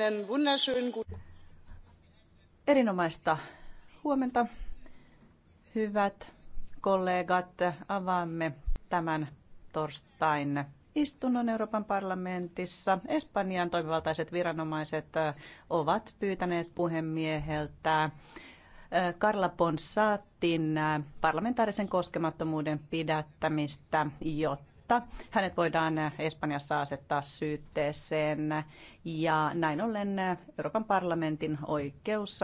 Einen wunderschönen guten Erinomaista huomenta, hyvät kollegat. Avaamme tämän torstain istunnon Euroopan parlamentissa. Espanjan toimivaltaiset viranomaiset äh, ovat pyytäneet puhemieheltä äh, Carla Ponsaatin äh, parlamentaarisen koskemattomuuden pidättämistä, jotta jotta hänet voidaan Espanjassa asettaa syytteeseen. Ja näin ollen Euroopan parlamentin oikeus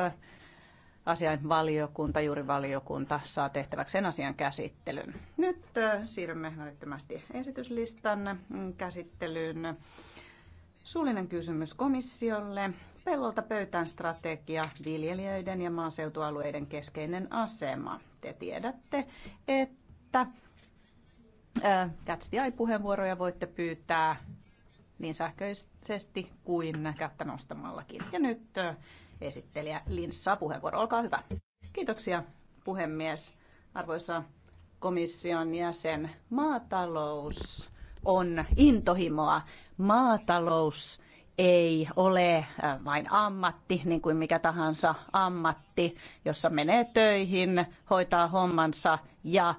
asianvaliokunta, juuri valiokunta saa tehtäväkseen asian käsittelyn. Nyt siirrymme välittömästi esityslistan käsittelyyn. Suullinen kysymys komissiolle. Pellolta pöytään strategia, viljelijöiden ja maaseutualueiden keskeinen asema. Te tiedätte, että catch äh, the puheenvuoroja voitte pyytää niin sähköisesti kuin kättä nostamallakin. Ja nyt äh, esittelijä Linssaa puheenvuoro. Olkaa hyvä. Kiitoksia puhemies. Arvoisa komission jäsen, maatalous on intohimoa. Maatalous ei ole äh, vain ammatti, niin kuin mikä tahansa ammatti, jossa menee töihin, hoitaa hommansa ja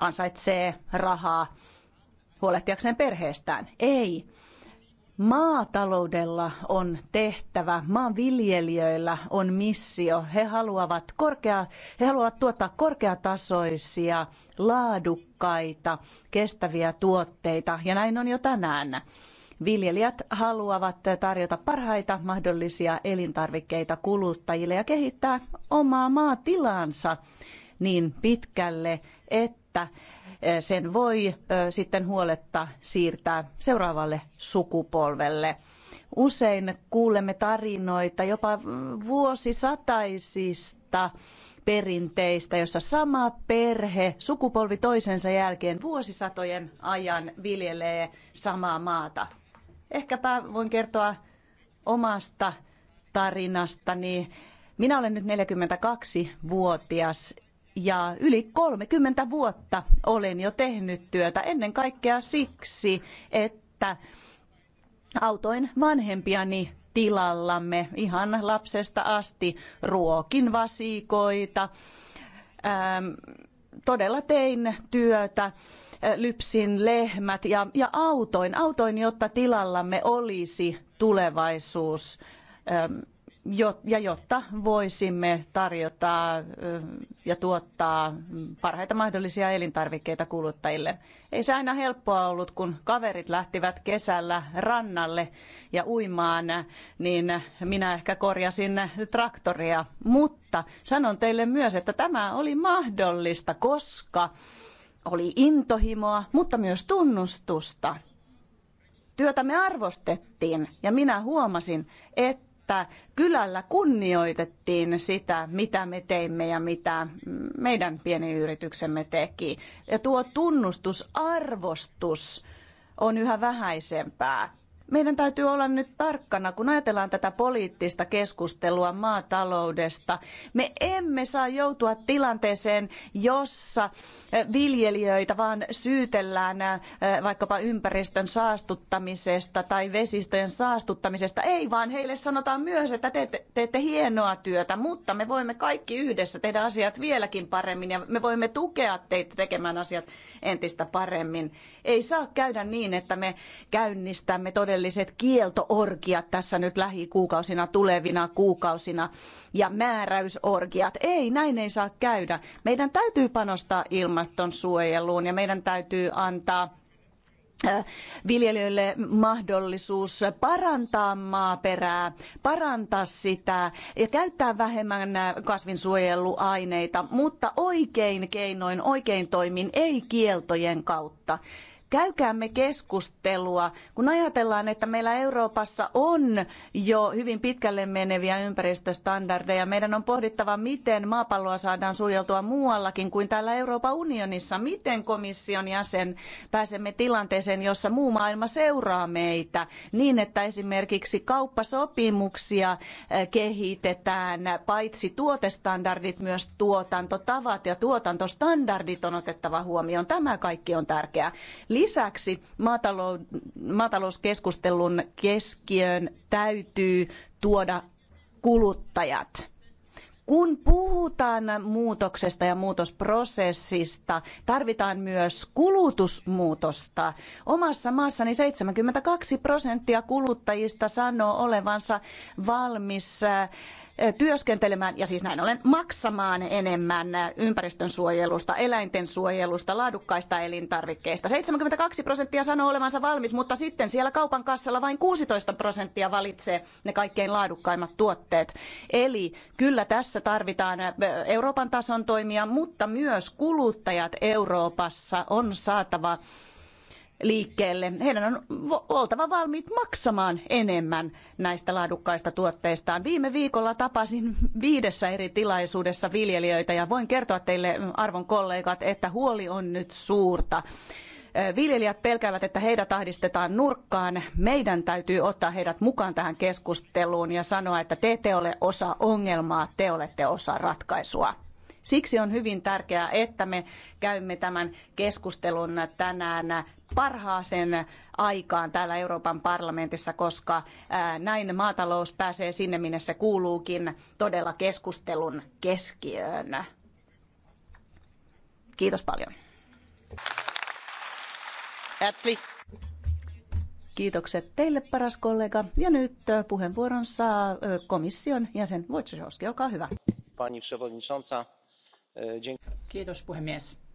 ansaitsee rahaa huolehtiakseen perheestään. Ei. Maataloudella on tehtävä, maanviljelijöillä on missio. He haluavat, korkea, he haluavat tuottaa korkeatasoisia, laadukkaita, kestäviä tuotteita, ja näin on jo tänään. Viljelijät haluavat tarjota parhaita mahdollisia elintarvikkeita kuluttajille ja kehittää omaa maatilansa niin pitkälle, että että eh, sen voi eh, sitten huoletta siirtää seuraavalle sukupolvelle. Usein kuulemme tarinoita jopa vuosisataisista perinteistä, jossa sama perhe sukupolvi toisensa jälkeen vuosisatojen ajan viljelee samaa maata. Ehkäpä voin kertoa omasta tarinastani. Minä olen nyt 42-vuotias ja yli 30 vuotta olen jo tehnyt työtä ennen kaikkea siksi, että autoin vanhempiani tilallamme ihan lapsesta asti ruokin vasikoita. Ähm, todella tein työtä, lypsin lehmät ja, ja autoin, autoin, jotta tilallamme olisi tulevaisuus. Ähm, ja jotta voisimme tarjota ja tuottaa parhaita mahdollisia elintarvikkeita kuluttajille. Ei se aina helppoa ollut, kun kaverit lähtivät kesällä rannalle ja uimaan, niin minä ehkä korjasin traktoria. Mutta sanon teille myös, että tämä oli mahdollista, koska oli intohimoa, mutta myös tunnustusta. Työtä me arvostettiin ja minä huomasin, että että kylällä kunnioitettiin sitä, mitä me teimme ja mitä meidän pieni yrityksemme teki. Ja tuo tunnustus, arvostus on yhä vähäisempää meidän täytyy olla nyt tarkkana, kun ajatellaan tätä poliittista keskustelua maataloudesta. Me emme saa joutua tilanteeseen, jossa eh, viljelijöitä vaan syytellään eh, vaikkapa ympäristön saastuttamisesta tai vesistöjen saastuttamisesta. Ei, vaan heille sanotaan myös, että te teette hienoa työtä, mutta me voimme kaikki yhdessä tehdä asiat vieläkin paremmin ja me voimme tukea teitä tekemään asiat entistä paremmin. Ei saa käydä niin, että me käynnistämme todella todelliset kieltoorgiat tässä nyt lähikuukausina, tulevina kuukausina ja määräysorgiat. Ei, näin ei saa käydä. Meidän täytyy panostaa ilmastonsuojeluun ja meidän täytyy antaa äh, viljelijöille mahdollisuus parantaa maaperää, parantaa sitä ja käyttää vähemmän äh, kasvinsuojeluaineita, mutta oikein keinoin, oikein toimin, ei kieltojen kautta. Käykäämme keskustelua, kun ajatellaan, että meillä Euroopassa on jo hyvin pitkälle meneviä ympäristöstandardeja. Meidän on pohdittava, miten maapalloa saadaan suojeltua muuallakin kuin täällä Euroopan unionissa. Miten komission jäsen pääsemme tilanteeseen, jossa muu maailma seuraa meitä niin, että esimerkiksi kauppasopimuksia eh, kehitetään, paitsi tuotestandardit, myös tuotantotavat ja tuotantostandardit on otettava huomioon. Tämä kaikki on tärkeää. Lisäksi maatalouskeskustelun keskiöön täytyy tuoda kuluttajat. Kun puhutaan muutoksesta ja muutosprosessista, tarvitaan myös kulutusmuutosta. Omassa maassani 72 prosenttia kuluttajista sanoo olevansa valmis työskentelemään ja siis näin ollen maksamaan enemmän ympäristön suojelusta, eläinten suojelusta, laadukkaista elintarvikkeista. 72 prosenttia sanoo olevansa valmis, mutta sitten siellä kaupan kassalla vain 16 prosenttia valitsee ne kaikkein laadukkaimmat tuotteet. Eli kyllä tässä tarvitaan Euroopan tason toimia, mutta myös kuluttajat Euroopassa on saatava liikkeelle. Heidän on oltava valmiit maksamaan enemmän näistä laadukkaista tuotteistaan. Viime viikolla tapasin viidessä eri tilaisuudessa viljelijöitä ja voin kertoa teille arvon kollegat, että huoli on nyt suurta. Viljelijät pelkäävät, että heidät ahdistetaan nurkkaan. Meidän täytyy ottaa heidät mukaan tähän keskusteluun ja sanoa, että te ette ole osa ongelmaa, te olette osa ratkaisua. Siksi on hyvin tärkeää, että me käymme tämän keskustelun tänään parhaaseen aikaan täällä Euroopan parlamentissa, koska näin maatalous pääsee sinne, minne se kuuluukin, todella keskustelun keskiöön. Kiitos paljon. Herzlich. Kiitokset teille, paras kollega. Ja nyt puheenvuoron saa komission jäsen Wojciechowski. Olkaa hyvä. Pani Kiitos puhemies.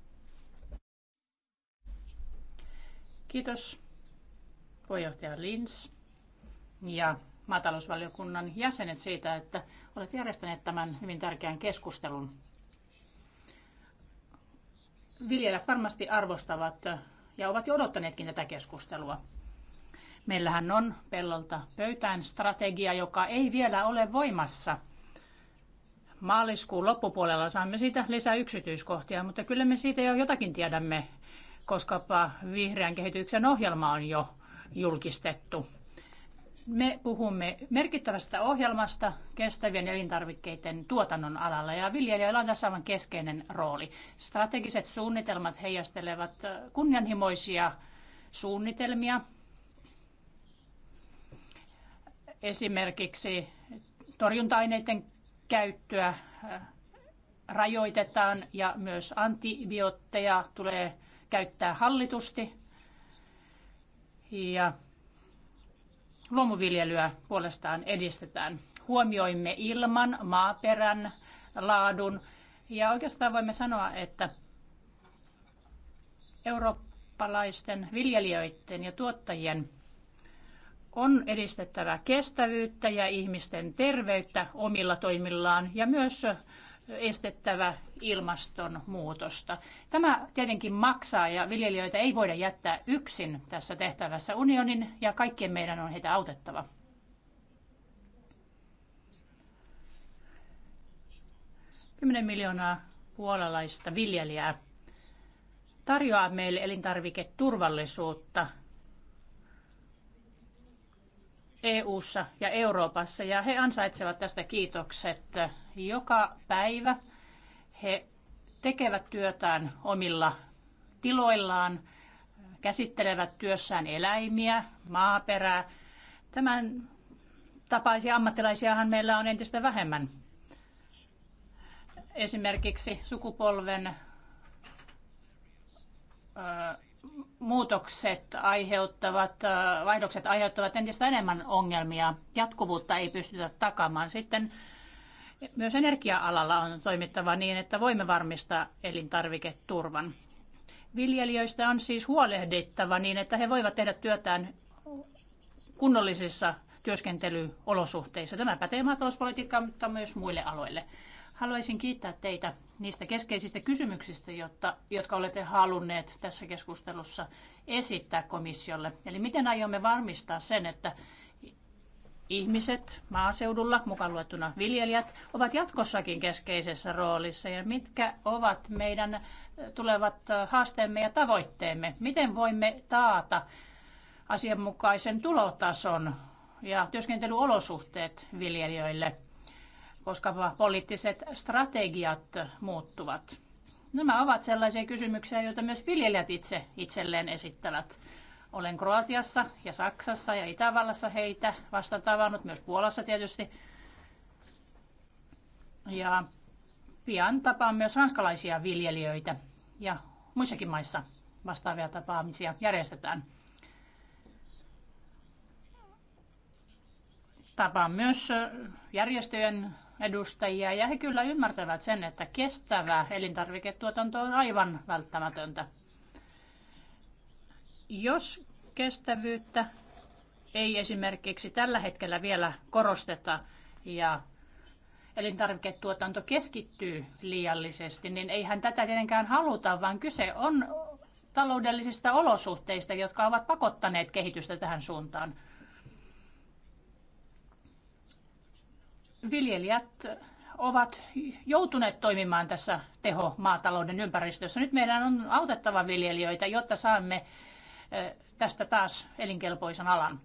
Kiitos puheenjohtaja Lins ja maatalousvaliokunnan jäsenet siitä, että olet järjestäneet tämän hyvin tärkeän keskustelun. Viljelijät varmasti arvostavat ja ovat jo odottaneetkin tätä keskustelua. Meillähän on pellolta pöytään strategia, joka ei vielä ole voimassa. Maaliskuun loppupuolella saamme siitä lisää yksityiskohtia, mutta kyllä me siitä jo jotakin tiedämme koska vihreän kehityksen ohjelma on jo julkistettu. Me puhumme merkittävästä ohjelmasta kestävien elintarvikkeiden tuotannon alalla ja viljelijöillä on tässä aivan keskeinen rooli. Strategiset suunnitelmat heijastelevat kunnianhimoisia suunnitelmia. Esimerkiksi torjunta-aineiden käyttöä rajoitetaan ja myös antibiootteja tulee käyttää hallitusti. Ja luomuviljelyä puolestaan edistetään. Huomioimme ilman, maaperän, laadun ja oikeastaan voimme sanoa, että eurooppalaisten viljelijöiden ja tuottajien on edistettävä kestävyyttä ja ihmisten terveyttä omilla toimillaan ja myös estettävä ilmastonmuutosta. Tämä tietenkin maksaa ja viljelijöitä ei voida jättää yksin tässä tehtävässä. Unionin ja kaikkien meidän on heitä autettava. Kymmenen miljoonaa puolalaista viljelijää tarjoaa meille elintarviketurvallisuutta EU:ssa ja Euroopassa ja he ansaitsevat tästä kiitokset. Joka päivä he tekevät työtään omilla tiloillaan, käsittelevät työssään eläimiä, maaperää. Tämän tapaisia ammattilaisiahan meillä on entistä vähemmän. Esimerkiksi sukupolven muutokset aiheuttavat, vaihdokset aiheuttavat entistä enemmän ongelmia. Jatkuvuutta ei pystytä takamaan. Sitten myös energia-alalla on toimittava niin, että voimme varmistaa elintarviketurvan. Viljelijöistä on siis huolehdittava niin, että he voivat tehdä työtään kunnollisissa työskentelyolosuhteissa. Tämä pätee maatalouspolitiikkaan, mutta myös muille aloille. Haluaisin kiittää teitä niistä keskeisistä kysymyksistä, jotta, jotka olette halunneet tässä keskustelussa esittää komissiolle. Eli miten aiomme varmistaa sen, että ihmiset maaseudulla, mukaan luettuna viljelijät, ovat jatkossakin keskeisessä roolissa ja mitkä ovat meidän tulevat haasteemme ja tavoitteemme? Miten voimme taata asianmukaisen tulotason ja työskentelyolosuhteet viljelijöille? koska poliittiset strategiat muuttuvat. Nämä ovat sellaisia kysymyksiä, joita myös viljelijät itse itselleen esittävät. Olen Kroatiassa ja Saksassa ja Itävallassa heitä vasta tavannut, myös Puolassa tietysti. Ja pian tapaan myös ranskalaisia viljelijöitä ja muissakin maissa vastaavia tapaamisia järjestetään. Tapaan myös järjestöjen edustajia ja he kyllä ymmärtävät sen, että kestävä elintarviketuotanto on aivan välttämätöntä. Jos kestävyyttä ei esimerkiksi tällä hetkellä vielä korosteta ja elintarviketuotanto keskittyy liiallisesti, niin eihän tätä tietenkään haluta, vaan kyse on taloudellisista olosuhteista, jotka ovat pakottaneet kehitystä tähän suuntaan. viljelijät ovat joutuneet toimimaan tässä teho maatalouden ympäristössä. Nyt meidän on autettava viljelijöitä, jotta saamme tästä taas elinkelpoisen alan.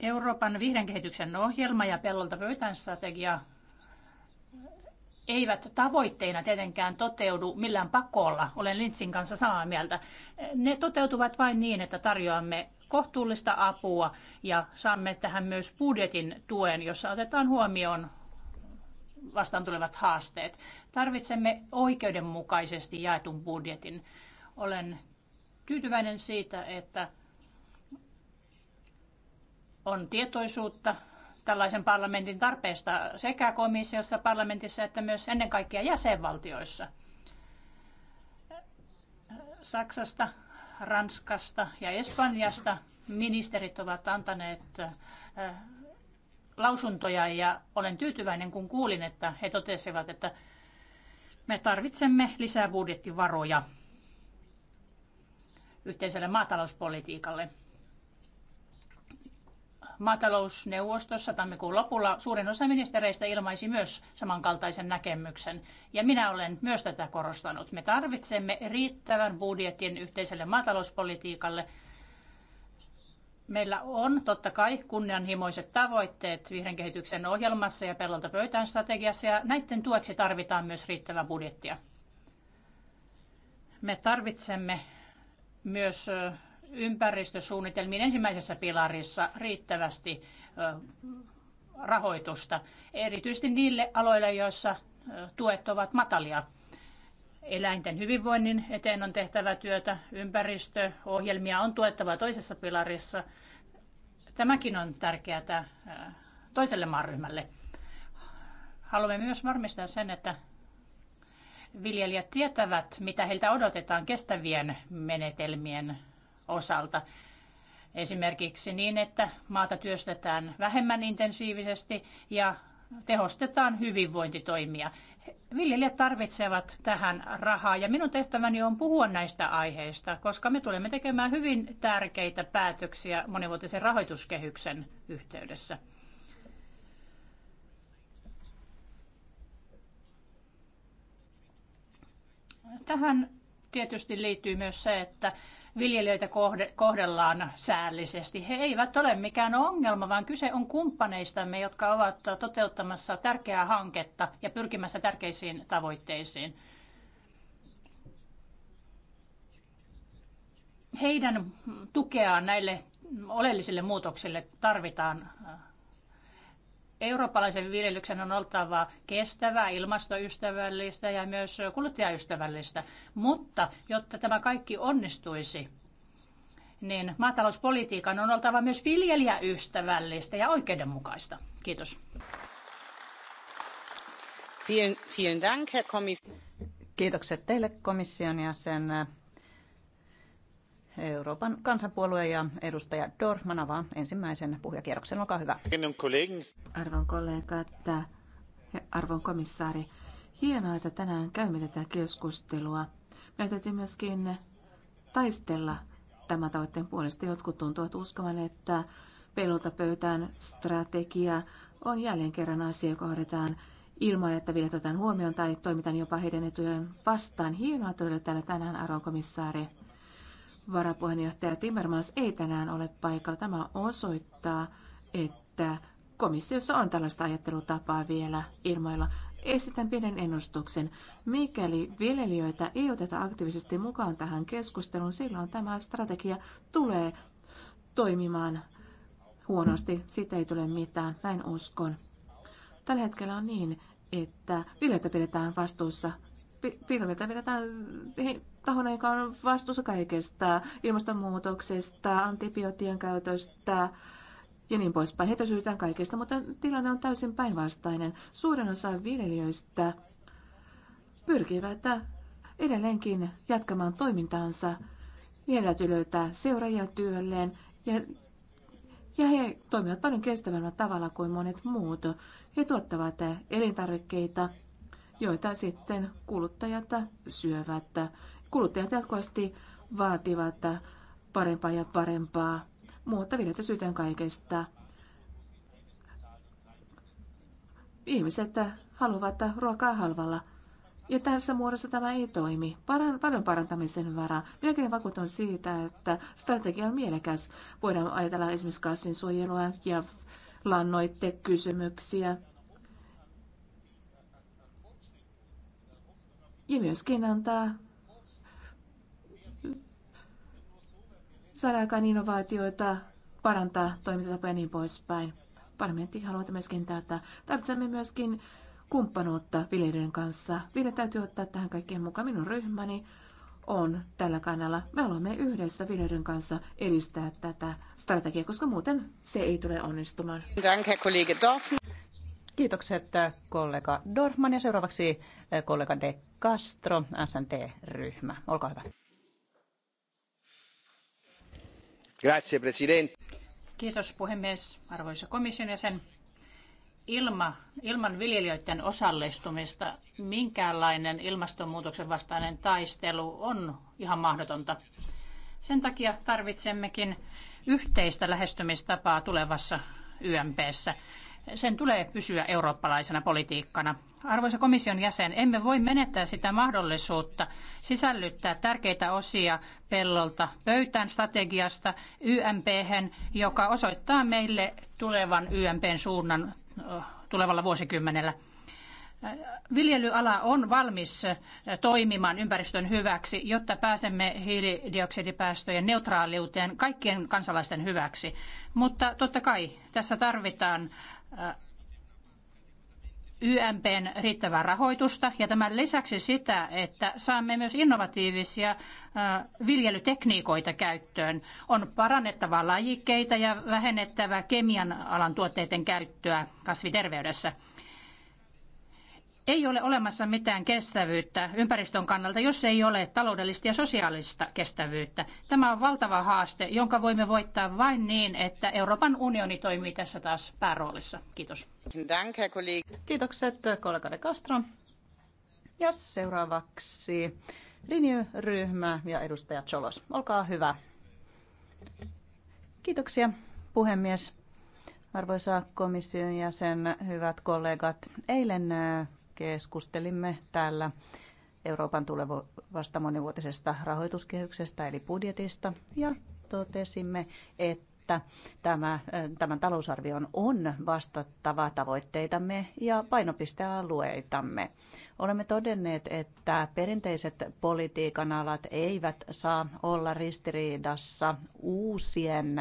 Euroopan vihreän kehityksen ohjelma ja pellolta pöytään strategia eivät tavoitteina tietenkään toteudu millään pakolla. Olen Lintsin kanssa samaa mieltä. Ne toteutuvat vain niin, että tarjoamme kohtuullista apua ja saamme tähän myös budjetin tuen, jossa otetaan huomioon vastaan tulevat haasteet. Tarvitsemme oikeudenmukaisesti jaetun budjetin. Olen tyytyväinen siitä, että on tietoisuutta tällaisen parlamentin tarpeesta sekä komissiossa, parlamentissa että myös ennen kaikkea jäsenvaltioissa. Saksasta Ranskasta ja Espanjasta ministerit ovat antaneet lausuntoja ja olen tyytyväinen, kun kuulin, että he totesivat, että me tarvitsemme lisää budjettivaroja yhteiselle maatalouspolitiikalle maatalousneuvostossa tammikuun lopulla suurin osa ministereistä ilmaisi myös samankaltaisen näkemyksen. Ja minä olen myös tätä korostanut. Me tarvitsemme riittävän budjetin yhteiselle maatalouspolitiikalle. Meillä on totta kai kunnianhimoiset tavoitteet vihreän kehityksen ohjelmassa ja pellolta pöytään strategiassa ja näiden tueksi tarvitaan myös riittävää budjettia. Me tarvitsemme myös ympäristösuunnitelmiin ensimmäisessä pilarissa riittävästi rahoitusta, erityisesti niille aloille, joissa tuet ovat matalia. Eläinten hyvinvoinnin eteen on tehtävä työtä, ympäristöohjelmia on tuettava toisessa pilarissa. Tämäkin on tärkeää toiselle maaryhmälle. Haluamme myös varmistaa sen, että viljelijät tietävät, mitä heiltä odotetaan kestävien menetelmien osalta. Esimerkiksi niin, että maata työstetään vähemmän intensiivisesti ja tehostetaan hyvinvointitoimia. Viljelijät tarvitsevat tähän rahaa ja minun tehtäväni on puhua näistä aiheista, koska me tulemme tekemään hyvin tärkeitä päätöksiä monivuotisen rahoituskehyksen yhteydessä. Tähän tietysti liittyy myös se, että viljelijöitä kohdellaan säällisesti. He eivät ole mikään ongelma, vaan kyse on kumppaneistamme, jotka ovat toteuttamassa tärkeää hanketta ja pyrkimässä tärkeisiin tavoitteisiin. Heidän tukeaan näille oleellisille muutoksille tarvitaan Eurooppalaisen viljelyksen on oltava kestävää, ilmastoystävällistä ja myös kuluttajaystävällistä. Mutta jotta tämä kaikki onnistuisi, niin maatalouspolitiikan on oltava myös viljelijäystävällistä ja oikeudenmukaista. Kiitos. Vielen, vielen Dank, Herr Kiitokset teille komission jäsen. Euroopan kansanpuolue ja edustaja Dorfman avaa ensimmäisen puhujakierroksen. Olkaa hyvä. Arvon kollegat, arvon komissaari, hienoa, että tänään käymme tätä keskustelua. Meidän täytyy myöskin taistella tämän tavoitteen puolesta. Jotkut tuntuvat uskovan, että pelulta pöytään strategia on jälleen kerran asia, joka hoidetaan ilman, että vielä otetaan huomioon tai toimitaan jopa heidän etujen vastaan. Hienoa, että täällä tänään, arvon komissaari varapuheenjohtaja Timmermans ei tänään ole paikalla. Tämä osoittaa, että komissiossa on tällaista ajattelutapaa vielä ilmoilla. Esitän pienen ennustuksen. Mikäli viljelijöitä ei oteta aktiivisesti mukaan tähän keskusteluun, silloin tämä strategia tulee toimimaan huonosti. Siitä ei tule mitään, näin uskon. Tällä hetkellä on niin, että viljelijöitä pidetään vastuussa Pilvetä vedetään tahona, joka on vastuussa kaikesta, ilmastonmuutoksesta, antibioottien käytöstä ja niin poispäin. Heitä syytään kaikesta, mutta tilanne on täysin päinvastainen. Suurin osa viljelijöistä pyrkivät edelleenkin jatkamaan toimintaansa. Heidän ylöitä, seuraajia työlleen ja, ja he toimivat paljon kestävämmällä tavalla kuin monet muut. He tuottavat elintarvikkeita, joita sitten kuluttajat syövät. Kuluttajat jatkuvasti vaativat parempaa ja parempaa, mutta viljelijöitä syytään kaikesta. Ihmiset haluavat ruokaa halvalla. Ja tässä muodossa tämä ei toimi. Paran, paljon parantamisen varaa. Minäkin vakuuton siitä, että strategia on mielekäs. Voidaan ajatella esimerkiksi kasvinsuojelua ja lannoittekysymyksiä ja myöskin antaa saada aikaan innovaatioita, parantaa toimintatapoja ja niin poispäin. Parlamentti haluaa myöskin tätä. Tarvitsemme myöskin kumppanuutta viljelijöiden kanssa. Viljelijät täytyy ottaa tähän kaikkeen mukaan. Minun ryhmäni on tällä kannalla. Me haluamme yhdessä viljelijöiden kanssa edistää tätä strategiaa, koska muuten se ei tule onnistumaan. Kiitokset kollega Dorfman ja seuraavaksi eh, kollega De Castro, SNT-ryhmä. Olkaa hyvä. Grazie, president. Kiitos puhemies, arvoisa komission jäsen. Ilma, ilman viljelijöiden osallistumista minkäänlainen ilmastonmuutoksen vastainen taistelu on ihan mahdotonta. Sen takia tarvitsemmekin yhteistä lähestymistapaa tulevassa YMPssä sen tulee pysyä eurooppalaisena politiikkana. Arvoisa komission jäsen, emme voi menettää sitä mahdollisuutta sisällyttää tärkeitä osia pellolta pöytään strategiasta YMP, joka osoittaa meille tulevan YMPn suunnan tulevalla vuosikymmenellä. Viljelyala on valmis toimimaan ympäristön hyväksi, jotta pääsemme hiilidioksidipäästöjen neutraaliuteen kaikkien kansalaisten hyväksi. Mutta totta kai tässä tarvitaan YMPn riittävää rahoitusta ja tämän lisäksi sitä, että saamme myös innovatiivisia viljelytekniikoita käyttöön. On parannettava lajikkeita ja vähennettävä kemian alan tuotteiden käyttöä kasviterveydessä. Ei ole olemassa mitään kestävyyttä ympäristön kannalta, jos ei ole taloudellista ja sosiaalista kestävyyttä. Tämä on valtava haaste, jonka voimme voittaa vain niin, että Euroopan unioni toimii tässä taas pääroolissa. Kiitos. Kiitokset kollega de Castro. Ja seuraavaksi Renew-ryhmä ja edustaja Cholos. Olkaa hyvä. Kiitoksia puhemies. Arvoisa komission jäsen, hyvät kollegat, eilen äh, keskustelimme täällä Euroopan tulevasta monivuotisesta rahoituskehyksestä eli budjetista ja totesimme, että tämä, tämän talousarvion on vastattava tavoitteitamme ja painopistealueitamme. Olemme todenneet, että perinteiset politiikan alat eivät saa olla ristiriidassa uusien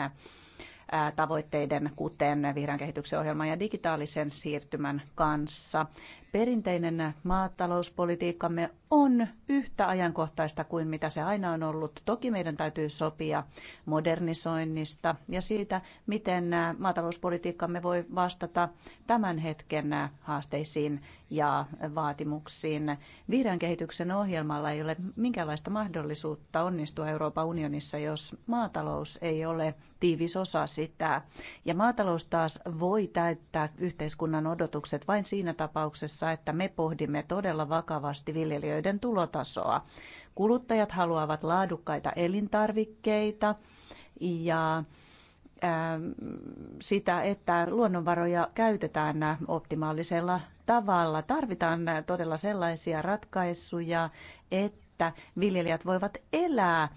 tavoitteiden, kuten vihreän kehityksen ohjelman ja digitaalisen siirtymän kanssa. Perinteinen maatalouspolitiikkamme on yhtä ajankohtaista kuin mitä se aina on ollut. Toki meidän täytyy sopia modernisoinnista ja siitä, miten maatalouspolitiikkamme voi vastata tämän hetken haasteisiin ja vaatimuksiin. Vihreän kehityksen ohjelmalla ei ole minkäänlaista mahdollisuutta onnistua Euroopan unionissa, jos maatalous ei ole tiivis osa sitä. Ja maatalous taas voi täyttää yhteiskunnan odotukset vain siinä tapauksessa, kanssa, että me pohdimme todella vakavasti viljelijöiden tulotasoa. Kuluttajat haluavat laadukkaita elintarvikkeita ja ähm, sitä, että luonnonvaroja käytetään optimaalisella tavalla. Tarvitaan todella sellaisia ratkaisuja, että viljelijät voivat elää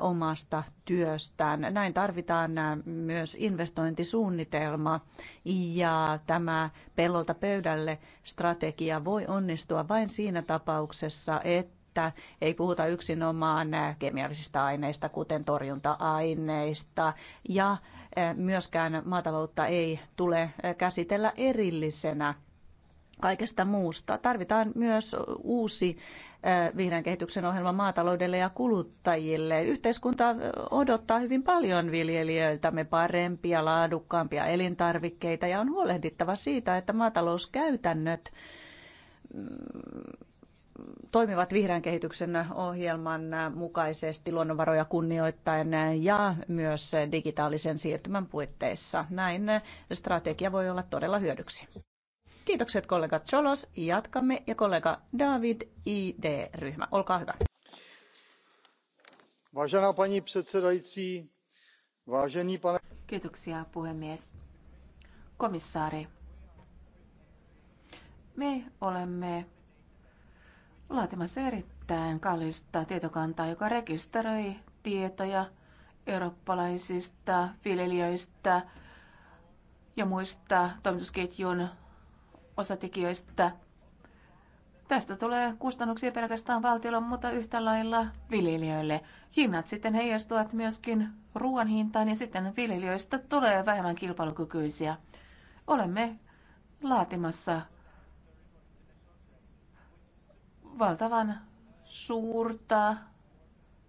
omasta työstään. Näin tarvitaan myös investointisuunnitelma ja tämä pellolta pöydälle strategia voi onnistua vain siinä tapauksessa, että ei puhuta yksinomaan kemiallisista aineista, kuten torjunta-aineista, ja myöskään maataloutta ei tule käsitellä erillisenä kaikesta muusta. Tarvitaan myös uusi vihreän kehityksen ohjelma maataloudelle ja kuluttajille. Yhteiskunta odottaa hyvin paljon viljelijöiltämme parempia, laadukkaampia elintarvikkeita ja on huolehdittava siitä, että maatalouskäytännöt mm, toimivat vihreän kehityksen ohjelman mukaisesti luonnonvaroja kunnioittaen ja myös digitaalisen siirtymän puitteissa. Näin strategia voi olla todella hyödyksi. Kiitokset kollega Cholos. Jatkamme ja kollega David ID-ryhmä. Olkaa hyvä. Vážená paní předsedající, vážený pane... Kiitoksia puhemies. Komissaari, me olemme laatimassa erittäin kallista tietokantaa, joka rekisteröi tietoja eurooppalaisista viljelijöistä ja muista toimitusketjun osatekijöistä. Tästä tulee kustannuksia pelkästään valtiolle, mutta yhtä lailla viljelijöille. Hinnat sitten heijastuvat myöskin ruoan hintaan ja sitten viljelijöistä tulee vähemmän kilpailukykyisiä. Olemme laatimassa valtavan suurta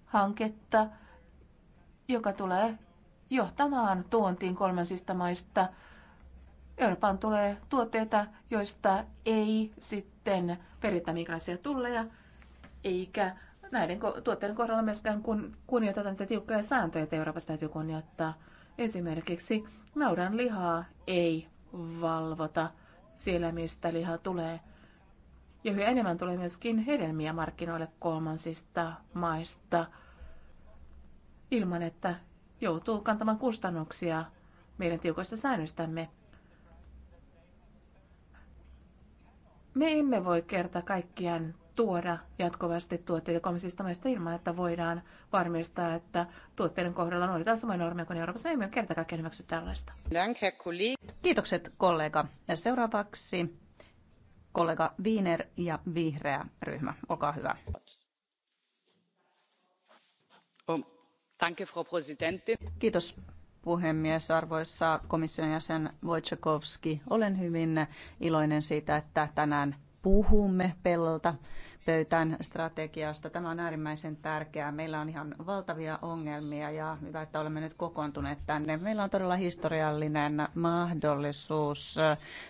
hanketta, joka tulee johtamaan tuontiin kolmansista maista – Euroopan tulee tuotteita, joista ei sitten peritä minkälaisia tulleja, eikä näiden tuotteiden kohdalla myöskään kun kunnioitetaan niitä tiukkoja sääntöjä, että Euroopassa täytyy kunnioittaa. Esimerkiksi naudan lihaa ei valvota siellä, mistä liha tulee. Ja hyvin enemmän tulee myöskin hedelmiä markkinoille kolmansista maista ilman, että joutuu kantamaan kustannuksia meidän tiukoista säännöistämme. Me emme voi kerta kaikkiaan tuoda jatkuvasti tuotteita kolmansista maista ilman, että voidaan varmistaa, että tuotteiden kohdalla noudatetaan samoja normeja kuin Euroopassa. Ei me kerta kaikkiaan hyväksy tällaista. Kiitokset kollega. Ja seuraavaksi kollega Wiener ja vihreä ryhmä. Olkaa hyvä. Oh, Kiitos puhemies, arvoissa komission jäsen Wojciechowski. Olen hyvin iloinen siitä, että tänään puhumme pellolta pöytään strategiasta. Tämä on äärimmäisen tärkeää. Meillä on ihan valtavia ongelmia ja hyvä, että olemme nyt kokoontuneet tänne. Meillä on todella historiallinen mahdollisuus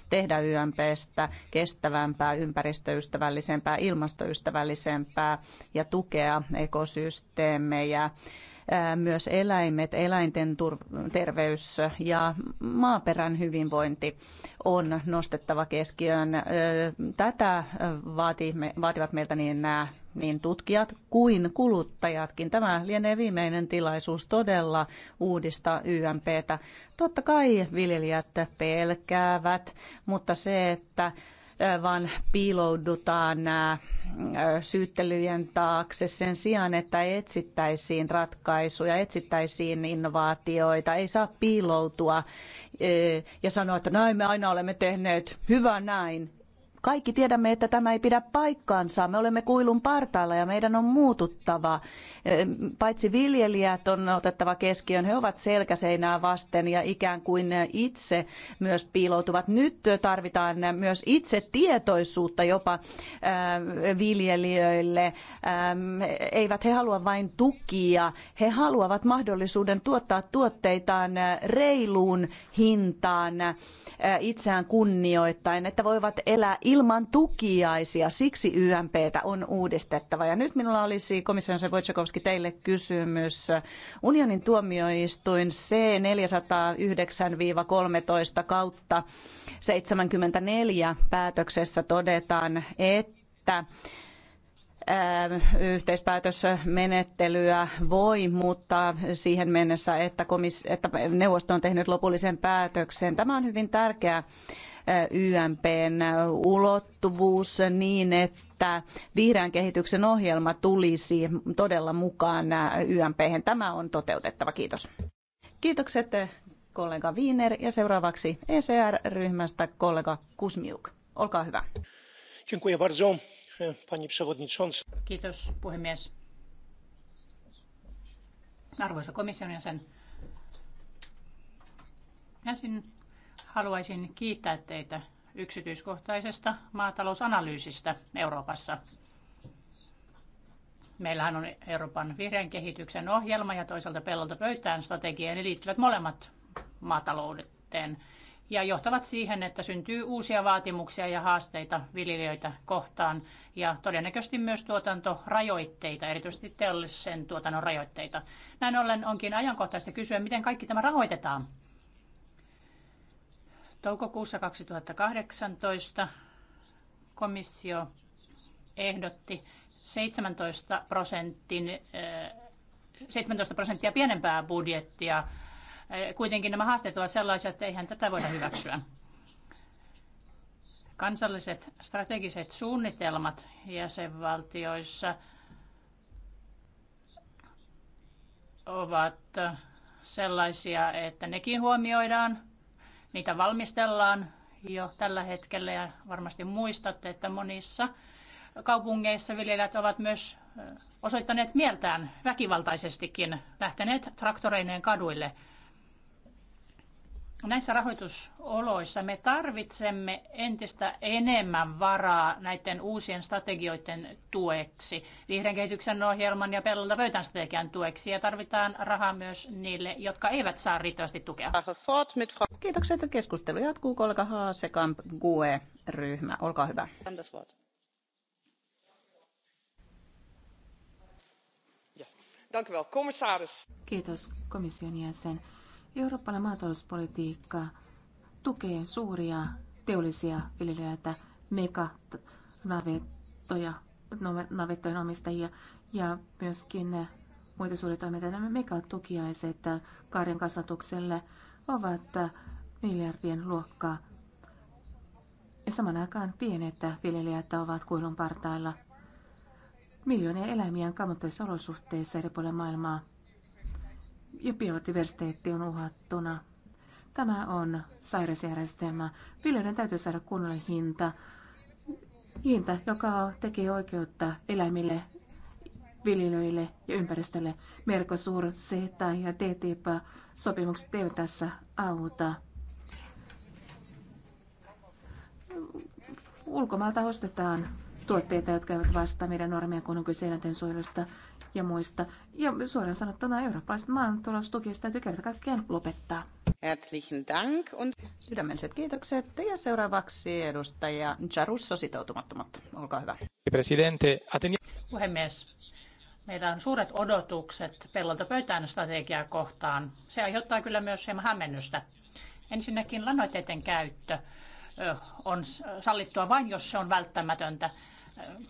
tehdä YMPstä kestävämpää, ympäristöystävällisempää, ilmastoystävällisempää ja tukea ekosysteemejä myös eläimet, eläinten terveys ja maaperän hyvinvointi on nostettava keskiöön. Tätä vaativat meiltä niin nämä niin tutkijat kuin kuluttajatkin. Tämä lienee viimeinen tilaisuus todella uudistaa YMPtä. Totta kai viljelijät pelkäävät, mutta se, että vaan piiloudutaan syyttelyjen taakse sen sijaan, että etsittäisiin ratkaisuja, etsittäisiin innovaatioita. Ei saa piiloutua ja sanoa, että näin no, me aina olemme tehneet, hyvä näin. Kaikki tiedämme, että tämä ei pidä paikkaansa. Me olemme kuilun partaalla ja meidän on muututtava. Eh, paitsi viljelijät on otettava keskiön, he ovat selkäseinää vasten ja ikään kuin itse myös piiloutuvat. Nyt tarvitaan myös itse tietoisuutta jopa eh, viljelijöille. Eh, eivät he halua vain tukia, he haluavat mahdollisuuden tuottaa tuotteitaan reiluun hintaan itseään kunnioittain, että voivat elää ilman ilman tukiaisia. Siksi YMPtä on uudistettava. Ja nyt minulla olisi komission se Wojciechowski teille kysymys. Unionin tuomioistuin C409-13 kautta 74 päätöksessä todetaan, että äh, yhteispäätösmenettelyä voi muuttaa siihen mennessä, että, komis- että neuvosto on tehnyt lopullisen päätöksen. Tämä on hyvin tärkeää YMPn ulottuvuus niin, että vihreän kehityksen ohjelma tulisi todella mukaan YMPhen. Tämä on toteutettava. Kiitos. Kiitokset kollega Wiener ja seuraavaksi ECR-ryhmästä kollega Kusmiuk. Olkaa hyvä. Dziękuję bardzo, Kiitos puhemies. Arvoisa komission jäsen, ensin haluaisin kiittää teitä yksityiskohtaisesta maatalousanalyysistä Euroopassa. Meillähän on Euroopan vihreän kehityksen ohjelma ja toisaalta pellolta pöytään strategia. Ne liittyvät molemmat maatalouteen ja johtavat siihen, että syntyy uusia vaatimuksia ja haasteita viljelijöitä kohtaan ja todennäköisesti myös tuotantorajoitteita, erityisesti teollisen tuotannon rajoitteita. Näin ollen onkin ajankohtaista kysyä, miten kaikki tämä rahoitetaan. Toukokuussa 2018 komissio ehdotti 17 prosentin 17 eh, prosenttia pienempää budjettia. Eh, kuitenkin nämä haasteet ovat sellaisia, että eihän tätä voida hyväksyä. Kansalliset strategiset suunnitelmat jäsenvaltioissa ovat sellaisia, että nekin huomioidaan Niitä valmistellaan jo tällä hetkellä ja varmasti muistatte, että monissa kaupungeissa viljelijät ovat myös osoittaneet mieltään väkivaltaisestikin, lähteneet traktoreineen kaduille – Näissä rahoitusoloissa me tarvitsemme entistä enemmän varaa näiden uusien strategioiden tueksi, vihreän kehityksen ohjelman ja pellolta pöytän strategian tueksi, ja tarvitaan rahaa myös niille, jotka eivät saa riittävästi tukea. Kiitokset, että keskustelu jatkuu. Kolka Haasekamp, GUE-ryhmä, olkaa hyvä. Kiitos komission jäsen. Eurooppalainen maatalouspolitiikka tukee suuria teollisia viljelijöitä, navettoja, navettojen omistajia ja myöskin muita suuria toimijoita. Nämä megatukiaiset karjan kasvatukselle ovat miljardien luokkaa. Ja saman aikaan pienet viljelijät ovat kuilun partailla. Miljoonia eläimiä on kamoitteissa olosuhteissa eri puolilla maailmaa ja biodiversiteetti on uhattuna. Tämä on sairausjärjestelmä. Viljelijöiden täytyy saada kunnollinen hinta. Hinta, joka tekee oikeutta eläimille, viljelijöille ja ympäristölle. Mercosur, CETA ja TTIP-sopimukset eivät tässä auta. Ulkomaalta ostetaan tuotteita, jotka eivät vastaa meidän normien kun eläinten suojelusta ja muista. Ja suoraan sanottuna eurooppalaiset maantulostukiset täytyy kerta kaikkiaan lopettaa. Herzlichen Dank. Und... Sydämelliset kiitokset. Ja seuraavaksi edustaja Jarusso sitoutumattomat. Olkaa hyvä. Presidente, Ateni... Puhemies, meillä on suuret odotukset pellolta pöytään strategiaa kohtaan. Se aiheuttaa kyllä myös hieman hämmennystä. Ensinnäkin lannoitteiden käyttö on sallittua vain, jos se on välttämätöntä.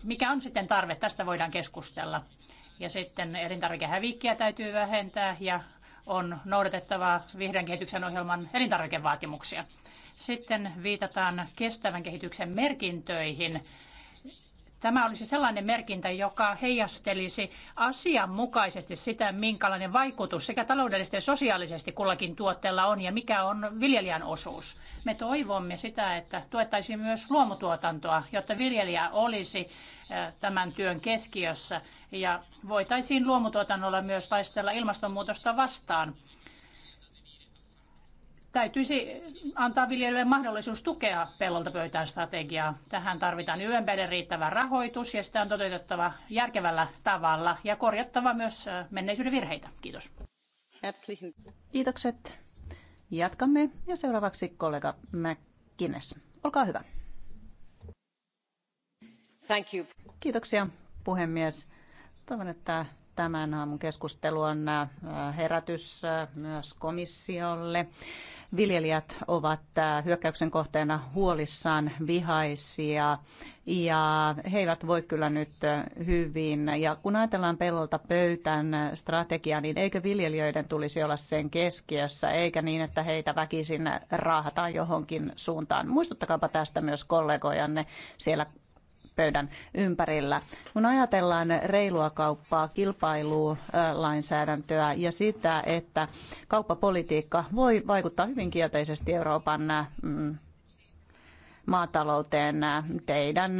Mikä on sitten tarve? Tästä voidaan keskustella ja sitten elintarvikehävikkiä täytyy vähentää ja on noudatettava vihreän kehityksen ohjelman elintarvikevaatimuksia. Sitten viitataan kestävän kehityksen merkintöihin Tämä olisi sellainen merkintä, joka heijastelisi asianmukaisesti sitä, minkälainen vaikutus sekä taloudellisesti että sosiaalisesti kullakin tuotteella on ja mikä on viljelijän osuus. Me toivomme sitä, että tuettaisiin myös luomutuotantoa, jotta viljelijä olisi tämän työn keskiössä ja voitaisiin luomutuotannolla myös taistella ilmastonmuutosta vastaan täytyisi antaa viljelijöille mahdollisuus tukea pellolta pöytään strategiaa. Tähän tarvitaan YMPden riittävä rahoitus ja sitä on toteutettava järkevällä tavalla ja korjattava myös menneisyyden virheitä. Kiitos. Kiitokset. Jatkamme ja seuraavaksi kollega McGuinness. Olkaa hyvä. Thank you. Kiitoksia puhemies. Toivon, että Tämän aamun keskustelun äh, herätys äh, myös komissiolle. Viljelijät ovat äh, hyökkäyksen kohteena huolissaan vihaisia ja he eivät voi kyllä nyt hyvin. Ja kun ajatellaan pellolta pöytän strategiaa, niin eikö viljelijöiden tulisi olla sen keskiössä, eikä niin, että heitä väkisin raahataan johonkin suuntaan. Muistuttakaapa tästä myös kollegojanne siellä pöydän ympärillä. Kun ajatellaan reilua kauppaa, kilpailulainsäädäntöä ja sitä, että kauppapolitiikka voi vaikuttaa hyvin kielteisesti Euroopan mm, maatalouteen. Teidän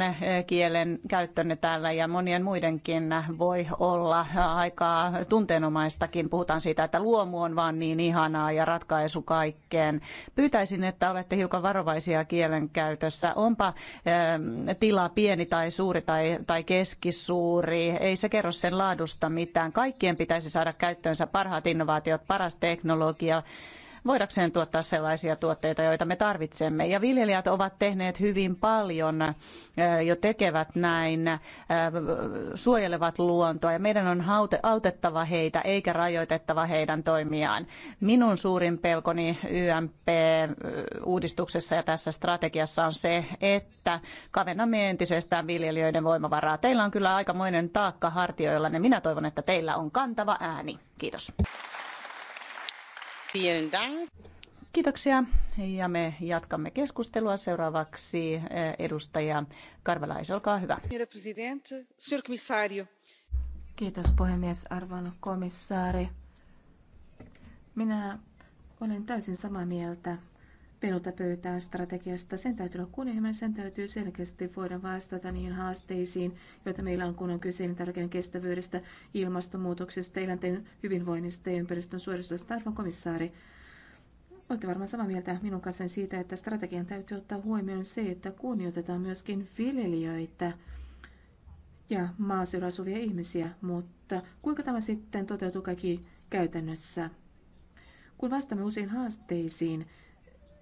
kielen käyttönne täällä ja monien muidenkin voi olla aika tunteenomaistakin. Puhutaan siitä, että luomu on vaan niin ihanaa ja ratkaisu kaikkeen. Pyytäisin, että olette hiukan varovaisia kielen käytössä. Onpa tila pieni tai suuri tai, tai keskisuuri. Ei se kerro sen laadusta mitään. Kaikkien pitäisi saada käyttöönsä parhaat innovaatiot, paras teknologia, voidakseen tuottaa sellaisia tuotteita, joita me tarvitsemme. Ja viljelijät ovat tehneet hyvin paljon, äh, jo tekevät näin, äh, suojelevat luontoa ja meidän on autettava heitä eikä rajoitettava heidän toimiaan. Minun suurin pelkoni YMP-uudistuksessa äh, ja tässä strategiassa on se, että kavennamme entisestään viljelijöiden voimavaraa. Teillä on kyllä aikamoinen taakka hartioilla, niin minä toivon, että teillä on kantava ääni. Kiitos. Vielen Dank. Kiitoksia. Ja me jatkamme keskustelua. Seuraavaksi eh, edustaja Karvelais, olkaa hyvä. Kiitos puhemies, arvon komissaari. Minä olen täysin samaa mieltä pelota pöytää strategiasta. Sen täytyy olla kunnianhimoinen, sen täytyy selkeästi voida vastata niihin haasteisiin, joita meillä on, kun on kyse tärkeän kestävyydestä, ilmastonmuutoksesta, eläinten hyvinvoinnista ja ympäristön suoristusta. Arvon komissaari, olette varmaan samaa mieltä minun kanssa siitä, että strategian täytyy ottaa huomioon se, että kunnioitetaan myöskin viljelijöitä ja maaseudulla asuvia ihmisiä, mutta kuinka tämä sitten toteutuu kaikki käytännössä? Kun vastaamme usein haasteisiin,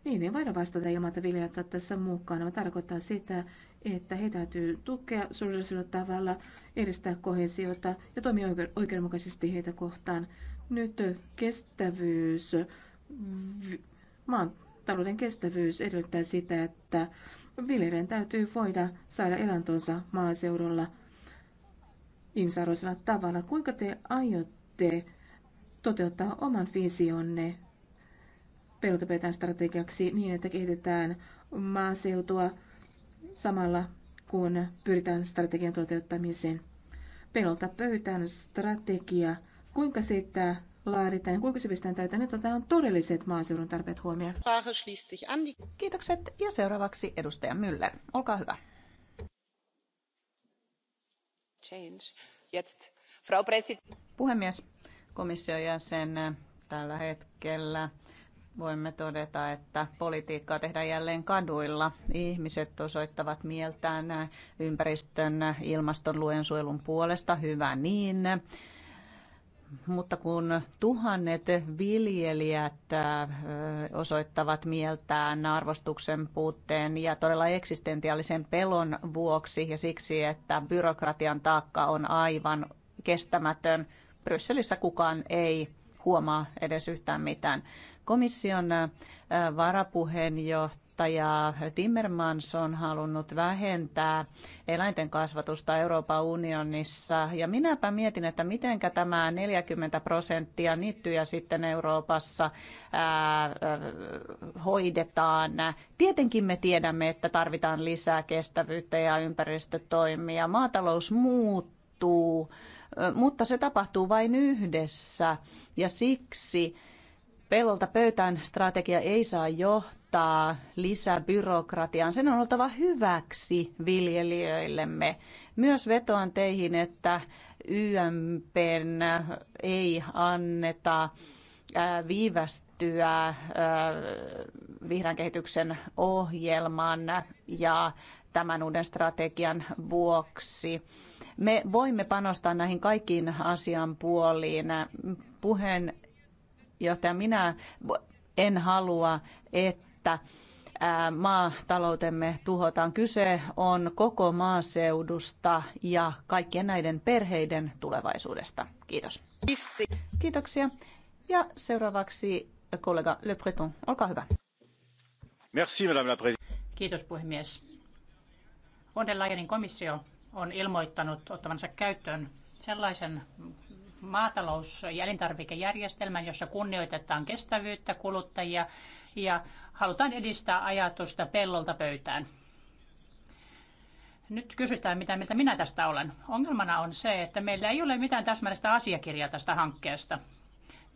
niin ei voida vastata ilman, että viljelijät ovat tässä mukana. Tämä tarkoittaa sitä, että he täytyy tukea sosiaalisella tavalla, edistää kohesiota ja toimia oikeudenmukaisesti heitä kohtaan. Nyt kestävyys, maan talouden kestävyys edellyttää sitä, että viljelijän täytyy voida saada elantonsa maaseudulla ihmisarvoisella tavalla. Kuinka te aiotte toteuttaa oman visionne pelota pidetään strategiaksi niin, että kehitetään maaseutua samalla kun pyritään strategian toteuttamiseen. Pelolta pöytään strategia, kuinka siitä laaditaan, kuinka se pistetään täytäntöön, otetaan todelliset maaseudun tarpeet huomioon. Kiitokset ja seuraavaksi edustaja Müller. Olkaa hyvä. Puhemies, komission jäsen tällä hetkellä voimme todeta, että politiikkaa tehdään jälleen kaduilla. Ihmiset osoittavat mieltään ympäristön, ilmaston, luensuojelun puolesta. Hyvä niin. Mutta kun tuhannet viljelijät osoittavat mieltään arvostuksen puutteen ja todella eksistentiaalisen pelon vuoksi ja siksi, että byrokratian taakka on aivan kestämätön, Brysselissä kukaan ei huomaa edes yhtään mitään. Komission äh, varapuheenjohtaja ja Timmermans on halunnut vähentää eläinten kasvatusta Euroopan unionissa. Ja minäpä mietin, että miten tämä 40 prosenttia niittyjä sitten Euroopassa ää, äh, äh, hoidetaan. Tietenkin me tiedämme, että tarvitaan lisää kestävyyttä ja ympäristötoimia. Maatalous muuttuu, mutta se tapahtuu vain yhdessä. Ja siksi pellolta pöytään strategia ei saa johtaa lisäbyrokratiaan. Sen on oltava hyväksi viljelijöillemme. Myös vetoan teihin, että YMPn ei anneta viivästyä vihreän kehityksen ohjelman ja tämän uuden strategian vuoksi. Me voimme panostaa näihin kaikkiin asian puoliin. Puheen Joten minä en halua, että maataloutemme tuhotaan. Kyse on koko maaseudusta ja kaikkien näiden perheiden tulevaisuudesta. Kiitos. Kiitoksia. Ja seuraavaksi kollega Le Breton, olkaa hyvä. Merci, madame la Kiitos puhemies. Von der Leyenin komissio on ilmoittanut ottavansa käyttöön sellaisen maatalous- ja elintarvikejärjestelmän, jossa kunnioitetaan kestävyyttä, kuluttajia ja halutaan edistää ajatusta pellolta pöytään. Nyt kysytään, mitä mieltä minä tästä olen. Ongelmana on se, että meillä ei ole mitään täsmällistä asiakirjaa tästä hankkeesta.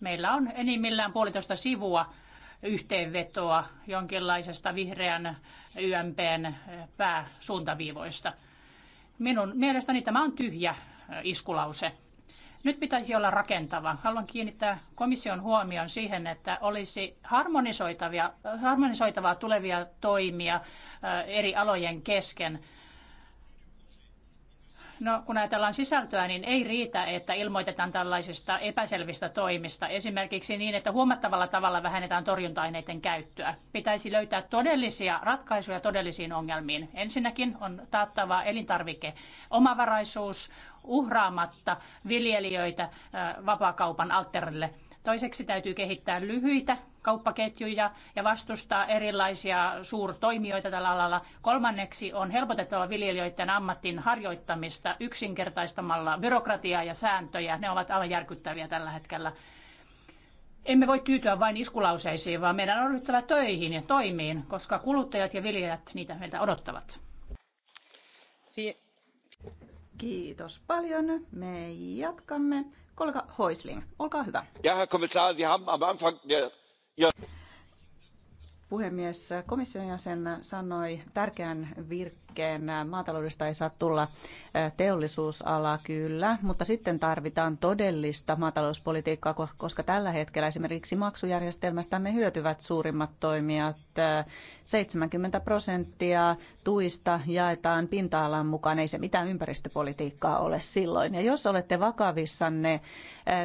Meillä on enimmillään puolitoista sivua yhteenvetoa jonkinlaisesta vihreän YMPn pääsuuntaviivoista. Minun mielestäni tämä on tyhjä iskulause. Nyt pitäisi olla rakentava. Haluan kiinnittää komission huomion siihen, että olisi harmonisoitavia, harmonisoitavaa tulevia toimia eri alojen kesken. No, kun ajatellaan sisältöä, niin ei riitä, että ilmoitetaan tällaisista epäselvistä toimista. Esimerkiksi niin, että huomattavalla tavalla vähennetään torjunta-aineiden käyttöä. Pitäisi löytää todellisia ratkaisuja todellisiin ongelmiin. Ensinnäkin on taattava elintarvike omavaraisuus, uhraamatta viljelijöitä vapaakaupan alttarille. Toiseksi täytyy kehittää lyhyitä kauppaketjuja ja vastustaa erilaisia suurtoimijoita tällä alalla. Kolmanneksi on helpotettava viljelijöiden ammattin harjoittamista yksinkertaistamalla byrokratiaa ja sääntöjä. Ne ovat aivan järkyttäviä tällä hetkellä. Emme voi tyytyä vain iskulauseisiin, vaan meidän on ryhtyvä töihin ja toimiin, koska kuluttajat ja viljelijät niitä meiltä odottavat. Kiitos paljon. Me jatkamme. Kollega Hoisling, olkaa hyvä. Ja, Herr Kommissar, Sie haben am Anfang der, ja. Puhemies, komission jäsen sanoi tärkeän virkkeen jälkeen Maataloudesta ei saa tulla teollisuusala kyllä, mutta sitten tarvitaan todellista maatalouspolitiikkaa, koska tällä hetkellä esimerkiksi maksujärjestelmästämme hyötyvät suurimmat toimijat. 70 prosenttia tuista jaetaan pinta-alan mukaan, ei se mitään ympäristöpolitiikkaa ole silloin. Ja jos olette vakavissanne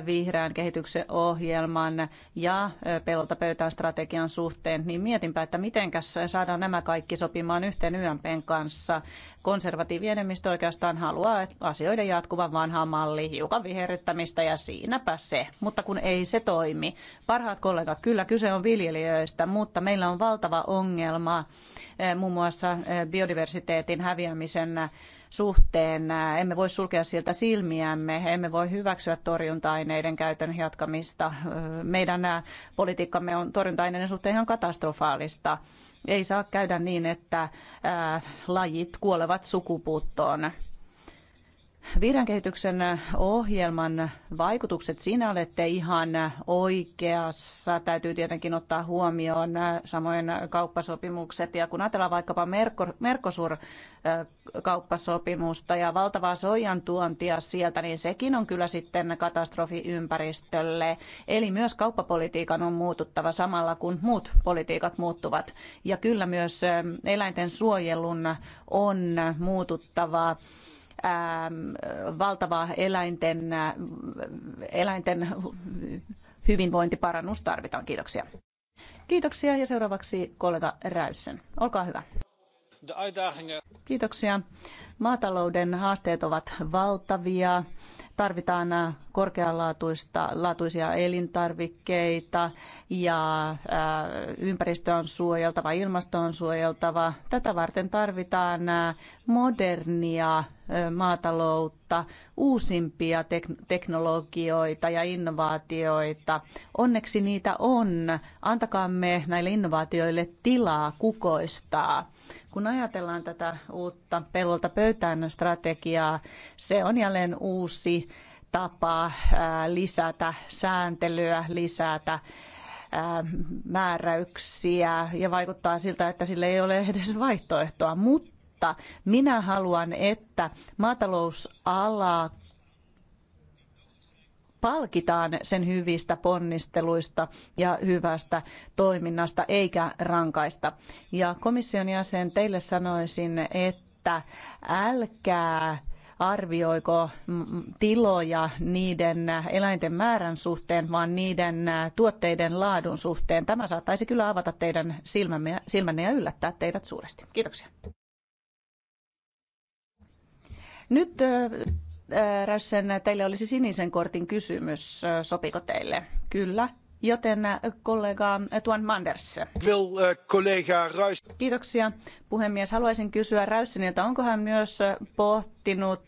vihreän kehityksen ohjelman ja pelolta pöytään strategian suhteen, niin mietinpä, että mitenkäs saadaan nämä kaikki sopimaan yhteen YMPn kanssa maassa. Konservatiivienemmistö oikeastaan haluaa asioiden jatkuvan vanhaan malliin, hiukan viherryttämistä ja siinäpä se. Mutta kun ei se toimi. Parhaat kollegat, kyllä kyse on viljelijöistä, mutta meillä on valtava ongelma eh, muun muassa eh, biodiversiteetin häviämisen eh, suhteen. Emme voi sulkea sieltä silmiämme, emme voi hyväksyä torjunta-aineiden käytön jatkamista. Meidän politiikkamme on torjunta-aineiden suhteen ihan katastrofaalista. Ei saa käydä niin, että lajit kuolevat sukupuuttoon vihreän kehityksen ohjelman vaikutukset siinä olette ihan oikeassa. Täytyy tietenkin ottaa huomioon samoin kauppasopimukset. Ja kun ajatellaan vaikkapa Mercosur-kauppasopimusta ja valtavaa soijan tuontia sieltä, niin sekin on kyllä sitten katastrofi ympäristölle. Eli myös kauppapolitiikan on muututtava samalla, kun muut politiikat muuttuvat. Ja kyllä myös eläinten suojelun on muututtava Ähm, valtava eläinten, äh, eläinten hyvinvointiparannus tarvitaan. Kiitoksia. Kiitoksia ja seuraavaksi kollega Räyssen. Olkaa hyvä. Kiitoksia. Maatalouden haasteet ovat valtavia. Tarvitaan korkealaatuisia elintarvikkeita ja äh, ympäristö on suojeltava, ilmasto on suojeltava. Tätä varten tarvitaan äh, modernia maataloutta, uusimpia tek- teknologioita ja innovaatioita. Onneksi niitä on. Antakaamme näille innovaatioille tilaa kukoistaa. Kun ajatellaan tätä uutta pellolta pöytään strategiaa, se on jälleen uusi tapa lisätä sääntelyä, lisätä määräyksiä ja vaikuttaa siltä, että sille ei ole edes vaihtoehtoa, mutta mutta minä haluan, että maatalousalaa palkitaan sen hyvistä ponnisteluista ja hyvästä toiminnasta eikä rankaista. Ja komission jäsen teille sanoisin, että älkää arvioiko tiloja niiden eläinten määrän suhteen, vaan niiden tuotteiden laadun suhteen. Tämä saattaisi kyllä avata teidän silmänne ja yllättää teidät suuresti. Kiitoksia. Nyt Rässen, teille olisi sinisen kortin kysymys. Sopiko teille? Kyllä. Joten kollega Tuan Manders. Kiitoksia puhemies. Haluaisin kysyä Räyssiniltä, onko hän myös pohtinut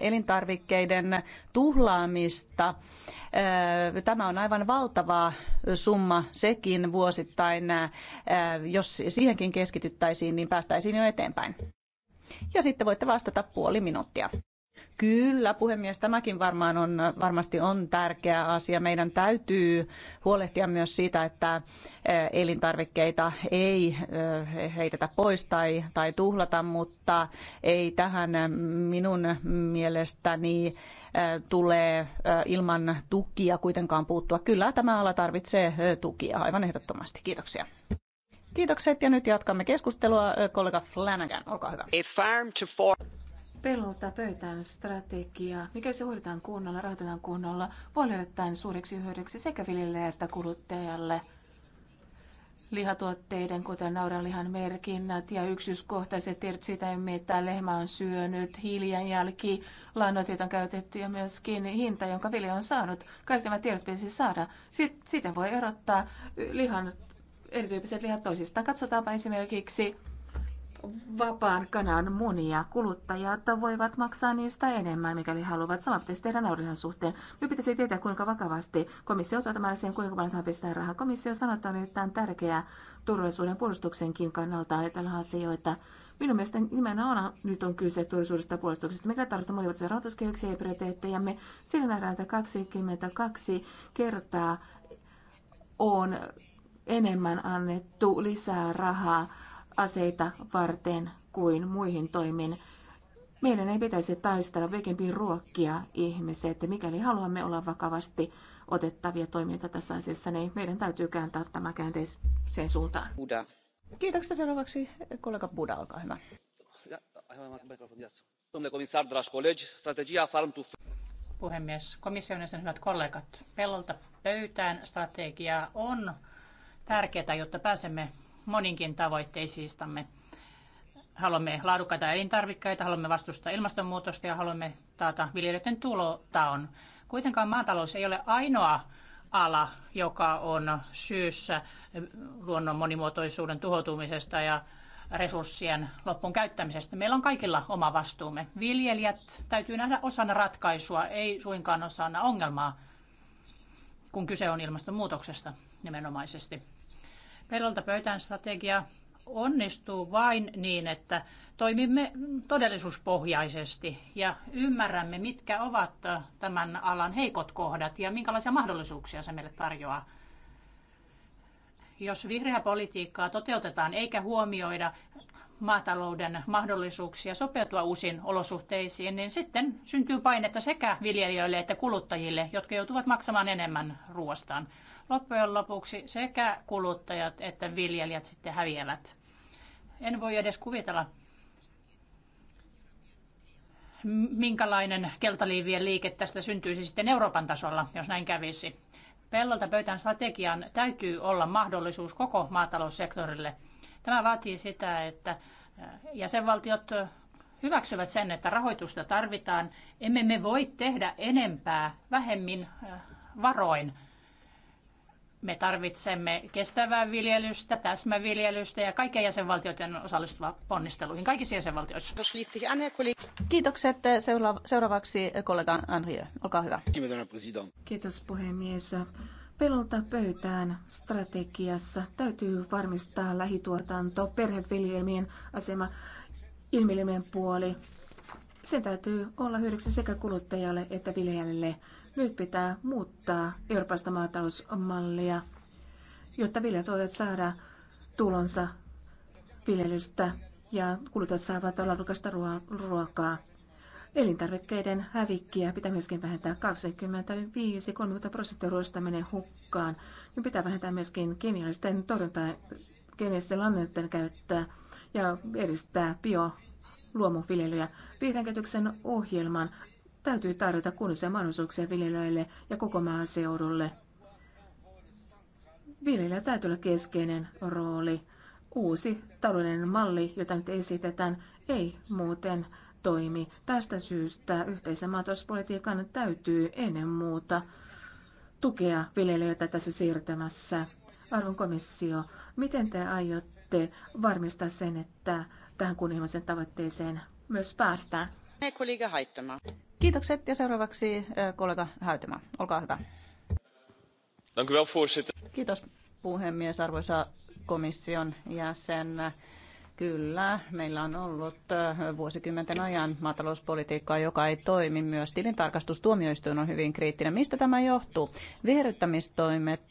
elintarvikkeiden tuhlaamista. Tämä on aivan valtava summa sekin vuosittain. Jos siihenkin keskityttäisiin, niin päästäisiin jo eteenpäin. Ja sitten voitte vastata puoli minuuttia. Kyllä, puhemies, tämäkin varmaan on, varmasti on tärkeä asia. Meidän täytyy huolehtia myös siitä, että elintarvikkeita ei heitetä pois tai, tai tuhlata, mutta ei tähän minun mielestäni tule ilman tukia kuitenkaan puuttua. Kyllä, tämä ala tarvitsee tukia aivan ehdottomasti. Kiitoksia. Kiitokset ja nyt jatkamme keskustelua. Kollega Flanagan, olkaa hyvä. Pellolta pöytään strategia. Mikäli se hoidetaan kunnolla, rahoitetaan kunnolla, voi suureksi hyödyksi sekä viljelijälle että kuluttajalle. Lihatuotteiden, kuten naudanlihan merkinnät ja yksityiskohtaiset tiedot siitä, mitä lehmä on syönyt, hiilijanjälki, lannot, joita on käytetty ja myöskin hinta, jonka vilja on saanut. Kaikki nämä tiedot pitäisi saada. Sitten voi erottaa lihan erityyppiset lihat toisistaan. Katsotaanpa esimerkiksi vapaan kanan munia. Kuluttajat voivat maksaa niistä enemmän, mikäli haluavat. Sama pitäisi tehdä naudanhan suhteen. Nyt pitäisi tietää, kuinka vakavasti komissio ottaa tämän asian, kuinka paljon tähän pistää rahaa. Komissio sanoo, että on erittäin tärkeää turvallisuuden puolustuksenkin kannalta ajatella asioita. Minun mielestäni nimenomaan nyt on kyse turvallisuudesta ja puolustuksesta. Mikä tarvitaan monivuotisia rahoituskehyksiä ja me Siinä nähdään, että 22 kertaa on enemmän annettu lisää rahaa aseita varten kuin muihin toimiin. Meidän ei pitäisi taistella pikempi ruokkia että Mikäli haluamme olla vakavasti otettavia toimijoita tässä asiassa, niin meidän täytyy kääntää tämä käänteeseen suuntaan. Buda. Kiitoksia seuraavaksi. Kollega Buda, olkaa hyvä. Puhemies, komission sen hyvät kollegat. Pellolta pöytään strategia on tärkeää, jotta pääsemme moninkin tavoitteisiistamme. Haluamme laadukkaita elintarvikkeita, haluamme vastustaa ilmastonmuutosta ja haluamme taata viljelijöiden tulotaon. Kuitenkaan maatalous ei ole ainoa ala, joka on syyssä luonnon monimuotoisuuden tuhoutumisesta ja resurssien loppuun käyttämisestä. Meillä on kaikilla oma vastuumme. Viljelijät täytyy nähdä osana ratkaisua, ei suinkaan osana ongelmaa, kun kyse on ilmastonmuutoksesta nimenomaisesti. Pellolta pöytään strategia onnistuu vain niin, että toimimme todellisuuspohjaisesti ja ymmärrämme, mitkä ovat tämän alan heikot kohdat ja minkälaisia mahdollisuuksia se meille tarjoaa. Jos vihreä politiikkaa toteutetaan eikä huomioida maatalouden mahdollisuuksia sopeutua uusiin olosuhteisiin, niin sitten syntyy painetta sekä viljelijöille että kuluttajille, jotka joutuvat maksamaan enemmän ruoastaan loppujen lopuksi sekä kuluttajat että viljelijät sitten häviävät. En voi edes kuvitella, minkälainen keltaliivien liike tästä syntyisi sitten Euroopan tasolla, jos näin kävisi. Pellolta pöytään strategian täytyy olla mahdollisuus koko maataloussektorille. Tämä vaatii sitä, että äh, jäsenvaltiot äh, hyväksyvät sen, että rahoitusta tarvitaan. Emme me voi tehdä enempää vähemmin äh, varoin. Me tarvitsemme kestävää viljelystä, täsmäviljelystä ja kaikkien jäsenvaltioiden osallistuvaa ponnisteluihin kaikissa jäsenvaltioissa. Kiitokset. Seuraavaksi kollega Anrio, olkaa hyvä. Kiitos puhemies. Pelolta pöytään strategiassa täytyy varmistaa lähituotanto, perheviljelmien asema, ilmiöiden puoli. Sen täytyy olla hyödyksi sekä kuluttajalle että viljelijälle. Nyt pitää muuttaa eurooppalaista maatalousmallia, jotta viljat voivat saada tulonsa viljelystä ja kulutajat saavat laadukasta ruokaa. Elintarvikkeiden hävikkiä pitää myöskin vähentää 25-30 prosenttia ruoasta menee hukkaan. Nyt pitää vähentää myöskin kemiallisten torjuntaan kemiallisten lannoitteiden käyttöä ja edistää bio luomuviljelyjä. Vihreän ohjelman täytyy tarjota kunnollisia mahdollisuuksia viljelijöille ja koko seudulle. Viljelijä täytyy olla keskeinen rooli. Uusi taloudellinen malli, jota nyt esitetään, ei muuten toimi. Tästä syystä yhteisen maatalouspolitiikan täytyy ennen muuta tukea viljelijöitä tässä siirtämässä. Arvon komissio, miten te aiotte varmistaa sen, että tähän kunnianhimoisen tavoitteeseen myös päästään? kollega Haittama. Kiitokset ja seuraavaksi kollega Häytymä. Olkaa hyvä. Kiitos puhemies, arvoisa komission jäsen. Kyllä, meillä on ollut vuosikymmenten ajan maatalouspolitiikkaa, joka ei toimi. Myös tilintarkastustuomioistuin on hyvin kriittinen. Mistä tämä johtuu? Viherryttämistoimet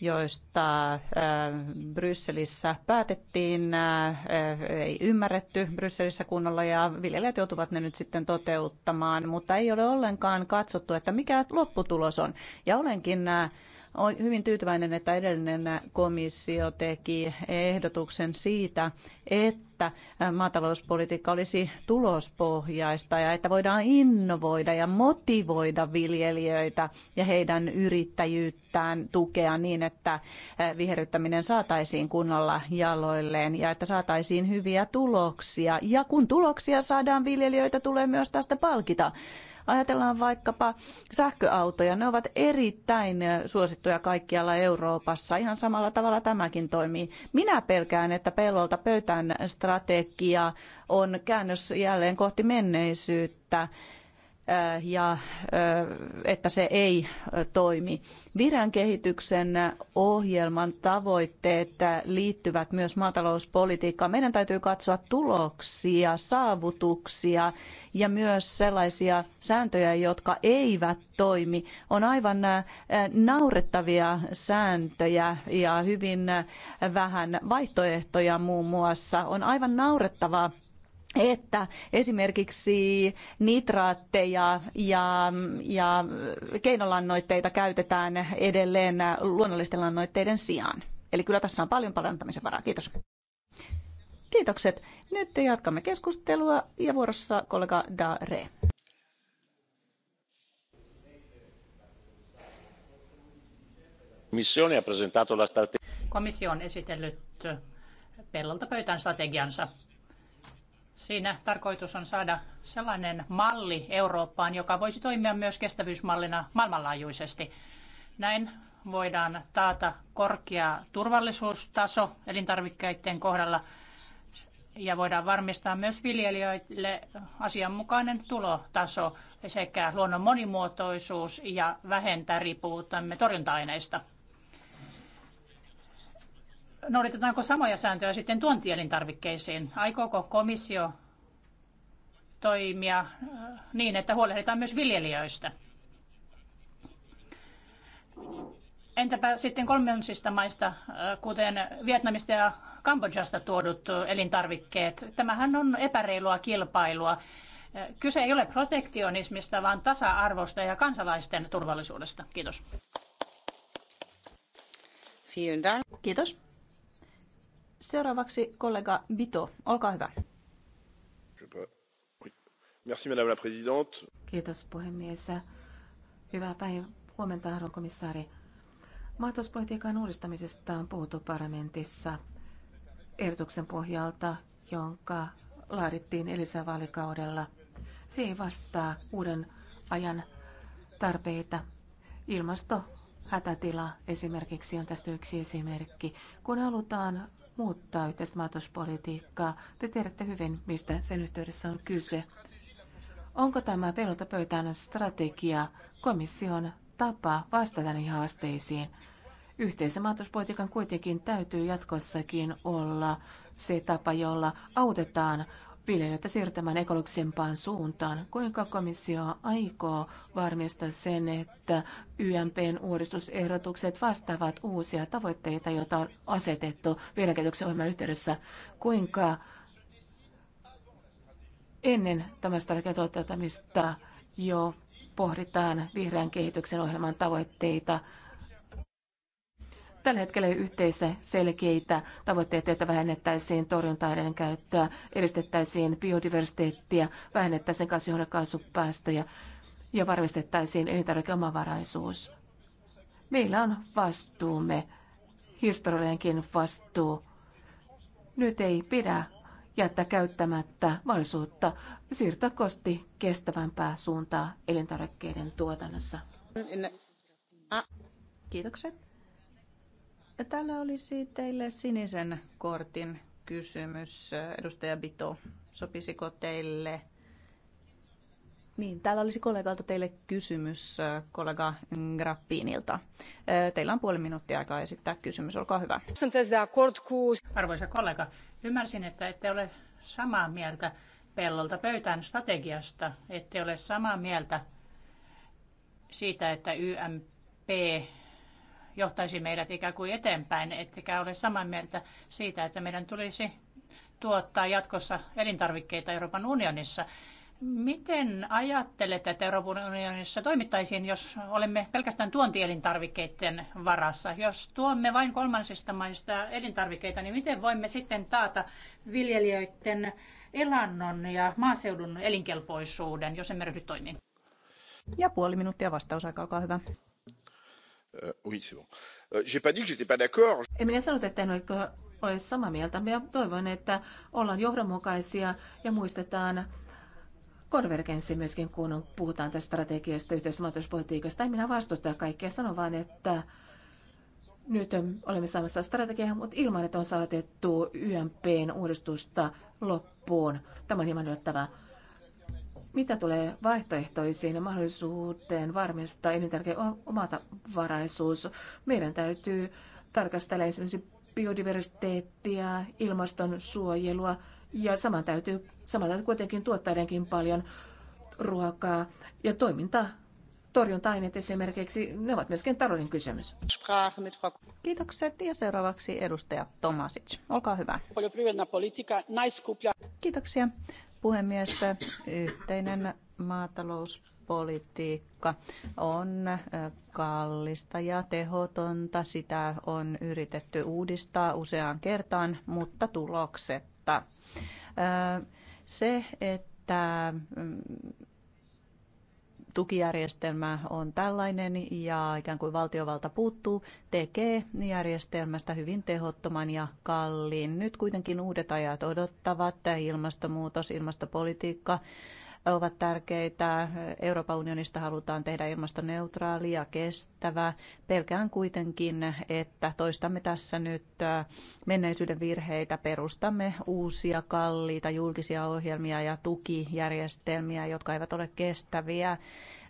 joista Brysselissä päätettiin, ei ymmärretty Brysselissä kunnolla ja viljelijät joutuvat ne nyt sitten toteuttamaan, mutta ei ole ollenkaan katsottu, että mikä lopputulos on. Ja olenkin olen hyvin tyytyväinen, että edellinen komissio teki ehdotuksen siitä, että maatalouspolitiikka olisi tulospohjaista ja että voidaan innovoida ja motivoida viljelijöitä ja heidän yrittäjyyttään tukea niin, että viherryttäminen saataisiin kunnolla jaloilleen ja että saataisiin hyviä tuloksia. Ja kun tuloksia saadaan, viljelijöitä tulee myös tästä palkita. Ajatellaan vaikkapa sähköautoja. Ne ovat erittäin suosittuja kaikkialla Euroopassa. Ihan samalla tavalla tämäkin toimii. Minä pelkään, että pellolta pöytään strategia on käännös jälleen kohti menneisyyttä. Äh, ja äh, että se ei äh, toimi. Vihreän kehityksen ohjelman tavoitteet liittyvät myös maatalouspolitiikkaan. Meidän täytyy katsoa tuloksia, saavutuksia ja myös sellaisia sääntöjä, jotka eivät toimi. On aivan naurettavia sääntöjä ja hyvin vähän vaihtoehtoja muun muassa. On aivan naurettavaa että esimerkiksi nitraatteja ja, ja keinolannoitteita käytetään edelleen luonnollisten lannoitteiden sijaan. Eli kyllä tässä on paljon parantamisen varaa. Kiitos. Kiitokset. Nyt jatkamme keskustelua ja vuorossa kollega Dare. Komissio on esitellyt pellolta pöytään strategiansa Siinä tarkoitus on saada sellainen malli Eurooppaan, joka voisi toimia myös kestävyysmallina maailmanlaajuisesti. Näin voidaan taata korkea turvallisuustaso elintarvikkeiden kohdalla ja voidaan varmistaa myös viljelijöille asianmukainen tulotaso sekä luonnon monimuotoisuus ja vähentää riippuvuuttamme torjunta-aineista noudatetaanko samoja sääntöjä sitten tuontielintarvikkeisiin? Aikooko komissio toimia äh, niin, että huolehditaan myös viljelijöistä? Entäpä sitten kolmansista maista, äh, kuten Vietnamista ja Kambodžasta tuodut elintarvikkeet? Tämähän on epäreilua kilpailua. Kyse ei ole protektionismista, vaan tasa-arvosta ja kansalaisten turvallisuudesta. Kiitos. Kiitos. Seuraavaksi kollega Bito, olkaa hyvä. Merci, madame la présidente. Kiitos puhemies. Hyvää päivää. Huomenta, arvon komissaari. Maatalouspolitiikan uudistamisesta on puhuttu parlamentissa ehdotuksen pohjalta, jonka laadittiin edellisellä vaalikaudella. Se ei vastaa uuden ajan tarpeita. Ilmasto Hätätila esimerkiksi on tästä yksi esimerkki. Kun halutaan muuttaa yhteistä maatalouspolitiikkaa. Te tiedätte hyvin, mistä sen yhteydessä on kyse. Onko tämä pelolta pöytään strategia komission tapa vastata niihin haasteisiin? Yhteisen maatalouspolitiikan kuitenkin täytyy jatkossakin olla se tapa, jolla autetaan viljelijöitä siirtämään ekologisempaan suuntaan. Kuinka komissio aikoo varmistaa sen, että YMPn uudistusehdotukset vastaavat uusia tavoitteita, joita on asetettu viljelyketjuksen ohjelman yhteydessä? Kuinka ennen tämän strategian toteuttamista jo pohditaan vihreän kehityksen ohjelman tavoitteita Tällä hetkellä ei yhteisiä selkeitä tavoitteita, että vähennettäisiin torjunta-aineiden käyttöä, edistettäisiin biodiversiteettiä, vähennettäisiin kasvihuonekaasupäästöjä ja varmistettaisiin elintarvikeomavaraisuus. Meillä on vastuumme, historiallinenkin vastuu. Nyt ei pidä jättää käyttämättä mahdollisuutta siirtyä kosti kestävämpää suuntaa elintarvikkeiden tuotannossa. Kiitokset. Ja täällä olisi siis teille sinisen kortin kysymys. Edustaja Bito, sopisiko teille? Niin, täällä olisi kollegalta teille kysymys, kollega Grappinilta. Teillä on puoli minuuttia aikaa esittää kysymys, olkaa hyvä. Arvoisa kollega, ymmärsin, että ette ole samaa mieltä pellolta pöytään strategiasta, ette ole samaa mieltä siitä, että YMP johtaisi meidät ikään kuin eteenpäin, ettekä ole samaa mieltä siitä, että meidän tulisi tuottaa jatkossa elintarvikkeita Euroopan unionissa. Miten ajattelet, että Euroopan unionissa toimittaisiin, jos olemme pelkästään tuontielintarvikkeiden varassa? Jos tuomme vain kolmansista maista elintarvikkeita, niin miten voimme sitten taata viljelijöiden elannon ja maaseudun elinkelpoisuuden, jos emme ryhdy toimiin? Ja puoli minuuttia vastaus, olkaa hyvä. Euh, euh, en minä sanonut, että en ole, samaa mieltä. Minä toivon, että ollaan johdonmukaisia ja muistetaan konvergenssi myöskin, kun puhutaan tästä strategiasta, yhteismaatalouspolitiikasta. En minä vastusta kaikkea, sanon vain, että nyt olemme saamassa strategiaa, mutta ilman, että on saatettu YMPn uudistusta loppuun. Tämä on hieman yllättävää mitä tulee vaihtoehtoisiin mahdollisuuteen varmistaa elintärkeä omata varaisuus, meidän täytyy tarkastella esimerkiksi biodiversiteettia, ilmaston suojelua ja sama täytyy, sama täytyy kuitenkin tuottajienkin paljon ruokaa ja toiminta torjunta-aineet esimerkiksi, ne ovat myöskin talouden kysymys. Kiitokset ja seuraavaksi edustaja Tomasic. Olkaa hyvä. Kiitoksia. Puhemies, yhteinen maatalouspolitiikka on kallista ja tehotonta. Sitä on yritetty uudistaa useaan kertaan, mutta tuloksetta. Se, että että mm, tukijärjestelmä on tällainen ja ikään kuin valtiovalta puuttuu, tekee järjestelmästä hyvin tehottoman ja kalliin. Nyt kuitenkin uudet ajat odottavat, ilmastonmuutos, ilmastopolitiikka, ovat tärkeitä. Euroopan unionista halutaan tehdä ilmastoneutraali ja kestävä. Pelkään kuitenkin, että toistamme tässä nyt äh, menneisyyden virheitä, perustamme uusia kalliita julkisia ohjelmia ja tukijärjestelmiä, jotka eivät ole kestäviä.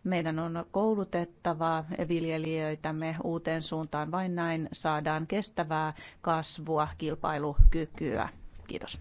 Meidän on koulutettava viljelijöitämme uuteen suuntaan. Vain näin saadaan kestävää kasvua, kilpailukykyä. Kiitos.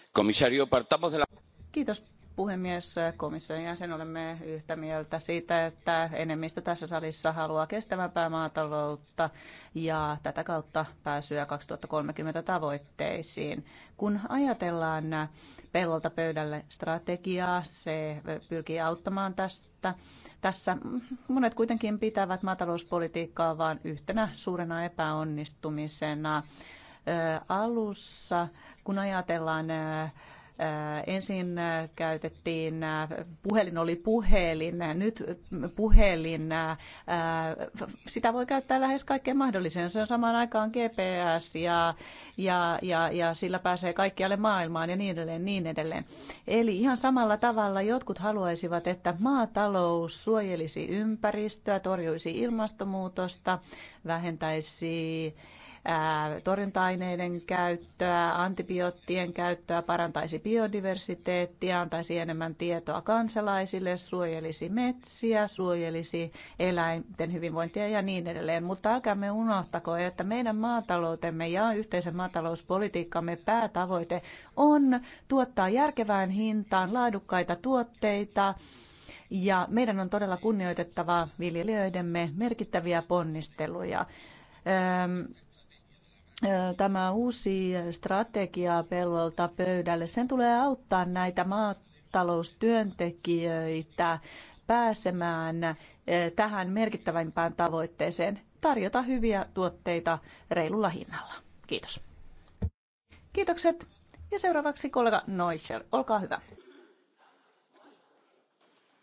Kiitos puhemies, komission jäsen, olemme yhtä mieltä siitä, että enemmistö tässä salissa haluaa kestävämpää maataloutta ja tätä kautta pääsyä 2030 tavoitteisiin. Kun ajatellaan pellolta pöydälle strategiaa, se pyrkii auttamaan tästä. Tässä monet kuitenkin pitävät maatalouspolitiikkaa vain yhtenä suurena epäonnistumisena alussa, kun ajatellaan ensin käytettiin, puhelin oli puhelin, nyt puhelin, sitä voi käyttää lähes kaikkeen mahdolliseen. Se on samaan aikaan GPS ja, ja, ja, ja sillä pääsee kaikkialle maailmaan ja niin edelleen, niin edelleen. Eli ihan samalla tavalla jotkut haluaisivat, että maatalous suojelisi ympäristöä, torjuisi ilmastonmuutosta, vähentäisi torjunta-aineiden käyttöä, antibioottien käyttöä, parantaisi biodiversiteettiä, antaisi enemmän tietoa kansalaisille, suojelisi metsiä, suojelisi eläinten hyvinvointia ja niin edelleen. Mutta älkäämme unohtako, että meidän maataloutemme ja yhteisen maatalouspolitiikkamme päätavoite on tuottaa järkevään hintaan laadukkaita tuotteita, ja meidän on todella kunnioitettava viljelijöidemme merkittäviä ponnisteluja tämä uusi strategia pellolta pöydälle, sen tulee auttaa näitä maataloustyöntekijöitä pääsemään tähän merkittävimpään tavoitteeseen tarjota hyviä tuotteita reilulla hinnalla. Kiitos. Kiitokset. Ja seuraavaksi kollega Neuscher. Olkaa hyvä.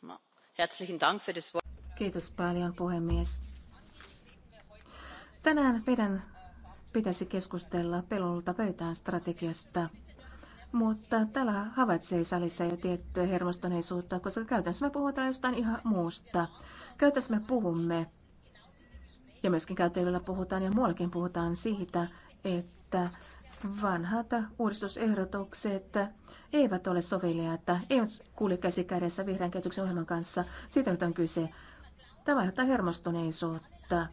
No, Kiitos paljon puhemies. Tänään meidän pitäisi keskustella pelolta pöytään strategiasta. Mutta täällä havaitsee salissa jo tiettyä hermostuneisuutta, koska käytännössä me puhutaan jostain ihan muusta. Käytännössä me puhumme, ja myöskin käyttäjillä puhutaan ja muuallakin puhutaan siitä, että vanhat uudistusehdotukset eivät ole soveliaita, eivät kuule käsi kädessä vihreän kehityksen ohjelman kanssa. Siitä nyt on kyse. Tämä aiheuttaa hermostuneisuutta.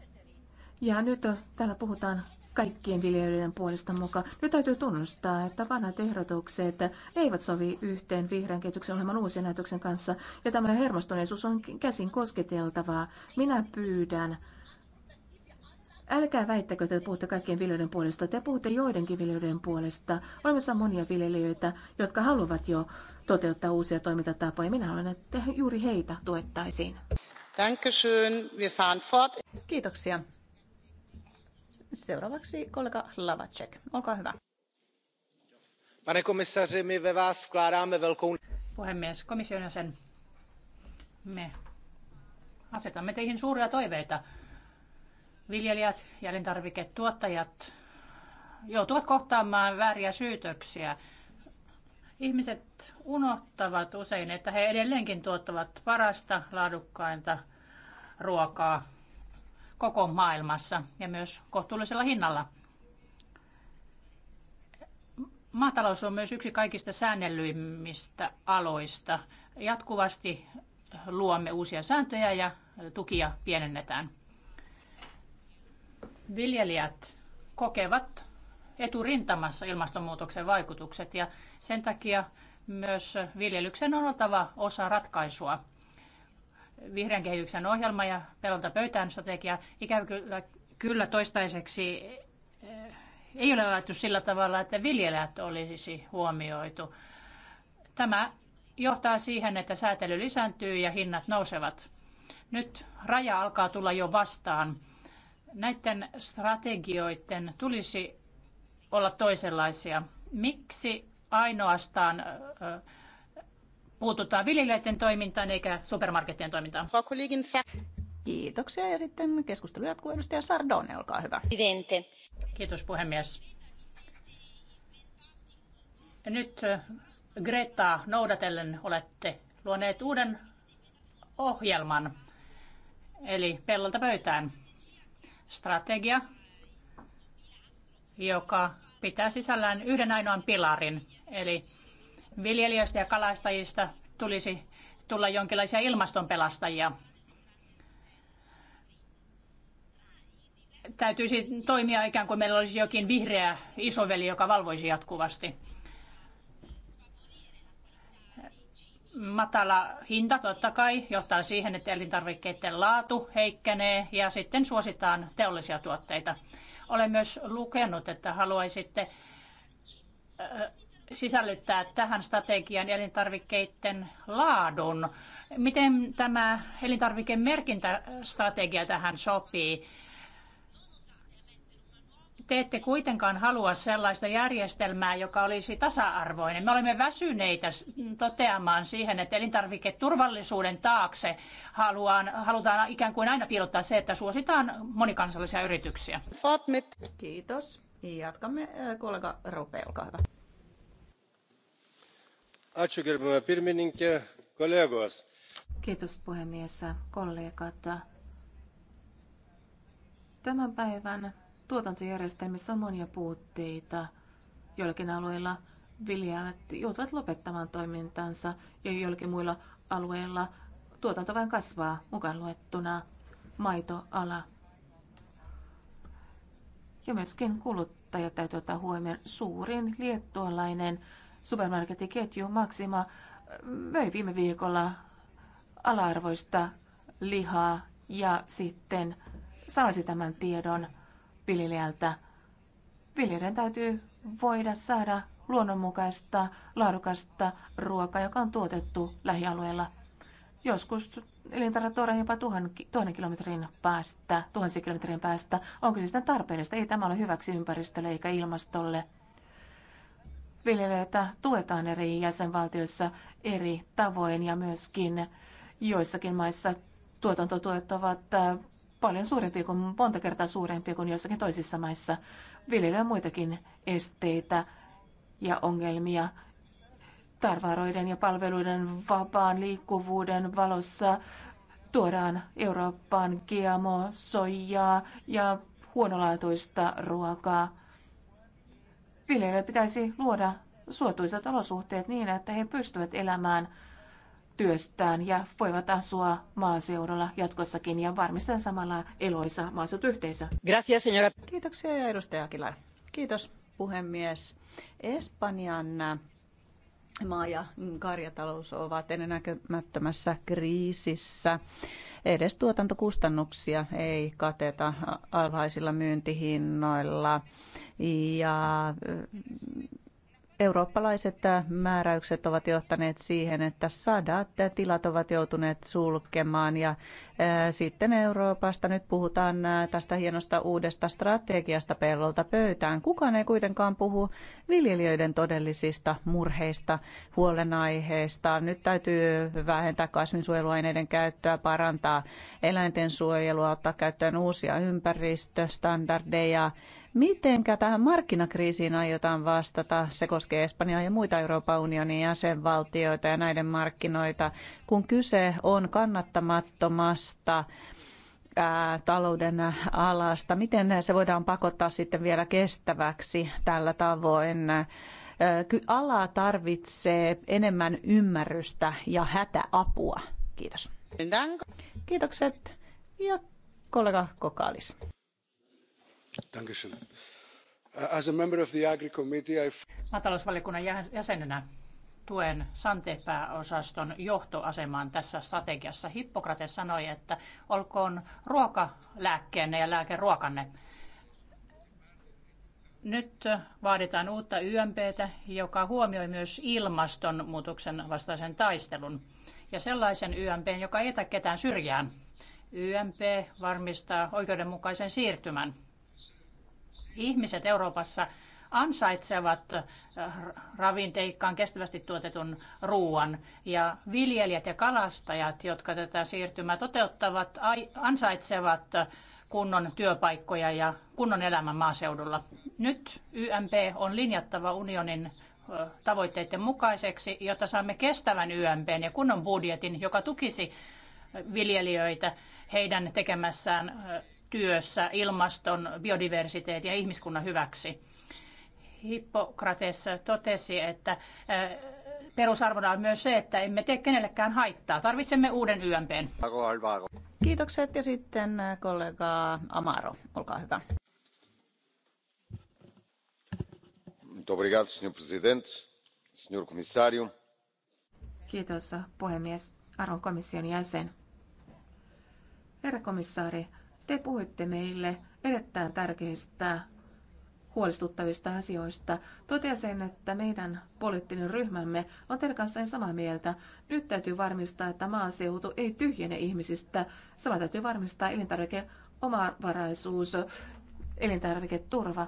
Ja nyt täällä puhutaan kaikkien viljelijöiden puolesta muka, Nyt täytyy tunnustaa, että vanhat ehdotukset eivät sovi yhteen vihreän kehityksen ohjelman uusien näytöksen kanssa, ja tämä hermostuneisuus on käsin kosketeltavaa. Minä pyydän Älkää väittäkö, että te puhutte kaikkien viljelijöiden puolesta. Te puhutte joidenkin viljelijöiden puolesta. Olemassa monia viljelijöitä, jotka haluavat jo toteuttaa uusia toimintatapoja. Minä haluan, että juuri heitä tuettaisiin. Kiitoksia. Seuraavaksi kollega Lavacek. Olkaa hyvä. Pane komissaři, my ve vás vkládáme velkou... Puhemies, komission jäsen, me asetamme teihin suuria toiveita. Viljelijät ja joutuvat kohtaamaan vääriä syytöksiä. Ihmiset unohtavat usein, että he edelleenkin tuottavat parasta, laadukkainta ruokaa koko maailmassa ja myös kohtuullisella hinnalla. Maatalous on myös yksi kaikista säännellyimmistä aloista. Jatkuvasti luomme uusia sääntöjä ja tukia pienennetään. Viljelijät kokevat eturintamassa ilmastonmuutoksen vaikutukset ja sen takia myös viljelyksen on oltava osa ratkaisua vihreän kehityksen ohjelma ja pelolta pöytään strategia. Ikävä kyllä, kyllä toistaiseksi eh, ei ole laittu sillä tavalla, että viljelijät olisi huomioitu. Tämä johtaa siihen, että säätely lisääntyy ja hinnat nousevat. Nyt raja alkaa tulla jo vastaan. Näiden strategioiden tulisi olla toisenlaisia. Miksi ainoastaan eh, puututaan viljelijöiden toimintaan eikä supermarkettien toimintaan. Kiitoksia ja sitten keskustelu jatkuu edustaja Sardone, olkaa hyvä. Kiitos puhemies. Nyt äh, Greta noudatellen olette luoneet uuden ohjelman, eli pellolta pöytään strategia, joka pitää sisällään yhden ainoan pilarin, eli viljelijöistä ja kalastajista tulisi tulla jonkinlaisia ilmastonpelastajia. Täytyisi toimia ikään kuin meillä olisi jokin vihreä isoveli, joka valvoisi jatkuvasti. matala hinta totta kai johtaa siihen, että elintarvikkeiden laatu heikkenee ja sitten suositaan teollisia tuotteita. Olen myös lukenut, että haluaisitte sisällyttää tähän strategian elintarvikkeiden laadun. Miten tämä elintarvikemerkintästrategia tähän sopii? te ette kuitenkaan halua sellaista järjestelmää, joka olisi tasa-arvoinen. Me olemme väsyneitä toteamaan siihen, että elintarviketurvallisuuden taakse haluan, halutaan ikään kuin aina piilottaa se, että suositaan monikansallisia yrityksiä. Kiitos. Jatkamme kollega Rope, olkaa hyvä. Kiitos puhemies, kollegat. Tämän päivän tuotantojärjestelmissä on monia puutteita. Joillakin alueilla viljelijät joutuvat lopettamaan toimintansa ja joillakin muilla alueilla tuotanto vain kasvaa mukaan luettuna maitoala. Ja myöskin kuluttajat täytyy ottaa huomioon. Suurin liettualainen ketju Maxima möi viime viikolla ala-arvoista lihaa ja sitten saisi tämän tiedon viljelijältä. Viljelijän täytyy voida saada luonnonmukaista, laadukasta ruokaa, joka on tuotettu lähialueella. Joskus elintarvituodaan jopa tuhan, tuhannen kilometrin päästä, tuhansien kilometrin päästä. Onko se sitten tarpeellista? Ei tämä ole hyväksi ympäristölle eikä ilmastolle viljelijöitä tuetaan eri jäsenvaltioissa eri tavoin ja myöskin joissakin maissa tuotantotuet ovat äh, paljon suurempia kuin monta kertaa suurempia kuin joissakin toisissa maissa. on muitakin esteitä ja ongelmia tarvaroiden ja palveluiden vapaan liikkuvuuden valossa tuodaan Eurooppaan GMO, soijaa ja huonolaatuista ruokaa viljelijöille pitäisi luoda suotuisat olosuhteet niin, että he pystyvät elämään työstään ja voivat asua maaseudulla jatkossakin ja varmistaa samalla eloisa maaseutuyhteisö. Gracias, señora. Kiitoksia ja edustaja Akilar. Kiitos puhemies. Espanjan maa- ja karjatalous ovat ennennäkemättömässä kriisissä. Edes tuotantokustannuksia ei kateta alhaisilla myyntihinnoilla ja eurooppalaiset äh, määräykset ovat johtaneet siihen, että sadat tilat ovat joutuneet sulkemaan ja äh, sitten Euroopasta nyt puhutaan äh, tästä hienosta uudesta strategiasta pellolta pöytään. Kukaan ei kuitenkaan puhu viljelijöiden todellisista murheista, huolenaiheista. Nyt täytyy vähentää kasvinsuojeluaineiden käyttöä, parantaa eläinten suojelua, ottaa käyttöön uusia ympäristöstandardeja Mitenkä tähän markkinakriisiin aiotaan vastata? Se koskee Espanjaa ja muita Euroopan unionin jäsenvaltioita ja näiden markkinoita, kun kyse on kannattamattomasta ää, talouden alasta. Miten se voidaan pakottaa sitten vielä kestäväksi tällä tavoin? Ala tarvitsee enemmän ymmärrystä ja hätäapua. Kiitos. Kiitokset ja kollega Kokalis. Uh, Maatalousvaliokunnan jäsenenä tuen Sante-pääosaston johtoasemaan tässä strategiassa. Hippokrates sanoi, että olkoon ruoka lääkkeenne ja lääke ruokanne. Nyt vaaditaan uutta YMPtä, joka huomioi myös ilmastonmuutoksen vastaisen taistelun ja sellaisen YMP, joka ei jätä ketään syrjään. YMP varmistaa oikeudenmukaisen siirtymän ihmiset Euroopassa ansaitsevat äh, ravinteikkaan kestävästi tuotetun ruoan. Ja viljelijät ja kalastajat, jotka tätä siirtymää toteuttavat, ansaitsevat kunnon työpaikkoja ja kunnon elämän maaseudulla. Nyt YMP on linjattava unionin äh, tavoitteiden mukaiseksi, jotta saamme kestävän YMP ja kunnon budjetin, joka tukisi viljelijöitä heidän tekemässään äh, työssä ilmaston, biodiversiteetin ja ihmiskunnan hyväksi. Hippokrates totesi, että perusarvona on myös se, että emme tee kenellekään haittaa. Tarvitsemme uuden YMP. Kiitokset ja sitten kollega Amaro, olkaa hyvä. Kiitos puhemies, arvon komission jäsen. Herra komissaari, te puhuitte meille erittäin tärkeistä huolestuttavista asioista. Totesin, että meidän poliittinen ryhmämme on teidän kanssanne samaa mieltä. Nyt täytyy varmistaa, että maaseutu ei tyhjene ihmisistä. Samalla täytyy varmistaa elintarvike omavaraisuus, elintarviketurva.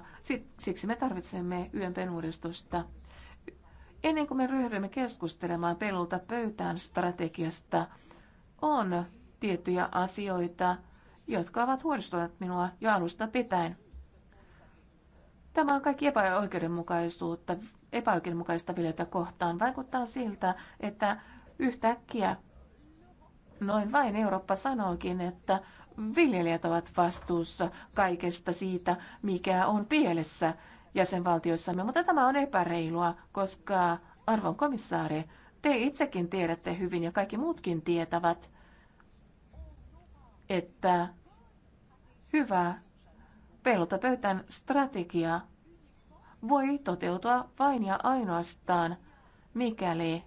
Siksi me tarvitsemme YMPn uudistusta. Ennen kuin me ryhdymme keskustelemaan pelulta pöytään strategiasta, on tiettyjä asioita, jotka ovat huolestuneet minua jo alusta pitäen. Tämä on kaikki epäoikeudenmukaisuutta, epäoikeudenmukaista viljelijöitä kohtaan. Vaikuttaa siltä, että yhtäkkiä noin vain Eurooppa sanookin, että viljelijät ovat vastuussa kaikesta siitä, mikä on pielessä jäsenvaltioissamme. Mutta tämä on epäreilua, koska arvon komissaari, te itsekin tiedätte hyvin ja kaikki muutkin tietävät, että hyvää peilota pöytään strategia voi toteutua vain ja ainoastaan, mikäli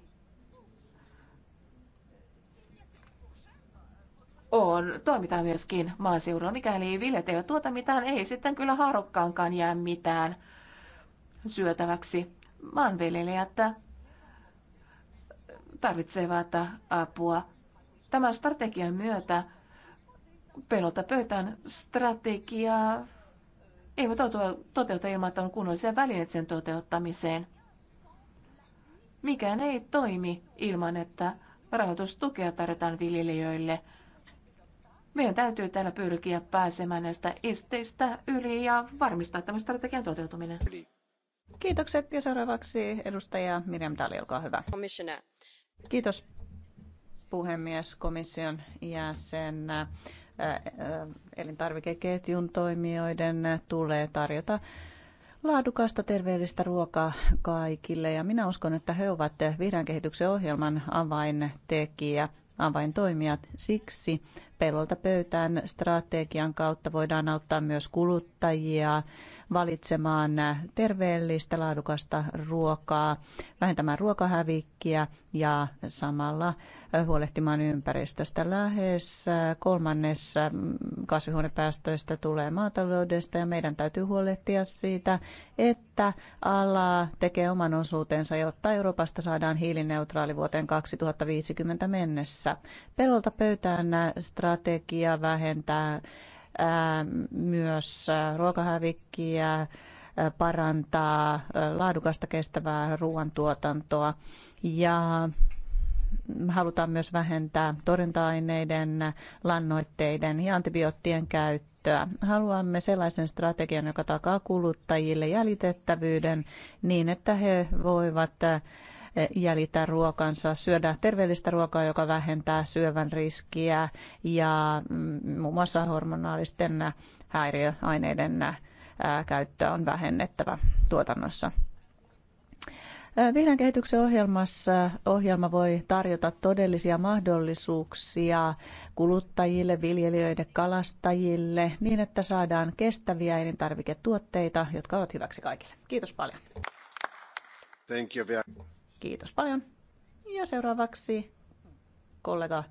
on, toimitaan myöskin maaseudulla. Mikäli viljat eivät tuota mitään, ei sitten kyllä haarukkaankaan jää mitään syötäväksi. Maanviljelijät tarvitsevat apua. Tämän strategian myötä pelota pöytään strategiaa ei voi toteuttaa ilman, että on kunnollisia välineitä sen toteuttamiseen. Mikään ei toimi ilman, että rahoitustukea tarjotaan viljelijöille. Meidän täytyy täällä pyrkiä pääsemään näistä esteistä yli ja varmistaa tämän strategian toteutuminen. Kiitokset ja seuraavaksi edustaja Miriam Dali, olkaa hyvä. Kiitos puhemies komission jäsen elintarvikeketjun toimijoiden tulee tarjota laadukasta terveellistä ruokaa kaikille ja minä uskon, että he ovat vihreän kehityksen ohjelman avaintekijä, avaintoimijat. Siksi pellolta pöytään strategian kautta voidaan auttaa myös kuluttajia valitsemaan terveellistä, laadukasta ruokaa, vähentämään ruokahävikkiä ja samalla huolehtimaan ympäristöstä. Lähes kolmannessa kasvihuonepäästöistä tulee maataloudesta ja meidän täytyy huolehtia siitä, että ala tekee oman osuutensa, jotta Euroopasta saadaan hiilineutraali vuoteen 2050 mennessä. Pelolta pöytään strategia vähentää Ähm, myös äh, ruokahävikkiä, äh, parantaa äh, laadukasta kestävää ruoantuotantoa ja halutaan myös vähentää torjunta-aineiden, lannoitteiden ja antibioottien käyttöä. Haluamme sellaisen strategian, joka takaa kuluttajille jäljitettävyyden niin, että he voivat jäljitä ruokansa, syödä terveellistä ruokaa, joka vähentää syövän riskiä ja mm, muun mm. muassa hormonaalisten häiriöaineiden äh, käyttöä on vähennettävä tuotannossa. Äh, vihreän kehityksen ohjelmassa ohjelma voi tarjota todellisia mahdollisuuksia kuluttajille, viljelijöille, kalastajille niin, että saadaan kestäviä elintarviketuotteita, jotka ovat hyväksi kaikille. Kiitos paljon. Thank you. Kiitos paljon. Ja seuraavaksi kollega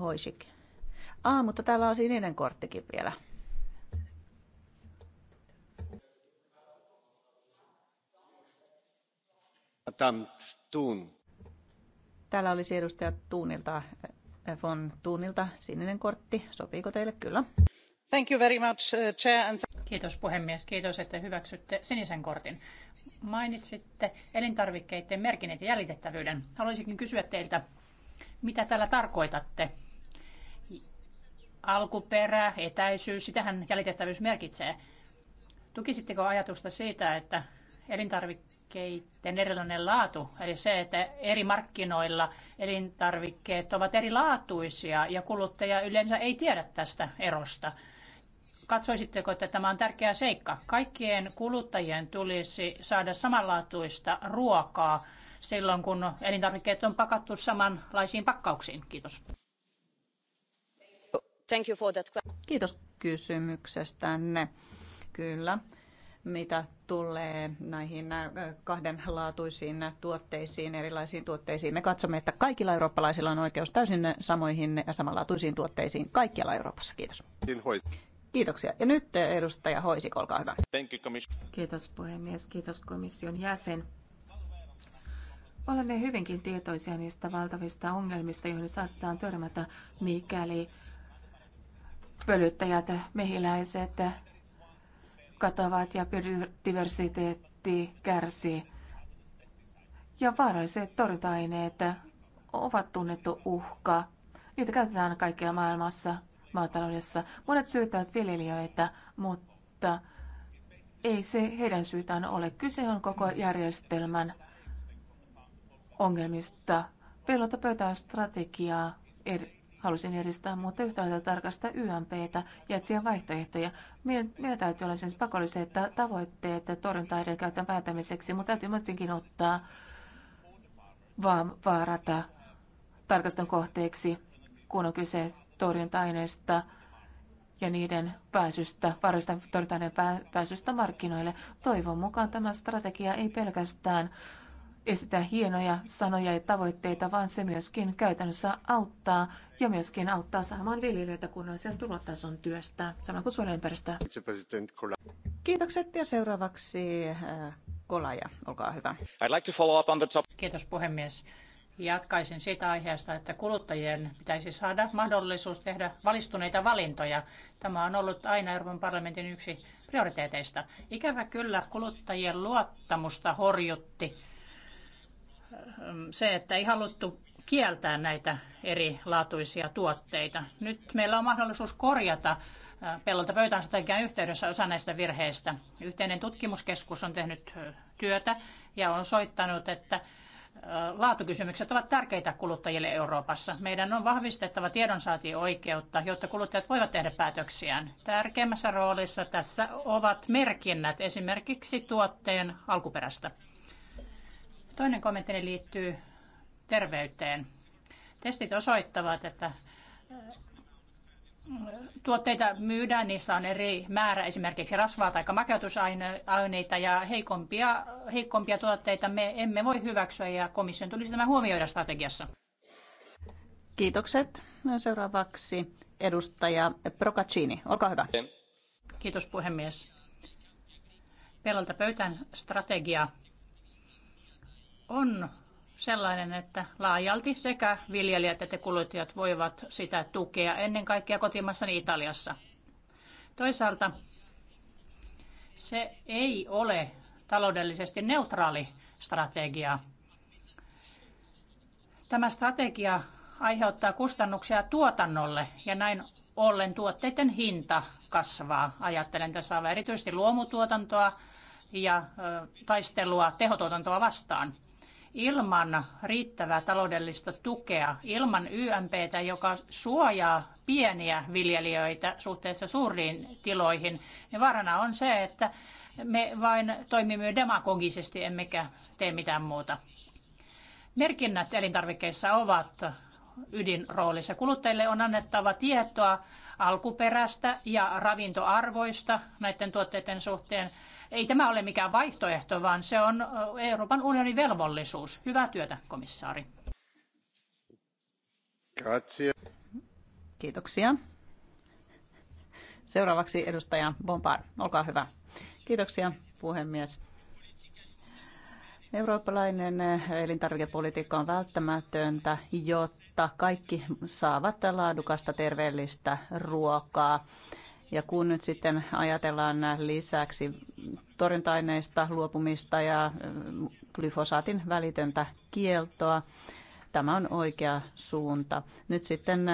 Hoisik. Ah, mutta täällä on sininen korttikin vielä. Täällä olisi edustaja Tuunilta, äh, von Tuunilta sininen kortti. Sopiiko teille? Kyllä. Thank you very much, uh, chair. and. Kiitos puhemies. Kiitos, että hyväksytte sinisen kortin. Mainitsitte elintarvikkeiden merkinnät ja jäljitettävyyden. Haluaisinkin kysyä teiltä, mitä tällä tarkoitatte? Alkuperä, etäisyys, sitähän jäljitettävyys merkitsee. Tukisitteko ajatusta siitä, että elintarvikkeiden erilainen laatu, eli se, että eri markkinoilla elintarvikkeet ovat erilaatuisia ja kuluttaja yleensä ei tiedä tästä erosta – Katsoisitteko, että tämä on tärkeä seikka? Kaikkien kuluttajien tulisi saada samanlaatuista ruokaa silloin, kun elintarvikkeet on pakattu samanlaisiin pakkauksiin. Kiitos. Thank you for that. Kiitos kysymyksestänne. Kyllä mitä tulee näihin äh, kahdenlaatuisiin tuotteisiin, erilaisiin tuotteisiin. Me katsomme, että kaikilla eurooppalaisilla on oikeus täysin samoihin ja samanlaatuisiin tuotteisiin kaikkialla Euroopassa. Kiitos. Kiitoksia. Ja nyt eh, edustaja Hoisik, olkaa hyvä. Kiitos puhemies, kiitos komission jäsen. Olemme hyvinkin tietoisia niistä valtavista ongelmista, joihin saattaa törmätä, mikäli pölyttäjät, mehiläiset katoavat ja biodiversiteetti kärsii. Ja vaaralliset torjunta-aineet ovat tunnettu uhka. Niitä käytetään kaikkialla maailmassa maataloudessa. Monet syyttävät viljelijöitä, mutta ei se heidän syytään ole. Kyse on koko järjestelmän ongelmista. Pellolta pöytään strategiaa ed- halusin edistää, mutta yhtä lailla tarkastaa YMPtä ja etsiä vaihtoehtoja. Meillä täytyy olla siis pakolliset tavoitteet torjuntaiden käytön päätämiseksi, mutta täytyy muutenkin ottaa vaan vaarata tarkastan kohteeksi, kun on kyse torjunta-aineista ja niiden pääsystä, vaarallisten torjunta-aineiden pääsystä markkinoille. Toivon mukaan tämä strategia ei pelkästään esitä hienoja sanoja ja tavoitteita, vaan se myöskin käytännössä auttaa ja myöskin auttaa saamaan viljelijöitä kunnollisen tulotason työstä, samoin kuin suojeluympäristöä. Kiitokset ja seuraavaksi äh, Kolaja, olkaa hyvä. I'd like to follow up on the top. Kiitos puhemies. Jatkaisin siitä aiheesta, että kuluttajien pitäisi saada mahdollisuus tehdä valistuneita valintoja. Tämä on ollut aina Euroopan parlamentin yksi prioriteeteista. Ikävä kyllä kuluttajien luottamusta horjutti ähm, se, että ei haluttu kieltää näitä eri laatuisia tuotteita. Nyt meillä on mahdollisuus korjata äh, pellolta pöytään strategian yhteydessä osa näistä virheistä. Yhteinen tutkimuskeskus on tehnyt äh, työtä ja on soittanut, että laatukysymykset ovat tärkeitä kuluttajille Euroopassa. Meidän on vahvistettava tiedonsaantioikeutta, jotta kuluttajat voivat tehdä päätöksiään. Tärkeimmässä roolissa tässä ovat merkinnät, esimerkiksi tuotteen alkuperästä. Toinen kommenttini liittyy terveyteen. Testit osoittavat, että tuotteita myydään, niissä on eri määrä esimerkiksi rasvaa tai makeutusaineita ja heikompia, heikompia tuotteita me emme voi hyväksyä ja komission tulisi tämä huomioida strategiassa. Kiitokset. Seuraavaksi edustaja Procaccini, olkaa hyvä. Kiitos puhemies. Pelolta pöytään strategia on sellainen, että laajalti sekä viljelijät että kuluttajat voivat sitä tukea ennen kaikkea kotimassani Italiassa. Toisaalta se ei ole taloudellisesti neutraali strategia. Tämä strategia aiheuttaa kustannuksia tuotannolle ja näin ollen tuotteiden hinta kasvaa. Ajattelen tässä aivan erityisesti luomutuotantoa ja taistelua tehotuotantoa vastaan ilman riittävää taloudellista tukea, ilman YMPtä, joka suojaa pieniä viljelijöitä suhteessa suuriin tiloihin, niin vaarana on se, että me vain toimimme demagogisesti emmekä tee mitään muuta. Merkinnät elintarvikkeissa ovat ydinroolissa. Kuluttajille on annettava tietoa alkuperästä ja ravintoarvoista näiden tuotteiden suhteen. Ei tämä ole mikään vaihtoehto, vaan se on Euroopan unionin velvollisuus. Hyvää työtä, komissaari. Grazie. Kiitoksia. Seuraavaksi edustaja Bombard, olkaa hyvä. Kiitoksia, puhemies. Eurooppalainen elintarvikepolitiikka on välttämätöntä, jotta kaikki saavat laadukasta terveellistä ruokaa ja kun nyt sitten ajatellaan lisäksi torjunta-aineista luopumista ja glyfosaatin välitöntä kieltoa, Tämä on oikea suunta. Nyt sitten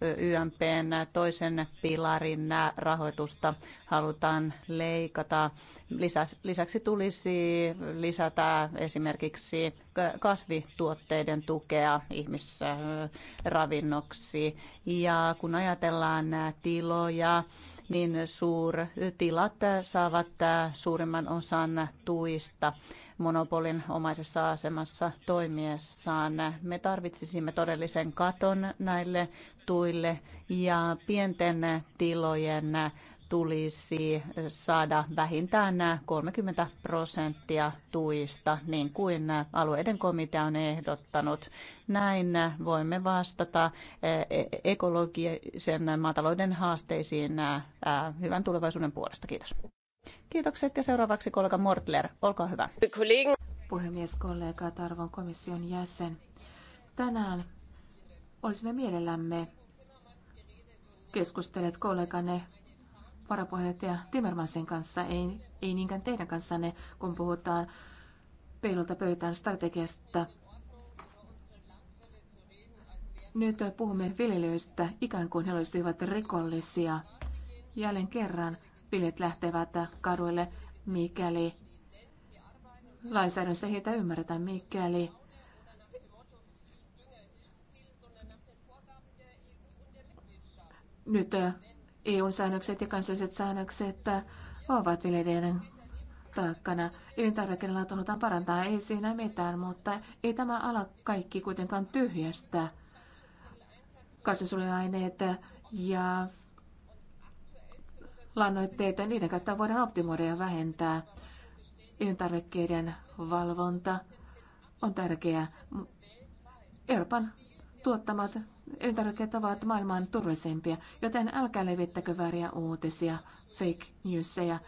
YMPn toisen pilarin rahoitusta halutaan leikata. Lisäksi tulisi lisätä esimerkiksi kasvituotteiden tukea ihmisravinnoksi. Ja kun ajatellaan tiloja, niin suurtilat saavat suurimman osan tuista monopolin omaisessa asemassa toimiessaan. Me tarvitsisimme todellisen katon näille tuille ja pienten tilojen tulisi saada vähintään 30 prosenttia tuista, niin kuin alueiden komitea on ehdottanut. Näin voimme vastata e, e, ekologisen maatalouden haasteisiin hyvän tulevaisuuden puolesta. Kiitos. Kiitokset ja seuraavaksi kollega Mortler, olkaa hyvä. Puhemies, kollega Tarvon komission jäsen. Tänään olisimme mielellämme keskustelleet kolleganne varapuheenjohtaja Timmermansen kanssa, ei, ei niinkään teidän kanssanne, kun puhutaan peilulta pöytään strategiasta. Nyt puhumme viljelijöistä ikään kuin he olisivat rikollisia. Jälleen kerran Pilet lähtevät kaduille, mikäli lainsäädännössä heitä ymmärretään, mikäli nyt EU-säännökset ja kansalliset säännökset ovat viljelijöiden taakkana. Elintarvikkeilla halutaan parantaa, ei siinä mitään, mutta ei tämä ala kaikki kuitenkaan tyhjästä. Kasvinsuojeluaineet ja lannoitteita. Niiden kautta voidaan optimoida ja vähentää elintarvikkeiden valvonta. On tärkeää. Mm, Euroopan tuottamat elintarvikkeet ovat maailman turvallisempia, joten älkää levittäkö vääriä uutisia, fake newsia.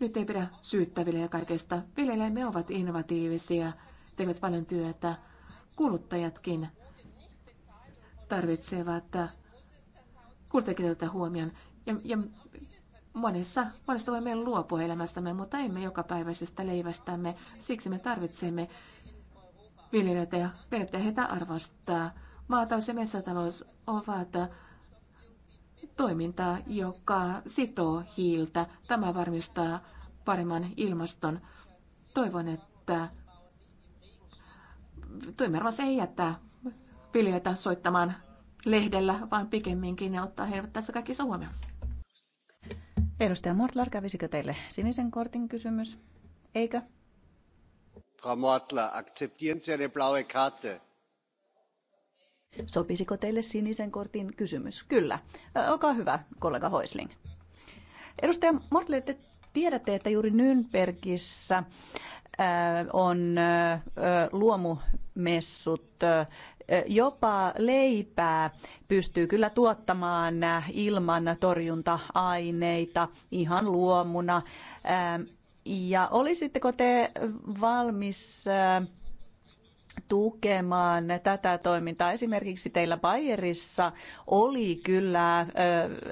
Nyt ei pidä syyttää viljelijä kaikesta. Viljelijämme ovat innovatiivisia, tekevät paljon työtä. Kuluttajatkin tarvitsevat kuluttajatkin tätä huomioon. Ja, ja monessa, monesta voimme luopua elämästämme, mutta emme jokapäiväisestä leivästämme. Siksi me tarvitsemme viljelijöitä ja perinteitä heitä arvostaa. Maatalous ja metsätalous ovat toimintaa, joka sitoo hiiltä. Tämä varmistaa paremman ilmaston. Toivon, että toimivarmassa ei jättää viljelijöitä soittamaan lehdellä, vaan pikemminkin ja ottaa heidät tässä kaikissa huomioon. Edustaja Mortlar, kävisikö teille sinisen kortin kysymys? Eikö? Frau Mortler, akzeptieren Sie eine blaue Karte? Sopisiko teille sinisen kortin kysymys? Kyllä. Olkaa hyvä, kollega Hoisling. Edustaja Mortler, te tiedätte, että juuri Nynbergissä on luomumessut Jopa leipää pystyy kyllä tuottamaan ilman torjunta-aineita ihan luomuna. Ja olisitteko te valmis tukemaan tätä toimintaa. Esimerkiksi teillä Bayerissa oli kyllä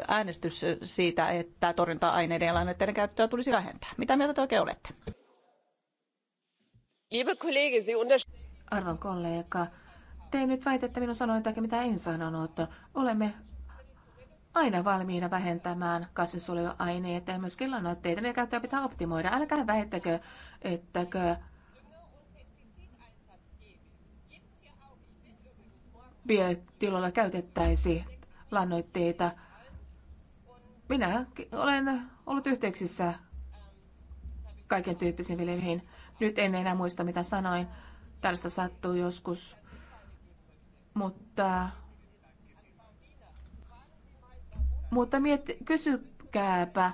äänestys siitä, että torjunta-aineiden ja lannoitteiden käyttöä tulisi vähentää. Mitä mieltä te oikein olette? Arvon kollega, te nyt väitätte minun sanoin jotakin, mitä en sanonut. Olemme aina valmiina vähentämään kasvinsuojeluaineita ja myöskin lannoitteita. Ne käyttöä pitää optimoida. Älkää väittäkö, että biotiloilla käytettäisi lannoitteita. Minä olen ollut yhteyksissä kaiken tyyppisiin viljelyihin. Nyt en enää muista, mitä sanoin. tässä sattuu joskus mutta, mutta mietti, kysykääpä,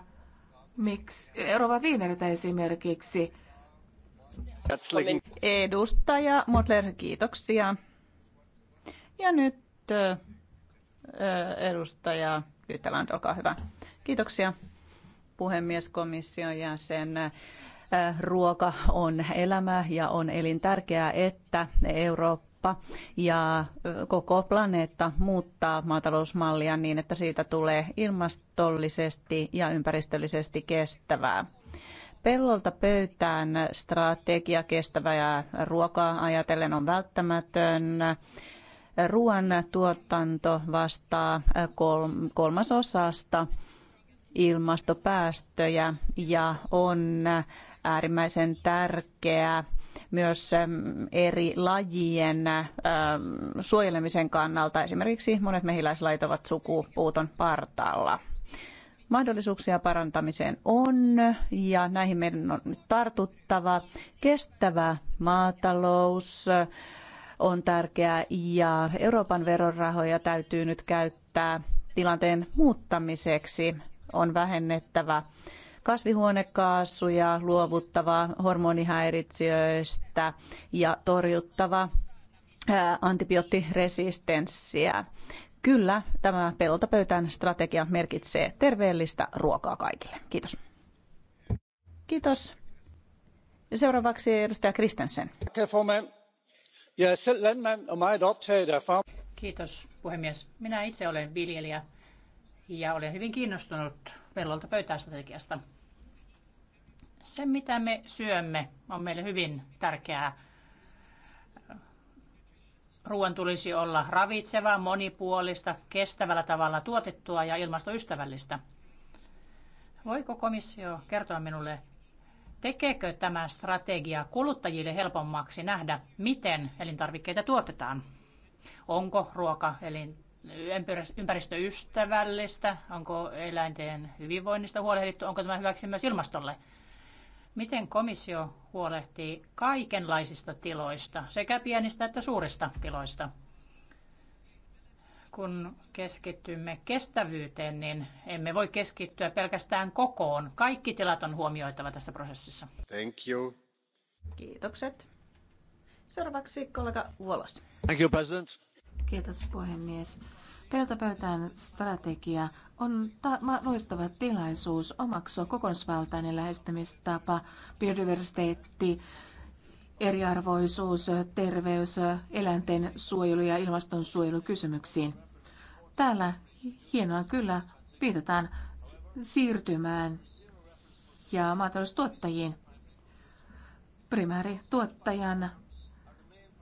miksi Rova Wieneriltä esimerkiksi. Edustaja Modler, kiitoksia. Ja nyt edustaja Yteland, olkaa hyvä. Kiitoksia puhemieskomission jäsen. Ruoka on elämä ja on elintärkeää, että Eurooppa Eurooppa ja koko planeetta muuttaa maatalousmallia niin, että siitä tulee ilmastollisesti ja ympäristöllisesti kestävää pellolta pöytään strategia kestävää ruokaa ajatellen on välttämätön. Ruoan tuotanto vastaa kolmasosasta ilmastopäästöjä ja on äärimmäisen tärkeä myös ähm, eri lajien ähm, suojelemisen kannalta. Esimerkiksi monet mehiläislajit ovat sukupuuton partaalla. Mahdollisuuksia parantamiseen on ja näihin meidän on nyt tartuttava. Kestävä maatalous äh, on tärkeää ja Euroopan verorahoja täytyy nyt käyttää tilanteen muuttamiseksi. On vähennettävä kasvihuonekaasuja, luovuttava hormonihäiritsijöistä ja torjuttava antibioottiresistenssiä. Kyllä, tämä pelolta pöytään strategia merkitsee terveellistä ruokaa kaikille. Kiitos. Kiitos. Seuraavaksi edustaja Kristensen. Kiitos puhemies. Minä itse olen viljelijä ja olen hyvin kiinnostunut pellolta pöytään strategiasta. Se, mitä me syömme, on meille hyvin tärkeää. Ruoan tulisi olla ravitsevaa, monipuolista, kestävällä tavalla tuotettua ja ilmastoystävällistä. Voiko komissio kertoa minulle, tekeekö tämä strategia kuluttajille helpommaksi nähdä, miten elintarvikkeita tuotetaan? Onko ruoka elintarvikkeita? ympäristöystävällistä, onko eläinten hyvinvoinnista huolehdittu, onko tämä hyväksi myös ilmastolle. Miten komissio huolehtii kaikenlaisista tiloista, sekä pienistä että suurista tiloista? Kun keskittymme kestävyyteen, niin emme voi keskittyä pelkästään kokoon. Kaikki tilat on huomioitava tässä prosessissa. Thank you. Kiitokset. Seuraavaksi kollega Wallace. Thank you, President. Kiitos puhemies. Peltapöytään strategia on ta- loistava tilaisuus omaksua kokonaisvaltainen lähestymistapa, biodiversiteetti, eriarvoisuus, terveys, eläinten suojelu ja ilmastonsuojelukysymyksiin. Täällä hienoa kyllä viitataan siirtymään ja maataloustuottajiin. Primäärituottajan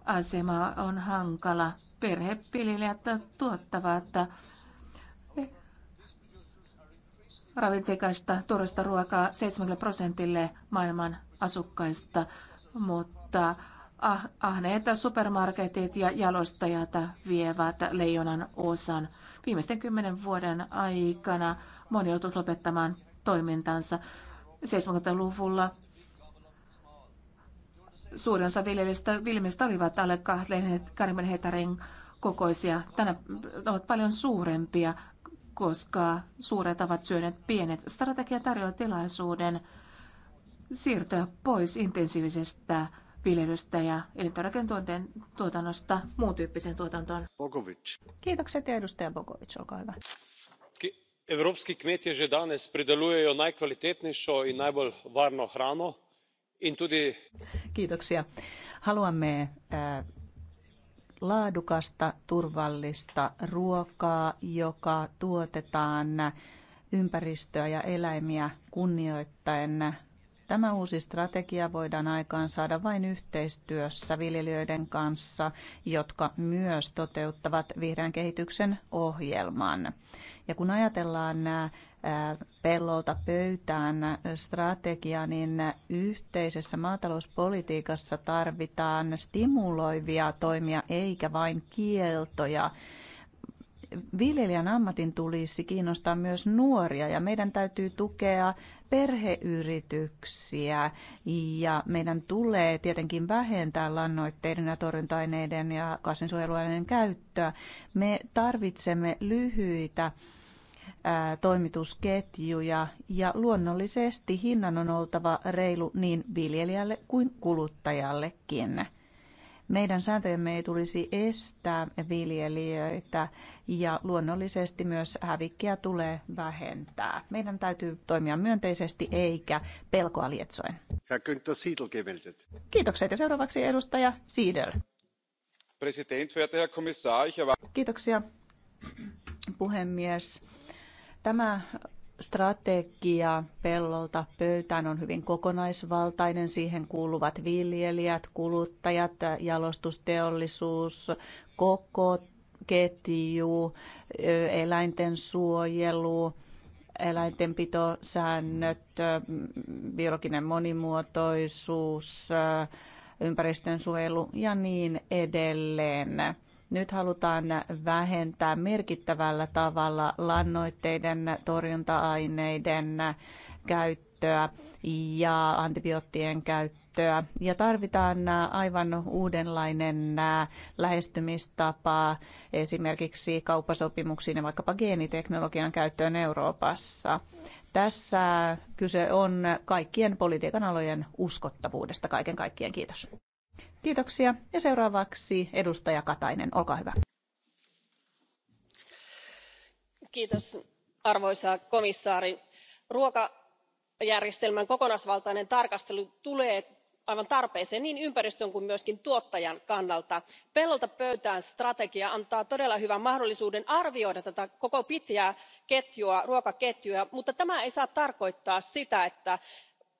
asema on hankala perheviljelijät tuottavat ravinteikaista turvallista ruokaa 70 prosentille maailman asukkaista, mutta ah-, ahneet supermarketit ja jalostajat vievät leijonan osan. Viimeisten kymmenen vuoden aikana moni joutuu lopettamaan toimintansa. 70-luvulla suurin osa viljelystä, viljelmistä olivat alle karimen hetarin kokoisia. Tänä ovat paljon suurempia, koska suuret ovat syöneet pienet. Strategia tarjoaa tilaisuuden siirtyä pois intensiivisestä viljelystä ja elintarviketuotannon tuotannosta muun tyyppiseen tuotantoon. Bogovic. Kiitokset ja edustaja Bogovic, olkaa hyvä. Evropski kmetje jo danes pridelujejo najkvalitetnejšo i najbolj varno hrano Kiitoksia. Haluamme äh, laadukasta, turvallista ruokaa, joka tuotetaan ympäristöä ja eläimiä kunnioittaen. Tämä uusi strategia voidaan aikaan saada vain yhteistyössä viljelijöiden kanssa, jotka myös toteuttavat vihreän kehityksen ohjelman. Ja kun ajatellaan nämä äh, pellolta pöytään strategia, niin yhteisessä maatalouspolitiikassa tarvitaan stimuloivia toimia eikä vain kieltoja. Viljelijän ammatin tulisi kiinnostaa myös nuoria ja meidän täytyy tukea perheyrityksiä ja meidän tulee tietenkin vähentää lannoitteiden ja torjunta-aineiden ja kasvinsuojeluaineiden käyttöä. Me tarvitsemme lyhyitä toimitusketjuja ja luonnollisesti hinnan on oltava reilu niin viljelijälle kuin kuluttajallekin. Meidän sääntöjemme ei tulisi estää viljelijöitä ja luonnollisesti myös hävikkiä tulee vähentää. Meidän täytyy toimia myönteisesti eikä pelkoa lietsoen. Kiitokset ja seuraavaksi edustaja Siedel. Kiitoksia puhemies Tämä strategia pellolta pöytään on hyvin kokonaisvaltainen. Siihen kuuluvat viljelijät, kuluttajat, jalostusteollisuus, koko ketju, eläinten suojelu, eläintenpitosäännöt, biologinen monimuotoisuus, ympäristön suojelu ja niin edelleen. Nyt halutaan vähentää merkittävällä tavalla lannoitteiden, torjunta-aineiden käyttöä ja antibioottien käyttöä. Ja tarvitaan aivan uudenlainen lähestymistapa esimerkiksi kauppasopimuksiin ja vaikkapa geeniteknologian käyttöön Euroopassa. Tässä kyse on kaikkien politiikan alojen uskottavuudesta kaiken kaikkien. Kiitos. Kiitoksia. Ja seuraavaksi edustaja Katainen, olkaa hyvä. Kiitos arvoisa komissaari. Ruokajärjestelmän kokonaisvaltainen tarkastelu tulee aivan tarpeeseen niin ympäristön kuin myöskin tuottajan kannalta. pellolta pöytään strategia antaa todella hyvän mahdollisuuden arvioida tätä koko pitkää ketjua ruokaketjua mutta tämä ei saa tarkoittaa sitä että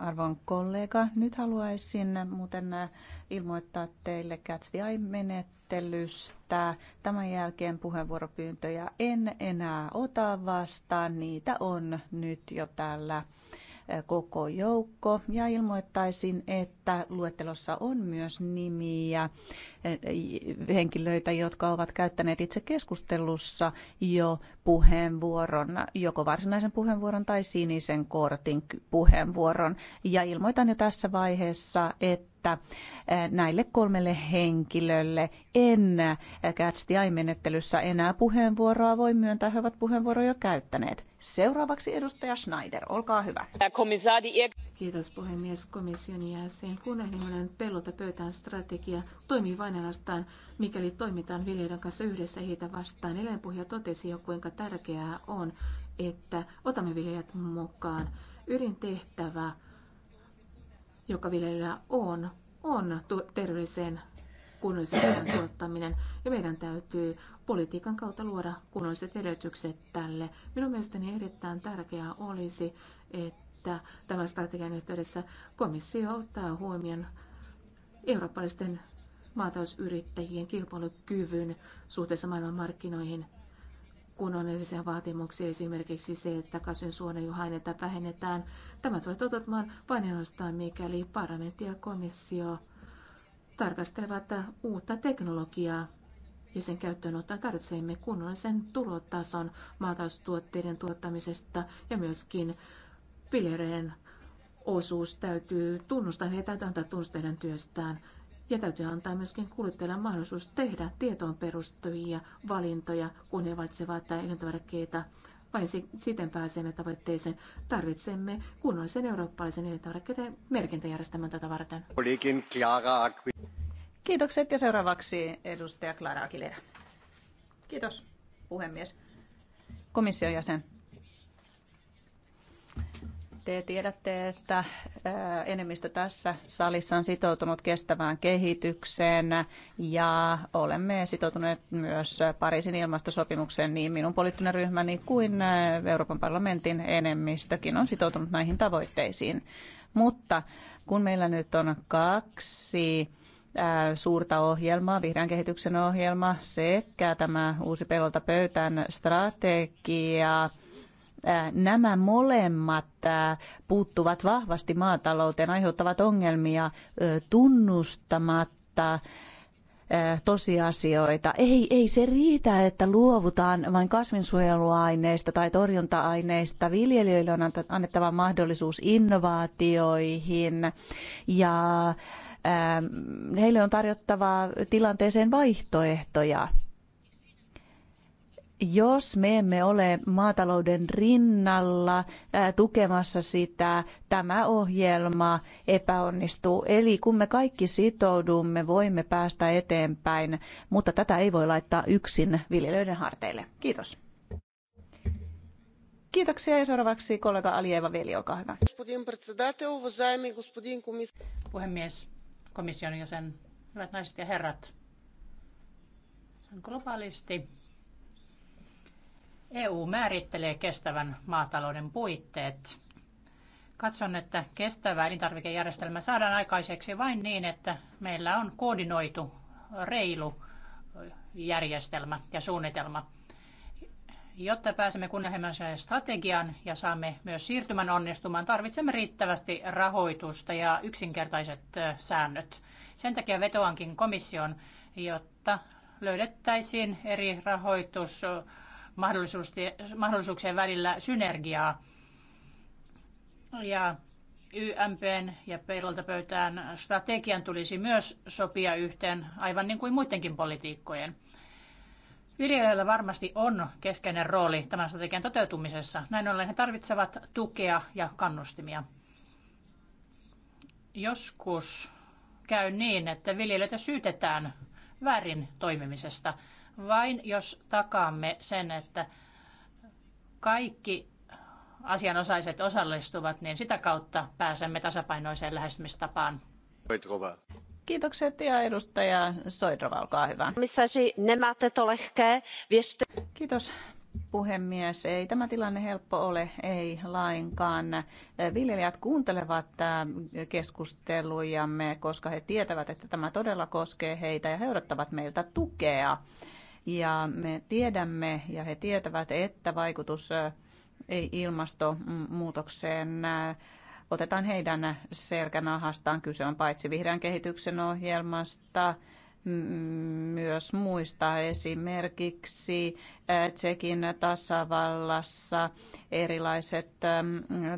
Arvon kollega, nyt haluaisin muuten ilmoittaa teille Catch menettelystä Tämän jälkeen puheenvuoropyyntöjä en enää ota vastaan. Niitä on nyt jo täällä koko joukko ja ilmoittaisin, että luettelossa on myös nimiä henkilöitä, jotka ovat käyttäneet itse keskustelussa jo puheenvuoron, joko varsinaisen puheenvuoron tai sinisen kortin puheenvuoron. Ja ilmoitan jo tässä vaiheessa, että että näille kolmelle henkilölle en Catch the menettelyssä enää puheenvuoroa voi myöntää. He ovat puheenvuoroja käyttäneet. Seuraavaksi edustaja Schneider, olkaa hyvä. Kiitos puhemies komission jäsen. Kunnianhimoinen pelota pöytään strategia toimii vain ainoastaan, mikäli toimitaan viljelijän kanssa yhdessä heitä vastaan. Eläinpuhja totesi jo, kuinka tärkeää on, että otamme viljelijät mukaan. Ydintehtävä tehtävä joka viljelijällä on, on terveeseen kunnollisen tuottaminen. Ja meidän täytyy politiikan kautta luoda kunnolliset edellytykset tälle. Minun mielestäni erittäin tärkeää olisi, että tämän strategian yhteydessä komissio ottaa huomioon eurooppalaisten maatalousyrittäjien kilpailukyvyn suhteessa maailmanmarkkinoihin – kunnollisia vaatimuksia, esimerkiksi se, että kasvinsuonejuhainetta vähennetään. Tämä tulee toteutumaan vain ainoastaan, mikäli parlamentti ja komissio tarkastelevat uutta teknologiaa ja sen käyttöönottoon tarvitsemme kunnollisen tulotason maataloustuotteiden tuottamisesta ja myöskin viljelijöiden osuus täytyy tunnustaa, heidän niin täytyy antaa tunnustaa heidän työstään. Ja täytyy antaa myöskin kuluttajille mahdollisuus tehdä tietoon perustuvia valintoja, kun he valitsevat elintarvikkeita. Vain siten pääsemme tavoitteeseen. Tarvitsemme kunnollisen eurooppalaisen elintarvikkeiden merkintäjärjestelmän tätä varten. Kiitokset ja seuraavaksi edustaja Clara Aguilera. Kiitos puhemies. Komission jäsen te tiedätte, että enemmistö tässä salissa on sitoutunut kestävään kehitykseen ja olemme sitoutuneet myös Pariisin ilmastosopimukseen, niin minun poliittinen ryhmäni kuin Euroopan parlamentin enemmistökin on sitoutunut näihin tavoitteisiin. Mutta kun meillä nyt on kaksi suurta ohjelmaa, vihreän kehityksen ohjelma sekä tämä uusi pelolta pöytään strategia, Nämä molemmat puuttuvat vahvasti maatalouteen, aiheuttavat ongelmia tunnustamatta tosiasioita. Ei, ei se riitä, että luovutaan vain kasvinsuojeluaineista tai torjunta-aineista. Viljelijöille on annettava mahdollisuus innovaatioihin ja heille on tarjottava tilanteeseen vaihtoehtoja jos me emme ole maatalouden rinnalla tukemassa sitä, tämä ohjelma epäonnistuu. Eli kun me kaikki sitoudumme, voimme päästä eteenpäin, mutta tätä ei voi laittaa yksin viljelijöiden harteille. Kiitos. Kiitoksia ja seuraavaksi kollega Alieva Veli, olkaa hyvä. Puhemies, komission jäsen, hyvät naiset ja herrat. Globaalisti EU määrittelee kestävän maatalouden puitteet. Katson, että kestävä elintarvikejärjestelmä saadaan aikaiseksi vain niin, että meillä on koordinoitu, reilu järjestelmä ja suunnitelma. Jotta pääsemme kunnianhimoiseen strategiaan ja saamme myös siirtymän onnistumaan, tarvitsemme riittävästi rahoitusta ja yksinkertaiset säännöt. Sen takia vetoankin komission, jotta löydettäisiin eri rahoitus mahdollisuuksien välillä synergiaa. Ja YMPn ja peilolta pöytään strategian tulisi myös sopia yhteen, aivan niin kuin muidenkin politiikkojen. Viljelijöillä varmasti on keskeinen rooli tämän strategian toteutumisessa. Näin ollen he tarvitsevat tukea ja kannustimia. Joskus käy niin, että viljelijöitä syytetään väärin toimimisesta – vain, jos takaamme sen, että kaikki asianosaiset osallistuvat, niin sitä kautta pääsemme tasapainoiseen lähestymistapaan. Kiitokset ja edustaja Soidrova, olkaa hyvä. Missäsi vieste... Kiitos puhemies. Ei tämä tilanne helppo ole, ei lainkaan. Viljelijät kuuntelevat keskustelujamme, koska he tietävät, että tämä todella koskee heitä ja he odottavat meiltä tukea. Ja me tiedämme ja he tietävät, että vaikutus ilmastonmuutokseen otetaan heidän selkänahastaan. Kyse on paitsi vihreän kehityksen ohjelmasta, myös muista esimerkiksi Tsekin tasavallassa erilaiset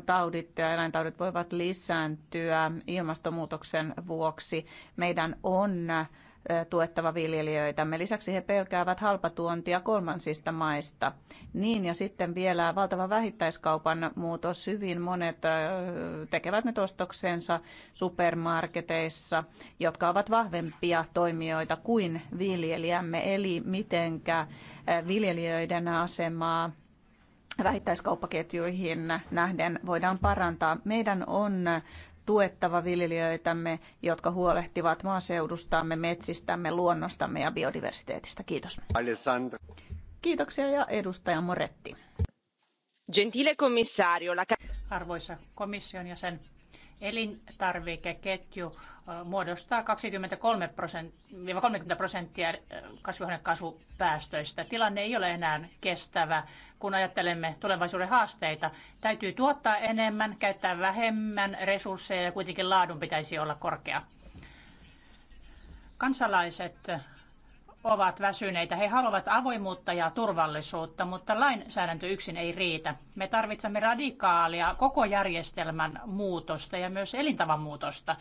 taudit ja eläintaudit voivat lisääntyä ilmastonmuutoksen vuoksi. Meidän on tuettava viljelijöitämme. Lisäksi he pelkäävät halpatuontia kolmansista maista. Niin ja sitten vielä valtava vähittäiskaupan muutos. Hyvin monet tekevät nyt ostoksensa supermarketeissa, jotka ovat vahvempia toimijoita kuin viljelijämme. Eli mitenkä viljelijöiden asemaa vähittäiskauppaketjuihin nähden voidaan parantaa. Meidän on tuettava viljelijöitämme, jotka huolehtivat maaseudustamme, metsistämme, luonnostamme ja biodiversiteetistä. Kiitos. Alessandro. Kiitoksia ja edustaja Moretti. Gentile Commissario, La... Arvoisa komission jäsen, elintarvikeketju muodostaa 23-30 prosenttia äh, kasvihuonekaasupäästöistä. Tilanne ei ole enää kestävä, kun ajattelemme tulevaisuuden haasteita. Täytyy tuottaa enemmän, käyttää vähemmän resursseja ja kuitenkin laadun pitäisi olla korkea. Kansalaiset ovat väsyneitä. He haluavat avoimuutta ja turvallisuutta, mutta lainsäädäntö yksin ei riitä. Me tarvitsemme radikaalia koko järjestelmän muutosta ja myös elintavan muutosta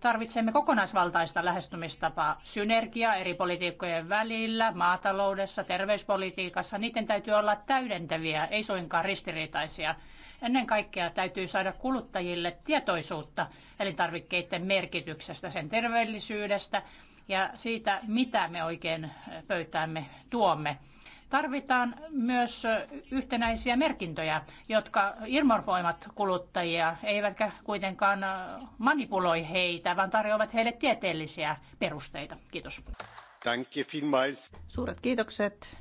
tarvitsemme kokonaisvaltaista lähestymistapaa. Synergia eri politiikkojen välillä, maataloudessa, terveyspolitiikassa, niiden täytyy olla täydentäviä, ei suinkaan ristiriitaisia. Ennen kaikkea täytyy saada kuluttajille tietoisuutta elintarvikkeiden merkityksestä, sen terveellisyydestä ja siitä, mitä me oikein pöytäämme tuomme. Tarvitaan myös yhtenäisiä merkintöjä, jotka ilmorfoimat kuluttajia, eivätkä kuitenkaan manipuloi heitä, vaan tarjoavat heille tieteellisiä perusteita. Kiitos. Suuret kiitokset.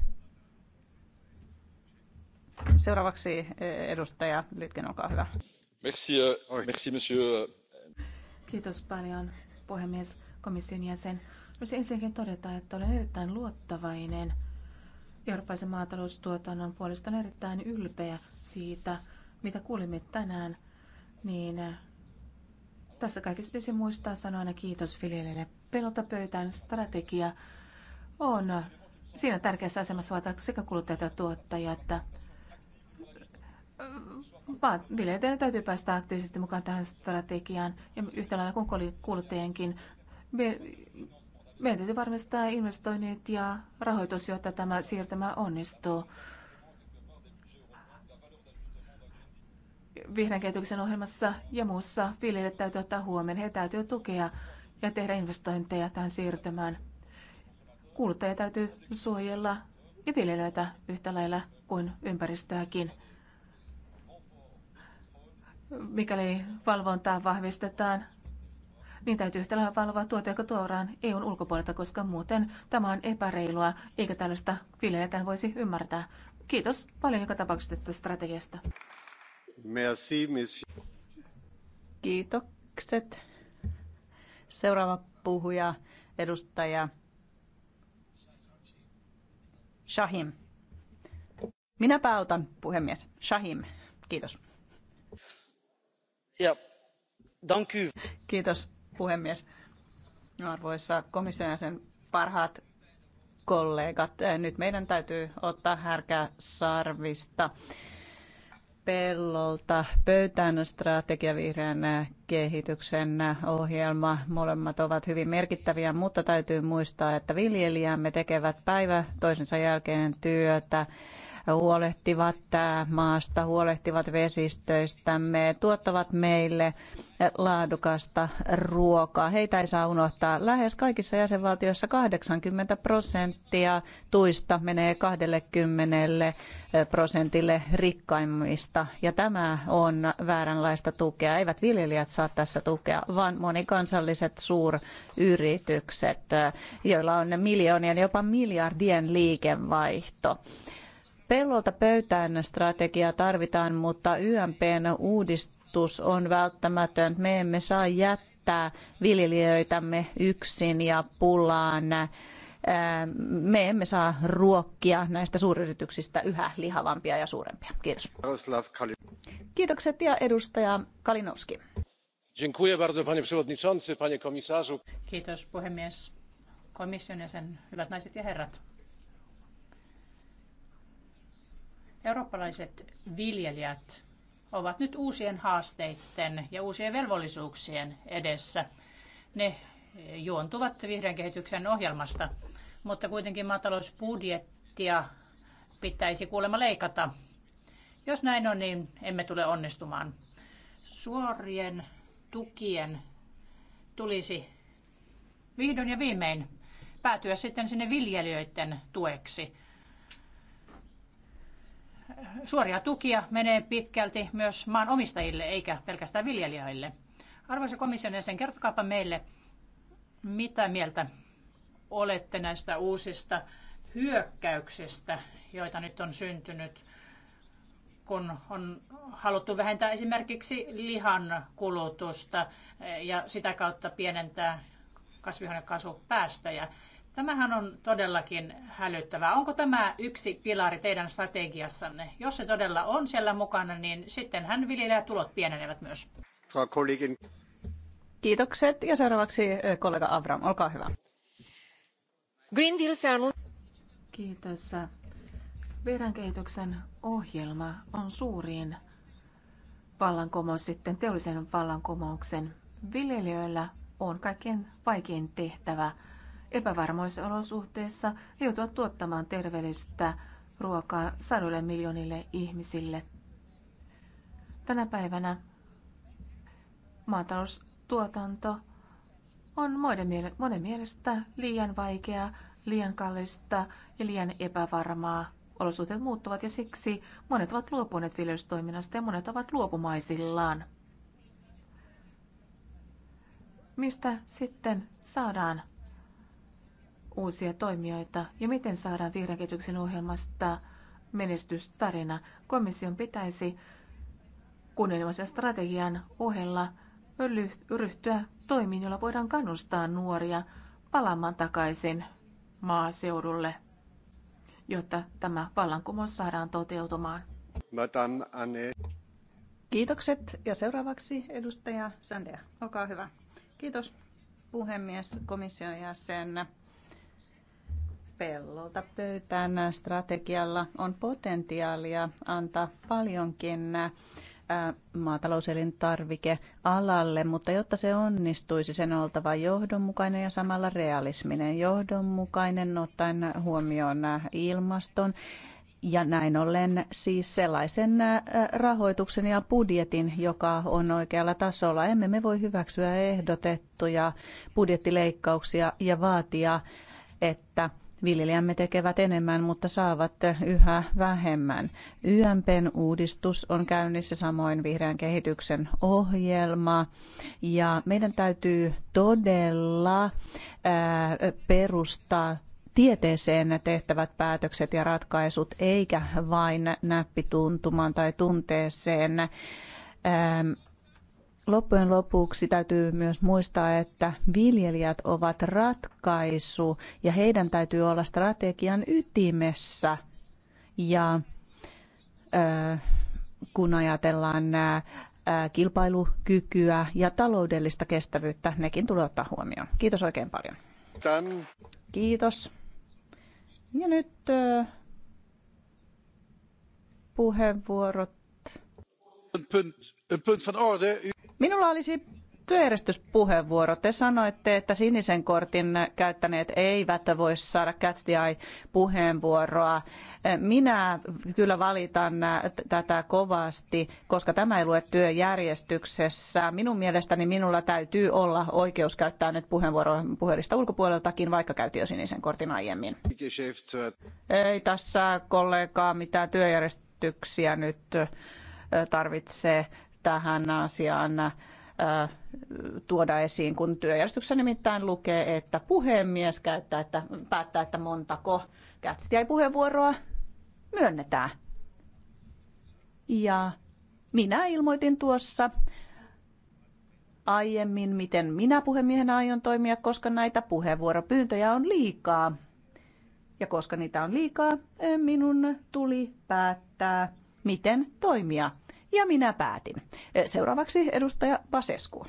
Seuraavaksi eh, edustaja Lytken, olkaa hyvä. Merci, eh, merci monsieur. Eh. Kiitos paljon, puhemies, komission jäsen. Voisin ensinnäkin todeta, että olen erittäin luottavainen – Eurooppalaisen maataloustuotannon puolesta on erittäin ylpeä siitä, mitä kuulimme tänään, niin eh, tässä kaikessa pitäisi muistaa sanoa aina kiitos viljelijälle. Pelota pöytään strategia on siinä tärkeässä asemassa vaata sekä kuluttajat että tuottajat. Eh, viljelijöiden täytyy päästä aktiivisesti mukaan tähän strategiaan ja yhtä lailla kuin kuluttajienkin meidän täytyy varmistaa investoinnit ja rahoitus, jotta tämä siirtymä onnistuu. Vihreän kehityksen ohjelmassa ja muussa viljelijät täytyy ottaa huomioon. Heitä täytyy tukea ja tehdä investointeja tähän siirtymään. Kuluttajia täytyy suojella ja viljelijöitä yhtä lailla kuin ympäristöäkin. Mikäli valvontaa vahvistetaan, niin täytyy yhtä lailla valvoa tuota, joka EUn ulkopuolelta, koska muuten tämä on epäreilua, eikä tällaista viljelijätään voisi ymmärtää. Kiitos paljon joka tapauksessa tästä strategiasta. Merci, monsieur. Kiitokset. Seuraava puhuja, edustaja Shahim. Minä autan, puhemies. Shahim, kiitos. Ja, dank u. Kiitos puhemies. arvoissa komission sen parhaat kollegat, nyt meidän täytyy ottaa härkää sarvista pellolta pöytään strategiavihreän kehityksen ohjelma. Molemmat ovat hyvin merkittäviä, mutta täytyy muistaa, että viljelijämme tekevät päivä toisensa jälkeen työtä huolehtivat maasta, huolehtivat vesistöistämme, tuottavat meille laadukasta ruokaa. Heitä ei saa unohtaa. Lähes kaikissa jäsenvaltioissa 80 prosenttia tuista menee 20 prosentille rikkaimmista. Ja tämä on vääränlaista tukea. Eivät viljelijät saa tässä tukea, vaan monikansalliset suuryritykset, joilla on miljoonien, jopa miljardien liikevaihto pellolta pöytään strategiaa tarvitaan, mutta YMPn uudistus on välttämätön. Me emme saa jättää viljelijöitämme yksin ja pullaan. Me emme saa ruokkia näistä suuryrityksistä yhä lihavampia ja suurempia. Kiitos. Kiitokset ja edustaja Kalinowski. Kiitos puhemies, komission jäsen, hyvät naiset ja herrat Eurooppalaiset viljelijät ovat nyt uusien haasteiden ja uusien velvollisuuksien edessä. Ne juontuvat vihreän kehityksen ohjelmasta, mutta kuitenkin maatalousbudjettia pitäisi kuulemma leikata. Jos näin on, niin emme tule onnistumaan. Suorien tukien tulisi vihdoin ja viimein päätyä sitten sinne viljelijöiden tueksi suoria tukia menee pitkälti myös maanomistajille eikä pelkästään viljelijöille. Arvoisa komission jäsen, kertokaapa meille, mitä mieltä olette näistä uusista hyökkäyksistä, joita nyt on syntynyt, kun on haluttu vähentää esimerkiksi lihan kulutusta ja sitä kautta pienentää kasvihuonekaasupäästöjä. Tämähän on todellakin hälyttävää. Onko tämä yksi pilari teidän strategiassanne? Jos se todella on siellä mukana, niin sittenhän tulot pienenevät myös. Frau Kollegin. Kiitokset ja seuraavaksi eh, kollega Avram, olkaa hyvä. Green Deal on... Kiitos. Vihreän kehityksen ohjelma on suurin vallankumous sitten teollisen vallankumouksen. Viljelijöillä on kaikkein vaikein tehtävä – epävarmoissa olosuhteissa ja joutua tuottamaan terveellistä ruokaa sadoille miljoonille ihmisille. Tänä päivänä maataloustuotanto on monen mielestä liian vaikeaa, liian kallista ja liian epävarmaa. Olosuhteet muuttuvat ja siksi monet ovat luopuneet viljelystoiminnasta ja monet ovat luopumaisillaan. Mistä sitten saadaan uusia toimijoita ja miten saadaan vihreän kehityksen ohjelmasta menestystarina. Komission pitäisi kunnianhimoisen strategian ohella ryhtyä toimiin, joilla voidaan kannustaa nuoria palaamaan takaisin maaseudulle, jotta tämä vallankumous saadaan toteutumaan. Kiitokset ja seuraavaksi edustaja Sandea, olkaa hyvä. Kiitos puhemies, komission jäsen pellolta pöytään strategialla on potentiaalia antaa paljonkin maatalouselintarvikealalle, mutta jotta se onnistuisi, sen on oltava johdonmukainen ja samalla realisminen. Johdonmukainen ottaen huomioon ilmaston ja näin ollen siis sellaisen rahoituksen ja budjetin, joka on oikealla tasolla. Emme me voi hyväksyä ehdotettuja budjettileikkauksia ja vaatia, että Viljelijämme tekevät enemmän, mutta saavat yhä vähemmän. YMPn uudistus on käynnissä samoin vihreän kehityksen ohjelma. Ja meidän täytyy todella ää, perustaa tieteeseen tehtävät päätökset ja ratkaisut, eikä vain näppituntumaan tai tunteeseen. Ää, loppujen lopuksi täytyy myös muistaa, että viljelijät ovat ratkaisu ja heidän täytyy olla strategian ytimessä. Ja kun ajatellaan kilpailukykyä ja taloudellista kestävyyttä, nekin tulee ottaa huomioon. Kiitos oikein paljon. Tän. Kiitos. Ja nyt puheenvuorot. Een punt, een punt van orde. Minulla olisi työjärjestyspuheenvuoro. Te sanoitte, että sinisen kortin käyttäneet eivät voi saada Catch the puheenvuoroa Minä kyllä valitan tätä kovasti, koska tämä ei lue työjärjestyksessä. Minun mielestäni minulla täytyy olla oikeus käyttää nyt puheenvuoroa puhelista ulkopuoleltakin, vaikka käytiin jo sinisen kortin aiemmin. Ei tässä kollegaa mitään työjärjestyksiä nyt tarvitsee tähän asiaan äh, tuoda esiin, kun työjärjestyksessä nimittäin lukee, että puhemies käyttää, että, päättää, että montako kätsit jäi puheenvuoroa myönnetään. Ja minä ilmoitin tuossa aiemmin, miten minä puhemiehenä aion toimia, koska näitä puheenvuoropyyntöjä on liikaa. Ja koska niitä on liikaa, minun tuli päättää, miten toimia ja minä päätin. Eh, seuraavaksi edustaja Basescu.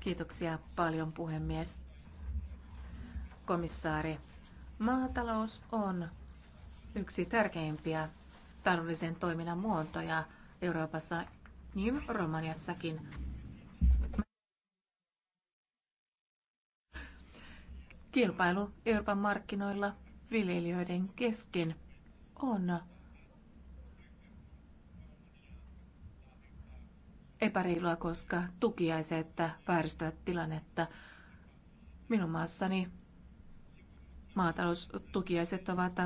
Kiitoksia paljon puhemies. Komissaari, maatalous on yksi tärkeimpiä taloudellisen toiminnan muotoja Euroopassa, niin Romaniassakin. Kilpailu Euroopan markkinoilla viljelijöiden kesken on epäreilua, koska tukiaiset vääristävät tilannetta. Minun maassani maataloustukiaiset ovat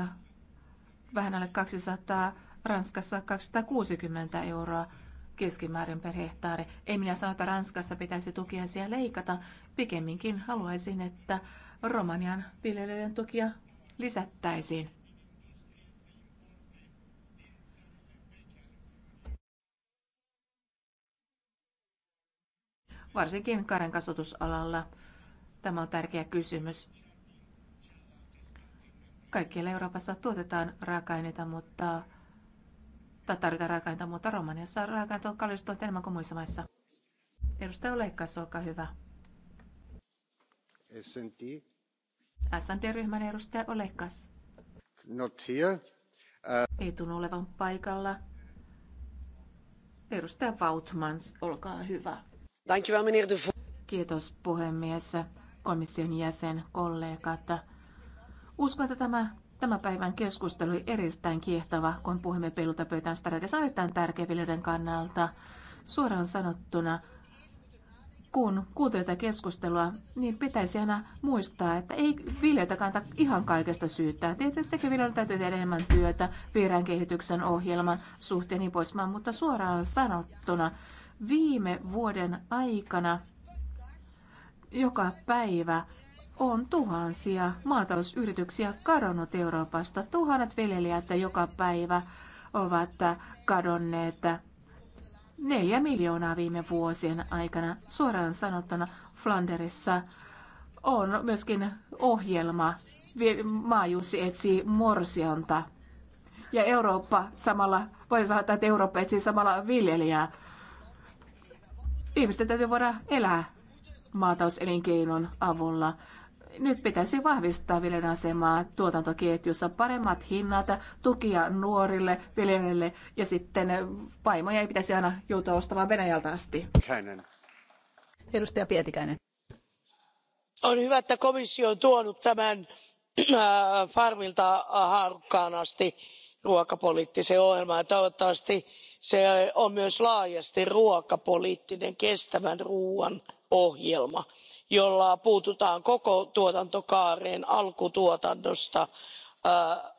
vähän alle 200, Ranskassa 260 euroa keskimäärin per hehtaari. Ei minä sano, että Ranskassa pitäisi tukiaisia leikata. Pikemminkin haluaisin, että Romanian viljelijöiden tukia lisättäisiin. varsinkin karen kasvatusalalla. Tämä on tärkeä kysymys. Kaikkialla Euroopassa tuotetaan raaka-aineita, mutta tai tarvitaan raaka-aineita, mutta Romaniassa raaka aineita on kallistunut enemmän kuin muissa maissa. Edustaja Leikkaus, olkaa hyvä. S&D. SND-ryhmän edustaja Olekas. Not here. Uh... Ei tunnu olevan paikalla. Edustaja Vautmans, olkaa hyvä. Kiitos puhemies, komission jäsen, kollegat. Uskon, että tämä Tämän päivän keskustelu oli erittäin kiehtova, kun puhumme pelulta pöytään strategia. on erittäin tärkeä viljelijöiden kannalta. Suoraan sanottuna, kun kuuntelee tätä keskustelua, niin pitäisi aina muistaa, että ei viljelijöitä kannata ihan kaikesta syyttää. Tietysti viljelijöiden täytyy tehdä enemmän työtä vihreän kehityksen ohjelman suhteen niin pois, mutta suoraan sanottuna viime vuoden aikana joka päivä on tuhansia maatalousyrityksiä kadonnut Euroopasta. Tuhannet viljelijät joka päivä ovat kadonneet neljä miljoonaa viime vuosien aikana. Suoraan sanottuna Flanderissa on myöskin ohjelma Maajussi etsii morsionta. Ja Eurooppa samalla, voi sanoa, että Eurooppa etsii samalla viljelijää. Ihmisten täytyy voida elää maatauselinkeinon avulla. Nyt pitäisi vahvistaa viljelijän asemaa tuotantoketjussa, paremmat hinnat, tukia nuorille viljelijöille ja sitten paimoja ei pitäisi aina joutua ostamaan Venäjältä asti. Pietikäinen. Edustaja Pietikäinen. On hyvä, että komissio on tuonut tämän äh, farmilta haarukkaan asti ruokapoliittiseen ohjelmaan ja toivottavasti se on myös laajasti ruokapoliittinen kestävän ruoan ohjelma jolla puututaan koko tuotantokaareen alkutuotannosta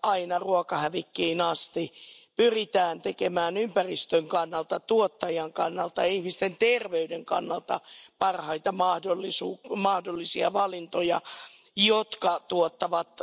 aina ruokahävikkiin asti. pyritään tekemään ympäristön kannalta tuottajan kannalta ja ihmisten terveyden kannalta parhaita mahdollisia valintoja jotka tuottavat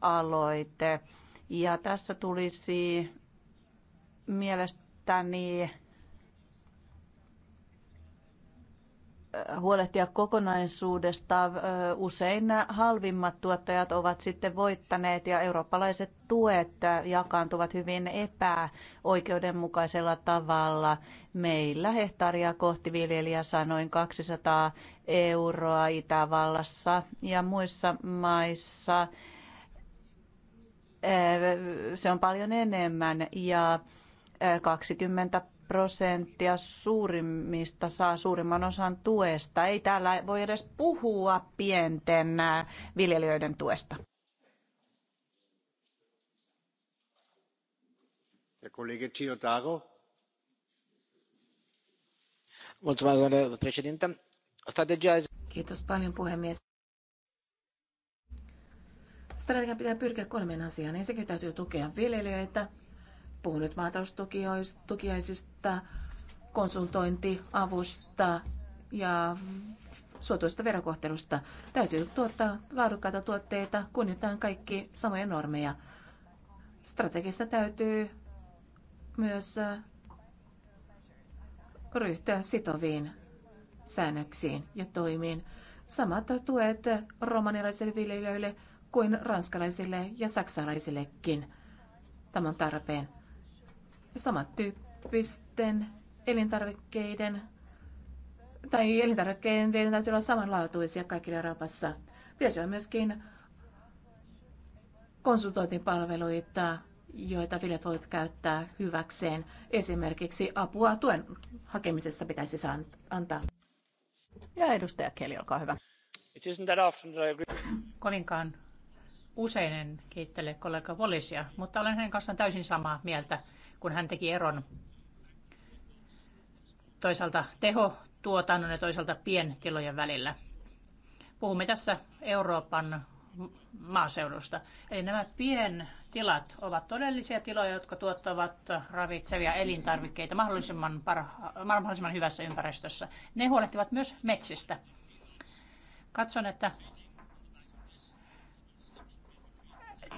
aloite. Ja tässä tulisi mielestäni äh, huolehtia kokonaisuudesta. Äh, usein halvimmat tuottajat ovat sitten voittaneet ja eurooppalaiset tuet jakaantuvat hyvin epäoikeudenmukaisella tavalla. Meillä hehtaaria kohti viljelijä saa noin 200 euroa Itävallassa ja muissa maissa se on paljon enemmän ja 20 prosenttia suurimmista saa suurimman osan tuesta. Ei täällä voi edes puhua pienten viljelijöiden tuesta. Kiitos paljon puhemies. Strategia pitää pyrkiä kolmeen asiaan. Ensinnäkin täytyy tukea viljelijöitä. Puhun nyt maataloustukiaisista, konsultointiavusta ja suotuista verokohtelusta. Täytyy tuottaa laadukkaita tuotteita, kunnioitetaan kaikki samoja normeja. Strategista täytyy myös äh, ryhtyä sitoviin säännöksiin ja toimiin. Samat tuet romanilaisille viljelijöille – kuin ranskalaisille ja saksalaisillekin. Tämä on tarpeen. Samantyyppisten elintarvikkeiden tai elintarvikkeiden täytyy olla samanlaatuisia kaikille Euroopassa. Pitäisi olla myöskin konsultointipalveluita, joita viljat voivat käyttää hyväkseen. Esimerkiksi apua tuen hakemisessa pitäisi saa antaa. Ja edustaja Keli, olkaa hyvä. It isn't that often that I agree. Kovinkaan Usein en kiittele kollega Wallisia, mutta olen hänen kanssaan täysin samaa mieltä, kun hän teki eron toisaalta tehotuotannon ja toisaalta pientilojen välillä. Puhumme tässä Euroopan maaseudusta. Eli nämä pientilat ovat todellisia tiloja, jotka tuottavat ravitsevia elintarvikkeita mahdollisimman, parha- mahdollisimman hyvässä ympäristössä. Ne huolehtivat myös metsistä. Katson, että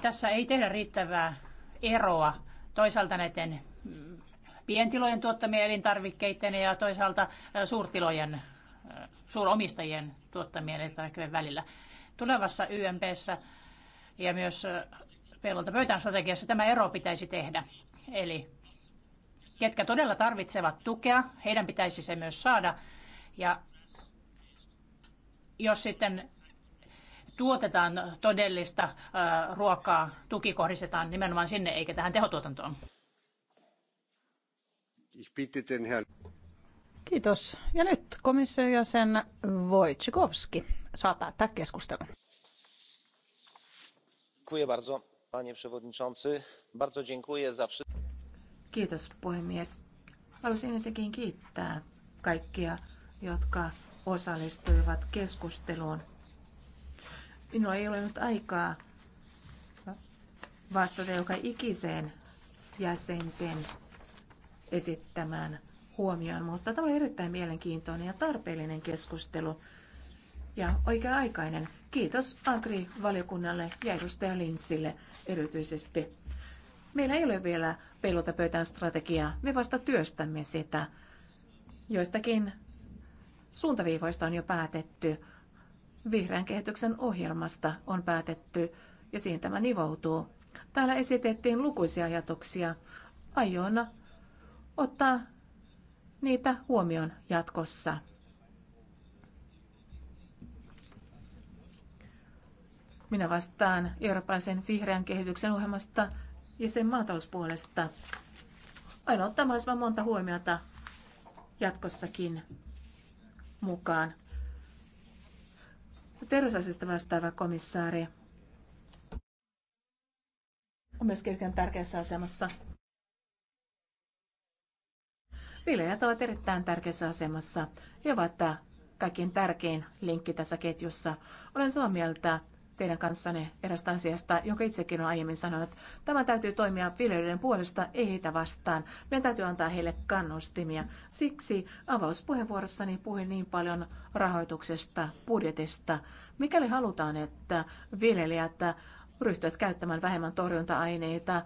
Tässä ei tehdä riittävää eroa toisaalta näiden mm, pientilojen tuottamien elintarvikkeiden ja toisaalta suurtilojen, suuromistajien tuottamien elintarvikkeiden välillä. Tulevassa YMPssä ja myös pellolta pöytään strategiassa tämä ero pitäisi tehdä. Eli ketkä todella tarvitsevat tukea, heidän pitäisi se myös saada. Ja jos sitten tuotetaan todellista ruokaa, tuki kohdistetaan nimenomaan sinne eikä tähän tehotuotantoon. Kiitos. Ja nyt komission jäsen Wojciechowski saa päättää keskustelun. Kiitos puhemies. Haluaisin ensinnäkin kiittää kaikkia, jotka osallistuivat keskusteluun. Minulla ei ole nyt aikaa vastata joka ikiseen jäsenten esittämään huomioon, mutta tämä oli erittäin mielenkiintoinen ja tarpeellinen keskustelu ja oikea-aikainen. Kiitos Agri-valiokunnalle ja edustaja Linssille erityisesti. Meillä ei ole vielä pelota pöytään strategiaa, me vasta työstämme sitä. Joistakin suuntaviivoista on jo päätetty, vihreän kehityksen ohjelmasta on päätetty ja siihen tämä nivoutuu. Täällä esitettiin lukuisia ajatuksia. Aion ottaa niitä huomioon jatkossa. Minä vastaan eurooppalaisen vihreän kehityksen ohjelmasta ja sen maatalouspuolesta. Aion ottaa mahdollisimman monta huomiota jatkossakin mukaan terveysasioista vastaava komissaari on myös erittäin tärkeässä asemassa. Viljelijät ovat erittäin tärkeässä asemassa. He ovat kaikkein tärkein linkki tässä ketjussa. Olen samaa mieltä teidän kanssanne erästä asiasta, joka itsekin on aiemmin sanonut. Tämä täytyy toimia viljelijöiden puolesta, ei heitä vastaan. Meidän täytyy antaa heille kannustimia. Siksi avauspuheenvuorossani puhuin niin paljon rahoituksesta, budjetista. Mikäli halutaan, että viljelijät ryhtyvät käyttämään vähemmän torjunta-aineita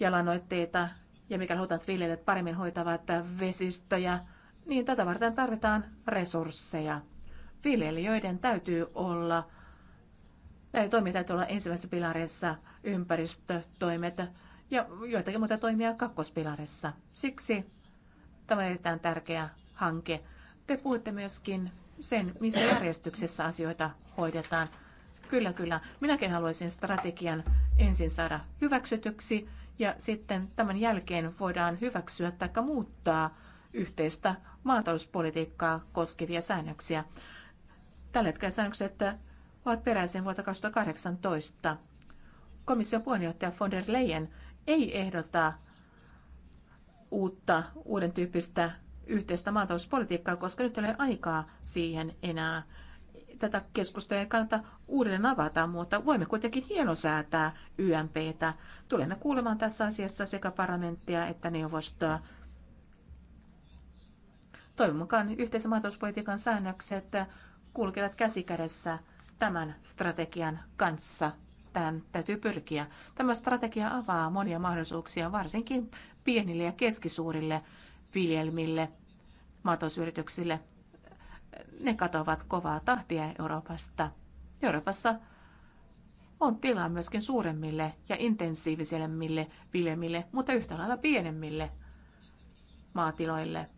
ja lannoitteita, ja mikäli halutaan, että viljelijät paremmin hoitavat vesistöjä, niin tätä varten tarvitaan resursseja. Viljelijöiden täytyy olla – Näitä toimia täytyy olla ensimmäisessä pilarissa ympäristötoimet ja joitakin muita toimia kakkospilarissa. Siksi tämä on erittäin tärkeä hanke. Te puhutte myöskin sen, missä järjestyksessä asioita hoidetaan. Kyllä, kyllä. Minäkin haluaisin strategian ensin saada hyväksytyksi ja sitten tämän jälkeen voidaan hyväksyä tai muuttaa yhteistä maatalouspolitiikkaa koskevia säännöksiä. Tällä hetkellä säännökset ovat peräisin vuotta 2018. Komission puheenjohtaja von der Leyen ei ehdota uutta, uuden tyyppistä yhteistä maatalouspolitiikkaa, koska nyt ei ole aikaa siihen enää. Tätä keskustelua ei kannata uudelleen avata, mutta voimme kuitenkin hienosäätää YMPtä. Tulemme kuulemaan tässä asiassa sekä parlamenttia että neuvostoa. Toivon mukaan yhteisen maatalouspolitiikan säännökset kulkevat käsikädessä tämän strategian kanssa tähän täytyy pyrkiä. Tämä strategia avaa monia mahdollisuuksia varsinkin pienille ja keskisuurille viljelmille, maatalousyrityksille. Ne katoavat kovaa tahtia Euroopasta. Euroopassa on tilaa myöskin suuremmille ja intensiivisemmille viljelmille, mutta yhtä lailla pienemmille maatiloille,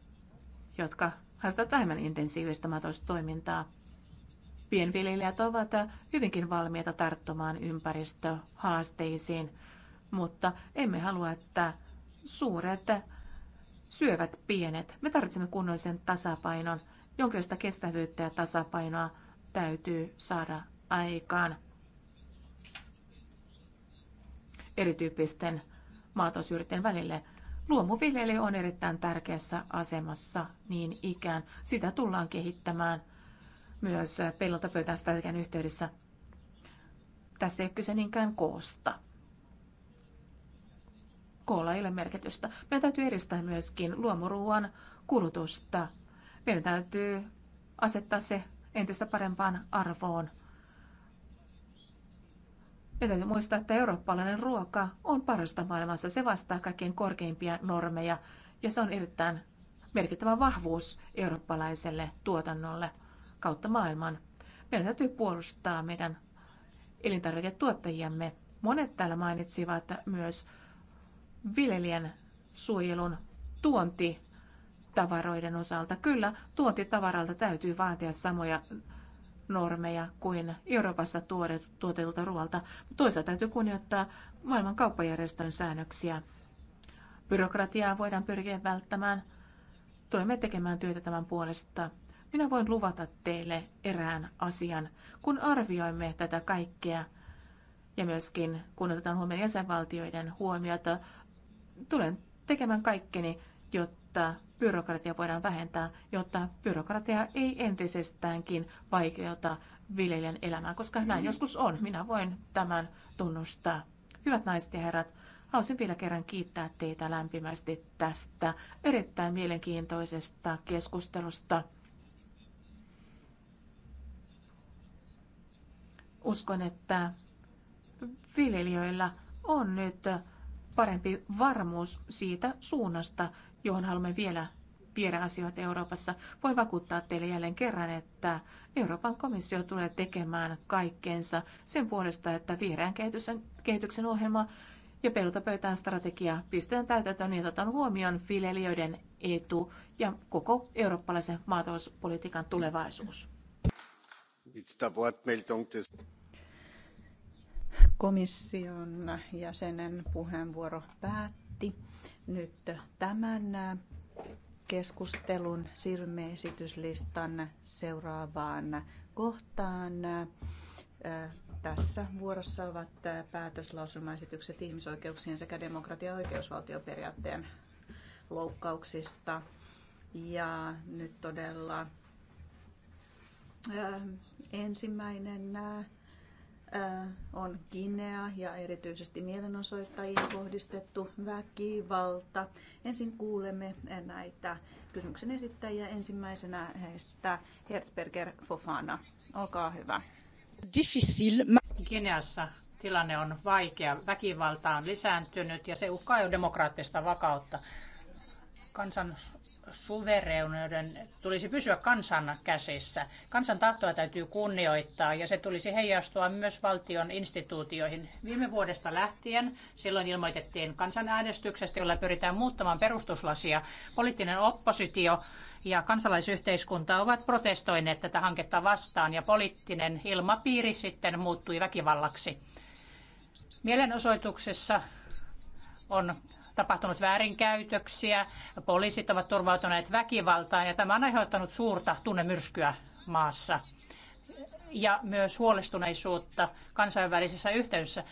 jotka harjoittavat vähemmän intensiivistä maataloustoimintaa. Pienviljelijät ovat hyvinkin valmiita tarttumaan ympäristöhaasteisiin, mutta emme halua, että suuret syövät pienet. Me tarvitsemme kunnollisen tasapainon. Jonkinlaista kestävyyttä ja tasapainoa täytyy saada aikaan erityyppisten maatalousyrittäjien välille. Luomuviljely on erittäin tärkeässä asemassa niin ikään. Sitä tullaan kehittämään myös pellolta pöytään strategian yhteydessä. Tässä ei ole kyse niinkään koosta. Koolla ei ole merkitystä. Meidän täytyy edistää myöskin luomuruuan kulutusta. Meidän täytyy asettaa se entistä parempaan arvoon. Ja täytyy muistaa, että eurooppalainen ruoka on parasta maailmassa. Se vastaa kaikkein korkeimpia normeja ja se on erittäin merkittävä vahvuus eurooppalaiselle tuotannolle – kautta maailman. Meidän täytyy puolustaa meidän elintarviketuottajiamme. Monet täällä mainitsivat myös viljelijän suojelun tuontitavaroiden osalta. Kyllä, tuontitavaralta täytyy vaatia samoja normeja kuin Euroopassa tuotetulta ruoalta. Toisaalta täytyy kunnioittaa maailman kauppajärjestön säännöksiä. Byrokratiaa voidaan pyrkiä välttämään. Tulemme tekemään työtä tämän puolesta. Minä voin luvata teille erään asian. Kun arvioimme tätä kaikkea ja myöskin kun otetaan huomioon jäsenvaltioiden huomiota, tulen tekemään kaikkeni, jotta byrokratia voidaan vähentää, jotta byrokratia ei entisestäänkin vaikeuta viljelijän elämää, koska näin joskus on. Minä voin tämän tunnustaa. Hyvät naiset ja herrat, haluaisin vielä kerran kiittää teitä lämpimästi tästä erittäin mielenkiintoisesta keskustelusta. Uskon, että viljelijöillä on nyt parempi varmuus siitä suunnasta, johon haluamme vielä viedä asioita Euroopassa. Voin vakuuttaa teille jälleen kerran, että Euroopan komissio tulee tekemään kaikkensa sen puolesta, että vihreän kehityksen, kehityksen ohjelma ja pelota pöytään strategia pistetään täytäntöön niin, otetaan huomioon viljelijöiden etu ja koko eurooppalaisen maatalouspolitiikan tulevaisuus. Komission jäsenen puheenvuoro päätti. Nyt tämän keskustelun siirrymme esityslistan seuraavaan kohtaan. Tässä vuorossa ovat päätöslauselmaesitykset ihmisoikeuksien sekä demokratia- ja oikeusvaltioperiaatteen loukkauksista. Ja nyt todella Ensimmäinen on Kinea ja erityisesti mielenosoittajiin kohdistettu väkivalta. Ensin kuulemme näitä kysymyksen esittäjiä. Ensimmäisenä heistä Herzberger Fofana. Olkaa hyvä. Kineassa tilanne on vaikea. Väkivalta on lisääntynyt ja se uhkaa jo demokraattista vakautta. Kansan suvereuden tulisi pysyä kansan käsissä. Kansan tahtoa täytyy kunnioittaa ja se tulisi heijastua myös valtion instituutioihin. Viime vuodesta lähtien silloin ilmoitettiin kansanäänestyksestä, jolla pyritään muuttamaan perustuslasia. Poliittinen oppositio ja kansalaisyhteiskunta ovat protestoineet tätä hanketta vastaan ja poliittinen ilmapiiri sitten muuttui väkivallaksi. Mielenosoituksessa on tapahtunut väärinkäytöksiä, poliisit ovat turvautuneet väkivaltaan ja tämä on aiheuttanut suurta tunnemyrskyä maassa ja myös huolestuneisuutta kansainvälisessä yhteydessä.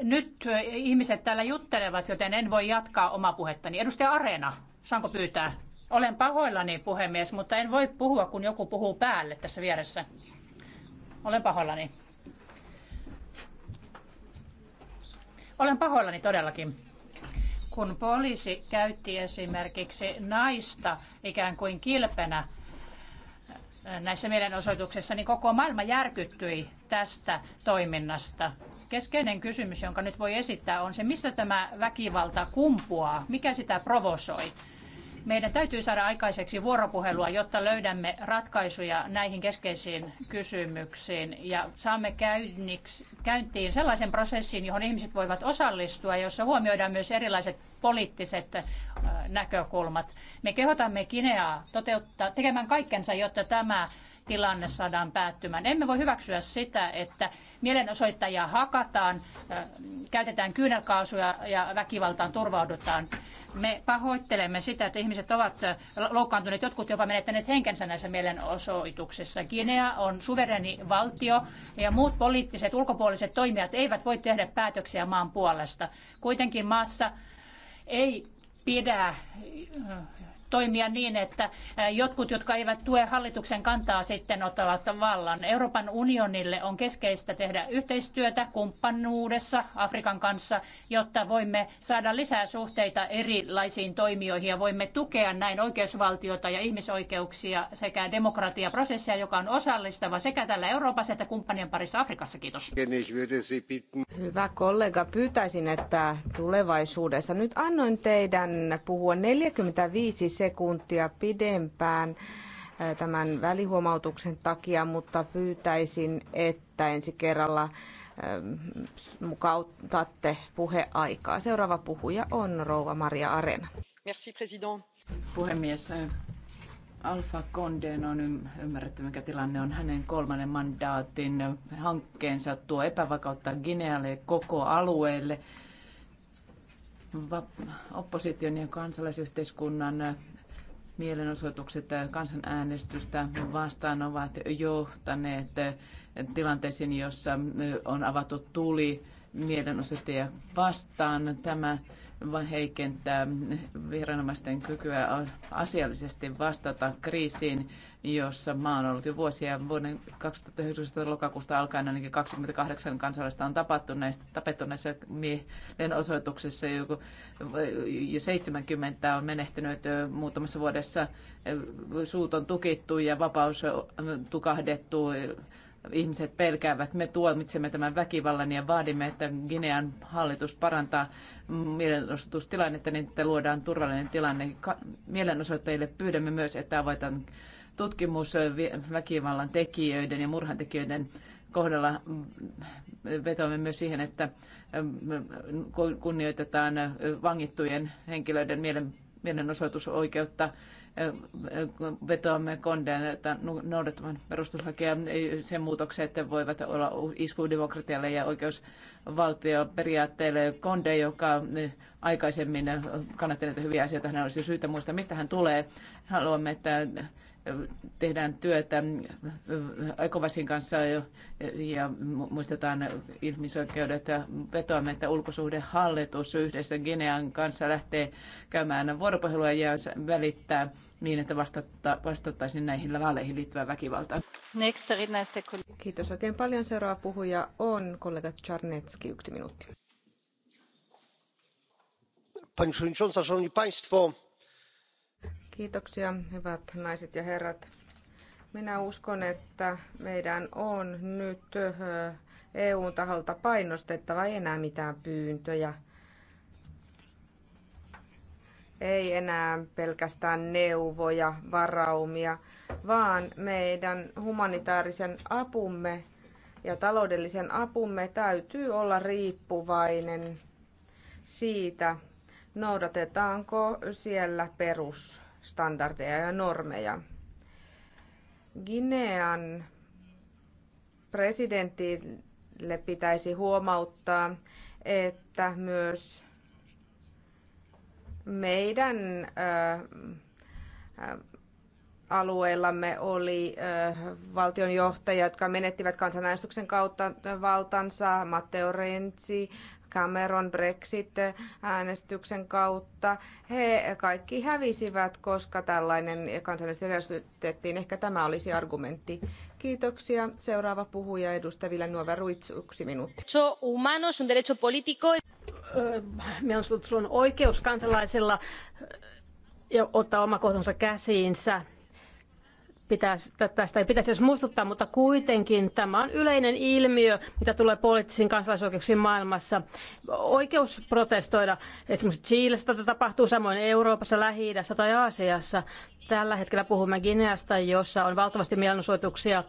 Nyt ihmiset täällä juttelevat, joten en voi jatkaa omaa puhettani. Edustaja Areena, saanko pyytää? Olen pahoillani, puhemies, mutta en voi puhua, kun joku puhuu päälle tässä vieressä. Olen pahoillani. Olen pahoillani todellakin kun poliisi käytti esimerkiksi naista ikään kuin kilpenä näissä mielenosoituksissa, niin koko maailma järkyttyi tästä toiminnasta. Keskeinen kysymys, jonka nyt voi esittää, on se, mistä tämä väkivalta kumpuaa, mikä sitä provosoi. Meidän täytyy saada aikaiseksi vuoropuhelua, jotta löydämme ratkaisuja näihin keskeisiin kysymyksiin ja saamme käyntiin sellaisen prosessin, johon ihmiset voivat osallistua, jossa huomioidaan myös erilaiset poliittiset näkökulmat. Me kehotamme Kineaa toteuttaa, tekemään kaikkensa, jotta tämä tilanne saadaan päättymään. Emme voi hyväksyä sitä, että mielenosoittajia hakataan, käytetään kyynelkaasuja ja väkivaltaan turvaudutaan. Me pahoittelemme sitä, että ihmiset ovat loukkaantuneet, jotkut jopa menettäneet henkensä näissä mielenosoituksissa. Guinea on suvereni valtio ja muut poliittiset ulkopuoliset toimijat eivät voi tehdä päätöksiä maan puolesta. Kuitenkin maassa ei pidä toimia niin, että jotkut, jotka eivät tue hallituksen kantaa, sitten ottavat vallan. Euroopan unionille on keskeistä tehdä yhteistyötä kumppanuudessa Afrikan kanssa, jotta voimme saada lisää suhteita erilaisiin toimijoihin ja voimme tukea näin oikeusvaltiota ja ihmisoikeuksia sekä demokratiaprosessia, joka on osallistava sekä täällä Euroopassa että kumppanien parissa Afrikassa. Kiitos. Hyvä kollega, pyytäisin, että tulevaisuudessa nyt annoin teidän puhua 45 sekuntia pidempään eh, tämän välihuomautuksen takia, mutta pyytäisin, että ensi kerralla eh, mukautatte puheaikaa. Seuraava puhuja on rouva Maria Arena. Merci, president. Puhemies, eh, Alfa Condeen on ymmärretty, mikä tilanne on hänen kolmannen mandaatin hankkeensa tuo epävakautta Ginealle koko alueelle opposition ja kansalaisyhteiskunnan mielenosoitukset kansanäänestystä vastaan ovat johtaneet tilanteisiin, jossa on avattu tuli mielenosoittajia vastaan. Tämä vaan heikentää viranomaisten kykyä asiallisesti vastata kriisiin, jossa maa on ollut jo vuosia. Vuoden 2019 lokakuusta alkaen ainakin 28 kansalaista on tapattu näistä, tapettu näissä mielenosoituksissa. Joku, jo 70 on menehtynyt muutamassa vuodessa. Suut on tukittu ja vapaus tukahdettu ihmiset pelkäävät. Me tuomitsemme tämän väkivallan ja vaadimme, että Ginean hallitus parantaa mielenosoitustilannetta niin, että luodaan turvallinen tilanne mielenosoittajille. Pyydämme myös, että avataan tutkimus väkivallan tekijöiden ja murhantekijöiden kohdalla vetoamme myös siihen, että mm, kunnioitetaan vangittujen henkilöiden mielen, mielenosoitusoikeutta vetoamme Kondeen että noudattavan perustuslakia. Sen muutokset voivat olla isku demokratialle ja oikeusvaltioperiaatteelle. Konde, joka aikaisemmin kannatti näitä hyviä asioita, hän olisi syytä muistaa, mistä hän tulee. Haluamme, että tehdään työtä Ekovasin kanssa ja muistetaan ihmisoikeudet ja vetoamme, että ulkosuhdehallitus yhdessä Ginean kanssa lähtee käymään vuoropuhelua ja välittää niin, että vastata, vastattaisiin näihin vaaleihin liittyvään väkivaltaan. Kiitos oikein paljon. Seuraava puhuja on kollega Czarnecki, yksi minuutti. Panie przewodnicząca, szanowni państwo, Kiitoksia, hyvät naiset ja herrat. Minä uskon, että meidän on nyt EUn taholta painostettava ei enää mitään pyyntöjä. Ei enää pelkästään neuvoja, varaumia, vaan meidän humanitaarisen apumme ja taloudellisen apumme täytyy olla riippuvainen siitä, noudatetaanko siellä perus standardeja ja normeja. Ginean presidentille pitäisi huomauttaa, että myös meidän alueellamme oli valtionjohtajia, jotka menettivät kansanäänestyksen kautta valtansa, Matteo Renzi, Cameron Brexit-äänestyksen kautta. He kaikki hävisivät, koska tällainen kansallisesti järjestettiin. Ehkä tämä olisi argumentti. Kiitoksia. Seuraava puhuja edustaja Nuova Ruiz, yksi minuutti. Humanos, un derecho politico. Mielestäni on oikeus kansalaisilla ja ottaa omakohtonsa käsiinsä pitäisi, tästä ei pitäisi edes muistuttaa, mutta kuitenkin tämä on yleinen ilmiö, mitä tulee poliittisiin kansalaisoikeuksiin maailmassa. Oikeus protestoida, esimerkiksi Chiilestä tätä tapahtuu samoin Euroopassa, lähi tai Aasiassa. Tällä hetkellä puhumme Gineasta, jossa on valtavasti mielenosoituksia.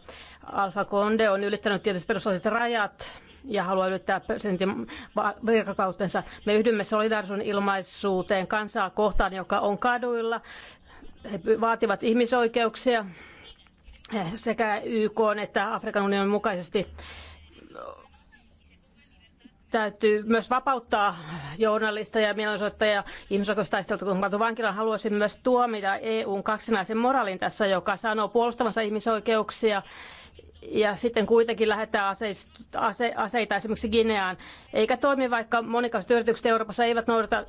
Alfa Konde on ylittänyt tietysti perustuslaiset rajat, ja haluaa ylittää presidentin virkakautensa. Me yhdymme solidarisuuden ilmaisuuteen kansaa kohtaan, joka on kaduilla. He vaativat ihmisoikeuksia, sekä YK että Afrikan unionin mukaisesti täytyy myös vapauttaa journalisteja, mielenosoittajia, ihmisoikeustaisteluita, kun pantu vankilaan. Haluaisin myös tuomita EUn kaksinaisen moraalin tässä, joka sanoo puolustavansa ihmisoikeuksia ja sitten kuitenkin lähettää aseist, ase, aseita esimerkiksi Gineaan. Eikä toimi, vaikka monikaiset yritykset Euroopassa eivät noudata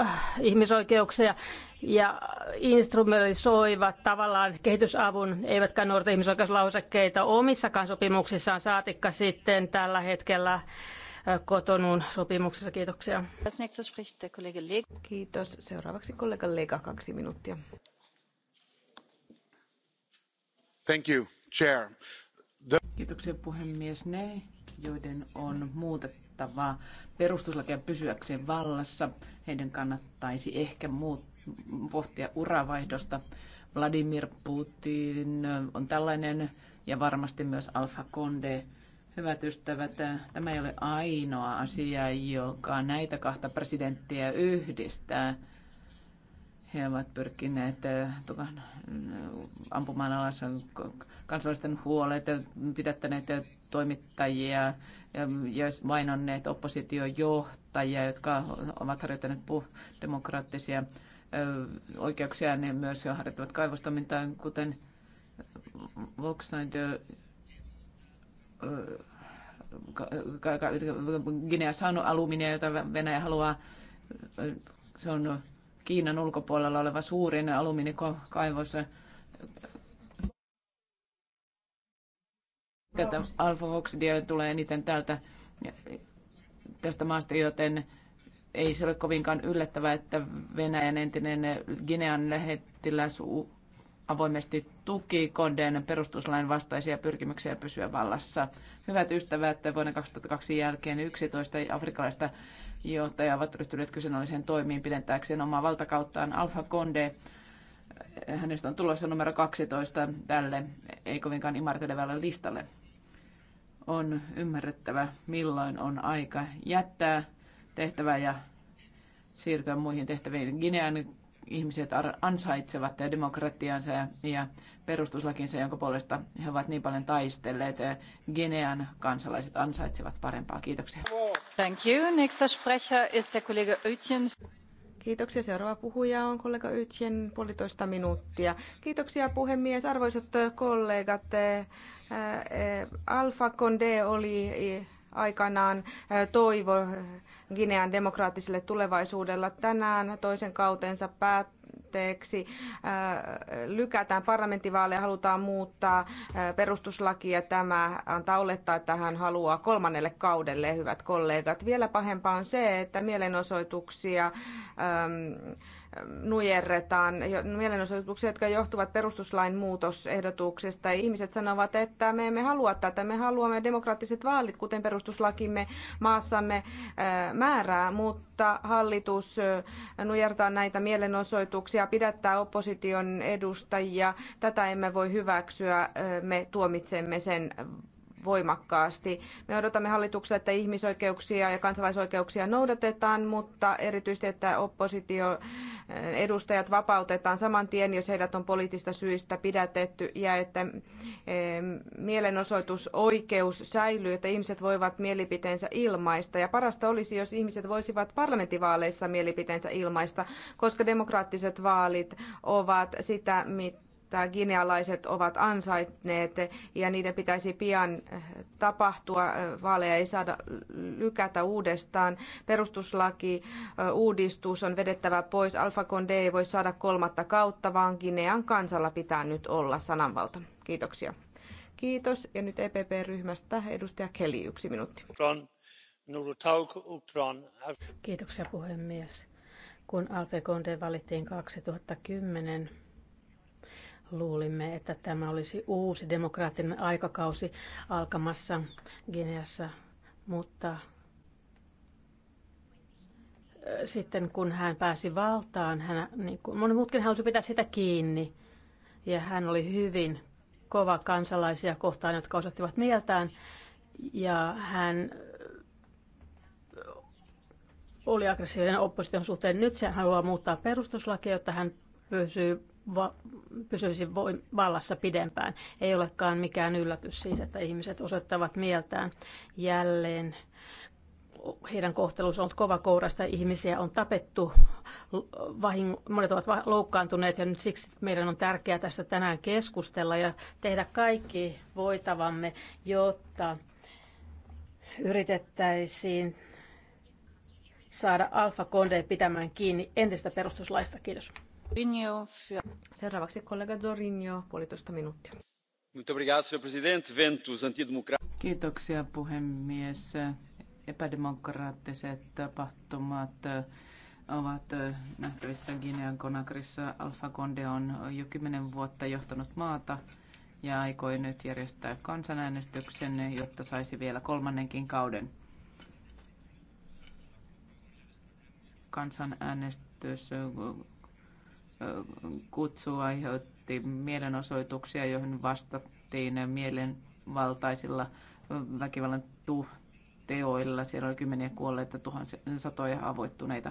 äh, ihmisoikeuksia ja instrumentalisoivat tavallaan kehitysavun, eivätkä noudata ihmisoikeuslausekkeita omissakaan sopimuksissaan, saatikka sitten tällä hetkellä äh, kotonuun sopimuksessa. Kiitoksia. Kiitos. Seuraavaksi kollega Lega, kaksi minuuttia. Thank you, Chair. Kiitoksia puhemies. Ne, joiden on muutettava perustuslakia pysyäkseen vallassa, heidän kannattaisi ehkä muut, pohtia uravaihdosta. Vladimir Putin on tällainen ja varmasti myös Alfa Conde. Hyvät ystävät, tämä ei ole ainoa asia, joka näitä kahta presidenttiä yhdistää he ovat pyrkineet eh, tukan, eh, ampumaan alas kansalaisten huolet, eh, pidättäneet toimittajia ja mainonneet oppositiojohtajia, jotka ovat harjoittaneet demokraattisia oikeuksia, ne myös jo harjoittavat kaivostoimintaa, kuten Voxide Guinea saanut alumiinia, jota Venäjä haluaa. Se on Kiinan ulkopuolella oleva suurin alumiinikaivos. Tätä alfa tulee eniten täältä tästä maasta, joten ei se ole kovinkaan yllättävää, että Venäjän entinen Ginean lähettiläs avoimesti tuki Konden perustuslain vastaisia pyrkimyksiä pysyä vallassa. Hyvät ystävät, vuonna 2002 jälkeen 11 afrikkalaista johtaja ovat ryhtyneet kyseenalaisiin toimiin pidentääkseen omaa valtakauttaan. Alfa Conde, eh, hänestä on tulossa numero 12 tälle ei kovinkaan imartelevalle listalle. On ymmärrettävä, milloin on aika jättää tehtävä ja siirtyä muihin tehtäviin. Ginean ihmiset ansaitsevat demokratiansa ja, ja perustuslakinsa, jonka puolesta he ovat niin paljon taistelleet. Genean kansalaiset ansaitsevat parempaa. Kiitoksia. Thank you. Next Sprecher is the kollega Ötjen. Kiitoksia. Seuraava puhuja on kollega Ytjen puolitoista minuuttia. Kiitoksia puhemies. Arvoisat kollegat, Alfa Conde oli aikanaan toivo Ginean demokraattiselle tulevaisuudella. Tänään toisen kautensa päätteeksi lykätään parlamenttivaaleja, halutaan muuttaa perustuslakia. Tämä antaa olettaa, että hän haluaa kolmannelle kaudelle, hyvät kollegat. Vielä pahempaa on se, että mielenosoituksia nujerretaan mielenosoituksia, jotka johtuvat perustuslain muutosehdotuksesta. Ihmiset sanovat, että me emme halua tätä, me haluamme demokraattiset vaalit, kuten perustuslakimme maassamme äh, määrää, mutta hallitus äh, nujertaa näitä mielenosoituksia, pidättää opposition edustajia. Tätä emme voi hyväksyä, äh, me tuomitsemme sen voimakkaasti. Me odotamme hallitukselta, että ihmisoikeuksia ja kansalaisoikeuksia noudatetaan, mutta erityisesti, että opposition eh, edustajat vapautetaan saman tien, jos heidät on poliittista syistä pidätetty, ja että eh, mielenosoitusoikeus säilyy, että ihmiset voivat mielipiteensä ilmaista. Ja parasta olisi, jos ihmiset voisivat parlamenttivaaleissa mielipiteensä ilmaista, koska demokraattiset vaalit ovat sitä, mitä että ginealaiset ovat ansaitneet ja niiden pitäisi pian eh, tapahtua. Eh, vaaleja ei saada lykätä uudestaan. Perustuslaki eh, uudistus on vedettävä pois. Alfa Conde ei voi saada kolmatta kautta, vaan Ginean kansalla pitää nyt olla sananvalta. Kiitoksia. Kiitos. Ja nyt EPP-ryhmästä edustaja Kelly, yksi minuutti. Kiitoksia puhemies. Kun Alfa Conde valittiin 2010, Luulimme, että tämä olisi uusi demokraattinen aikakausi alkamassa Gineassa, mutta sitten kun hän pääsi valtaan, hän, niin kuin, moni muutkin halusi pitää sitä kiinni. Ja hän oli hyvin kova kansalaisia kohtaan, jotka osoittivat mieltään. Ja hän oli aggressiivinen opposition suhteen. Nyt hän haluaa muuttaa perustuslakia, jotta hän pysyy va- pysyisi voim- vallassa pidempään. Ei olekaan mikään yllätys siis, että ihmiset osoittavat mieltään jälleen. Heidän kohtelunsa on ollut kova kourasta. Ihmisiä on tapettu, vahing- monet ovat loukkaantuneet ja nyt siksi meidän on tärkeää tästä tänään keskustella ja tehdä kaikki voitavamme, jotta yritettäisiin saada Alfa Konde pitämään kiinni entistä perustuslaista. Kiitos kollega Kiitoksia puhemies. Epädemokraattiset tapahtumat ovat nähtävissä Guinean Konakrissa. Alfa Konde on jo kymmenen vuotta johtanut maata ja aikoi nyt järjestää kansanäänestyksen, jotta saisi vielä kolmannenkin kauden. Kansanäänestys kutsu aiheutti mielenosoituksia, joihin vastattiin mielenvaltaisilla väkivallan teoilla. Siellä oli kymmeniä kuolleita, tuhansia, satoja avoittuneita.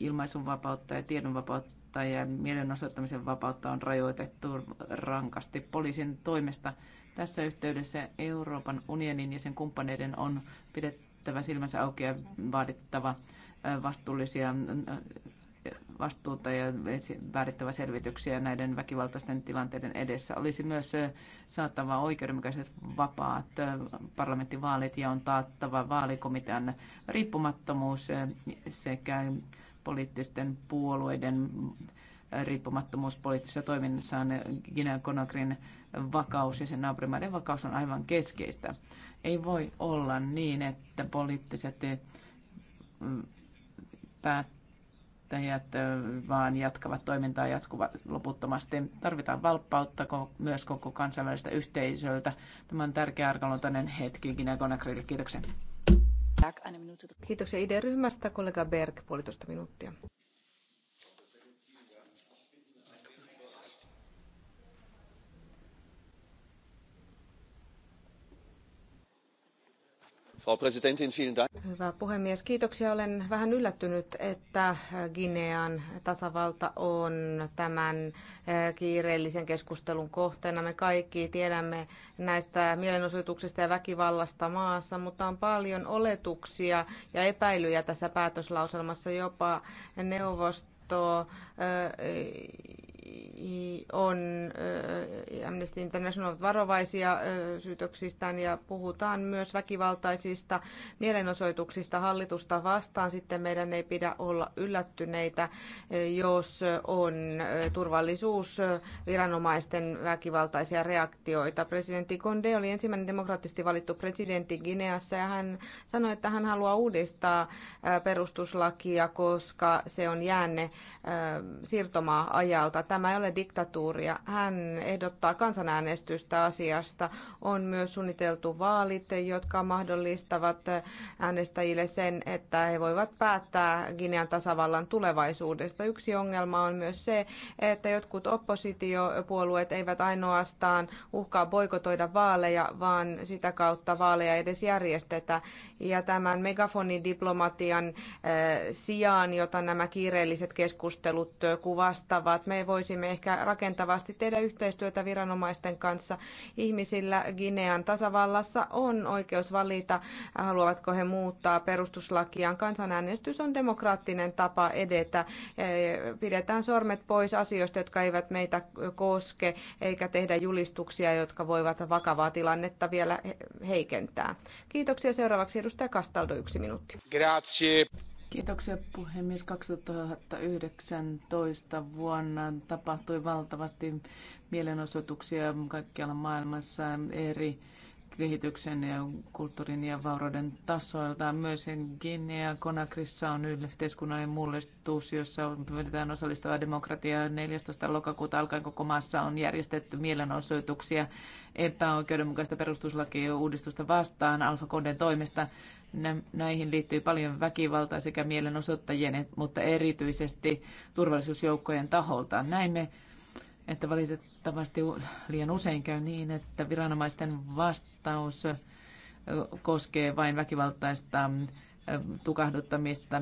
Ilmaisunvapautta ja tiedonvapautta ja mielenosoittamisen vapautta on rajoitettu rankasti poliisin toimesta. Tässä yhteydessä Euroopan unionin ja sen kumppaneiden on pidettävä silmänsä auki ja vaadittava vastuullisia vastuuta ja väärittävä selvityksiä näiden väkivaltaisten tilanteiden edessä. Olisi myös saattava oikeudenmukaiset vapaat parlamenttivaalit ja on taattava vaalikomitean riippumattomuus sekä poliittisten puolueiden riippumattomuus poliittisessa toiminnassaan Guinea-Conakrin vakaus ja sen naapurimaiden vakaus on aivan keskeistä. Ei voi olla niin, että poliittiset päät, yrittäjät vaan jatkavat toimintaa jatkuva loputtomasti. Tarvitaan valppautta myös koko kansainvälistä yhteisöltä. Tämä on tärkeä arkaluontainen hetki Ginegonakrille. Kiitoksia. Kiitoksia ID-ryhmästä. Kollega Berg, puolitoista minuuttia. Frau Präsidentin, vielen Dank. Hyvä puhemies, kiitoksia. Olen vähän yllättynyt, että Ginean tasavalta on tämän eh, kiireellisen keskustelun kohteena. Me kaikki tiedämme näistä mielenosoituksista ja väkivallasta maassa, mutta on paljon oletuksia ja epäilyjä tässä päätöslauselmassa jopa neuvosto neuvosto eh, on Amnesty International ovat varovaisia syytöksistään ja puhutaan myös väkivaltaisista mielenosoituksista hallitusta vastaan. Sitten meidän ei pidä olla yllättyneitä, jos on turvallisuusviranomaisten väkivaltaisia reaktioita. Presidentti Konde oli ensimmäinen demokraattisesti valittu presidentti Gineassa ja hän sanoi, että hän haluaa uudistaa perustuslakia, koska se on jäänne siirtomaa-ajalta Tämä ei ole diktatuuria. Hän ehdottaa kansanäänestystä asiasta. On myös suunniteltu vaalit, jotka mahdollistavat äänestäjille sen, että he voivat päättää Ginean tasavallan tulevaisuudesta. Yksi ongelma on myös se, että jotkut oppositiopuolueet eivät ainoastaan uhkaa boikotoida vaaleja, vaan sitä kautta vaaleja edes järjestetä. Ja tämän megafonidiplomatian eh, sijaan, jota nämä kiireelliset keskustelut eh, kuvastavat, me voisimme voisimme ehkä rakentavasti tehdä yhteistyötä viranomaisten kanssa. Ihmisillä Ginean tasavallassa on oikeus valita, haluavatko he muuttaa perustuslakiaan. Kansanäänestys on demokraattinen tapa edetä. E, pidetään sormet pois asioista, jotka eivät meitä koske, eikä tehdä julistuksia, jotka voivat vakavaa tilannetta vielä heikentää. Kiitoksia. Seuraavaksi edustaja Kastaldo, yksi minuutti. Grazie. Kiitoksia puhemies. 2019 vuonna tapahtui valtavasti mielenosoituksia kaikkialla maailmassa eri kehityksen ja kulttuurin ja vaurauden tasoilta. Myös Guinea Konakrissa on yhteiskunnallinen mullistus, jossa pyydetään osallistavaa demokratiaa. 14. lokakuuta alkaen koko maassa on järjestetty mielenosoituksia epäoikeudenmukaista perustuslakia uudistusta vastaan Alfa Konden toimesta. Näihin liittyy paljon väkivaltaa sekä mielenosoittajien, mutta erityisesti turvallisuusjoukkojen taholta. Näimme, että valitettavasti liian usein käy niin, että viranomaisten vastaus koskee vain väkivaltaista tukahduttamista,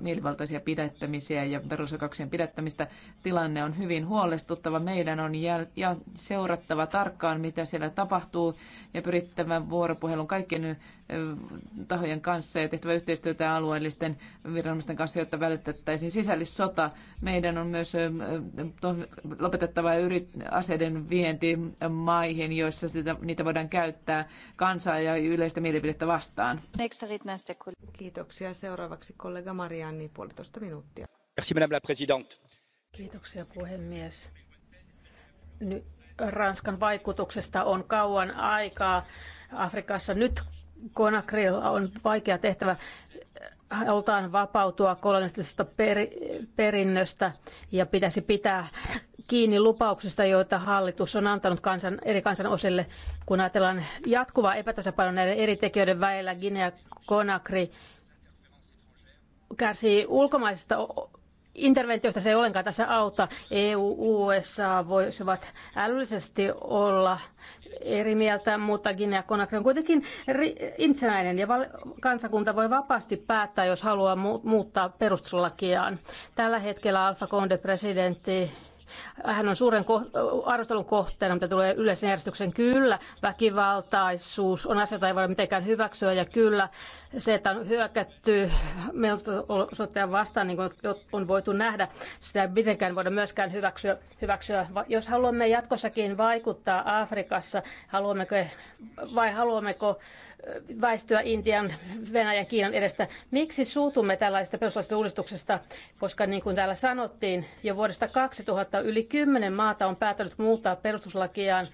mielivaltaisia pidättämisiä ja perusokauksien pidättämistä. Tilanne on hyvin huolestuttava. Meidän on ja seurattava tarkkaan, mitä siellä tapahtuu ja pyrittävä vuoropuhelun kaikkien tahojen kanssa ja tehtävä yhteistyötä alueellisten viranomaisten kanssa, jotta välitettäisiin sisällissota. Meidän on myös lopetettava aseiden vienti maihin, joissa sitä, niitä voidaan käyttää kansaa ja yleistä mielipidettä vastaan. Next, Kiitoksia. Seuraavaksi kollega Marianni, puolitoista minuuttia. Merci, madame la présidente. Kiitoksia puhemies. Nyt Ranskan vaikutuksesta on kauan aikaa Afrikassa. Nyt Konakrilla on vaikea tehtävä. Halutaan vapautua kolonialistisesta per, perinnöstä ja pitäisi pitää kiinni lupauksista, joita hallitus on antanut kansan, eri kansan osille, kun ajatellaan jatkuvaa epätasapainoa näiden eri tekijöiden välillä, Guinea, Konakri kärsii ulkomaisista interventiosta se ei ollenkaan tässä auta. EU, USA voisivat älyllisesti olla eri mieltä, mutta Guinea Conakry on kuitenkin itsenäinen ja kansakunta voi vapaasti päättää, jos haluaa muuttaa perustuslakiaan. Tällä hetkellä Alfa Conde presidentti hän on suuren arvostelun kohteena, mitä tulee yleisen järjestyksen. Kyllä, väkivaltaisuus on asia, jota ei voida mitenkään hyväksyä. Ja kyllä, se, että on hyökätty mielenosoittajan vastaan, niin kuin on voitu nähdä, sitä ei mitenkään voida myöskään hyväksyä. hyväksyä. Jos haluamme jatkossakin vaikuttaa Afrikassa, haluammeko, vai haluammeko väistyä Intian, Venäjän, Kiinan edestä. Miksi suutumme tällaista perustuslaista uudistuksesta? Koska niin kuin täällä sanottiin, jo vuodesta 2000 yli 10 maata on päättänyt muuttaa perustuslakiaan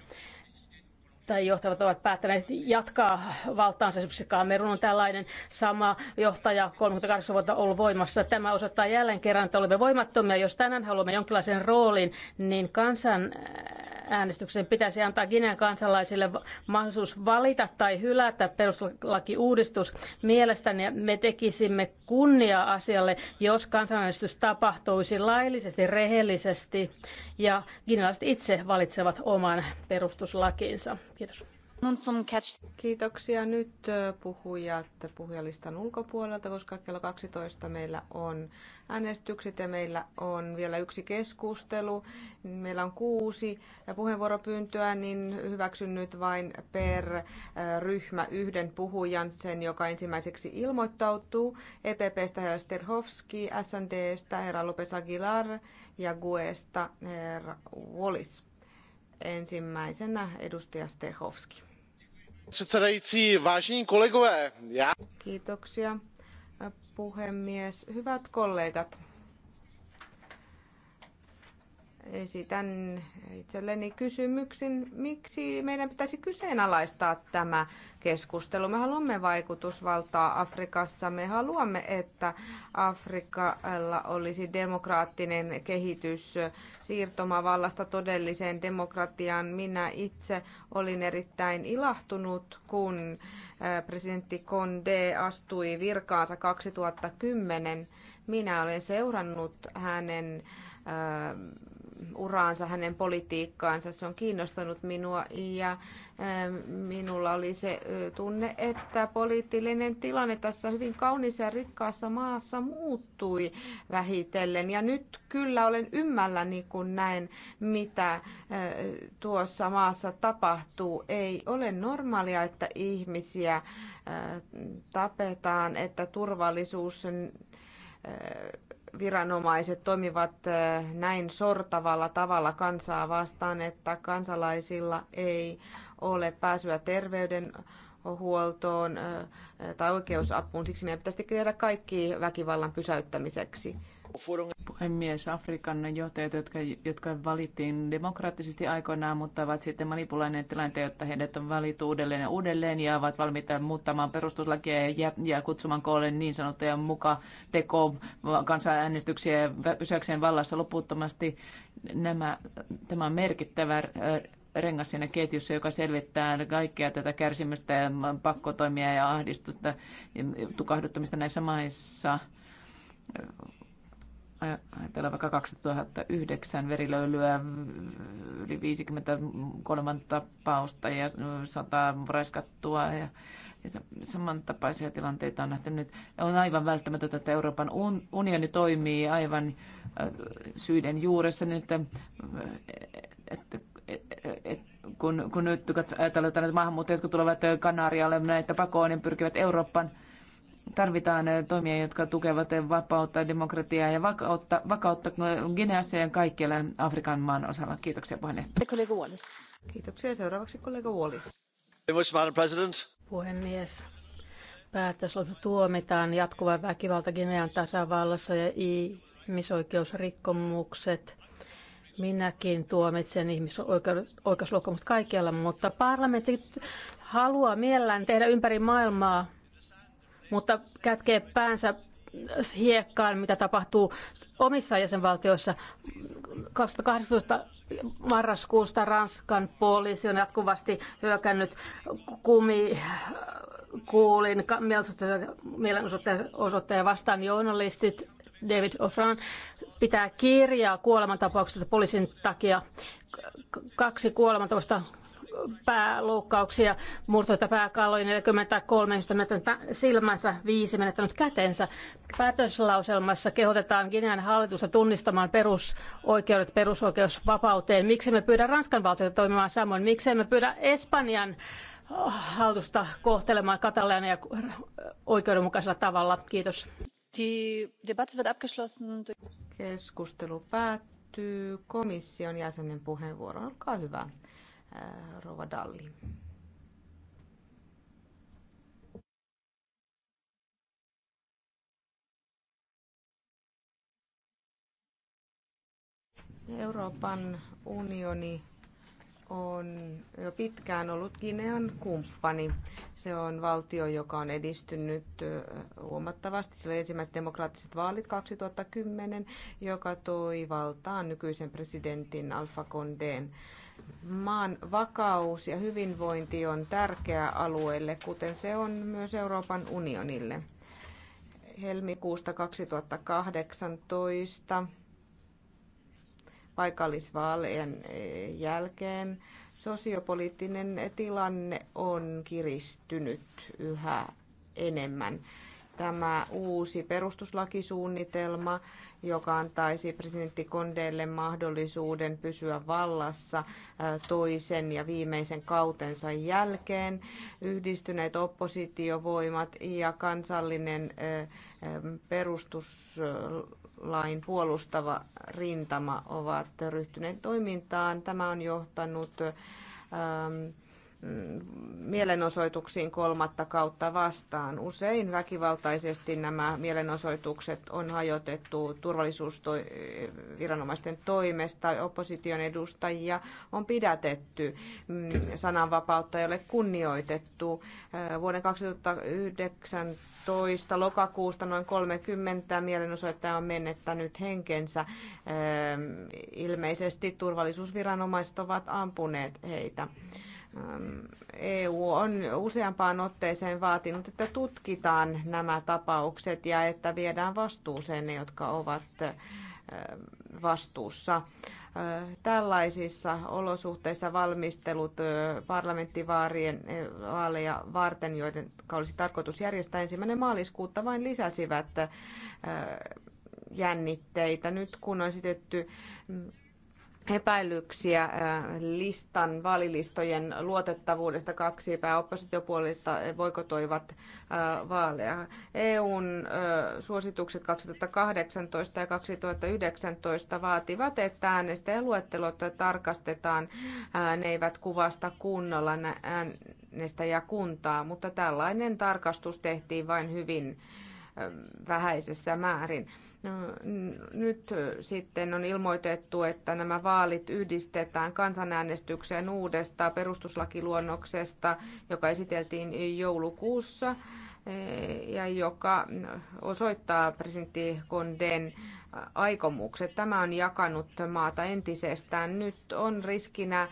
tai johtavat ovat päättäneet jatkaa valtaansa. Esimerkiksi Kamerun on tällainen sama johtaja, 38 vuotta ollut voimassa. Tämä osoittaa jälleen kerran, että olemme voimattomia. Jos tänään haluamme jonkinlaisen roolin, niin kansan äänestyksen pitäisi antaa Ginean kansalaisille mahdollisuus valita tai hylätä perustuslakiuudistus. Mielestäni me tekisimme kunnia asialle, jos kansanäänestys tapahtuisi laillisesti, rehellisesti ja ginealaiset itse valitsevat oman perustuslakinsa. Kiitos. Kiitoksia. Nyt puhujat puhujalistan ulkopuolelta, koska kello 12 meillä on äänestykset ja meillä on vielä yksi keskustelu. Meillä on kuusi puheenvuoropyyntöä, niin hyväksyn nyt vain per ryhmä yhden puhujan, sen joka ensimmäiseksi ilmoittautuu. EPPstä herra Sterhovski, SNDstä herra Lopez Aguilar ja GUEsta herra Wallis. Ensimmäisenä edustaja Stehovski. Kiitoksia puhemies. Hyvät kollegat, Esitän itselleni kysymyksen, miksi meidän pitäisi kyseenalaistaa tämä keskustelu. Me haluamme vaikutusvaltaa Afrikassa. Me haluamme, että Afrikalla olisi demokraattinen kehitys siirtomavallasta todelliseen demokratiaan. Minä itse olin erittäin ilahtunut, kun äh, presidentti Condé astui virkaansa 2010. Minä olen seurannut hänen äh, uraansa, hänen politiikkaansa. Se on kiinnostanut minua ja eh, minulla oli se eh, tunne, että poliittinen tilanne tässä hyvin kaunissa ja rikkaassa maassa muuttui vähitellen. Ja nyt kyllä olen ymmällä niin kun näen, mitä eh, tuossa maassa tapahtuu. Ei ole normaalia, että ihmisiä tapetaan, että turvallisuus viranomaiset toimivat näin sortavalla tavalla kansaa vastaan, että kansalaisilla ei ole pääsyä terveydenhuoltoon tai oikeusapuun. Siksi meidän pitäisi tehdä kaikki väkivallan pysäyttämiseksi. Puhemies, Afrikan johtajat, jotka, jotka valittiin demokraattisesti aikoinaan, mutta ovat sitten manipuloineet tilanteen, jotta heidät on valittu uudelleen ja uudelleen ja ovat valmiita muuttamaan perustuslakia ja, ja kutsumaan koolle niin sanottuja muka teko kansanäänestyksiä pysyäkseen vallassa loputtomasti. Nämä, tämä on merkittävä äh, rengas siinä ketjussa, joka selvittää kaikkea tätä kärsimystä ja pakkotoimia ja ahdistusta ja tukahduttamista näissä maissa ajatellaan vaikka 2009 verilöylyä, yli 50 tapausta ja 100 raiskattua ja samantapaisia tilanteita on nähty nyt. On aivan välttämätöntä, että Euroopan unioni toimii aivan äh, syiden juuressa nyt, äh, että äh, kun, kun nyt ajatellaan, että maahanmuuttajat, jotka tulevat Kanarialle näitä pakoon, niin pyrkivät Euroopan tarvitaan eh, toimia, jotka tukevat vapautta, demokratiaa ja vakautta, vakautta Gineassa ja kaikkialla Afrikan maan osalla. Kiitoksia puheenjohtaja. Kollega Wallis. Kiitoksia. Seuraavaksi kollega Wallis. Puhemies. Päätöslauselma tuomitaan jatkuva väkivalta Ginean tasavallassa ja ihmisoikeusrikkomukset – Minäkin tuomitsen ihmisoikeusluokkomusta kaikkialla, mutta parlamentti haluaa mielellään tehdä ympäri maailmaa mutta kätkee päänsä hiekkaan, mitä tapahtuu omissa jäsenvaltioissa. 2018 marraskuusta Ranskan poliisi on jatkuvasti hyökännyt kumi kuulin mielenosoittajan vastaan journalistit David O'Fran pitää kirjaa kuolemantapauksista poliisin takia. Kaksi kuolemantapausta pääloukkauksia, murtoita pääkalloja, 43 menettänyt silmänsä, viisi menettänyt kätensä. Päätöslauselmassa kehotetaan Ginean hallitusta tunnistamaan perusoikeudet, perusoikeus vapauteen. Miksi me pyydä Ranskan valtiota toimimaan samoin? Miksi me pyydä Espanjan oh, hallitusta kohtelemaan katalaneja oikeudenmukaisella tavalla? Kiitos. Keskustelu päättyy komission jäsenen puheenvuoro. Olkaa hyvä. Äh, Rova Dalli. Euroopan unioni on jo pitkään ollut Ginean kumppani. Se on valtio, joka on edistynyt huomattavasti. Se oli ensimmäiset demokraattiset vaalit 2010, joka toi valtaan nykyisen presidentin Alfa Kondeen maan vakaus ja hyvinvointi on tärkeä alueelle, kuten se on myös Euroopan unionille. Helmikuusta 2018 paikallisvaalien eh, jälkeen sosiopoliittinen tilanne on kiristynyt yhä enemmän. Tämä uusi perustuslakisuunnitelma joka antaisi presidentti Kondeelle mahdollisuuden pysyä vallassa äh, toisen ja viimeisen kautensa jälkeen. Yhdistyneet oppositiovoimat ja kansallinen äh, ähm, perustuslain puolustava rintama ovat ryhtyneet toimintaan. Tämä on johtanut ähm, mielenosoituksiin kolmatta kautta vastaan. Usein väkivaltaisesti nämä mielenosoitukset on hajotettu turvallisuusviranomaisten toimesta, opposition edustajia on pidätetty, mm, sananvapautta ei ole kunnioitettu. Äh, vuoden 2019 lokakuusta noin 30 mielenosoittajaa on menettänyt henkensä. Äh, ilmeisesti turvallisuusviranomaiset ovat ampuneet heitä. Ähm, EU on useampaan otteeseen vaatinut, että tutkitaan nämä tapaukset ja että viedään vastuuseen ne, jotka ovat äh, vastuussa. Äh, tällaisissa olosuhteissa valmistelut äh, parlamenttivaarien vaaleja varten, joiden olisi tarkoitus järjestää ensimmäinen maaliskuutta, vain lisäsivät jännitteitä. Nyt kun on esitetty mm, epäilyksiä listan, vaalilistojen luotettavuudesta. Kaksi pääoppositiopuolilta voikotoivat vaaleja. EUn suositukset 2018 ja 2019 vaativat, että äänestäjäluettelot tarkastetaan. Ne eivät kuvasta kunnolla äänestäjäkuntaa, mutta tällainen tarkastus tehtiin vain hyvin vähäisessä määrin. No, nyt sitten on ilmoitettu, että nämä vaalit yhdistetään kansanäänestykseen uudesta perustuslakiluonnoksesta, joka esiteltiin joulukuussa eh, ja joka osoittaa presidentti Konden aikomukset. Tämä on jakanut maata entisestään. Nyt on riskinä eh,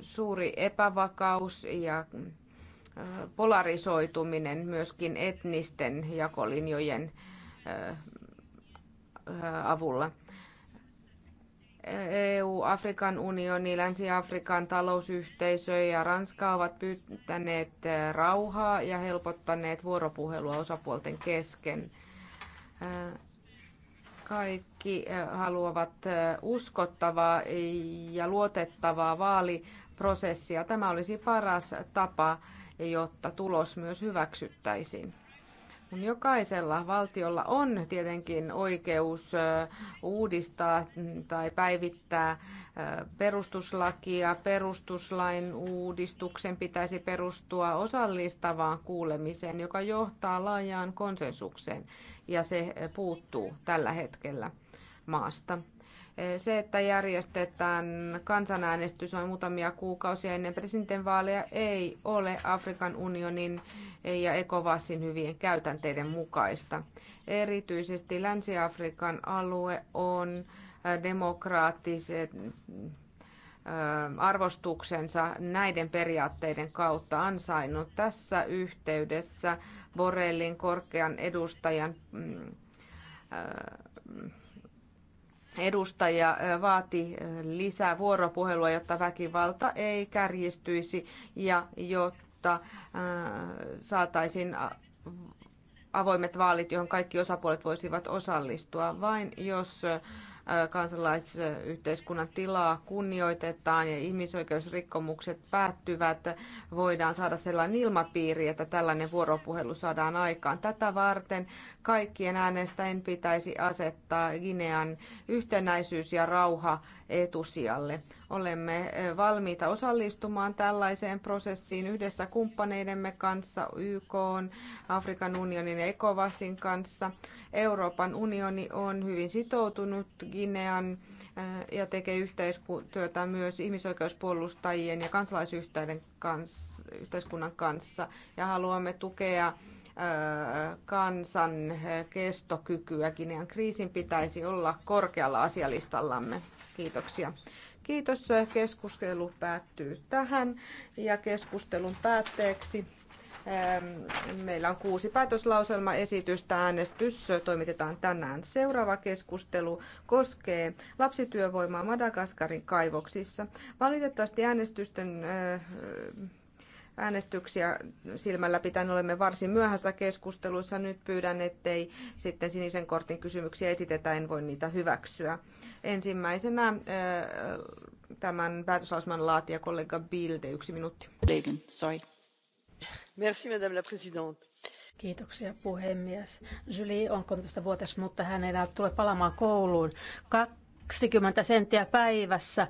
suuri epävakaus ja polarisoituminen myöskin etnisten jakolinjojen avulla. EU, e Afrikan unioni, Länsi-Afrikan talousyhteisö ja Ranska ovat pyytäneet rauhaa ja helpottaneet vuoropuhelua osapuolten kesken. Kaikki haluavat uskottavaa ja luotettavaa vaaliprosessia. Tämä olisi paras tapa jotta tulos myös hyväksyttäisiin. Kun jokaisella valtiolla on tietenkin oikeus uudistaa tai päivittää perustuslakia. Perustuslain uudistuksen pitäisi perustua osallistavaan kuulemiseen, joka johtaa laajaan konsensukseen, ja se puuttuu tällä hetkellä maasta. Se, että järjestetään kansanäänestys on muutamia kuukausia ennen presidentinvaaleja, ei ole Afrikan unionin ja ECOWASin hyvien käytänteiden mukaista. Erityisesti Länsi-Afrikan alue on äh, demokraattiset äh, arvostuksensa näiden periaatteiden kautta ansainnut tässä yhteydessä Borrellin korkean edustajan mm, äh, edustaja vaati lisää vuoropuhelua, jotta väkivalta ei kärjistyisi ja jotta saataisiin avoimet vaalit, johon kaikki osapuolet voisivat osallistua. Vain jos kansalaisyhteiskunnan tilaa kunnioitetaan ja ihmisoikeusrikkomukset päättyvät, voidaan saada sellainen ilmapiiri, että tällainen vuoropuhelu saadaan aikaan. Tätä varten kaikkien äänestäjien pitäisi asettaa Ginean yhtenäisyys ja rauha etusijalle. Olemme valmiita osallistumaan tällaiseen prosessiin yhdessä kumppaneidemme kanssa, YK, Afrikan unionin ja ECOWASin kanssa. Euroopan unioni on hyvin sitoutunut Ginean ja tekee yhteistyötä myös ihmisoikeuspuolustajien ja kansalaisyhteiskunnan kanssa. Ja haluamme tukea kansan kestokykyäkin. Ja kriisin pitäisi olla korkealla asialistallamme. Kiitoksia. Kiitos. Keskustelu päättyy tähän ja keskustelun päätteeksi ähm, Meillä on kuusi päätöslauselmaesitystä. Äänestys toimitetaan tänään. Seuraava keskustelu koskee lapsityövoimaa Madagaskarin kaivoksissa. Valitettavasti äänestysten äh, äänestyksiä silmällä pitäen olemme varsin myöhässä keskusteluissa. Nyt pyydän, ettei sitten sinisen kortin kysymyksiä esitetä, en voi niitä hyväksyä. Ensimmäisenä äh, tämän päätöslausman laatija kollega Bilde, yksi minuutti. Sorry. Merci, madame la présidente. Kiitoksia puhemies. Julie on 13-vuotias, mutta hän ei tule palaamaan kouluun. 20 senttiä päivässä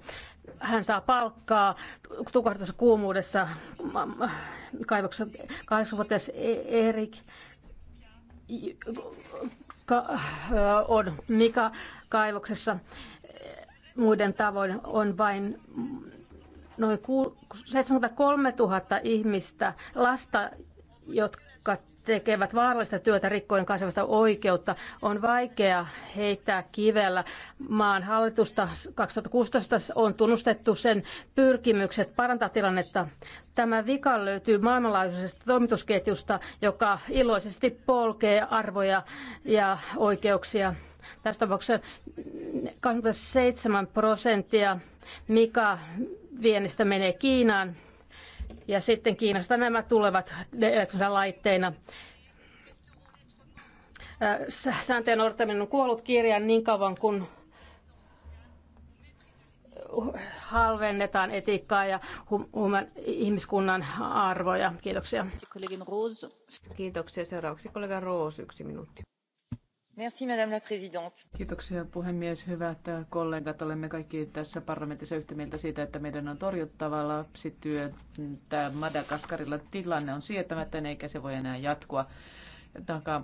hän saa palkkaa tukahdessa kuumuudessa kaivoksessa 80-vuotias e- Erik on Mika kaivoksessa muiden tavoin on vain noin 73 000 ihmistä, lasta, jotka tekevät vaarallista työtä rikkoen kansainvälistä oikeutta. On vaikea heittää kivellä. Maan hallitusta 2016 on tunnustettu sen pyrkimykset parantaa tilannetta. Tämä vika löytyy maailmanlaajuisesta toimitusketjusta, joka iloisesti polkee arvoja ja oikeuksia. Tästä tapauksessa 27 prosenttia Mika viennistä menee Kiinaan ja sitten Kiinasta nämä tulevat laitteina. Sääntöjen odottaminen on kuollut kirjan niin kauan, kun halvennetaan etiikkaa ja ihmiskunnan arvoja. Kiitoksia. Kiitoksia. Seuraavaksi kollega Roos, yksi minuutti. Kiitoksia puhemies. Hyvät kollegat, olemme kaikki tässä parlamentissa yhtä mieltä siitä, että meidän on torjuttava tämä Madagaskarilla tilanne on sietämätön eikä se voi enää jatkua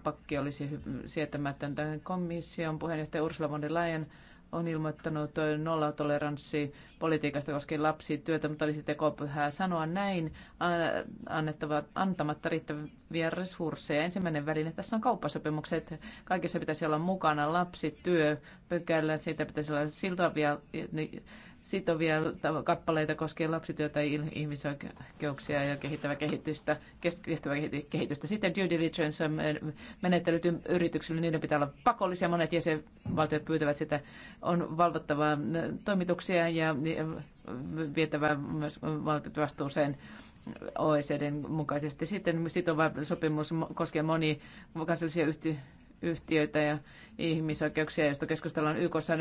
pakki olisi sietämätöntä. Komission puheenjohtaja Ursula von der Leyen on ilmoittanut nollatoleranssi politiikasta koskien työtä, mutta olisi tekopyhää sanoa näin annettava, antamatta riittäviä resursseja. Ensimmäinen väline tässä on kauppasopimukset. Kaikessa pitäisi olla mukana työ, pykälä, siitä pitäisi olla siltavia sitovia kappaleita koskien lapsityötä, ihmisoikeuksia ja kehittävää kehitystä, kestävä kehitystä. Sitten due diligence menettelyt yrityksille, niiden pitää olla pakollisia. Monet jäsenvaltiot pyytävät sitä. On valvottavaa toimituksia ja vietävää myös valtiot vastuuseen OECDn mukaisesti. Sitten sitova sopimus koskee moni kansallisia yhti- yhtiöitä ja ihmisoikeuksia, joista keskustellaan YKssa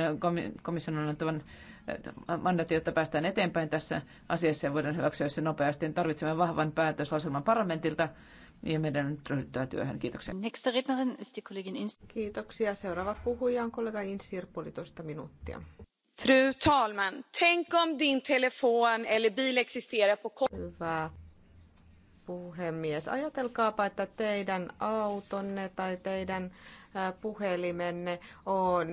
komission annettavan mandaatti, jotta päästään eteenpäin tässä asiassa ja voidaan hyväksyä se nopeasti. Tarvitsemme vahvan päätöslauselman parlamentilta ja meidän nyt ryhdyttää työhön. Kiitoksia. Nächste ist die Kiitoksia. Seuraava puhuja on kollega Insir puolitoista minuuttia. Fru talman, tänk om din telefon eller bil existerar på... Hyvä puhemies. Ajatelkaapa, että teidän autonne tai teidän puhelimenne on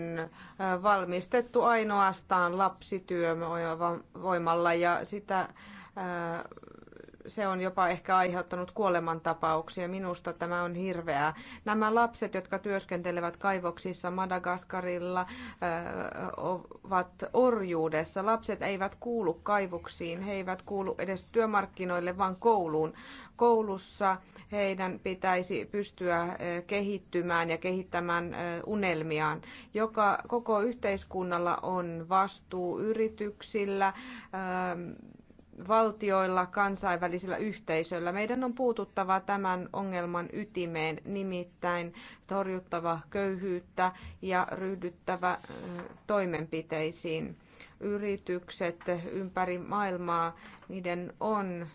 valmistettu ainoastaan lapsityövoimalla ja sitä se on jopa ehkä aiheuttanut kuolemantapauksia. Minusta tämä on hirveää. Nämä lapset, jotka työskentelevät kaivoksissa Madagaskarilla, ovat orjuudessa. Lapset eivät kuulu kaivoksiin, he eivät kuulu edes työmarkkinoille, vaan kouluun. Koulussa heidän pitäisi pystyä kehittymään ja kehittämään unelmiaan. Joka, koko yhteiskunnalla on vastuu yrityksillä, valtioilla, kansainvälisillä yhteisöillä. Meidän on puututtava tämän ongelman ytimeen, nimittäin torjuttava köyhyyttä ja ryhdyttävä toimenpiteisiin. Yritykset ympäri maailmaa, niiden on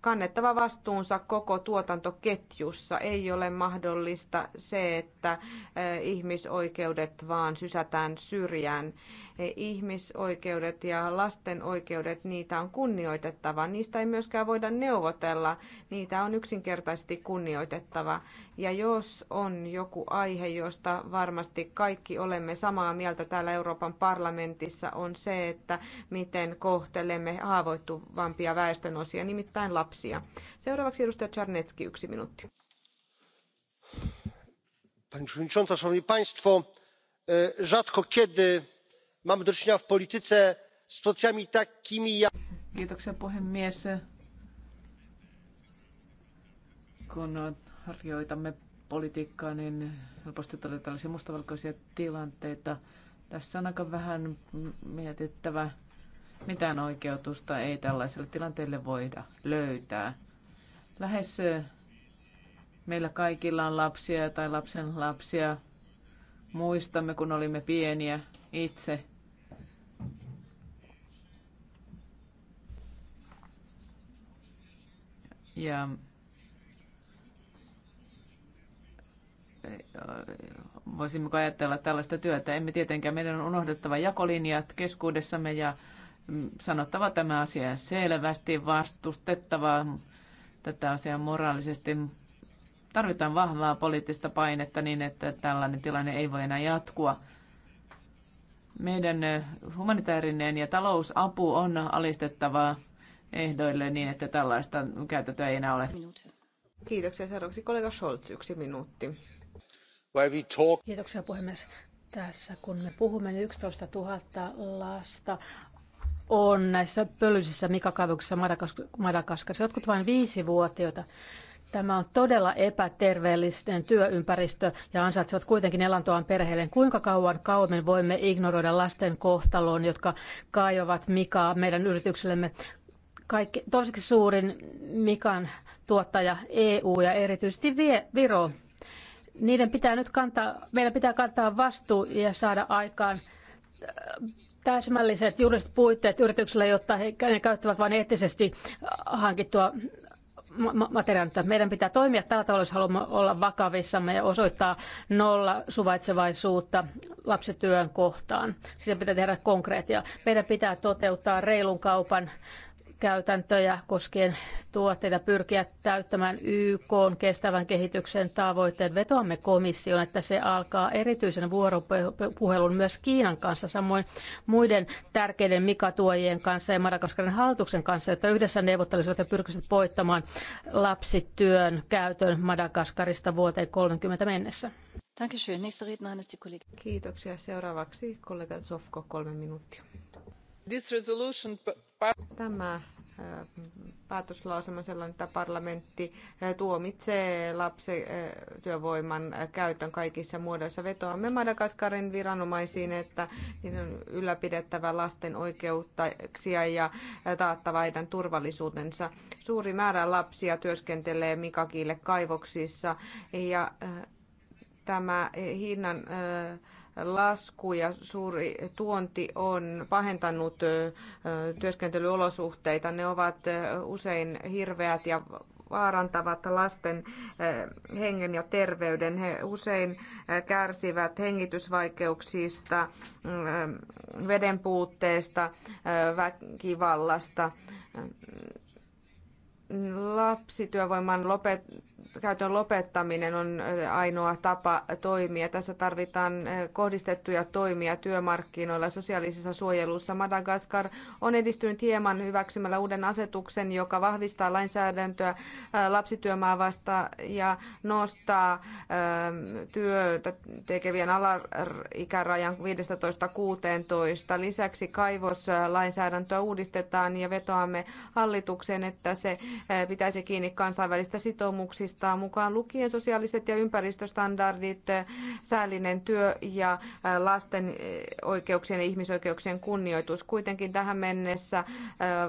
kannettava vastuunsa koko tuotantoketjussa. Ei ole mahdollista se, että ihmisoikeudet vaan sysätään syrjään ihmisoikeudet ja lasten oikeudet, niitä on kunnioitettava. Niistä ei myöskään voida neuvotella, niitä on yksinkertaisesti kunnioitettava. Ja jos on joku aihe, josta varmasti kaikki olemme samaa mieltä täällä Euroopan parlamentissa, on se, että miten kohtelemme haavoittuvampia väestönosia, nimittäin lapsia. Seuraavaksi edustaja Czarnecki, yksi minuutti. Pani przewodnicząca, szanowni państwo, e, rzadko kiedy mamy do czynienia w polityce z sytuacjami takimi jak. Kun harjoitamme politiikkaa, niin helposti tulee tällaisia mustavalkoisia tilanteita. Tässä on aika vähän mietittävä, mitään oikeutusta ei tällaiselle tilanteelle voida löytää. Lähes eh, meillä kaikilla on lapsia tai lapsen lapsia. Muistamme, kun olimme pieniä itse. Ja voisimmeko ajatella tällaista työtä? Emme tietenkään, meidän on unohdettava jakolinjat keskuudessamme ja mm, sanottava tämä asia selvästi, vastustettava tätä asiaa moraalisesti. Tarvitaan vahvaa poliittista painetta niin, että tällainen tilanne ei voi enää jatkua. Meidän humanitaarinen ja talousapu on alistettavaa ehdoille niin, että tällaista käytäntöä ei enää ole. Kiitoksia. Seuraavaksi kollega Scholz, yksi minuutti. Kiitoksia puhemies. Tässä kun me puhumme, niin 11 000 lasta on näissä pölyisissä mikakaivoksissa Madagaskarissa, jotkut vain viisi viisivuotiaita. Tämä on todella epäterveellinen työympäristö ja ansaitsevat kuitenkin elantoaan perheelle. Kuinka kauan kauemmin voimme ignoroida lasten kohtaloon, jotka kaivavat mikaa meidän yrityksellemme? kaikki, toiseksi suurin mikan tuottaja EU ja erityisesti Viro. Niiden pitää nyt kantaa, meillä pitää kantaa vastuu ja saada aikaan äh, täsmälliset juridiset puitteet yrityksille, jotta he, käyttävät vain eettisesti äh, hankittua materiaalia. Meidän pitää toimia tällä tavalla, jos haluamme olla vakavissamme ja osoittaa nolla suvaitsevaisuutta lapsityön kohtaan. Sitä pitää tehdä konkreettia. Meidän pitää toteuttaa reilun kaupan käytäntöjä koskien tuotteita pyrkiä täyttämään YK kestävän kehityksen tavoitteen. Vetoamme komission, että se alkaa erityisen vuoropuhelun myös Kiinan kanssa, samoin muiden tärkeiden mikatuojien kanssa ja Madagaskarin hallituksen kanssa, jotta yhdessä neuvottelisivat ja pyrkisivät poittamaan lapsityön käytön Madagaskarista vuoteen 30 mennessä. Kiitoksia. Seuraavaksi kollega Zofko, kolme minuuttia. Tämä äh, päätöslauselma on sellainen, että parlamentti äh, tuomitsee lapsityövoiman äh, käytön kaikissa muodoissa. Vetoamme Madagaskarin viranomaisiin, että niiden on ylläpidettävä lasten oikeuksia ja taattava heidän turvallisuutensa. Suuri määrä lapsia työskentelee Mikakille kaivoksissa ja tämä hinnan äh, lasku ja suuri tuonti on pahentanut työskentelyolosuhteita. Ne ovat usein hirveät ja vaarantavat lasten hengen ja terveyden. He usein kärsivät hengitysvaikeuksista, vedenpuutteesta, väkivallasta. Lapsityövoiman lopet käytön lopettaminen on ainoa tapa toimia. Tässä tarvitaan kohdistettuja toimia työmarkkinoilla, sosiaalisessa suojelussa. Madagaskar on edistynyt hieman hyväksymällä uuden asetuksen, joka vahvistaa lainsäädäntöä lapsityömaa vasta ja nostaa työtä tekevien alaikärajan 15-16. Lisäksi kaivoslainsäädäntöä uudistetaan ja vetoamme hallitukseen, että se pitäisi kiinni kansainvälistä sitoumuksista varmistaa mukaan lukien sosiaaliset ja ympäristöstandardit, säällinen työ ja lasten oikeuksien ja ihmisoikeuksien kunnioitus. Kuitenkin tähän mennessä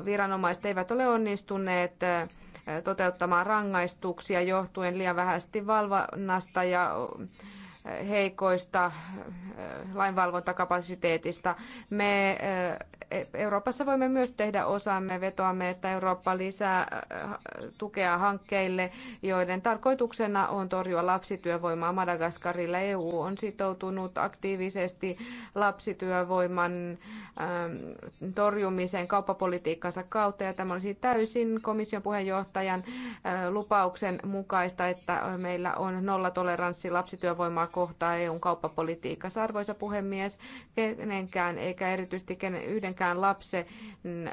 viranomaiset eivät ole onnistuneet toteuttamaan rangaistuksia johtuen liian vähästi valvonnasta ja heikoista äh, lainvalvontakapasiteetista. Me äh, Euroopassa voimme myös tehdä osamme, vetoamme, että Eurooppa lisää äh, tukea hankkeille, joiden tarkoituksena on torjua lapsityövoimaa Madagaskarilla. EU on sitoutunut aktiivisesti lapsityövoiman ähm, torjumiseen kauppapolitiikkansa kautta, ja tämä olisi täysin komission puheenjohtajan lupauksen mukaista, että meillä on nollatoleranssi lapsityövoimaa kohtaa EUn kauppapolitiikassa. Arvoisa puhemies, kenenkään eikä erityisesti kenen, yhdenkään lapsen mm,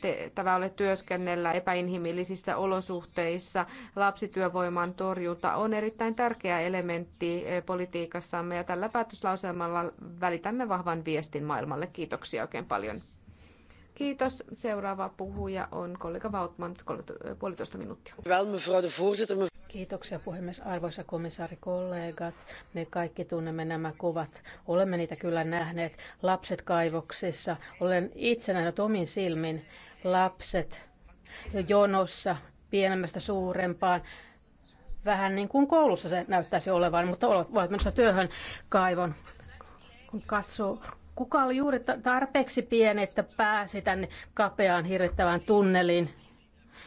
tehtävä ole työskennellä epäinhimillisissä olosuhteissa. Lapsityövoiman torjunta on erittäin tärkeä elementti politiikassamme ja tällä päätöslauselmalla välitämme vahvan viestin maailmalle. Kiitoksia oikein paljon. Kiitos. Seuraava puhuja on kollega Vautmans, puolitoista minuuttia. Kiitoksia puhemies, arvoisa komissaari, kollegat. Me kaikki tunnemme nämä kuvat. Olemme niitä kyllä nähneet. Lapset kaivoksissa. Olen itse nähnyt omin silmin lapset jonossa pienemmästä suurempaan vähän niin kuin koulussa se näyttäisi olevan, mutta olet menossa työhön kaivon. Kun katsoo Kuka oli juuri tarpeeksi pieni, että pääsi tänne kapeaan hirrettävään tunneliin?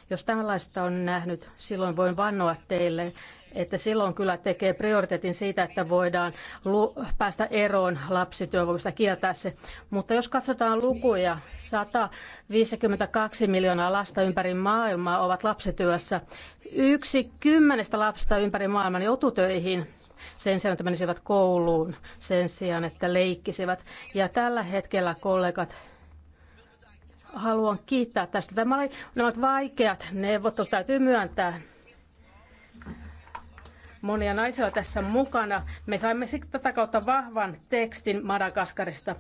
Jos tällaista on nähnyt, silloin voin vannoa teille, että silloin kyllä tekee prioriteetin siitä, että voidaan päästä eroon lapsityövoimasta kieltää se. Mutta jos katsotaan lukuja, 152 miljoonaa lasta ympäri maailmaa ovat lapsityössä. Yksi kymmenestä lapsesta ympäri maailman joutuu töihin sen sijaan, että menisivät kouluun, sen sijaan, että leikkisivät. Ja tällä hetkellä kollegat haluan kiittää tästä. Tämä oli, nämä ovat vaikeat neuvottelut, täytyy myöntää. Monia naisia on tässä mukana. Me saimme siksi tätä kautta vahvan tekstin Madagaskarista.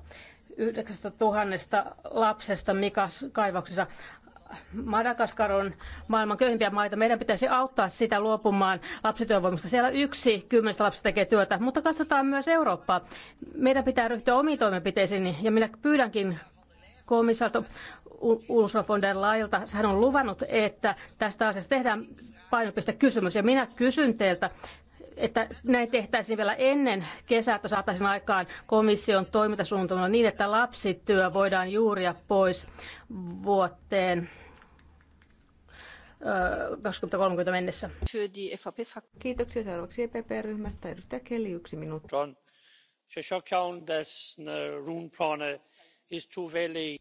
9000 lapsesta Mikas kaivoksissa. Madagaskar on maailman köyhimpiä maita. Meidän pitäisi auttaa sitä luopumaan lapsityövoimasta. Siellä yksi kymmenestä lapsista tekee työtä, mutta katsotaan myös Eurooppaa. Meidän pitää ryhtyä omiin toimenpiteisiin ja minä pyydänkin komissaarto Ursula von der Leyelta. Hän on luvannut, että tästä asiasta tehdään painopiste kysymys. Ja minä kysyn teiltä, että näin tehtäisiin vielä ennen kesää, että saataisiin aikaan komission toimintasuunnitelma niin, että lapsityö voidaan juuria pois vuoteen 2030 mennessä. Kiitoksia seuraavaksi EPP-ryhmästä. Edustaja Kelly, yksi minuutti.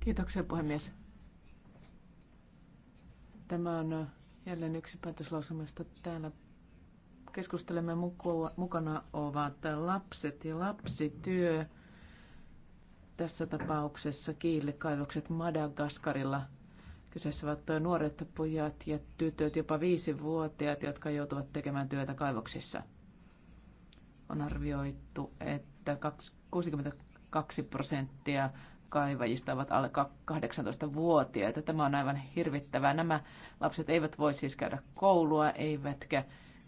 Kiitoksia puhemies. Tämä on jälleen yksi päätöslausumista täällä keskustelemme mukana ovat lapset ja lapsityö. Tässä tapauksessa kiillekaivokset Madagaskarilla. Kyseessä ovat nuoret pojat ja tytöt, jopa viisivuotiaat, jotka joutuvat tekemään työtä kaivoksissa. On arvioitu, että 62 prosenttia kaivajista ovat alle 18-vuotiaita. Tämä on aivan hirvittävää. Nämä lapset eivät voi siis käydä koulua, eivätkä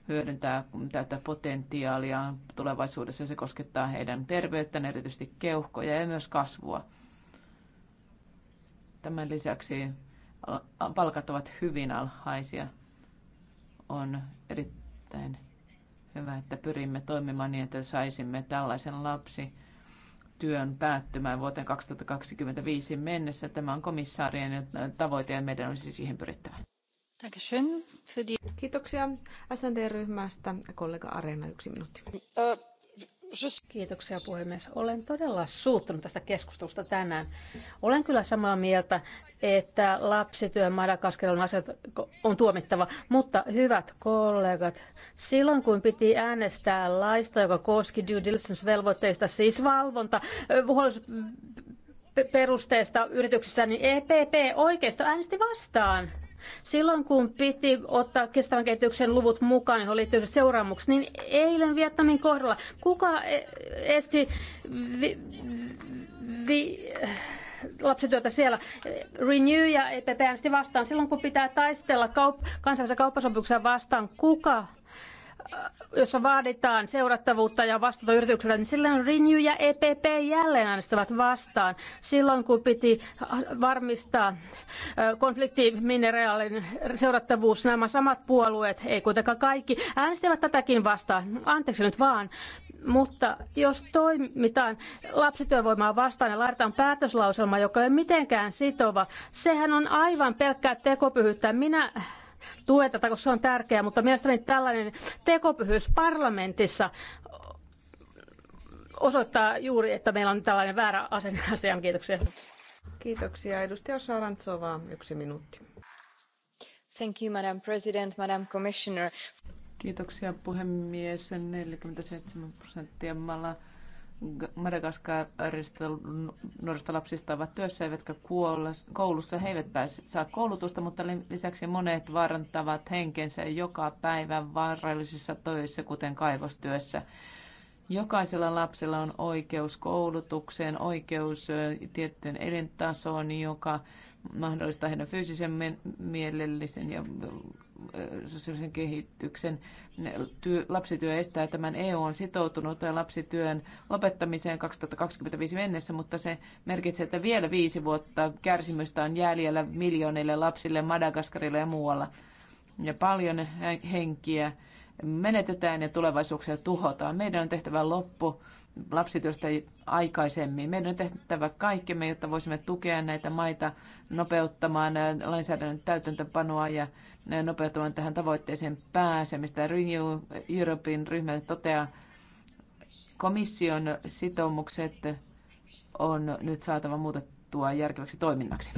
hyödyntää tätä potentiaalia tulevaisuudessa. Se koskettaa heidän terveyttään, erityisesti keuhkoja ja myös kasvua. Tämän lisäksi palkat ovat hyvin alhaisia. On erittäin hyvä, että pyrimme toimimaan niin, että saisimme tällaisen lapsi työn päättymään vuoteen 2025 mennessä. Tämä on komissaarien tavoite ja meidän olisi siihen pyrittävä. Kiitoksia SND-ryhmästä. Kollega Areena, yksi minuutti. Kiitoksia puhemies. Olen todella suuttunut tästä keskustelusta tänään. Olen kyllä samaa mieltä, että lapsityön Madagaskarilla on tuomittava, mutta hyvät kollegat, silloin kun piti äänestää laista, joka koski due diligence-velvoitteista, siis valvonta, perusteesta yrityksissä, niin EPP oikeisto äänesti vastaan Silloin kun piti ottaa kestävän kehityksen luvut mukaan, johon liittyy seuraamukset, niin eilen Vietnamin kohdalla kuka e- esti vi, vi, lapsityötä siellä. Renew ja EPP äänesti vastaan. Silloin kun pitää taistella kaup- kansainvälisen kauppasopimuksen vastaan, kuka jossa vaaditaan seurattavuutta ja vastuuta yrityksellä, niin silloin Renew ja EPP jälleen äänestävät vastaan. Silloin kun piti varmistaa konfliktimineraalin seurattavuus, nämä samat puolueet, ei kuitenkaan kaikki, äänestävät tätäkin vastaan. Anteeksi nyt vaan, mutta jos toimitaan lapsityövoimaa vastaan ja laitetaan päätöslauselma, joka ei ole mitenkään sitova, sehän on aivan pelkkää tekopyhyyttä. Minä tue tätä, koska se on tärkeää, mutta mielestäni tällainen tekopyhyys parlamentissa osoittaa juuri, että meillä on tällainen väärä asenne asiaan. Kiitoksia. Kiitoksia. Edustaja Sarantsova, yksi minuutti. Thank you, Madam President, Madam Commissioner. Kiitoksia puhemies. 47 prosenttia mala. Madagaskarista nuorista lapsista ovat työssä eivätkä kuolla. koulussa. He eivät pääse, saa koulutusta, mutta lisäksi monet vaarantavat henkensä joka päivä vaarallisissa töissä, kuten kaivostyössä. Jokaisella lapsella on oikeus koulutukseen, oikeus tiettyyn elintasoon, joka mahdollistaa heidän fyysisen, mielellisen ja sosiaalisen kehityksen. Työ, lapsityö estää tämän. EU on sitoutunut lapsityön lopettamiseen 2025 mennessä, mutta se merkitsee, että vielä viisi vuotta kärsimystä on jäljellä miljoonille lapsille Madagaskarilla ja muualla. Ja paljon henkiä menetetään ja tulevaisuuksia tuhotaan. Meidän on tehtävä loppu lapsityöstä aikaisemmin. Meidän on tehtävä kaikkemme, jotta voisimme tukea näitä maita nopeuttamaan lainsäädännön täytäntöpanoa ja nopeuttamaan tähän tavoitteeseen pääsemistä. Renew Europein ryhmä toteaa, komission sitoumukset on nyt saatava muutettua järkeväksi toiminnaksi.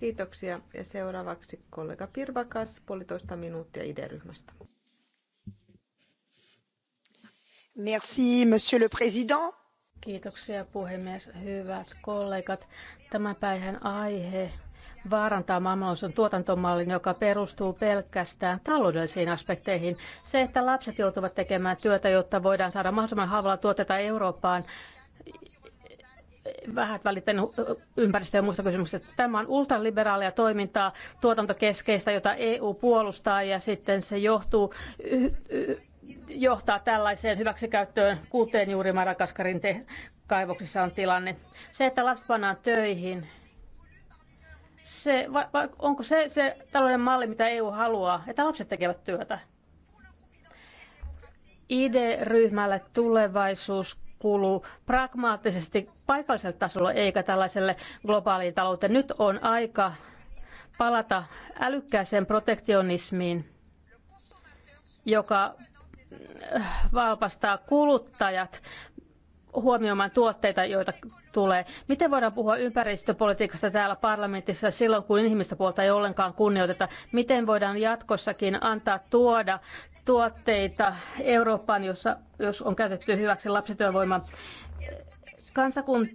Kiitoksia. Ja seuraavaksi kollega Pirvakas, puolitoista minuuttia ID-ryhmästä. Merci, monsieur le président. Kiitoksia puhemies. Hyvät kollegat, tämän päivän aihe vaarantaa maailmanlaajuisen tuotantomallin, joka perustuu pelkästään taloudellisiin aspekteihin. Se, että lapset joutuvat tekemään työtä, jotta voidaan saada mahdollisimman halvalla tuotteita Eurooppaan, vähät välitten ympäristö- ja muista kysymyksistä. Tämä on ultraliberaalia toimintaa, tuotantokeskeistä, jota EU puolustaa ja sitten se johtuu johtaa tällaiseen hyväksikäyttöön, kuuteen juuri Madagaskarin te- kaivoksissa on tilanne. Se, että lapset pannaan töihin, se, va, va, onko se se tällainen malli, mitä EU haluaa, että lapset tekevät työtä? ID-ryhmälle tulevaisuus kuuluu pragmaattisesti paikalliselle tasolle eikä tällaiselle globaaliin talouteen. Nyt on aika palata älykkääseen protektionismiin, joka valpastaa kuluttajat huomioimaan tuotteita, joita tulee. Miten voidaan puhua ympäristöpolitiikasta täällä parlamentissa silloin, kun ihmistä puolta ei ollenkaan kunnioiteta? Miten voidaan jatkossakin antaa tuoda tuotteita Eurooppaan, jossa, jos on käytetty hyväksi lapsityövoimaa? Kansakunta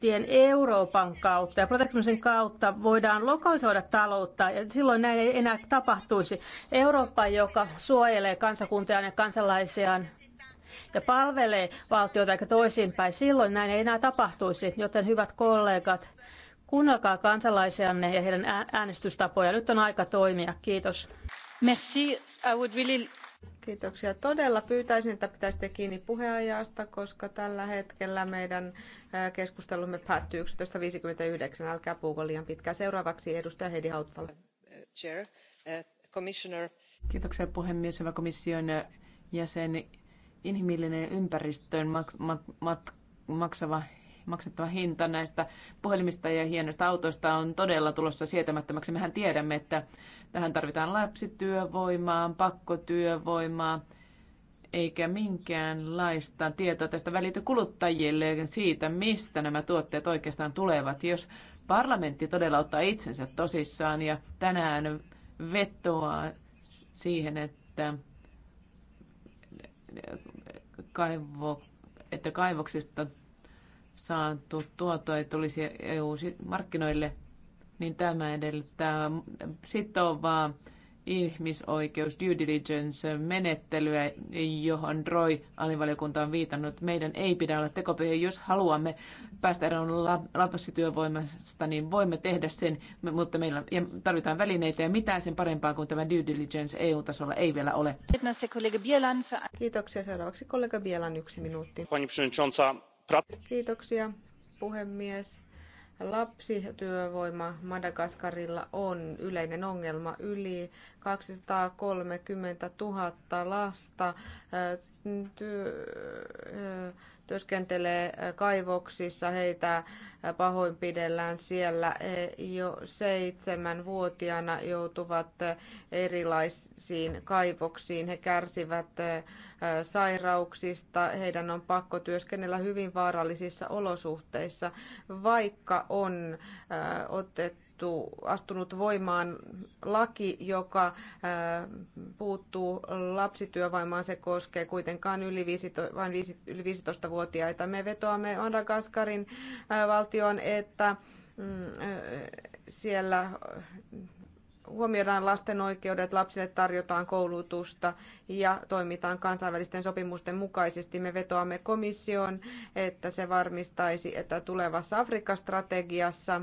tien Euroopan kautta ja protektionismin kautta voidaan lokalisoida taloutta ja silloin näin ei enää tapahtuisi. Eurooppa, joka suojelee kansakuntiaan ja kansalaisiaan ja palvelee valtiota eikä toisinpäin, silloin näin ei enää tapahtuisi. Joten hyvät kollegat, kuunnelkaa kansalaisianne ja heidän äänestystapojaan. Nyt on aika toimia. Kiitos. Merci. I would really... Kiitoksia. Todella pyytäisin, että pitäisitte kiinni puheajasta, koska tällä hetkellä meidän keskustelumme päättyy 11.59. Älkää puhuko liian pitkään. Seuraavaksi edustaja Heidi Hautala. Chair, commissioner. Kiitoksia puhemies, hyvä komission jäsen. Inhimillinen ympäristöön mak- mat- maksava maksettava hinta näistä puhelimista ja hienoista autoista on todella tulossa sietämättömäksi. Mehän tiedämme, että tähän tarvitaan lapsityövoimaa, pakkotyövoimaa, eikä minkäänlaista tietoa tästä välity kuluttajille siitä, mistä nämä tuotteet oikeastaan tulevat. Jos parlamentti todella ottaa itsensä tosissaan ja tänään vetoaa siihen, että kaivo, että kaivoksista saatu tuotoa ei tulisi EU-markkinoille, niin tämä edellyttää sitovaa ihmisoikeus due diligence-menettelyä, johon Roy alivaliokunta on viitannut. Meidän ei pidä olla tekopyhiä. Jos haluamme päästä eroon lapsityövoimasta, niin voimme tehdä sen, mutta meillä ja tarvitaan välineitä ja mitään sen parempaa kuin tämä due diligence EU-tasolla ei vielä ole. Kiitoksia. Seuraavaksi kollega Bielan yksi minuutti. Pani Kiitoksia, puhemies. Lapsityövoima Madagaskarilla on yleinen ongelma. Yli 230 000 lasta työ, työskentelee kaivoksissa, heitä pahoinpidellään siellä. He jo seitsemänvuotiaana joutuvat erilaisiin kaivoksiin. He kärsivät sairauksista, heidän on pakko työskennellä hyvin vaarallisissa olosuhteissa, vaikka on otettu astu, astunut voimaan laki, joka äh, puuttuu lapsityövoimaan. Se koskee kuitenkaan yli 15-vuotiaita. Me vetoamme Madagaskarin äh, valtioon, että mm, äh, siellä huomioidaan lasten oikeudet, lapsille tarjotaan koulutusta ja toimitaan kansainvälisten sopimusten mukaisesti. Me vetoamme komissioon, että se varmistaisi, että tulevassa Afrikka-strategiassa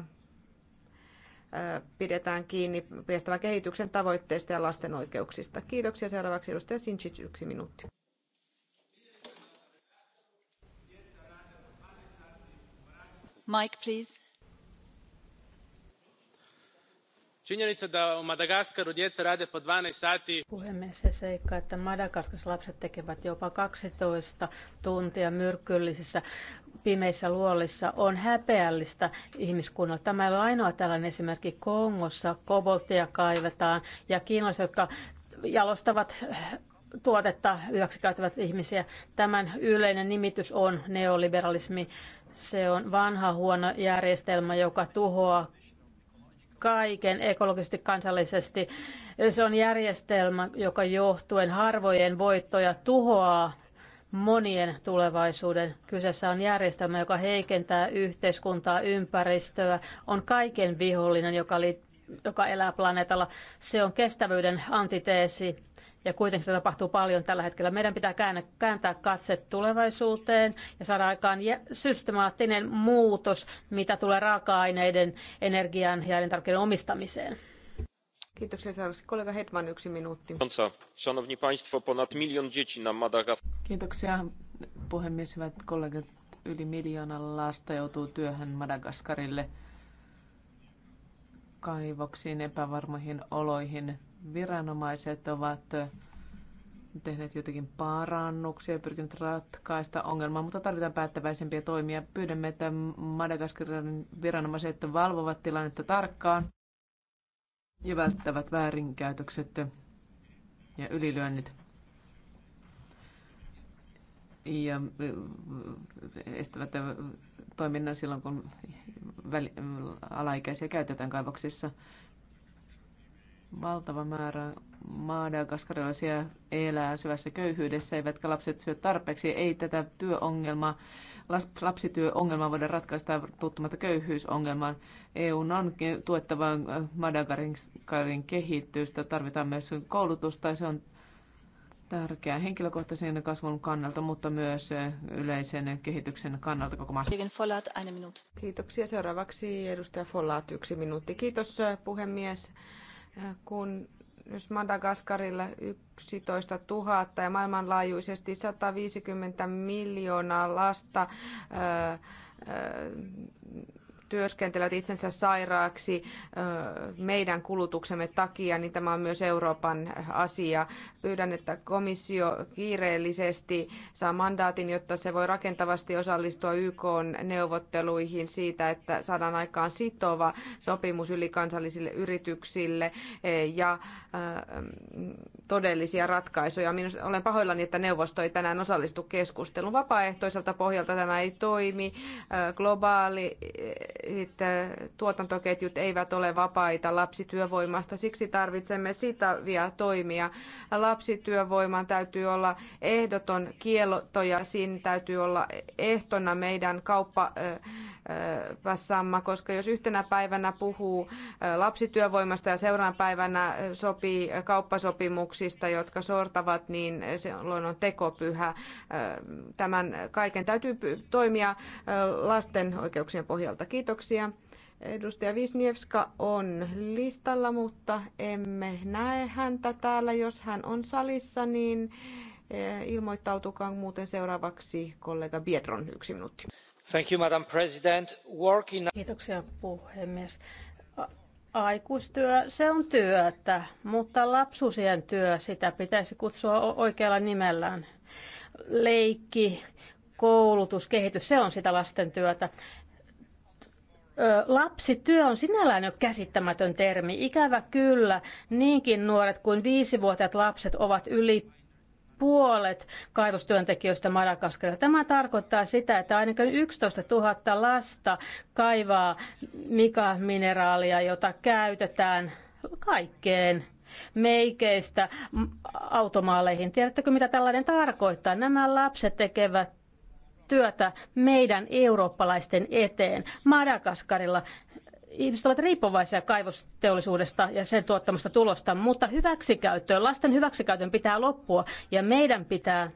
pidetään kiinni kestävän kehityksen tavoitteista ja lasten oikeuksista. Kiitoksia. Seuraavaksi edustaja Sinčić, yksi minuutti. Mike, please. Puhemies, se seikka, että Madagaskarissa lapset tekevät jopa kaksitoista tuntia myrkyllisissä pimeissä luolissa on häpeällistä ihmiskunnalle. Tämä ei ole ainoa tällainen esimerkki. Kongossa koboltia kaivetaan ja kiinalaiset, jotka jalostavat tuotetta hyväksikäyttävät ihmisiä. Tämän yleinen nimitys on neoliberalismi. Se on vanha huono järjestelmä, joka tuhoaa kaiken ekologisesti kansallisesti. Se on järjestelmä, joka johtuen harvojen voittoja tuhoaa monien tulevaisuuden. Kyseessä on järjestelmä, joka heikentää yhteiskuntaa, ympäristöä, on kaiken vihollinen, joka, li- joka elää planeetalla. Se on kestävyyden antiteesi ja kuitenkin se tapahtuu paljon tällä hetkellä. Meidän pitää kääntää katse tulevaisuuteen ja saada aikaan systemaattinen muutos, mitä tulee raaka-aineiden, energian ja elintarvikkeiden omistamiseen. Kiitoksia. Seuraavaksi kollega Hetman, yksi minuutti. Szanowni Państwo, ponad milion dzieci na Kiitoksia puhemies, hyvät kollegat. Yli miljoonan lasta joutuu työhön Madagaskarille kaivoksiin, epävarmoihin oloihin, viranomaiset ovat tehneet jotenkin parannuksia ja pyrkineet ratkaista ongelmaa, mutta tarvitaan päättäväisempiä toimia. Pyydämme, että Madagaskarin viranomaiset valvovat tilannetta tarkkaan ja välttävät väärinkäytökset ja ylilyönnit. Ja eh, estävät toiminnan silloin, kun alaikäisiä käytetään kaivoksissa valtava määrä maadagaskarilaisia elää syvässä köyhyydessä, eivätkä lapset syö tarpeeksi. Ei tätä työongelmaa, lapsityöongelmaa voida ratkaista puuttumatta köyhyysongelmaan. EU on tuettava äh, Madagaskarin kehitystä. Tarvitaan myös koulutusta. Se on tärkeää henkilökohtaisen kasvun kannalta, mutta myös äh, yleisen kehityksen kannalta koko maassa. Kiitoksia. Seuraavaksi edustaja Follat, yksi minuutti. Kiitos äh, puhemies kun jos Madagaskarilla 11 000 ja maailmanlaajuisesti 150 miljoonaa lasta ää, ää, työskentelevät itsensä sairaaksi meidän kulutuksemme takia, niin tämä on myös Euroopan asia. Pyydän, että komissio kiireellisesti saa mandaatin, jotta se voi rakentavasti osallistua YK neuvotteluihin siitä, että saadaan aikaan sitova sopimus ylikansallisille yrityksille eh, ja ähm, todellisia ratkaisuja. Minusta olen pahoillani, että neuvosto ei tänään osallistu keskusteluun. Vapaaehtoiselta pohjalta tämä ei toimi. Äh, globaali eh, eh, tuotantoketjut eivät ole vapaita lapsityövoimasta. Siksi tarvitsemme sitavia toimia lapsityövoiman täytyy olla ehdoton kielto ja siinä täytyy olla ehtona meidän kauppassamme, koska jos yhtenä päivänä puhuu lapsityövoimasta ja seuraavana päivänä sopii kauppasopimuksista, jotka sortavat, niin silloin on tekopyhä. Tämän kaiken täytyy toimia lasten oikeuksien pohjalta. Kiitoksia. Edustaja Visnievska on listalla, mutta emme näe häntä täällä. Jos hän on salissa, niin eh, ilmoittautukaa muuten seuraavaksi kollega Biedron yksi minuutti. Thank you, Madam President. Work in... Kiitoksia puhemies. Aikuistyö, se on työtä, mutta lapsuusien työ, sitä pitäisi kutsua oikealla nimellään. Leikki, koulutus, kehitys, se on sitä lasten työtä. Lapsityö on sinällään jo käsittämätön termi. Ikävä kyllä, niinkin nuoret kuin viisivuotiaat lapset ovat yli puolet kaivostyöntekijöistä Madagaskarilla. Tämä tarkoittaa sitä, että ainakin 11 000 lasta kaivaa mika jota käytetään kaikkeen meikeistä automaaleihin. Tiedättekö, mitä tällainen tarkoittaa? Nämä lapset tekevät työtä meidän eurooppalaisten eteen. Madagaskarilla ihmiset ovat riippuvaisia kaivosteollisuudesta ja sen tuottamasta tulosta, mutta hyväksikäyttöön, lasten hyväksikäytön pitää loppua ja meidän pitää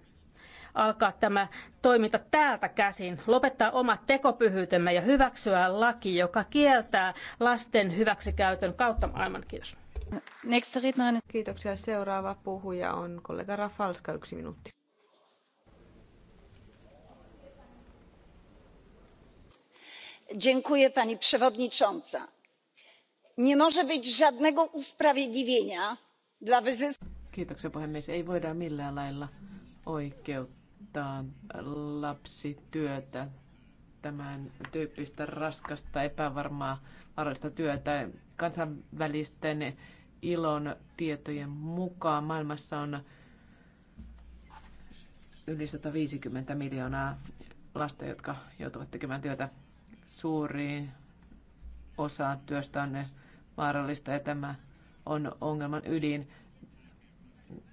alkaa tämä toiminta täältä käsin, lopettaa omat tekopyhyytemme ja hyväksyä laki, joka kieltää lasten hyväksikäytön kautta maailman. Kiitos. Kiitoksia. Seuraava puhuja on kollega Rafalska, yksi minuutti. pani przewodnicząca! nie może być żadnego usprawiedliwienia dla wyzysku. Ei voida tämän raskasta, epävarmaa, työtä. ilon tietojen mukaan maailmassa on yli 150 miljoonaa lasta, jotka joutuvat tekemään työtä suuri osa työstä on vaarallista ja tämä on ongelman ydin.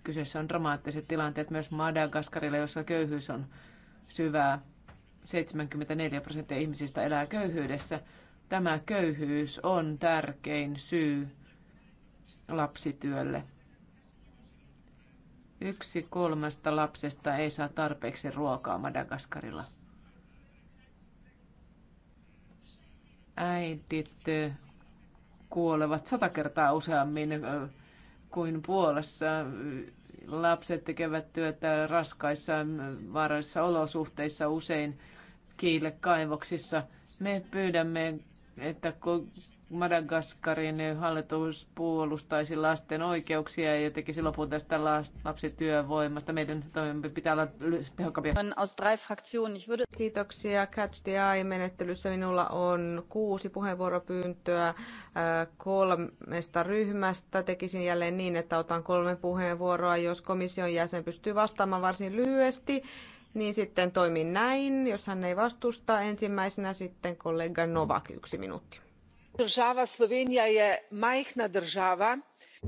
Kyseessä on dramaattiset tilanteet myös Madagaskarilla, jossa köyhyys on syvää. 74 prosenttia ihmisistä elää köyhyydessä. Tämä köyhyys on tärkein syy lapsityölle. Yksi kolmesta lapsesta ei saa tarpeeksi ruokaa Madagaskarilla. äidit kuolevat sata kertaa useammin kuin Puolassa. Lapset tekevät työtä raskaissa, vaarallisissa olosuhteissa, usein kiilekaivoksissa. Me pyydämme, että Madagaskarin hallitus puolustaisi lasten oikeuksia ja tekisi lopun tästä lapsityövoimasta. Meidän toimimme pitää olla tehokkaampia. Kiitoksia. Catch the Eye-menettelyssä minulla on kuusi puheenvuoropyyntöä äh, kolmesta ryhmästä. Tekisin jälleen niin, että otan kolme puheenvuoroa, jos komission jäsen pystyy vastaamaan varsin lyhyesti niin sitten toimin näin. Jos hän ei vastusta ensimmäisenä, sitten kollega Novak yksi minuutti.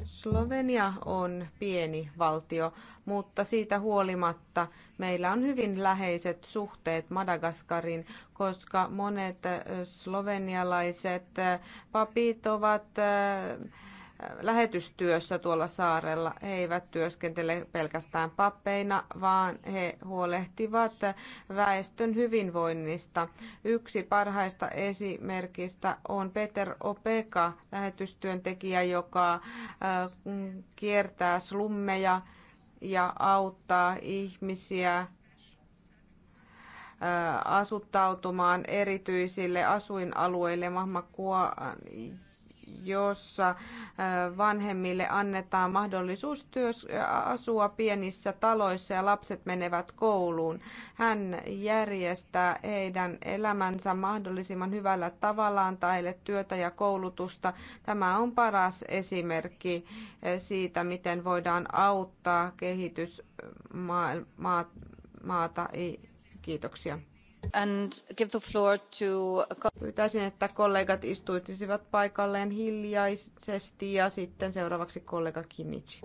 Slovenia on pieni valtio, mutta siitä huolimatta meillä on hyvin läheiset suhteet Madagaskarin, koska monet slovenialaiset papit ovat lähetystyössä tuolla saarella. He eivät työskentele pelkästään pappeina, vaan he huolehtivat väestön hyvinvoinnista. Yksi parhaista esimerkistä on Peter Opeka, lähetystyöntekijä, joka äh, kiertää slummeja ja auttaa ihmisiä äh, asuttautumaan erityisille asuinalueille Mahmakuan jossa äh, vanhemmille annetaan mahdollisuus työs, asua pienissä taloissa ja lapset menevät kouluun. Hän järjestää heidän elämänsä mahdollisimman hyvällä tavalla, antaa heille työtä ja koulutusta. Tämä on paras esimerkki äh, siitä, miten voidaan auttaa kehitysmaata. Kiitoksia. Pyytäisin, että kollegat istuisivat paikalleen hiljaisesti ja sitten seuraavaksi kollega Kinnici.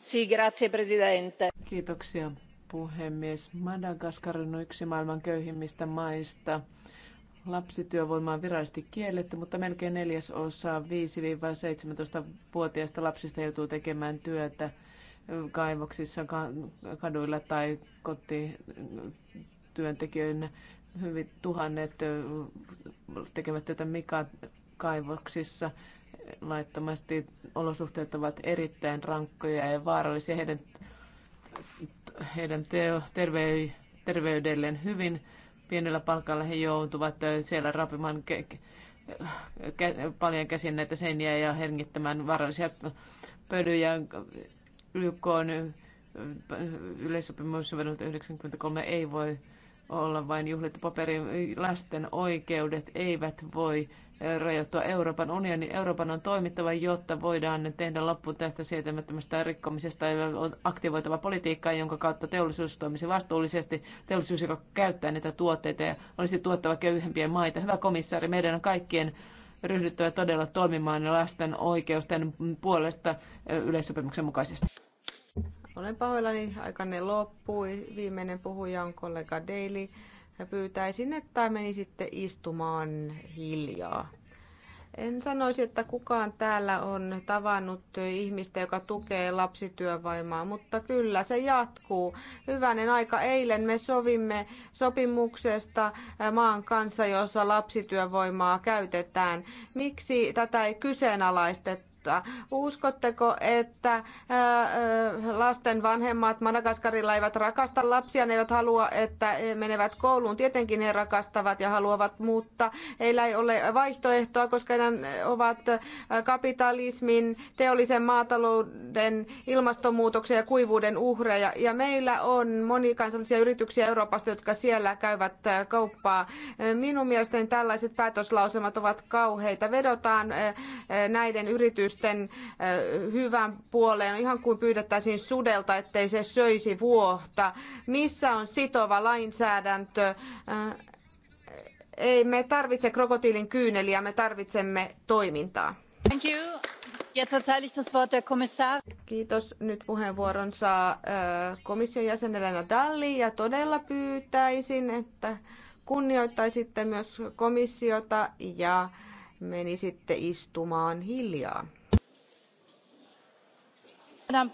Si, grazie, presidente. Kiitoksia, puhemies. Madagaskar on yksi maailman köyhimmistä maista. Lapsityövoima on virallisesti kielletty, mutta melkein neljäsosa 5-17-vuotiaista lapsista joutuu tekemään työtä – kaivoksissa, kaduilla tai kotityöntekijöinä. Hyvin tuhannet tekevät työtä Mika kaivoksissa laittomasti. Olosuhteet ovat erittäin rankkoja ja vaarallisia. Heidän, heidän terve, terveydelleen hyvin pienellä palkalla he joutuvat siellä rapimaan ke- paljon käsin näitä seiniä ja hengittämään vaarallisia pölyjä. YK on yleissopimus 93 ei voi olla vain juhlittu paperi. Lasten oikeudet eivät voi rajoittua Euroopan unionin. Euroopan on toimittava, jotta voidaan tehdä loppuun tästä sietämättömästä rikkomisesta ja aktivoitava politiikkaa, jonka kautta teollisuus toimisi vastuullisesti. Teollisuus, joka käyttää näitä tuotteita ja olisi tuottava köyhempiä maita. Hyvä komissaari, meidän on kaikkien ryhdyttävä todella toimimaan lasten oikeusten puolesta yleissopimuksen mukaisesti. Olen pahoillani, aikanne loppui. Viimeinen puhuja on kollega Daily. Pyytäisin, että menisitte istumaan hiljaa. En sanoisi, että kukaan täällä on tavannut ihmistä, joka tukee lapsityövoimaa, mutta kyllä se jatkuu. Hyvänen aika, eilen me sovimme sopimuksesta maan kanssa, jossa lapsityövoimaa käytetään. Miksi tätä ei kyseenalaistettu? mutta uskotteko, että lasten vanhemmat Madagaskarilla eivät rakasta lapsia, ne eivät halua, että menevät kouluun? Tietenkin he rakastavat ja haluavat, mutta heillä ei ole vaihtoehtoa, koska ne ovat kapitalismin, teollisen maatalouden, ilmastonmuutoksen ja kuivuuden uhreja. Ja meillä on monikansallisia yrityksiä Euroopasta, jotka siellä käyvät kauppaa. Minun mielestäni tällaiset päätöslauselmat ovat kauheita. Vedotaan näiden yritysten yritysten hyvän puoleen. Ihan kuin pyydettäisiin sudelta, ettei se söisi vuohta. Missä on sitova lainsäädäntö? Ei me tarvitse krokotiilin kyyneliä, me tarvitsemme toimintaa. Thank you. Kiitos. Nyt puheenvuoron saa komission jäsen Elena Dalli ja todella pyytäisin, että kunnioittaisitte myös komissiota ja menisitte istumaan hiljaa. Madam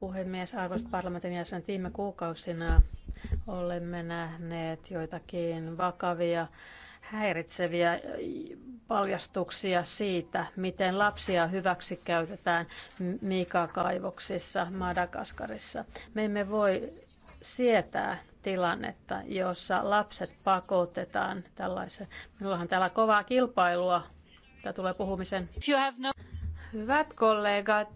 Puhemies, arvoisat parlamentin jäsenet, viime kuukausina olemme nähneet joitakin vakavia häiritseviä paljastuksia siitä, miten lapsia hyväksikäytetään Mika-kaivoksissa Madagaskarissa. Me emme voi sietää tilannetta, jossa lapset pakotetaan tällaisen. Minullahan täällä kovaa kilpailua. Tämä tulee puhumisen. Hyvät kollegat,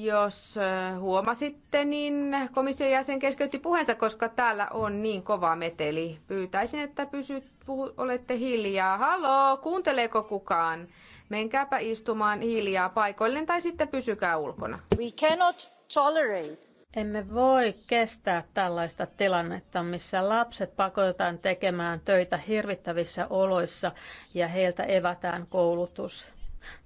jos äh, huomasitte, niin komission jäsen keskeytti puheensa, koska täällä on niin kova meteli. Pyytäisin, että pysyt, puhu, olette hiljaa. Haloo, kuunteleeko kukaan? Menkääpä istumaan hiljaa paikoilleen tai sitten pysykää ulkona. We cannot tolerate. Emme voi kestää tällaista tilannetta, missä lapset pakotetaan tekemään töitä hirvittävissä oloissa ja heiltä evätään koulutus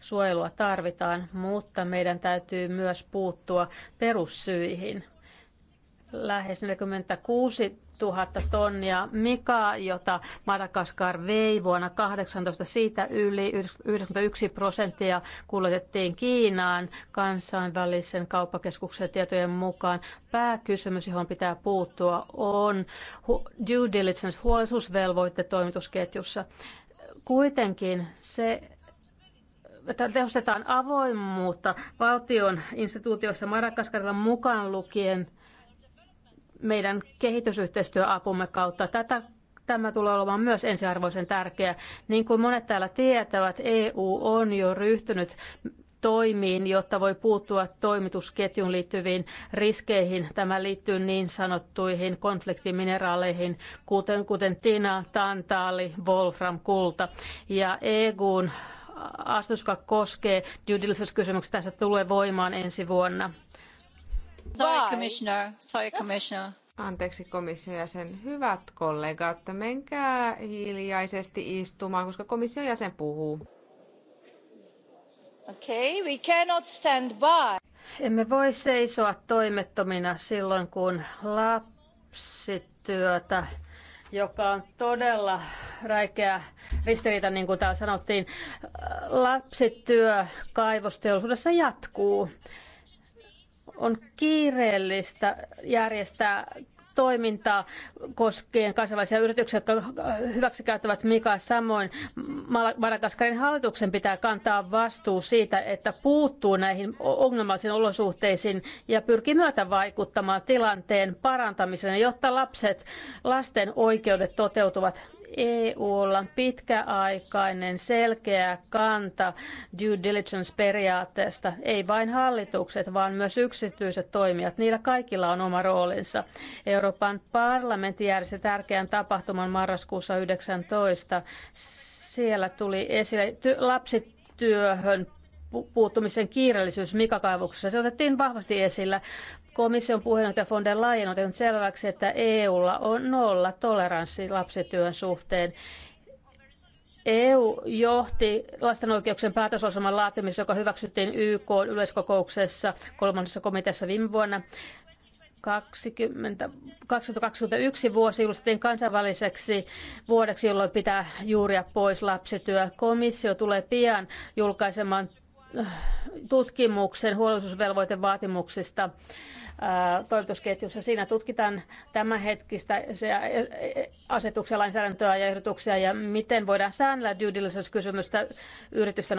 Suojelua tarvitaan, mutta meidän täytyy myös puuttua perussyihin. Lähes 46 000 tonnia mika, jota Madagaskar vei vuonna 18. Siitä yli 91 prosenttia kuljetettiin Kiinaan kansainvälisen kauppakeskuksen tietojen mukaan. Pääkysymys, johon pitää puuttua, on due diligence, huolellisuusvelvoitte toimitusketjussa. Kuitenkin se tehostetaan avoimuutta valtion instituutioissa Madagaskarilla mukaan lukien meidän kehitysyhteistyöapumme kautta. Tätä tämä tulee olemaan myös ensiarvoisen tärkeä. Niin kuin monet täällä tietävät, EU on jo ryhtynyt toimiin, jotta voi puuttua toimitusketjun liittyviin riskeihin. Tämä liittyy niin sanottuihin konfliktimineraaleihin, kuten, kuten tina, tantaali, wolfram, kulta. Ja EUn asetus, joka koskee due diligence-kysymyksiä, tässä tulee voimaan ensi vuonna. Sorry, commissioner. Sorry, commissioner. Anteeksi komission jäsen. Hyvät kollegat, menkää hiljaisesti istumaan, koska komission jäsen puhuu. Okay, we cannot stand by. Emme voi seisoa toimettomina silloin, kun lapsityötä joka on todella räikeä ristiriita, niin kuin täällä sanottiin. Lapsityö kaivosteollisuudessa jatkuu on kiireellistä järjestää toimintaa koskien kansainvälisiä yrityksiä, jotka hyväksikäyttävät Mikaa. Samoin Madagaskarin hallituksen pitää kantaa vastuu siitä, että puuttuu näihin ongelmallisiin olosuhteisiin ja pyrkii myötä vaikuttamaan tilanteen parantamiseen, jotta lapset, lasten oikeudet toteutuvat EUlla pitkäaikainen selkeä kanta due diligence-periaatteesta. Ei vain hallitukset, vaan myös yksityiset toimijat. Niillä kaikilla on oma roolinsa. Euroopan parlamentti järjesti tärkeän tapahtuman marraskuussa 19. Siellä tuli esille lapsityöhön puuttumisen kiireellisyys mikakaivoksessa. Se otettiin vahvasti esillä. Komission puheenjohtaja von der Leyen on tehnyt selväksi, että EUlla on nolla toleranssi lapsityön suhteen. EU johti lasten oikeuksien päätösosaman laatimisessa, joka hyväksyttiin YK yleiskokouksessa kolmannessa komiteassa viime vuonna. 20, 2021 vuosi julistettiin kansainväliseksi vuodeksi, jolloin pitää juuria pois lapsityö. Komissio tulee pian julkaisemaan äh, tutkimuksen huolellisuusvelvoitevaatimuksista vaatimuksista toimitusketjussa. Siinä tutkitaan tämänhetkistä asetuksen lainsäädäntöä ja ehdotuksia ja miten voidaan säännellä due diligence-kysymystä yritysten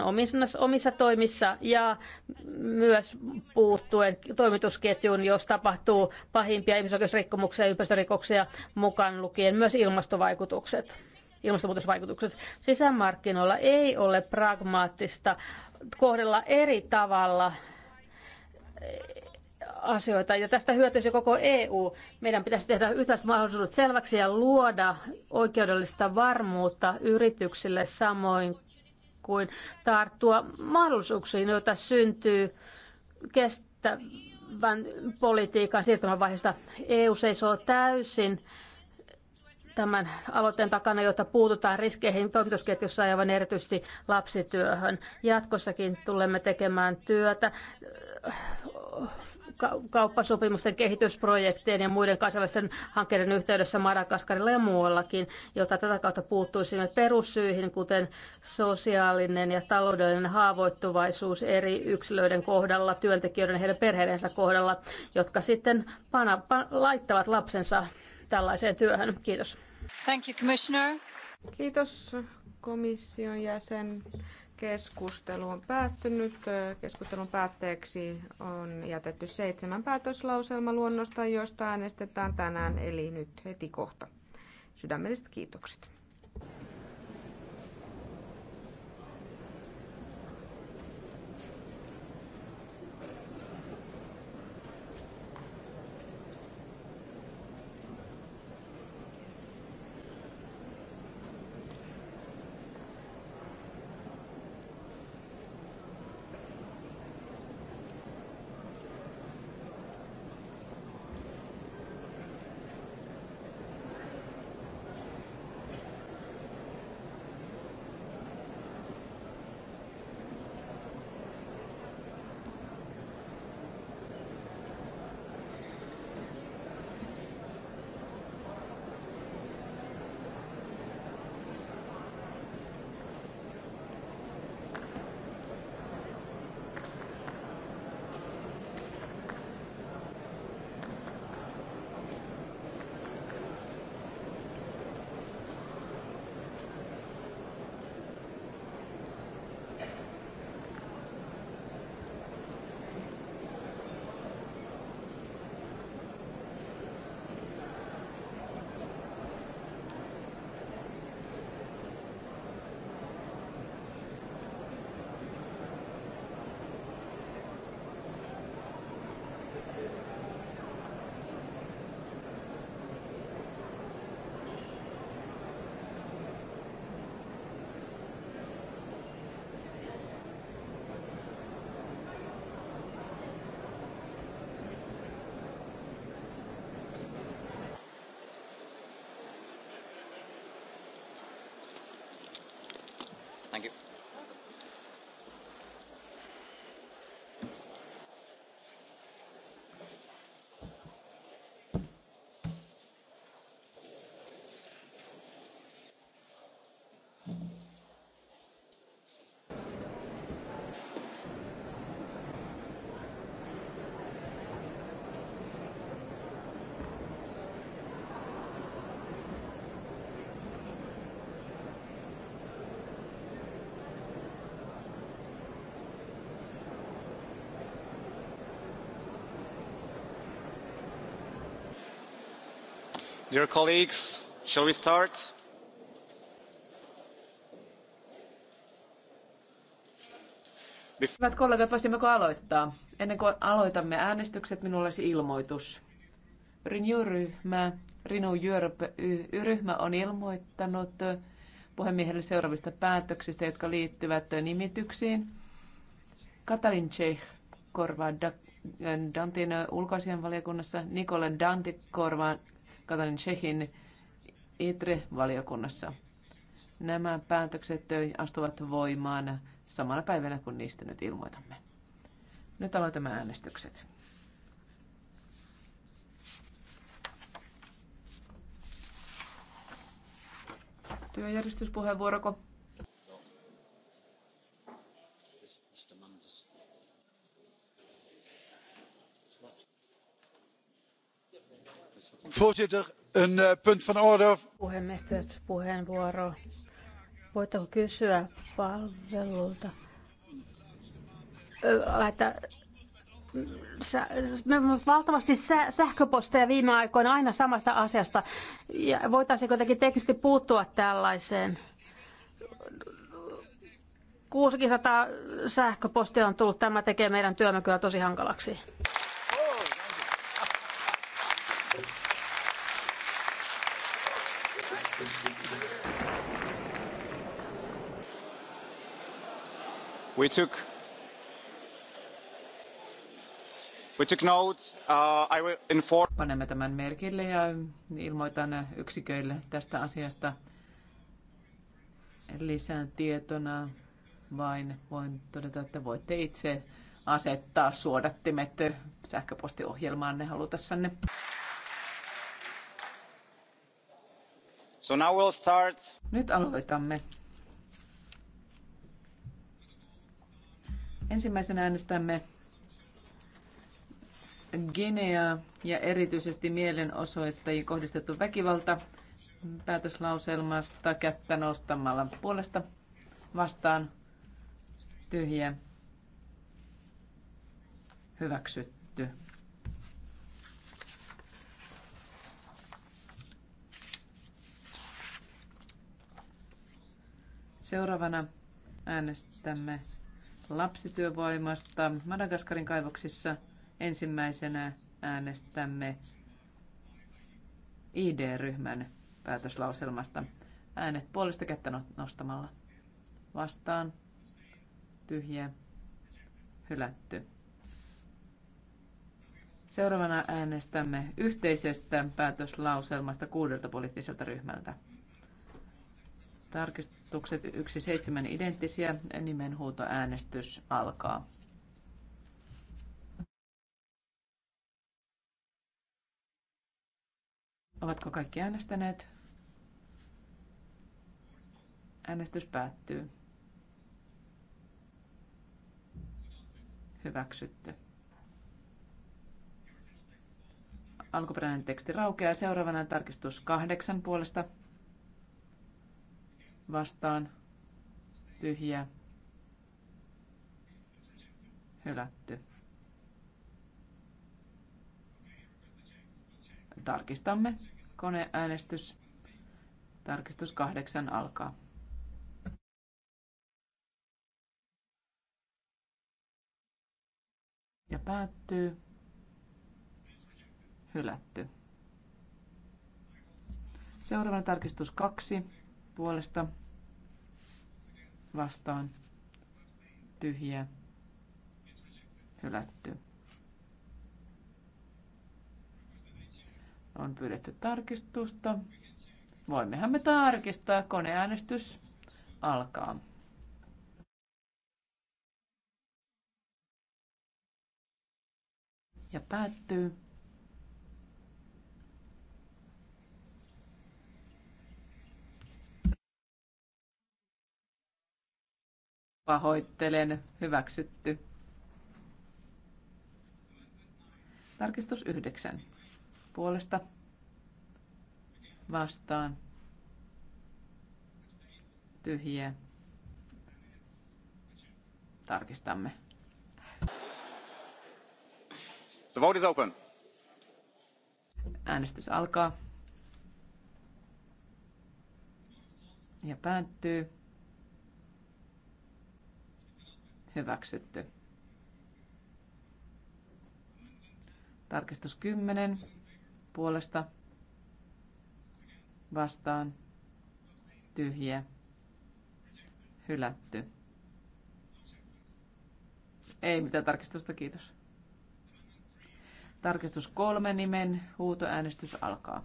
omissa toimissa ja myös puuttuen toimitusketjuun, jos tapahtuu pahimpia ihmisoikeusrikkomuksia ja ympäristörikoksia mukaan lukien myös ilmastovaikutukset ilmastonmuutosvaikutukset. Sisämarkkinoilla ei ole pragmaattista kohdella eri tavalla asioita ja tästä hyötyisi koko EU. Meidän pitäisi tehdä yhtäiset mahdollisuudet selväksi ja luoda oikeudellista varmuutta yrityksille samoin kuin tarttua mahdollisuuksiin, joita syntyy kestävän politiikan siirtymävaiheesta. EU seisoo täysin tämän aloitteen takana, jotta puututaan riskeihin toimitusketjussa aivan erityisesti lapsityöhön. Jatkossakin tulemme tekemään työtä kauppasopimusten kehitysprojektien ja muiden kansainvälisten hankkeiden yhteydessä Madagaskarilla ja muuallakin, jotta tätä kautta puuttuisimme perussyihin, kuten sosiaalinen ja taloudellinen haavoittuvaisuus eri yksilöiden kohdalla, työntekijöiden ja heidän perheidensä kohdalla, jotka sitten pana, pan, laittavat lapsensa tällaiseen työhön. Kiitos. Thank you, Commissioner. Kiitos komission jäsen. Keskustelu on päättynyt. Keskustelun päätteeksi on jätetty seitsemän päätöslauselma-luonnosta, joista äänestetään tänään, eli nyt heti kohta. Sydämelliset kiitokset. Dear colleagues, shall we start? Hyvät kollegat, voisimmeko aloittaa? Ennen kuin aloitamme äänestykset, minulla olisi ilmoitus. Renew-ryhmä, Renew Europe-ryhmä on ilmoittanut puhemiehelle seuraavista päätöksistä, jotka liittyvät nimityksiin. Katalin Tsech korvaa Dantin ulkoasianvaliokunnassa, Nikola Danti korvaa Katalin Tsehin ITRE-valiokunnassa. Nämä päätökset astuvat voimaan samana päivänä, kun niistä nyt ilmoitamme. Nyt aloitamme äänestykset. Työjärjestyspuheenvuoroko? Voorzitter, een eh, punt van order. Puhemies, puheenvuoro. Voitteko kysyä palvelulta? Laittaa me no, valtavasti sähköposteja viime aikoina aina samasta asiasta. Ja voitaisiin kuitenkin teknisesti puuttua tällaiseen. 600 sähköpostia on tullut. Tämä tekee meidän työmme kyllä tosi hankalaksi. we took We took notes. Uh, I will inform... Panemme tämän merkille ja ilmoitan yksiköille tästä asiasta lisään tietona. Vain voin todeta, että voitte itse asettaa suodattimet sähköpostiohjelmaanne halutessanne. So now we'll start. Nyt aloitamme Ensimmäisenä äänestämme Guinea ja erityisesti mielenosoittajiin kohdistettu väkivalta päätöslauselmasta kättä nostamalla puolesta vastaan tyhjä hyväksytty. Seuraavana äänestämme lapsityövoimasta Madagaskarin kaivoksissa. Ensimmäisenä äänestämme ID-ryhmän päätöslauselmasta. Äänet puolesta kättä no- nostamalla. Vastaan. Tyhjä. Hylätty. Seuraavana äänestämme yhteisestä päätöslauselmasta kuudelta poliittiselta ryhmältä. Tarkistukset yksi seitsemän identtisiä. Nimenhuutoäänestys alkaa. Ovatko kaikki äänestäneet? Äänestys päättyy. Hyväksytty. Alkuperäinen teksti raukeaa. Seuraavana tarkistus kahdeksan puolesta vastaan tyhjä hylätty. Tarkistamme. Koneäänestys. Tarkistus kahdeksan alkaa. Ja päättyy. Hylätty. seuraava tarkistus kaksi puolesta vastaan tyhjä hylätty. On pyydetty tarkistusta. Voimmehan me tarkistaa. Koneäänestys alkaa. Ja päättyy. Pahoittelen. Hyväksytty. Tarkistus yhdeksän. Puolesta vastaan tyhjiä. Tarkistamme. The vote is open. Äänestys alkaa. Ja päättyy. Hyväksytty. Tarkistus 10 puolesta vastaan tyhjä hylätty. Ei mitään tarkistusta, kiitos. Tarkistus kolme nimen huutoäänestys alkaa.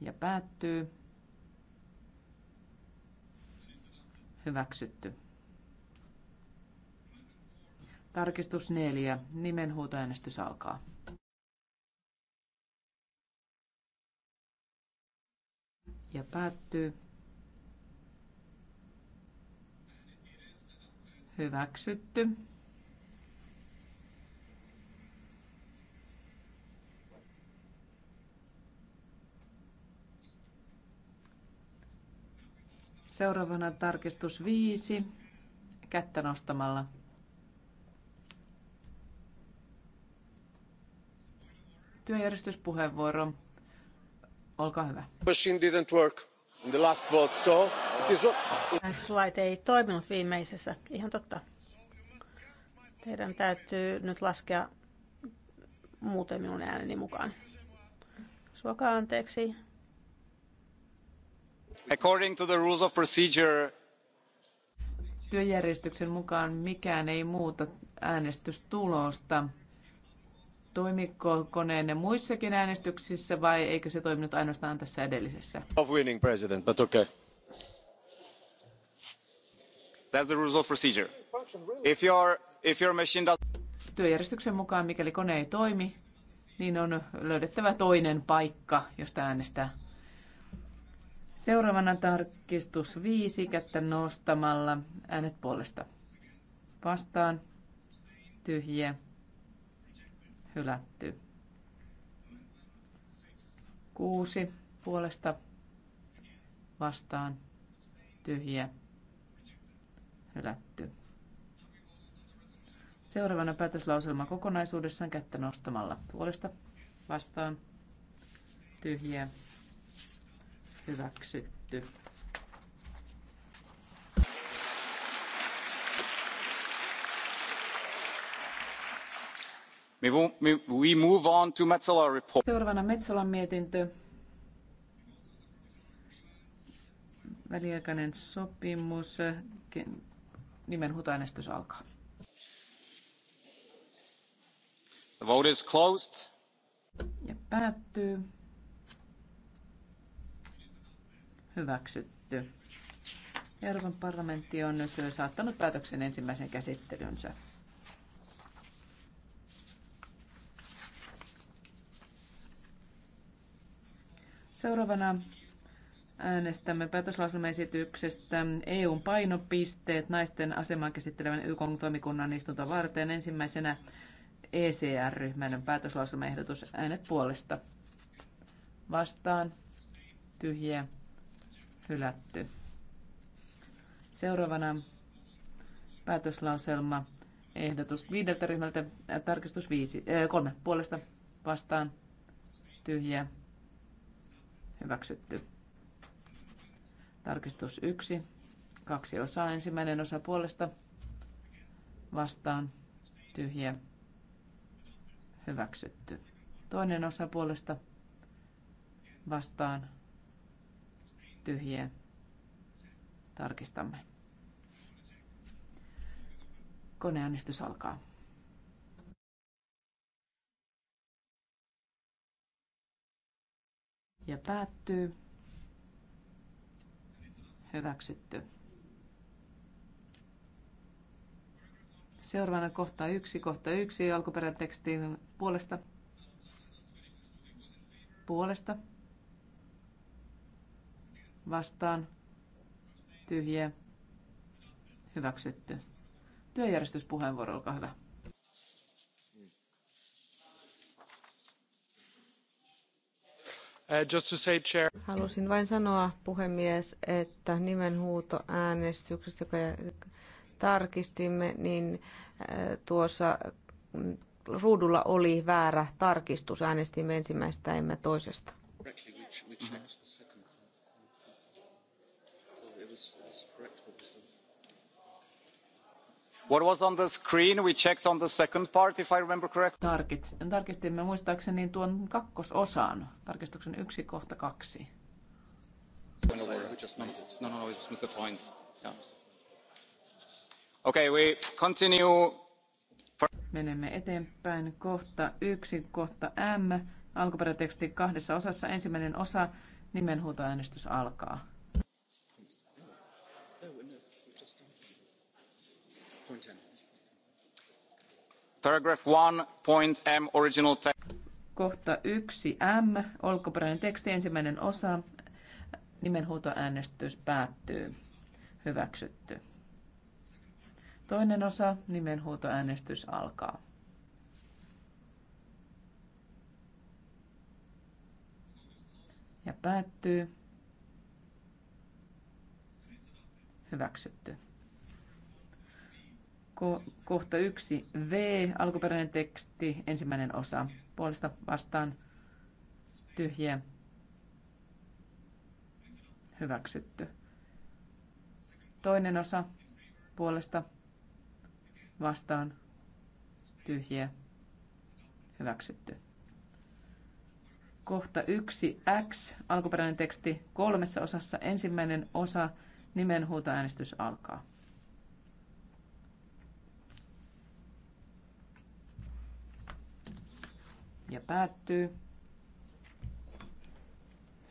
Ja päättyy. hyväksytty. Tarkistus 4. Nimenhuutoäänestys alkaa. Ja päättyy. Hyväksytty. Seuraavana tarkistus 5. Kättä nostamalla. Työjärjestyspuheenvuoro. Olkaa hyvä. Machine didn't work in the last vote, so it is... Slide ei toiminut viimeisessä. Ihan totta. Teidän täytyy nyt laskea muuten minun ääneni mukaan. Suokaa anteeksi. According to the rules of procedure, Työjärjestyksen mukaan mikään ei muuta äänestystulosta. Toimiko koneenne muissakin äänestyksissä vai eikö se toiminut ainoastaan tässä edellisessä? Of winning president, but okay. That's the rules of procedure. If your, if your machine does... Työjärjestyksen mukaan, mikäli kone ei toimi, niin on löydettävä toinen paikka, josta äänestää. Seuraavana tarkistus viisi kättä nostamalla äänet puolesta. Vastaan. Tyhjiä. Hylätty. Kuusi puolesta. Vastaan. Tyhjiä. Hylätty. Seuraavana päätöslauselma kokonaisuudessaan kättä nostamalla puolesta. Vastaan. Tyhjiä hyväksytty. We move on to Metsola report. Seuraavana Metsolan mietintö. Väliaikainen sopimus. Nimen hutainestys alkaa. The vote is closed. Ja päättyy. hyväksytty. Euroopan parlamentti on nyt saattanut päätöksen ensimmäisen käsittelynsä. Seuraavana äänestämme päätöslauselmaesityksestä EUn painopisteet naisten asemaa käsittelevän YK-toimikunnan istunto varten. Ensimmäisenä ECR-ryhmän päätöslauselmaehdotus äänet puolesta. Vastaan. Tyhjiä hylätty. Seuraavana päätöslauselma ehdotus viideltä ryhmältä tarkistus viisi, äh, kolme puolesta vastaan tyhjä hyväksytty. Tarkistus yksi, kaksi osaa, ensimmäinen osa puolesta vastaan tyhjä hyväksytty. Toinen osa puolesta vastaan tyhjiä. Tarkistamme. Koneäänestys alkaa. Ja päättyy. Hyväksytty. Seuraavana kohta yksi, kohta yksi, alkuperätekstin puolesta. Puolesta vastaan tyhjiä hyväksytty. Työjärjestyspuheenvuoro, olkaa hyvä. Uh, just to say, chair. Halusin vain sanoa, puhemies, että äänestyksestä, joka tarkistimme, niin uh, tuossa ruudulla oli väärä tarkistus. Äänestimme ensimmäistä, emme toisesta. Mm -hmm. What was on the screen? We checked on the second part, if I remember correctly. Tarkit, Tarkistimme muistaakseni tuon kakkososan, tarkistuksen yksi kohta kaksi. No, no, no, no, it was Mr. Freund. Yeah. Okay, we continue. Menemme eteenpäin. Kohta yksi, kohta M. Alkuperäteksti kahdessa osassa. Ensimmäinen osa, nimenhuutoäänestys alkaa. Paragraph 1, M, original text. Kohta 1 M, alkuperäinen teksti, ensimmäinen osa. Nimenhuutoäänestys päättyy. Hyväksytty. Toinen osa, nimenhuutoäänestys alkaa. Ja päättyy. Hyväksytty kohta 1 V, alkuperäinen teksti, ensimmäinen osa. Puolesta vastaan tyhjä Hyväksytty. Toinen osa puolesta vastaan tyhjä Hyväksytty. Kohta 1 X, alkuperäinen teksti kolmessa osassa. Ensimmäinen osa, nimenhuutoäänestys alkaa. ja päättyy.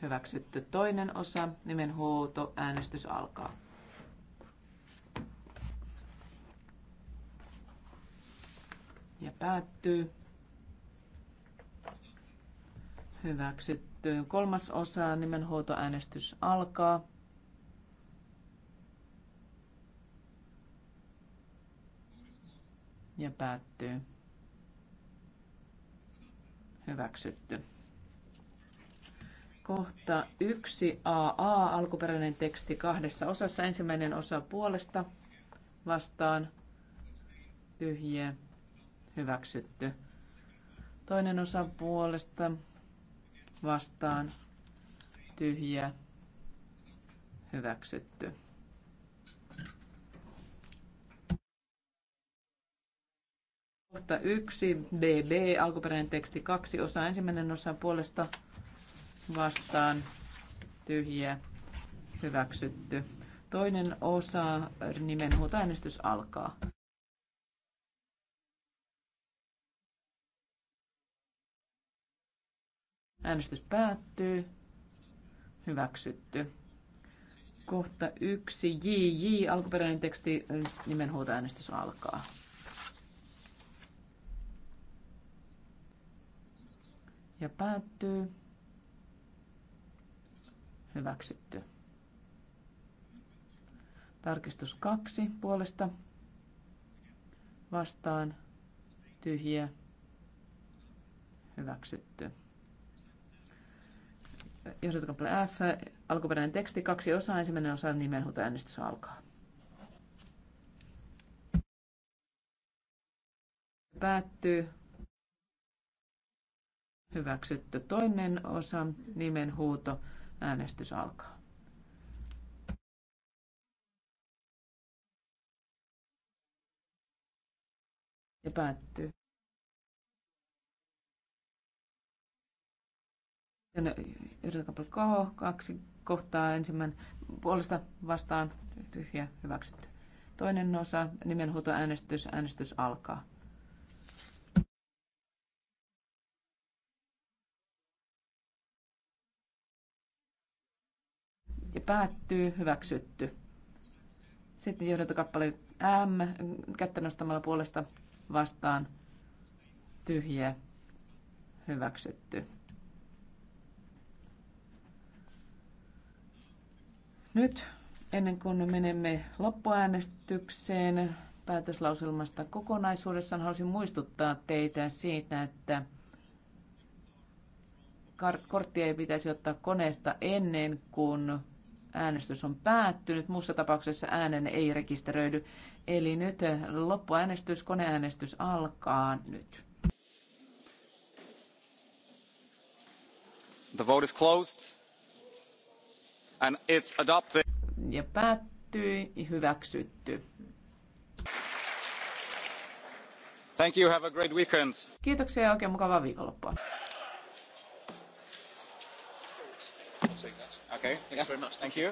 Hyväksytty toinen osa, nimen huuto, äänestys alkaa. Ja päättyy. Hyväksytty kolmas osa, äänestys alkaa. Ja päättyy hyväksytty. Kohta 1AA, alkuperäinen teksti kahdessa osassa. Ensimmäinen osa puolesta vastaan tyhjä hyväksytty. Toinen osa puolesta vastaan tyhjä hyväksytty. Kohta 1, BB, alkuperäinen teksti 2, osa ensimmäinen osa puolesta vastaan, tyhjiä, hyväksytty. Toinen osa, äänestys alkaa. Äänestys päättyy. Hyväksytty. Kohta yksi JJ, alkuperäinen teksti, äänestys alkaa. ja päättyy. Hyväksytty. Tarkistus kaksi puolesta vastaan tyhjä Hyväksytty. Johdotukappale F, alkuperäinen teksti, kaksi osaa, ensimmäinen osa, nimenhuutoäänestys alkaa. Päättyy. Hyväksytty toinen osa, nimen huuto, äänestys alkaa. Ja päättyy. Yritetäänpä koho, kaksi kohtaa ensimmäinen puolesta vastaan tyhjä hyväksytty. Toinen osa, nimenhuutoäänestys, äänestys alkaa. ja päättyy, hyväksytty. Sitten johdantokappale M, kättä nostamalla puolesta vastaan, tyhjä, hyväksytty. Nyt ennen kuin menemme loppuäänestykseen päätöslauselmasta kokonaisuudessaan, haluaisin muistuttaa teitä siitä, että korttia ei pitäisi ottaa koneesta ennen kuin Äänestys on päättynyt. Muussa tapauksessa äänen ei rekisteröidy. Eli nyt loppuäänestys, koneäänestys alkaa nyt. The vote is closed and it's adopted. Ja päättyi, hyväksytty. Thank you, have a great weekend. Kiitoksia ja oikein mukavaa viikonloppua. okay thanks very much thank you.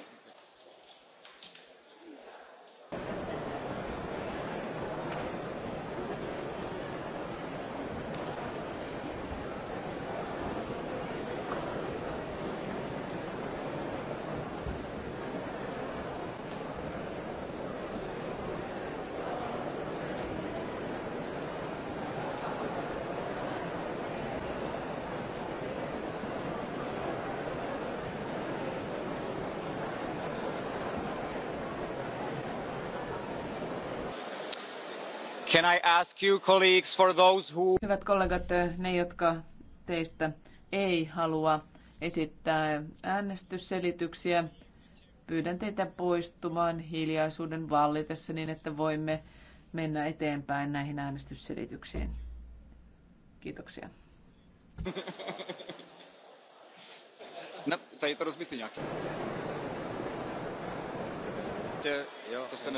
Can I ask you, colleagues, for those who... Hyvät kollegat, ne jotka teistä ei halua esittää äänestysselityksiä, pyydän teitä poistumaan hiljaisuuden vallitessa niin, että voimme mennä eteenpäin näihin äänestysselityksiin. Kiitoksia. No, tady to rozbity nějaký. Jo, to se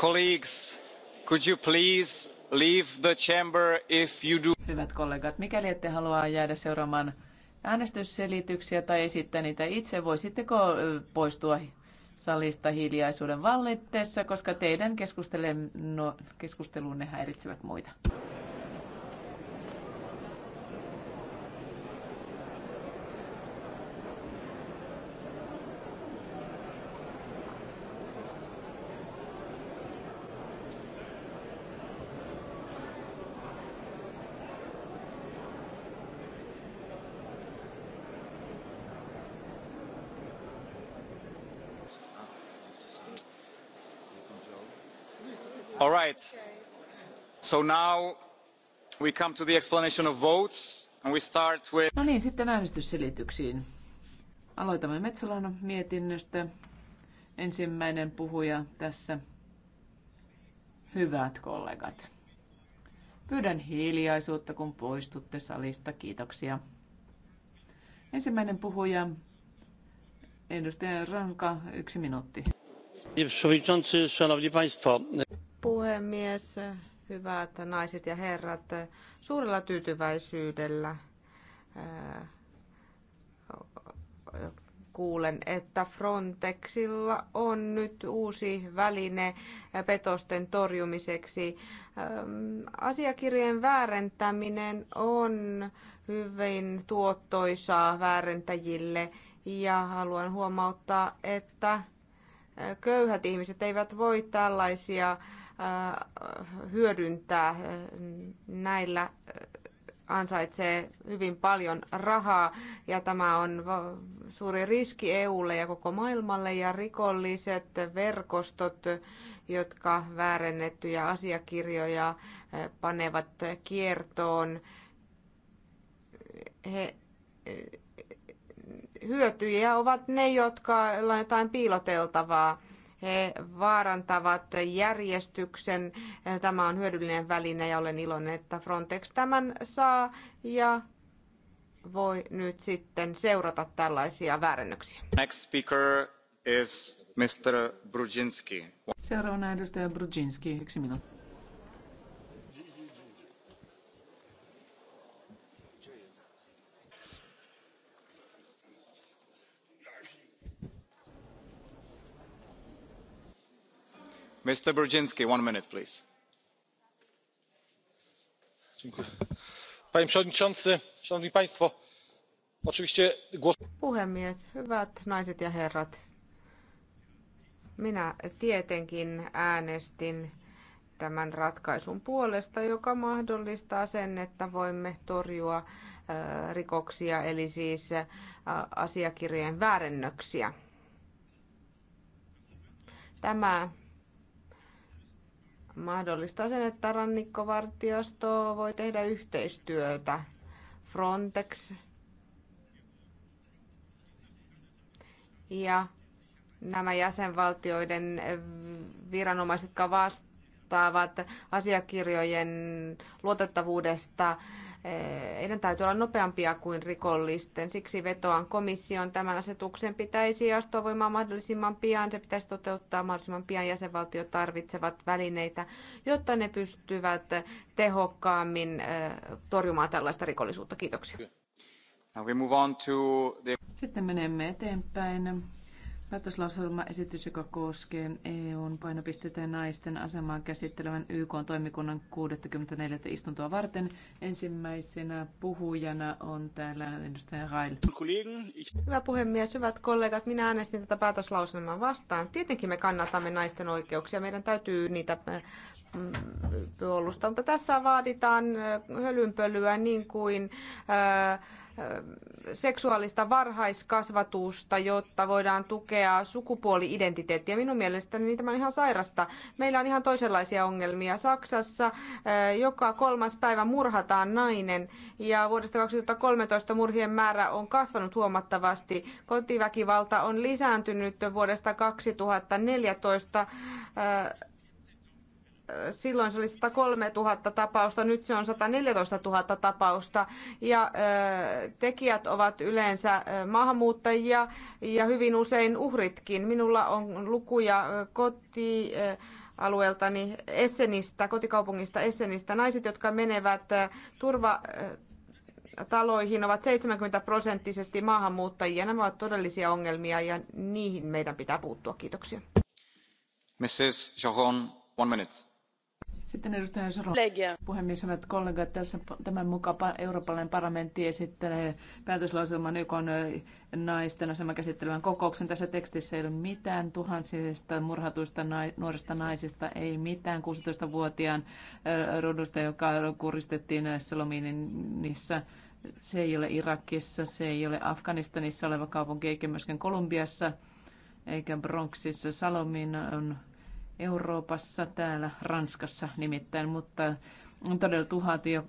Colleagues, could you please leave the chamber if you do? Hyvät kollegat, mikäli ette halua jäädä seuraamaan äänestysselityksiä tai esittää niitä itse, voisitteko poistua salista hiljaisuuden vallitteessa, koska teidän no, keskustelunne häiritsevät muita. So now we come to the explanation of votes and we start with... No niin, sitten äänestysselityksiin. Aloitamme Metsolan mietinnöstä. Ensimmäinen puhuja tässä. Hyvät kollegat. Pyydän hiljaisuutta, kun poistutte salista. Kiitoksia. Ensimmäinen puhuja, edustaja Ranka, yksi minuutti. Puhemies, Hyvät naiset ja herrat, suurella tyytyväisyydellä kuulen, että Frontexilla on nyt uusi väline petosten torjumiseksi. Asiakirjojen väärentäminen on hyvin tuottoisaa väärentäjille ja haluan huomauttaa, että köyhät ihmiset eivät voi tällaisia hyödyntää. Näillä ansaitsee hyvin paljon rahaa ja tämä on suuri riski EUlle ja koko maailmalle ja rikolliset verkostot, jotka väärennettyjä asiakirjoja panevat kiertoon. He, hyötyjiä ovat ne, jotka on jotain piiloteltavaa he vaarantavat järjestyksen. Tämä on hyödyllinen väline ja olen iloinen, että Frontex tämän saa ja voi nyt sitten seurata tällaisia väärennöksiä. Next speaker is Mr. Brudzinski. Seuraavana edustaja Brudzinski, yksi minuutti panie przewodniczący! szanowni państwo! oczywiście puhemies hyvät naiset ja herrat minä tietenkin äänestin tämän ratkaisun puolesta joka mahdollistaa sen että voimme torjua rikoksia eli siis asiakirjojen väärennöksiä. Tämä mahdollistaa sen, että rannikkovartiosto voi tehdä yhteistyötä. Frontex ja nämä jäsenvaltioiden viranomaiset, jotka vastaavat asiakirjojen luotettavuudesta, Eh, Heidän täytyy olla nopeampia kuin rikollisten. Siksi vetoan komission. Tämän asetuksen pitäisi astua voimaan mahdollisimman pian. Se pitäisi toteuttaa mahdollisimman pian. Jäsenvaltiot tarvitsevat välineitä, jotta ne pystyvät tehokkaammin eh, torjumaan tällaista rikollisuutta. Kiitoksia. Sitten menemme eteenpäin Päätöslauselmaesitys, joka koskee EUn painopisteitä naisten asemaa käsittelevän YK toimikunnan 64. istuntoa varten. Ensimmäisenä puhujana on täällä edustaja Rail. Hyvä puhemies, hyvät kollegat, minä äänestin tätä päätöslauselmaa vastaan. Tietenkin me kannatamme naisten oikeuksia, meidän täytyy niitä mm, puolustaa, mutta tässä vaaditaan äh, hölynpölyä niin kuin äh, seksuaalista varhaiskasvatusta, jotta voidaan tukea sukupuoli-identiteettiä. Minun mielestäni niin tämä on ihan sairasta. Meillä on ihan toisenlaisia ongelmia. Saksassa eh, joka kolmas päivä murhataan nainen ja vuodesta 2013 murhien määrä on kasvanut huomattavasti. Kotiväkivalta on lisääntynyt vuodesta 2014 silloin se oli 103 000 tapausta, nyt se on 114 000 tapausta. Ja tekijät ovat yleensä maahanmuuttajia ja hyvin usein uhritkin. Minulla on lukuja koti alueeltani Essenistä, kotikaupungista Essenistä. Naiset, jotka menevät turva, taloihin ovat 70 prosenttisesti maahanmuuttajia. Nämä ovat todellisia ongelmia ja niihin meidän pitää puuttua. Kiitoksia. Mrs. Johon, one minute sitten edustaja Soro. Puhemies, hyvät kollegat, tässä tämän mukaan Euroopan parlamentti esittelee päätöslauselman YK naisten aseman käsittelevän kokouksen. Tässä tekstissä ei ole mitään tuhansista murhatuista nai, nuorista naisista, ei mitään 16-vuotiaan rodusta, joka kuristettiin Salominissa. Se ei ole Irakissa, se ei ole Afganistanissa oleva kaupunki, eikä myöskään Kolumbiassa, eikä Bronxissa. Salomin on Euroopassa, täällä Ranskassa nimittäin, mutta on todella tuhat jo,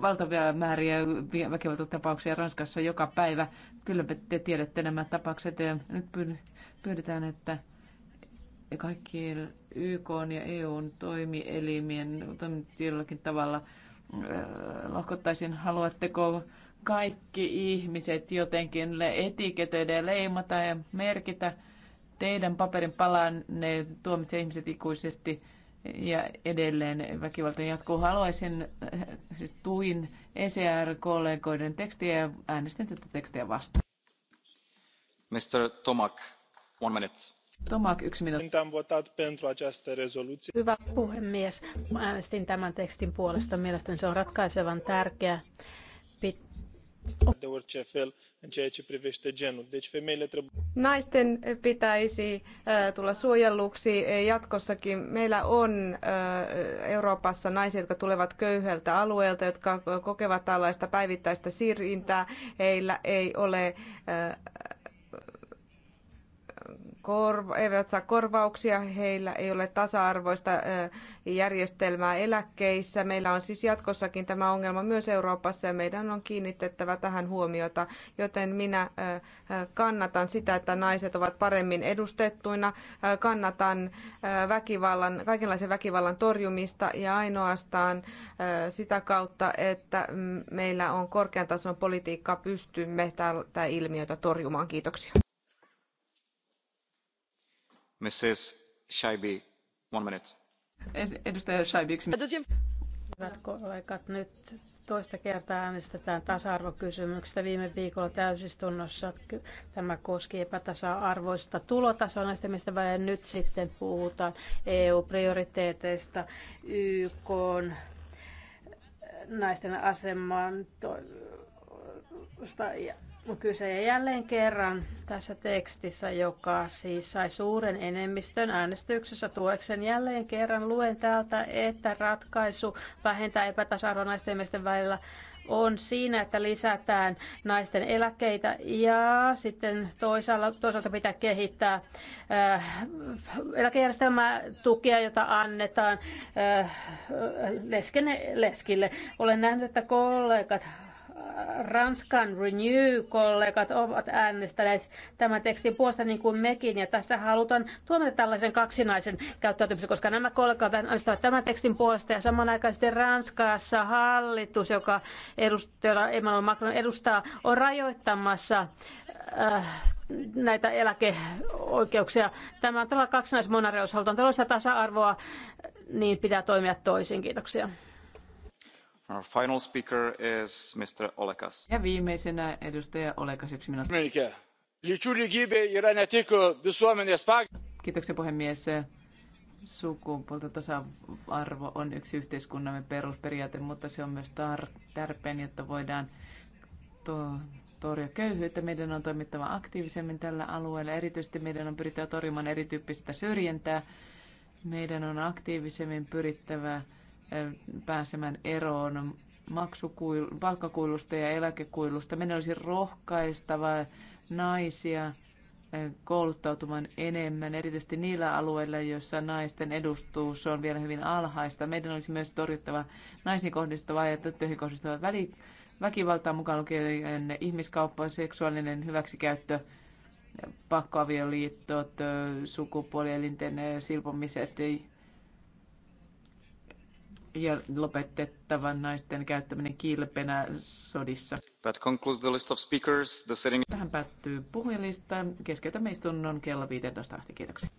valtavia määriä väkivaltatapauksia Ranskassa joka päivä. Kyllä te tiedätte nämä tapaukset ja nyt pyydetään, että kaikkien YK ja EUn toimielimien toimintaa jollakin tavalla lohkottaisin, haluatteko kaikki ihmiset jotenkin etiketöidä ja leimata ja merkitä – Teidän paperin ne tuomitsee ihmiset ikuisesti ja edelleen väkivalta jatkuu. Haluaisin, äh, siis tuin ECR-kollegoiden tekstiä ja äänestin tätä tekstiä vastaan. Mr. Tomak, one minute. Tomak, yksi minuutti. votat pentru această rezoluție. Hyvä puhemies. Äänestin tämän tekstin puolesta. Mielestäni se on ratkaisevan tärkeä de orice fel în ceea ce privește genul. Deci femeile trebuie... Naisten pitäisi tulla suojelluksi e, jatkossakin. Meillä on Euroopassa naisia, jotka tulevat köyhältä alueelta, jotka kokevat tällaista päivittäistä syrjintää. Heillä ei ole korva, eivät saa korvauksia, heillä ei ole tasa-arvoista järjestelmää eläkkeissä. Meillä on siis jatkossakin tämä ongelma myös Euroopassa ja meidän on kiinnitettävä tähän huomiota, joten minä kannatan sitä, että naiset ovat paremmin edustettuina, kannatan väkivallan, kaikenlaisen väkivallan torjumista ja ainoastaan sitä kautta, että meillä on korkean tason politiikka, pystymme tätä ilmiötä torjumaan. Kiitoksia. Mrs. one minute. Edustaja Hyvät kollegat, nyt toista kertaa äänestetään tasa-arvokysymyksestä viime viikolla täysistunnossa. Tämä koski epätasa-arvoista tulotasoa näistä, mistä välillä nyt sitten puhutaan EU-prioriteeteista, YK, naisten aseman ja kyse ja jälleen kerran tässä tekstissä, joka siis sai suuren enemmistön äänestyksessä tueksen. Jälleen kerran luen täältä, että ratkaisu vähentää epätasa-arvoa naisten ja miesten välillä on siinä, että lisätään naisten eläkkeitä ja sitten toisaalta, toisaalta pitää kehittää äh, eläkejärjestelmää tukea, jota annetaan äh, leskille. Olen nähnyt, että kollegat Ranskan Renew-kollegat ovat äänestäneet tämän tekstin puolesta niin kuin mekin, ja tässä halutaan tuomita tällaisen kaksinaisen käyttäytymisen, koska nämä kollegat äänestävät tämän tekstin puolesta, ja samanaikaisesti Ranskassa hallitus, joka edustaa, Emmanuel Macron edustaa, on rajoittamassa äh, näitä eläkeoikeuksia. Tämä on todella kaksinaismonareus. Halutaan tällaista tasa-arvoa, niin pitää toimia toisin. Kiitoksia. Our final speaker is Mr. Olekas. Ja viimeisenä edustaja Olekas, yksi minuutti. Lyčių lygybė yra ne tik visuomenės Kiitoksia puhemies. Sukupuolta tasa-arvo on yksi yhteiskunnamme perusperiaate, mutta se on myös tar- tarpeen, jotta voidaan to- torjua köyhyyttä. Meidän on toimittava aktiivisemmin tällä alueella. Erityisesti meidän on pyrittävä torjumaan erityyppistä syrjintää. Meidän on aktiivisemmin pyrittävä pääsemään eroon maksukuilu, palkkakuilusta ja eläkekuilusta. Meidän olisi rohkaistava naisia eh, kouluttautumaan enemmän, erityisesti niillä alueilla, joissa naisten edustus on vielä hyvin alhaista. Meidän olisi myös torjuttava naisiin kohdistuvaa ja tyttöihin kohdistuvaa väli, väkivaltaa mukaan lukien ihmiskauppa, seksuaalinen hyväksikäyttö, pakkoavioliittot, eh, sukupuolielinten eh, silpomiset, ja lopetettava naisten käyttäminen kilpenä sodissa. That concludes the list of speakers. The sitting. Tähän päättyy puhujalista. Keskeytämme istunnon kello 15 asti. Kiitoksia.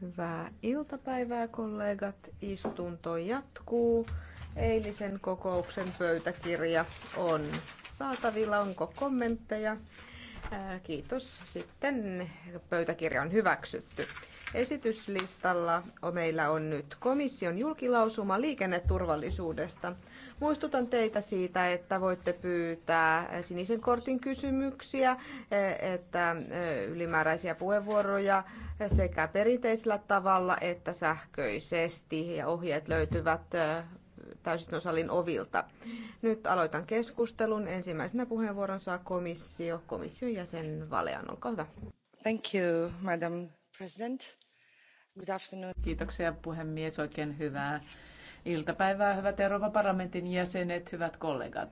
Hyvää iltapäivää kollegat. Istunto jatkuu. Eilisen kokouksen pöytäkirja on saatavilla. Onko kommentteja? Kiitos. Sitten pöytäkirja on hyväksytty. Esityslistalla meillä on nyt komission julkilausuma liikenneturvallisuudesta. Muistutan teitä siitä, että voitte pyytää sinisen kortin kysymyksiä, e, että e, ylimääräisiä puheenvuoroja sekä perinteisellä tavalla että sähköisesti. Ja ohjeet löytyvät e, täysistuntosalin ovilta. Nyt aloitan keskustelun. Ensimmäisenä puheenvuoron saa komissio, komission jäsen Valean. Olkaa hyvä. Thank you, Madam Kiitoksia puhemies. Oikein hyvää iltapäivää, hyvät Euroopan parlamentin jäsenet, hyvät kollegat.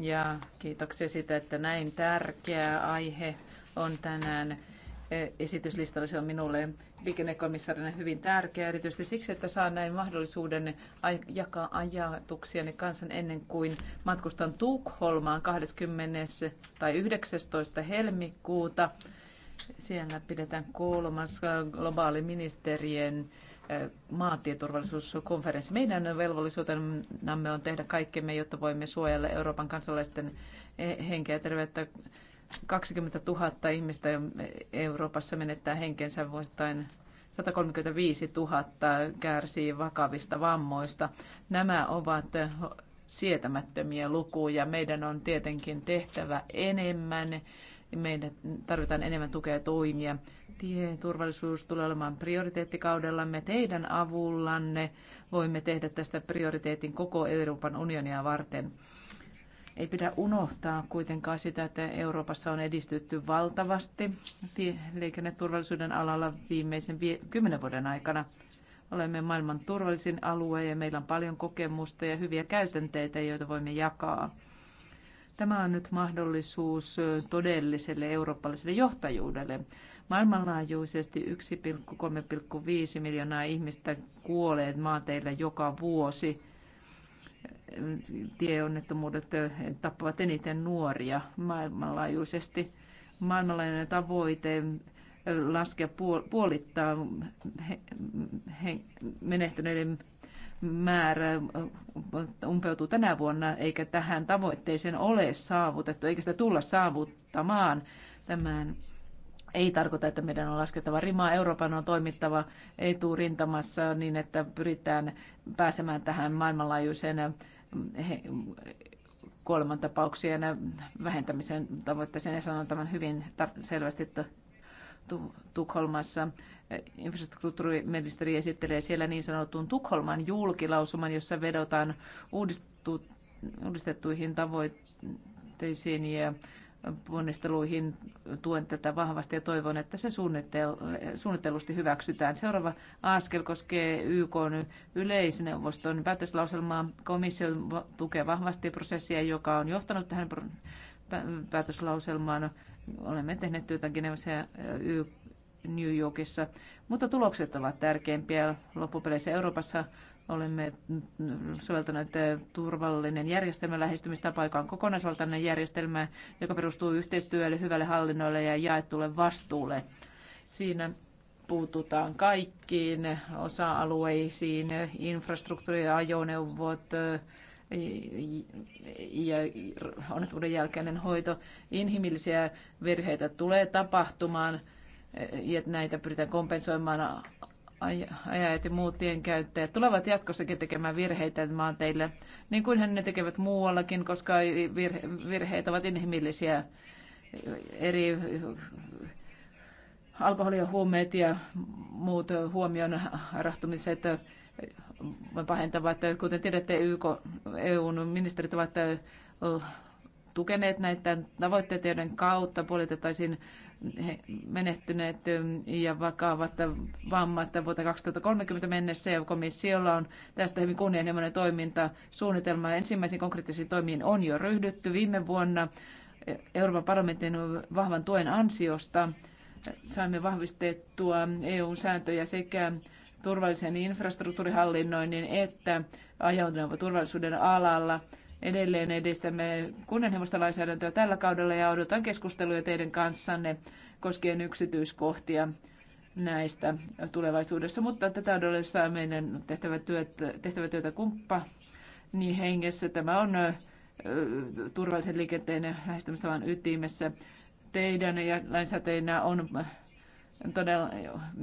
Ja kiitoksia siitä, että näin tärkeä aihe on tänään e, esityslistalla. Se on minulle liikennekomissarina hyvin tärkeä, erityisesti siksi, että saan näin mahdollisuuden jakaa ajatuksiani kansan ennen kuin matkustan Tukholmaan 20. tai 19. helmikuuta siellä pidetään kolmas äh, globaali ministerien äh, maantieturvallisuuskonferenssi. Meidän velvollisuutenamme on tehdä kaikkemme, jotta voimme suojella Euroopan kansalaisten eh, henkeä ja terveyttä. 20 000 ihmistä Euroopassa menettää henkensä vuosittain 135 000 kärsii vakavista vammoista. Nämä ovat sietämättömiä lukuja. Meidän on tietenkin tehtävä enemmän niin meidän tarvitaan enemmän tukea ja toimia. Tieturvallisuus tulee olemaan prioriteettikaudellamme. Teidän avullanne voimme tehdä tästä prioriteetin koko Euroopan unionia varten. Ei pidä unohtaa kuitenkaan sitä, että Euroopassa on edistytty valtavasti liikenneturvallisuuden alalla viimeisen kymmenen vuoden aikana. Olemme maailman turvallisin alue ja meillä on paljon kokemusta ja hyviä käytänteitä, joita voimme jakaa Tämä on nyt mahdollisuus todelliselle eurooppalaiselle johtajuudelle. Maailmanlaajuisesti 1,3,5 miljoonaa ihmistä kuolee maateillä joka vuosi. Tieonnettomuudet tappavat eniten nuoria maailmanlaajuisesti. Maailmanlaajuinen tavoite laskea puolittaa menehtyneiden määrä äh, umpeutuu tänä vuonna, eikä tähän tavoitteeseen ole saavutettu, eikä sitä tulla saavuttamaan. Tämän ei tarkoita, että meidän on laskettava rimaa. Euroopan on toimittava eturintamassa niin, että pyritään pääsemään tähän maailmanlaajuiseen äh, kuolemantapauksien äh, vähentämisen tavoitteeseen. Ja sanon tämän hyvin selvästi Tukholmassa infrastruktuuriministeri esittelee siellä niin sanotun Tukholman julkilausuman, jossa vedotaan uudistu, uudistettuihin tavoitteisiin ja ponnisteluihin tuen tätä vahvasti ja toivon, että se suunnittelusti hyväksytään. Seuraava askel koskee YK yleisneuvoston päätöslauselmaa. Komissio tukee vahvasti prosessia, joka on johtanut tähän päätöslauselmaan. Olemme tehneet työtä Genevassa ja YK New Yorkissa. Mutta tulokset ovat tärkeimpiä. Loppupeleissä Euroopassa olemme soveltaneet turvallinen järjestelmä lähestymistapa, joka on kokonaisvaltainen järjestelmä, joka perustuu yhteistyölle, hyvälle hallinnolle ja jaettulle vastuulle. Siinä puututaan kaikkiin osa-alueisiin, infrastruktuuri, ajoneuvot, ja onnettomuuden jälkeinen hoito. Inhimillisiä virheitä tulee tapahtumaan ja näitä pyritään kompensoimaan ajajat ja muut tienkäyttäjät tulevat jatkossakin tekemään virheitä maanteille, niin kuin he ne tekevät muuallakin, koska virheet ovat inhimillisiä eri alkoholia huumeet ja muut huomioon rahtumiset pahentavat. Kuten tiedätte, YK, EUn ministerit ovat tukeneet näitä tavoitteita, kautta puolitettaisiin menehtyneet ja vakavat vammat vuoteen 2030 mennessä ja komissiolla on tästä hyvin kunnianhimoinen toimintasuunnitelma. Ensimmäisiin konkreettisiin toimiin on jo ryhdytty viime vuonna Euroopan parlamentin vahvan tuen ansiosta. Saimme vahvistettua EU-sääntöjä sekä turvallisen infrastruktuurihallinnoinnin että ajoneuvoturvallisuuden alalla. Edelleen edistämme kunnianhimoista lainsäädäntöä tällä kaudella ja odotan keskusteluja teidän kanssanne koskien yksityiskohtia näistä tulevaisuudessa, mutta tätä odellessa meidän tehtävä työtä, tehtävä työtä kumppa niin hengessä. Tämä on turvallisen liikenteen lähestymistavan ytimessä. Teidän ja lainsäteinä on todella,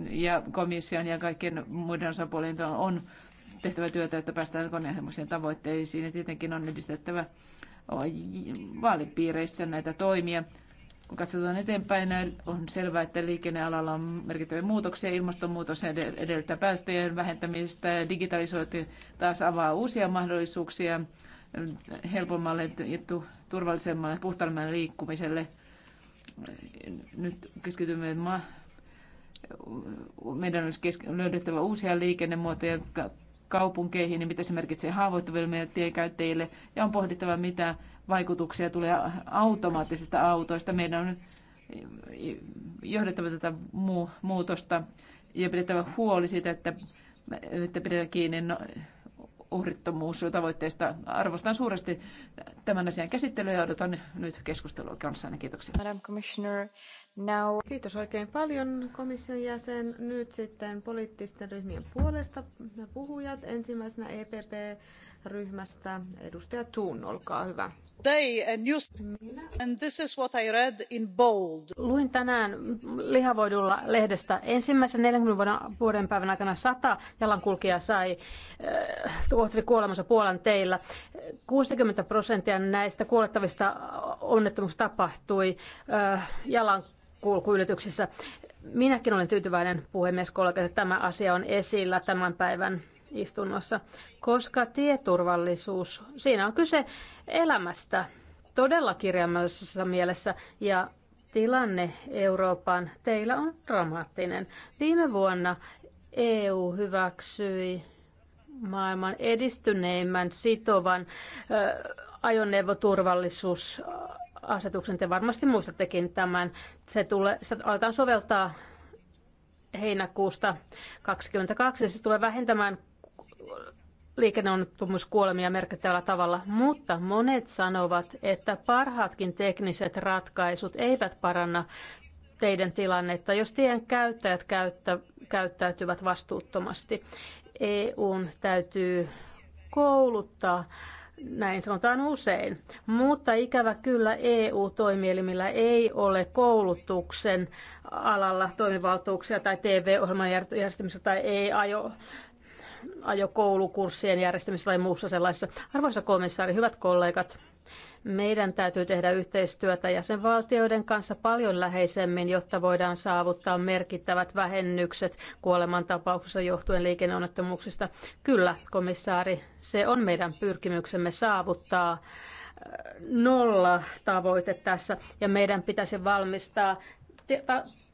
ja komission ja kaikkien muiden osapuolien on tehtävä työtä, että päästään kunnianhimoisiin tavoitteisiin ja tietenkin on edistettävä vaalipiireissä näitä toimia. Kun katsotaan eteenpäin, on selvää, että liikennealalla on merkittäviä muutoksia. Ilmastonmuutos edellyttää päästöjen vähentämistä ja digitalisointi taas avaa uusia mahdollisuuksia helpommalle ja turvallisemmalle, puhtaammalle liikkumiselle. Nyt keskitymme meidän olisi löydettävä uusia liikennemuotoja, kaupunkeihin niin mitä se merkitsee haavoittuville tienkäyttäjille. Ja on pohdittava, mitä vaikutuksia tulee automaattisista autoista. Meidän on johdettava tätä muutosta ja pidettävä huoli siitä, että, että pidetään kiinni no- uhrittomuustavoitteista. Arvostan suuresti tämän asian käsittelyä ja odotan nyt keskustelua kanssanne. Kiitoksia. Madam Commissioner, now... Kiitos oikein paljon komission jäsen. Nyt sitten poliittisten ryhmien puolesta puhujat. Ensimmäisenä EPP ryhmästä edustaja Thun, olkaa hyvä. And this is what I read in bold. Luin tänään lihavoidulla lehdestä ensimmäisen 40 vuoden, vuoden päivän aikana sata jalankulkijaa sai äh, kuolemansa Puolan teillä. 60 prosenttia näistä kuolettavista onnettomuuksista tapahtui äh, jalankulkuylityksissä. Minäkin olen tyytyväinen puhemies kollega, että tämä asia on esillä tämän päivän istunnossa, koska tieturvallisuus, siinä on kyse elämästä todella kirjaimellisessa mielessä ja tilanne Euroopan teillä on dramaattinen. Viime vuonna EU hyväksyi maailman edistyneimmän sitovan ajoneuvoturvallisuusasetuksen. Te varmasti muistattekin tämän. Se tulee, sitä aletaan soveltaa heinäkuusta 2022. Se tulee vähentämään liikenneonnettomuuskuolemia merkittävällä tavalla, mutta monet sanovat, että parhaatkin tekniset ratkaisut eivät paranna teidän tilannetta, jos tien käyttäjät käyttä, käyttäytyvät vastuuttomasti. EUn täytyy kouluttaa, näin sanotaan usein, mutta ikävä kyllä EU-toimielimillä ei ole koulutuksen alalla toimivaltuuksia tai TV-ohjelman järjestämisessä tai ei ajo ajokoulukurssien järjestämisessä tai muussa sellaisessa. Arvoisa komissaari, hyvät kollegat, meidän täytyy tehdä yhteistyötä jäsenvaltioiden kanssa paljon läheisemmin, jotta voidaan saavuttaa merkittävät vähennykset kuolemantapauksessa johtuen liikenneonnettomuuksista. Kyllä, komissaari, se on meidän pyrkimyksemme saavuttaa äh, nolla tavoite tässä ja meidän pitäisi valmistaa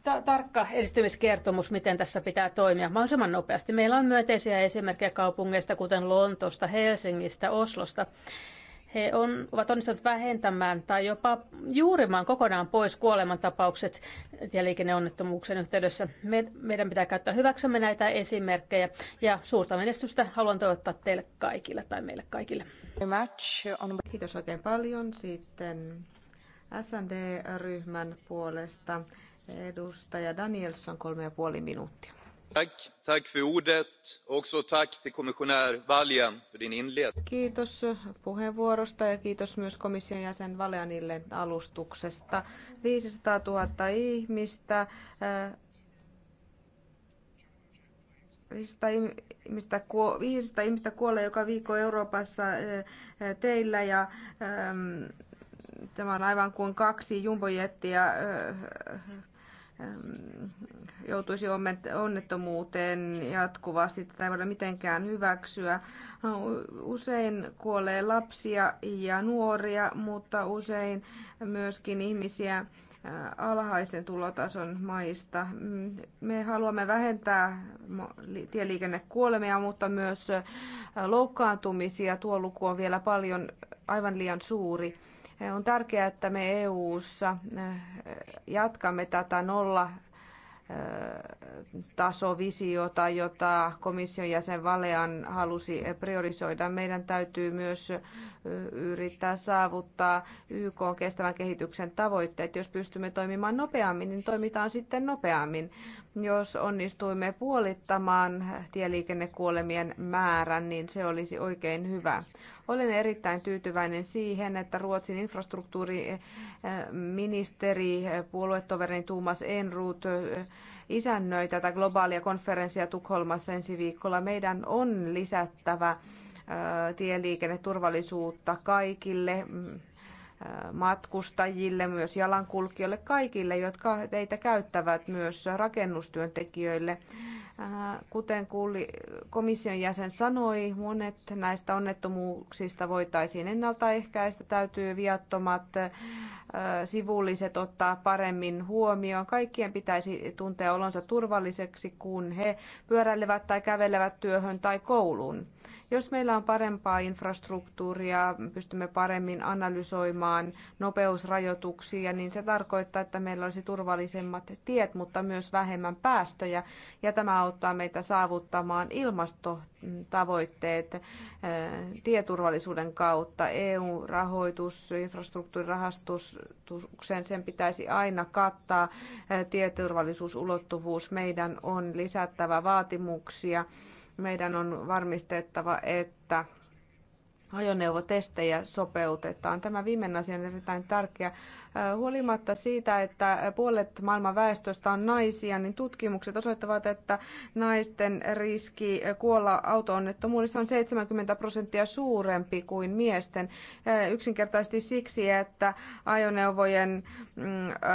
ta- tarkka edistymiskertomus, miten tässä pitää toimia mahdollisimman nopeasti. Meillä on myönteisiä esimerkkejä kaupungeista, kuten Lontosta, Helsingistä, Oslosta. He on, ovat onnistuneet vähentämään tai jopa juurimaan kokonaan pois kuolemantapaukset liikenneonnettomuuksien yhteydessä. Me, meidän pitää käyttää hyväksemme näitä esimerkkejä ja suurta menestystä haluan toivottaa teille kaikille tai meille kaikille. Kiitos oikein paljon. Sitten SND-ryhmän puolesta Edustaja Danielsson, kolme ja puoli minuuttia. Tack, tack för ordet. Också tack till Valian för din inledning. Kiitos puheenvuorosta ja kiitos myös komission jäsen Valianille alustuksesta. 500 000 ihmistä, äh, eh, 500 ihmistä, 500 ihmistä kuolee joka viikko Euroopassa eh, teillä ja ähm, tämä on aivan kuin kaksi jumbojettia eh, joutuisi onnettomuuteen jatkuvasti. Tätä ei voida mitenkään hyväksyä. No, usein kuolee lapsia ja nuoria, mutta usein myöskin ihmisiä alhaisen tulotason maista. Mm, me haluamme vähentää tieliikennekuolemia, mutta myös loukkaantumisia. Tuo luku on vielä paljon aivan liian suuri on tärkeää, että me EU:ssa eh, jatkamme tätä nolla eh, tasovisiota, jota komission jäsen Valean halusi priorisoida. Meidän täytyy myös eh, yrittää saavuttaa YK kestävän kehityksen tavoitteet. Jos pystymme toimimaan nopeammin, niin toimitaan sitten nopeammin. Jos onnistuimme puolittamaan tieliikennekuolemien määrän, niin se olisi oikein hyvä. Olen erittäin tyytyväinen siihen, että Ruotsin infrastruktuuriministeri, puoluetoverin Tuumas Enruut, isännöi tätä globaalia konferenssia Tukholmassa ensi viikolla. Meidän on lisättävä tieliikenneturvallisuutta kaikille matkustajille, myös jalankulkijoille, kaikille, jotka teitä käyttävät, myös rakennustyöntekijöille. Äh, kuten kuuli, komission jäsen sanoi, monet näistä onnettomuuksista voitaisiin ennaltaehkäistä. Täytyy viattomat äh, sivulliset ottaa paremmin huomioon. Kaikkien pitäisi tuntea olonsa turvalliseksi, kun he pyöräilevät tai kävelevät työhön tai kouluun. Jos meillä on parempaa infrastruktuuria, pystymme paremmin analysoimaan nopeusrajoituksia, niin se tarkoittaa, että meillä olisi turvallisemmat tiet, mutta myös vähemmän päästöjä. Ja tämä auttaa meitä saavuttamaan ilmastotavoitteet eh, tieturvallisuuden kautta. EU-rahoitus, infrastruktuurirahastuksen, sen pitäisi aina kattaa eh, tieturvallisuusulottuvuus. Meidän on lisättävä vaatimuksia meidän on varmistettava, että ajoneuvotestejä sopeutetaan. Tämä viimeinen asia on erittäin tärkeä. Huolimatta siitä, että puolet maailman väestöstä on naisia, niin tutkimukset osoittavat, että naisten riski kuolla autoonnettomuudessa on 70 prosenttia suurempi kuin miesten. Yksinkertaisesti siksi, että ajoneuvojen mm,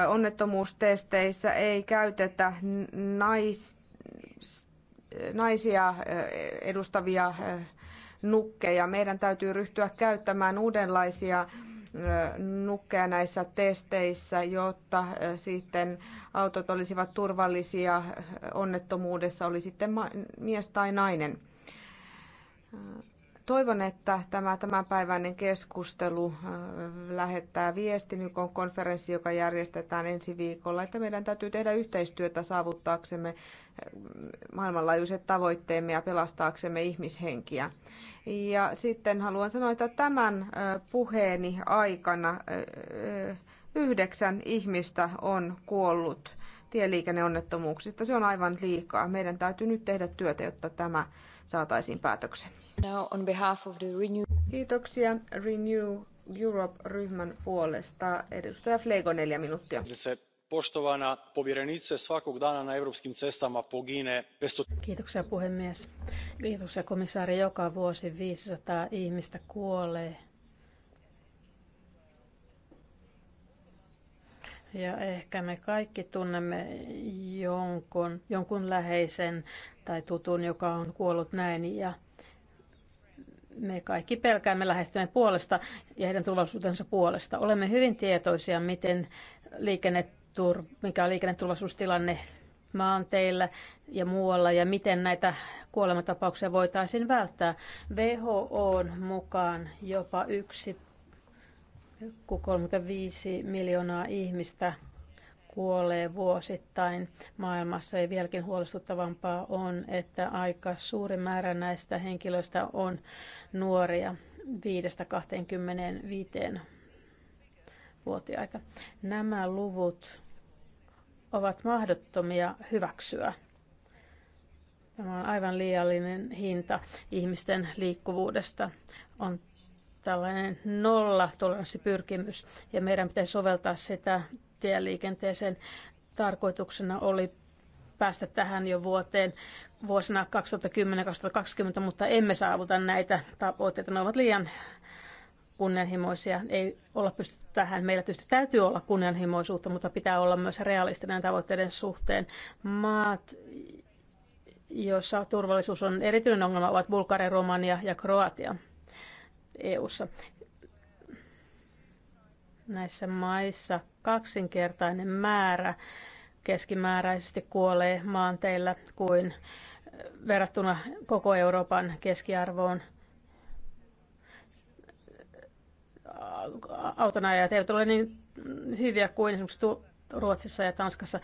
onnettomuustesteissä ei käytetä naista naisia edustavia nukkeja. Meidän täytyy ryhtyä käyttämään uudenlaisia nukkeja näissä testeissä, jotta sitten autot olisivat turvallisia onnettomuudessa, oli sitten mies tai nainen. Toivon, että tämä tämänpäiväinen keskustelu lähettää viestin on konferenssi, joka järjestetään ensi viikolla, että meidän täytyy tehdä yhteistyötä saavuttaaksemme maailmanlaajuiset tavoitteemme ja pelastaaksemme ihmishenkiä. Ja sitten haluan sanoa, että tämän puheeni aikana yhdeksän ihmistä on kuollut tieliikenneonnettomuuksista. Se on aivan liikaa. Meidän täytyy nyt tehdä työtä, jotta tämä saataisiin päätöksen. Now on behalf of the Renew... Kiitoksia Renew Europe-ryhmän puolesta. Edustaja Flego, neljä minuuttia. Poštovana povjerenice, svakog dana na europskim cestama pogine... Kiitoksia puhemies. Kiitoksia komissaari. Joka vuosi 500 ihmistä kuolee Ja ehkä me kaikki tunnemme jonkun, jonkun läheisen tai tutun, joka on kuollut näin. Ja me kaikki pelkäämme lähestymme puolesta ja heidän turvallisuutensa puolesta. Olemme hyvin tietoisia, miten liikenne tur, mikä on liikenneturvallisuustilanne maanteillä ja muualla ja miten näitä kuolematapauksia voitaisiin välttää. WHO on mukaan jopa 1,35 miljoonaa ihmistä kuolee vuosittain maailmassa. Ja vieläkin huolestuttavampaa on, että aika suuri määrä näistä henkilöistä on nuoria 5-25 vuotiaita. Nämä luvut ovat mahdottomia hyväksyä. Tämä on aivan liiallinen hinta ihmisten liikkuvuudesta. On tällainen nolla toleranssipyrkimys ja meidän pitäisi soveltaa sitä tieliikenteeseen. Tarkoituksena oli päästä tähän jo vuoteen vuosina 2010-2020, mutta emme saavuta näitä tavoitteita. Ne ovat liian kunnianhimoisia. Ei olla pystytty tähän. Meillä tietysti täytyy olla kunnianhimoisuutta, mutta pitää olla myös realistinen tavoitteiden suhteen. Maat, joissa turvallisuus on erityinen ongelma, ovat Bulgaria, Romania ja Kroatia EU:ssa. Näissä maissa kaksinkertainen määrä keskimääräisesti kuolee maanteillä kuin verrattuna koko Euroopan keskiarvoon – autonajajat eivät ole niin hyviä kuin esimerkiksi Ruotsissa ja Tanskassa.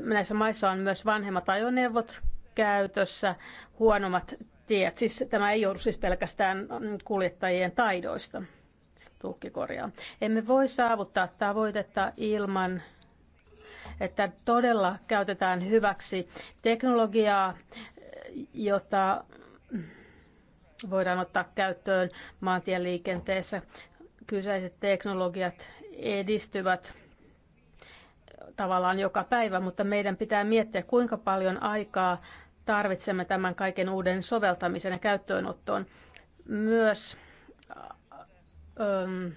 Näissä maissa on myös vanhemmat ajoneuvot käytössä, huonommat tiet. Siis tämä ei joudu siis pelkästään kuljettajien taidoista. Tulkki Emme voi saavuttaa tavoitetta ilman että todella käytetään hyväksi teknologiaa, jota voidaan ottaa käyttöön maantieliikenteessä. Kyseiset teknologiat edistyvät tavallaan joka päivä, mutta meidän pitää miettiä, kuinka paljon aikaa tarvitsemme tämän kaiken uuden soveltamisen ja käyttöönottoon. Myös ö,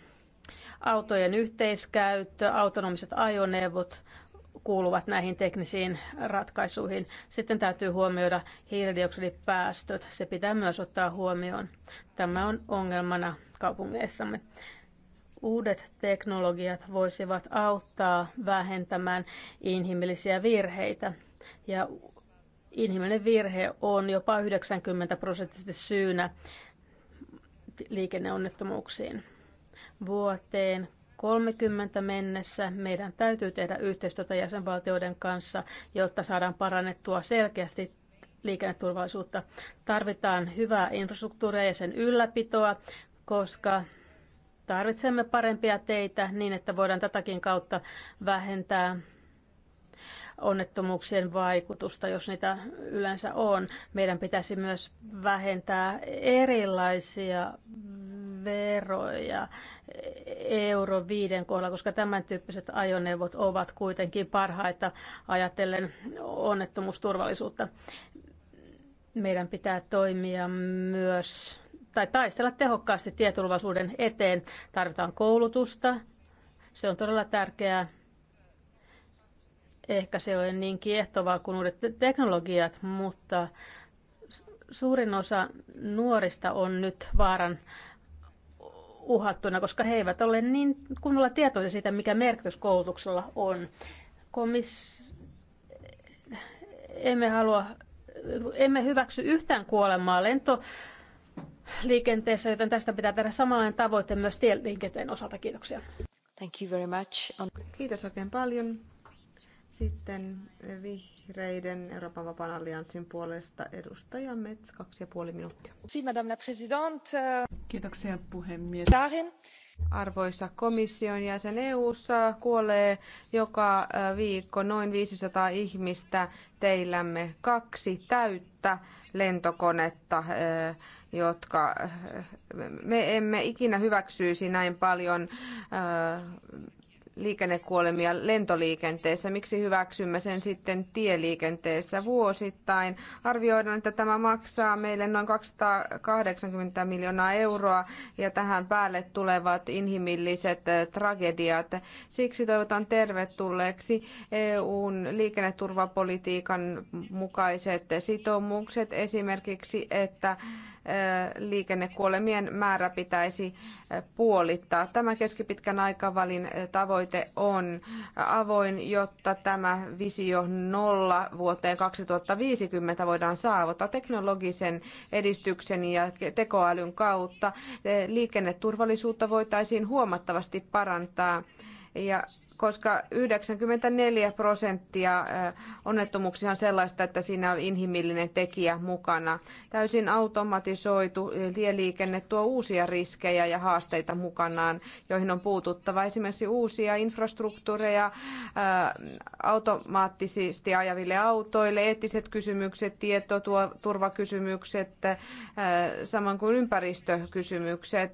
autojen yhteiskäyttö, autonomiset ajoneuvot, kuuluvat näihin teknisiin ratkaisuihin. Sitten täytyy huomioida hiilidioksidipäästöt. Se pitää myös ottaa huomioon. Tämä on ongelmana kaupungeissamme. Uudet teknologiat voisivat auttaa vähentämään inhimillisiä virheitä. Ja inhimillinen virhe on jopa 90 prosenttisesti syynä liikenneonnettomuuksiin. Vuoteen 2030 mennessä meidän täytyy tehdä yhteistyötä jäsenvaltioiden kanssa, jotta saadaan parannettua selkeästi liikenneturvallisuutta. Tarvitaan hyvää infrastruktuuria ja sen ylläpitoa, koska tarvitsemme parempia teitä niin, että voidaan tätäkin kautta vähentää onnettomuuksien vaikutusta, jos niitä yleensä on. Meidän pitäisi myös vähentää erilaisia veroja euro viiden kohdalla, koska tämän tyyppiset ajoneuvot ovat kuitenkin parhaita ajatellen onnettomuusturvallisuutta. Meidän pitää toimia myös tai taistella tehokkaasti tieturvallisuuden eteen. Tarvitaan koulutusta, se on todella tärkeää. Ehkä se ei ole niin kiehtovaa kuin uudet teknologiat, mutta suurin osa nuorista on nyt vaaran uhattuna, koska he eivät ole niin kunnolla tietoisia siitä, mikä merkitys koulutuksella on. Komis... Emme halua, emme hyväksy yhtään kuolemaa lentoliikenteessä, liikenteessä, joten tästä pitää tehdä samanlainen tavoite myös tieliikenteen osalta. Kiitoksia. Thank you very much. Kiitos oikein paljon. Sitten vihreiden Euroopan vapaan allianssin puolesta edustaja Mets, kaksi ja puoli minuuttia. Madame la présidente. Kiitoksia puhemies. Tarin. Arvoisa komission jäsen EU-ssa kuolee joka viikko noin 500 ihmistä teillämme kaksi täyttä lentokonetta, jotka me emme ikinä hyväksyisi näin paljon liikennekuolemia lentoliikenteessä. Miksi hyväksymme sen sitten tieliikenteessä vuosittain? Arvioidaan, että tämä maksaa meille noin 280 miljoonaa euroa ja tähän päälle tulevat inhimilliset eh, tragediat. Siksi toivotan tervetulleeksi EUn liikenneturvapolitiikan mukaiset sitoumukset, esimerkiksi että liikennekuolemien määrä pitäisi puolittaa. Tämä keskipitkän aikavälin tavoite on avoin, jotta tämä visio nolla vuoteen 2050 voidaan saavuttaa teknologisen edistyksen ja tekoälyn kautta. Liikenneturvallisuutta voitaisiin huomattavasti parantaa ja koska 94 prosenttia onnettomuuksia on sellaista, että siinä on inhimillinen tekijä mukana. Täysin automatisoitu tieliikenne tuo uusia riskejä ja haasteita mukanaan, joihin on puututtava. Esimerkiksi uusia infrastruktuureja automaattisesti ajaville autoille, eettiset kysymykset, tietoturvakysymykset, samoin kuin ympäristökysymykset.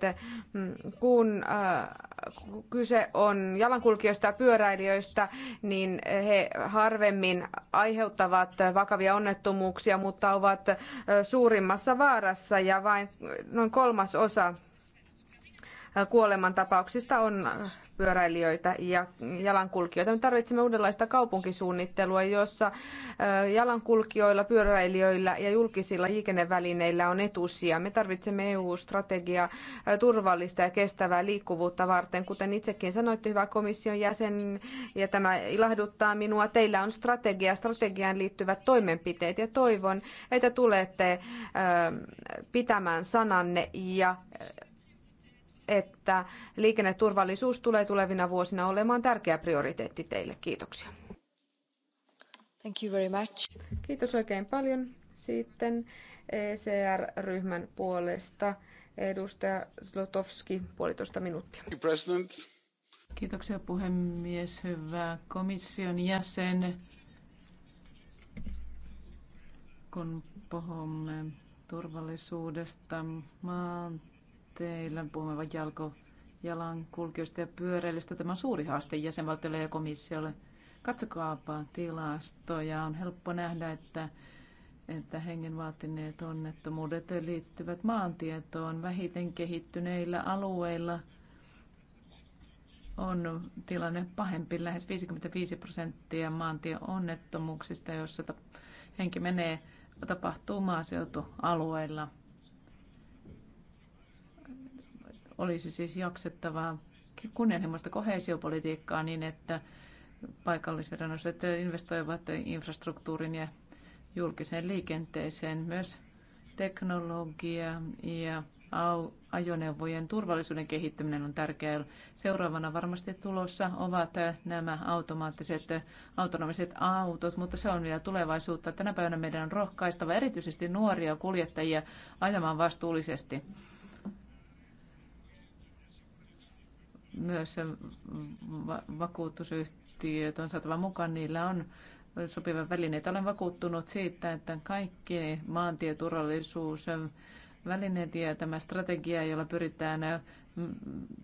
Mm, kun kyse on jalankulkijoista ja pyöräilijöistä, niin he harvemmin aiheuttavat vakavia onnettomuuksia, mutta ovat suurimmassa vaarassa ja vain noin kolmas osa kuolemantapauksista on pyöräilijöitä ja jalankulkijoita. Me tarvitsemme uudenlaista kaupunkisuunnittelua, jossa jalankulkijoilla, pyöräilijöillä ja julkisilla liikennevälineillä on etusia. Me tarvitsemme EU-strategiaa turvallista ja kestävää liikkuvuutta varten, kuten itsekin sanoitte, hyvä komission jäsen, ja tämä ilahduttaa minua. Teillä on strategia, strategiaan liittyvät toimenpiteet, ja toivon, että tulette pitämään sananne ja että liikenneturvallisuus tulee tulevina vuosina olemaan tärkeä prioriteetti teille. Kiitoksia. Thank you very much. Kiitos oikein paljon. Sitten ECR-ryhmän puolesta edustaja Zlotowski, puolitoista minuuttia. Kiitoksia puhemies, hyvä komission jäsen. Kun puhumme turvallisuudesta maan teillä. Puhumme jalko, jalankulkijoista ja pyöräilystä. Tämä on suuri haaste jäsenvaltiolle ja komissiolle. Katsokaapa tilastoja. On helppo nähdä, että, että hengen vaatineet onnettomuudet liittyvät maantietoon. Vähiten kehittyneillä alueilla on tilanne pahempi. Lähes 55 prosenttia onnettomuuksista, joissa henki menee, tapahtuu maaseutualueilla. Olisi siis jaksettavaa kunnianhimoista kohesiopolitiikkaa niin, että paikallisviranomaiset investoivat infrastruktuurin ja julkiseen liikenteeseen myös teknologia ja ajoneuvojen turvallisuuden kehittäminen on tärkeää. Seuraavana varmasti tulossa ovat nämä automaattiset autonomiset autot, mutta se on vielä tulevaisuutta. Tänä päivänä meidän on rohkaistava erityisesti nuoria kuljettajia ajamaan vastuullisesti. Myös vakuutusyhtiöt on saatava mukaan. Niillä on sopivan välineitä. Olen vakuuttunut siitä, että kaikki maantieturvallisuus välineet ja tämä strategia, jolla pyritään mm,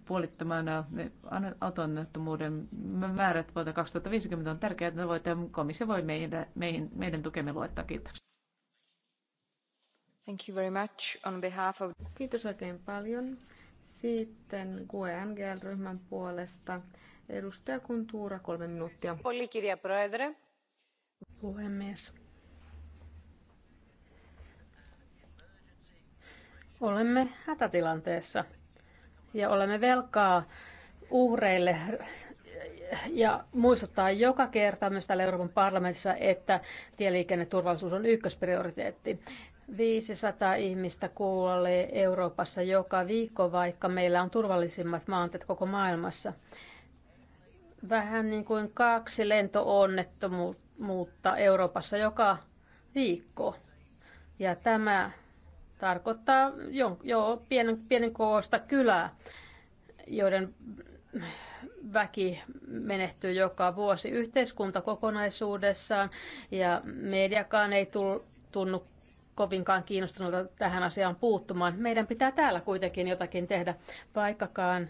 puolittamaan autonnettomuuden määrät vuotta 2050 on tärkeää että tavoite. Komissio voi meidän, meidän, meidän tukemme luettaa. Kiitos. Thank you very much on behalf of... Kiitos oikein paljon. Sitten QNGL-ryhmän puolesta edustaja Kuntuura, kolme minuuttia. Pollikirja Proedre. Puhemies. Olemme hätätilanteessa ja olemme velkaa uhreille ja muistuttaa joka kerta myös täällä Euroopan parlamentissa, että tieliikenneturvallisuus on ykkösprioriteetti. 500 ihmistä kuolee Euroopassa joka viikko, vaikka meillä on turvallisimmat maantiet koko maailmassa. Vähän niin kuin kaksi lentoonnettomuutta Euroopassa joka viikko. Ja tämä tarkoittaa jo, jo pienen, pienen koosta kylää, joiden väki menehtyy joka vuosi yhteiskunta kokonaisuudessaan ja mediakaan ei tunnu kovinkaan kiinnostunut tähän asiaan puuttumaan. Meidän pitää täällä kuitenkin jotakin tehdä, vaikkakaan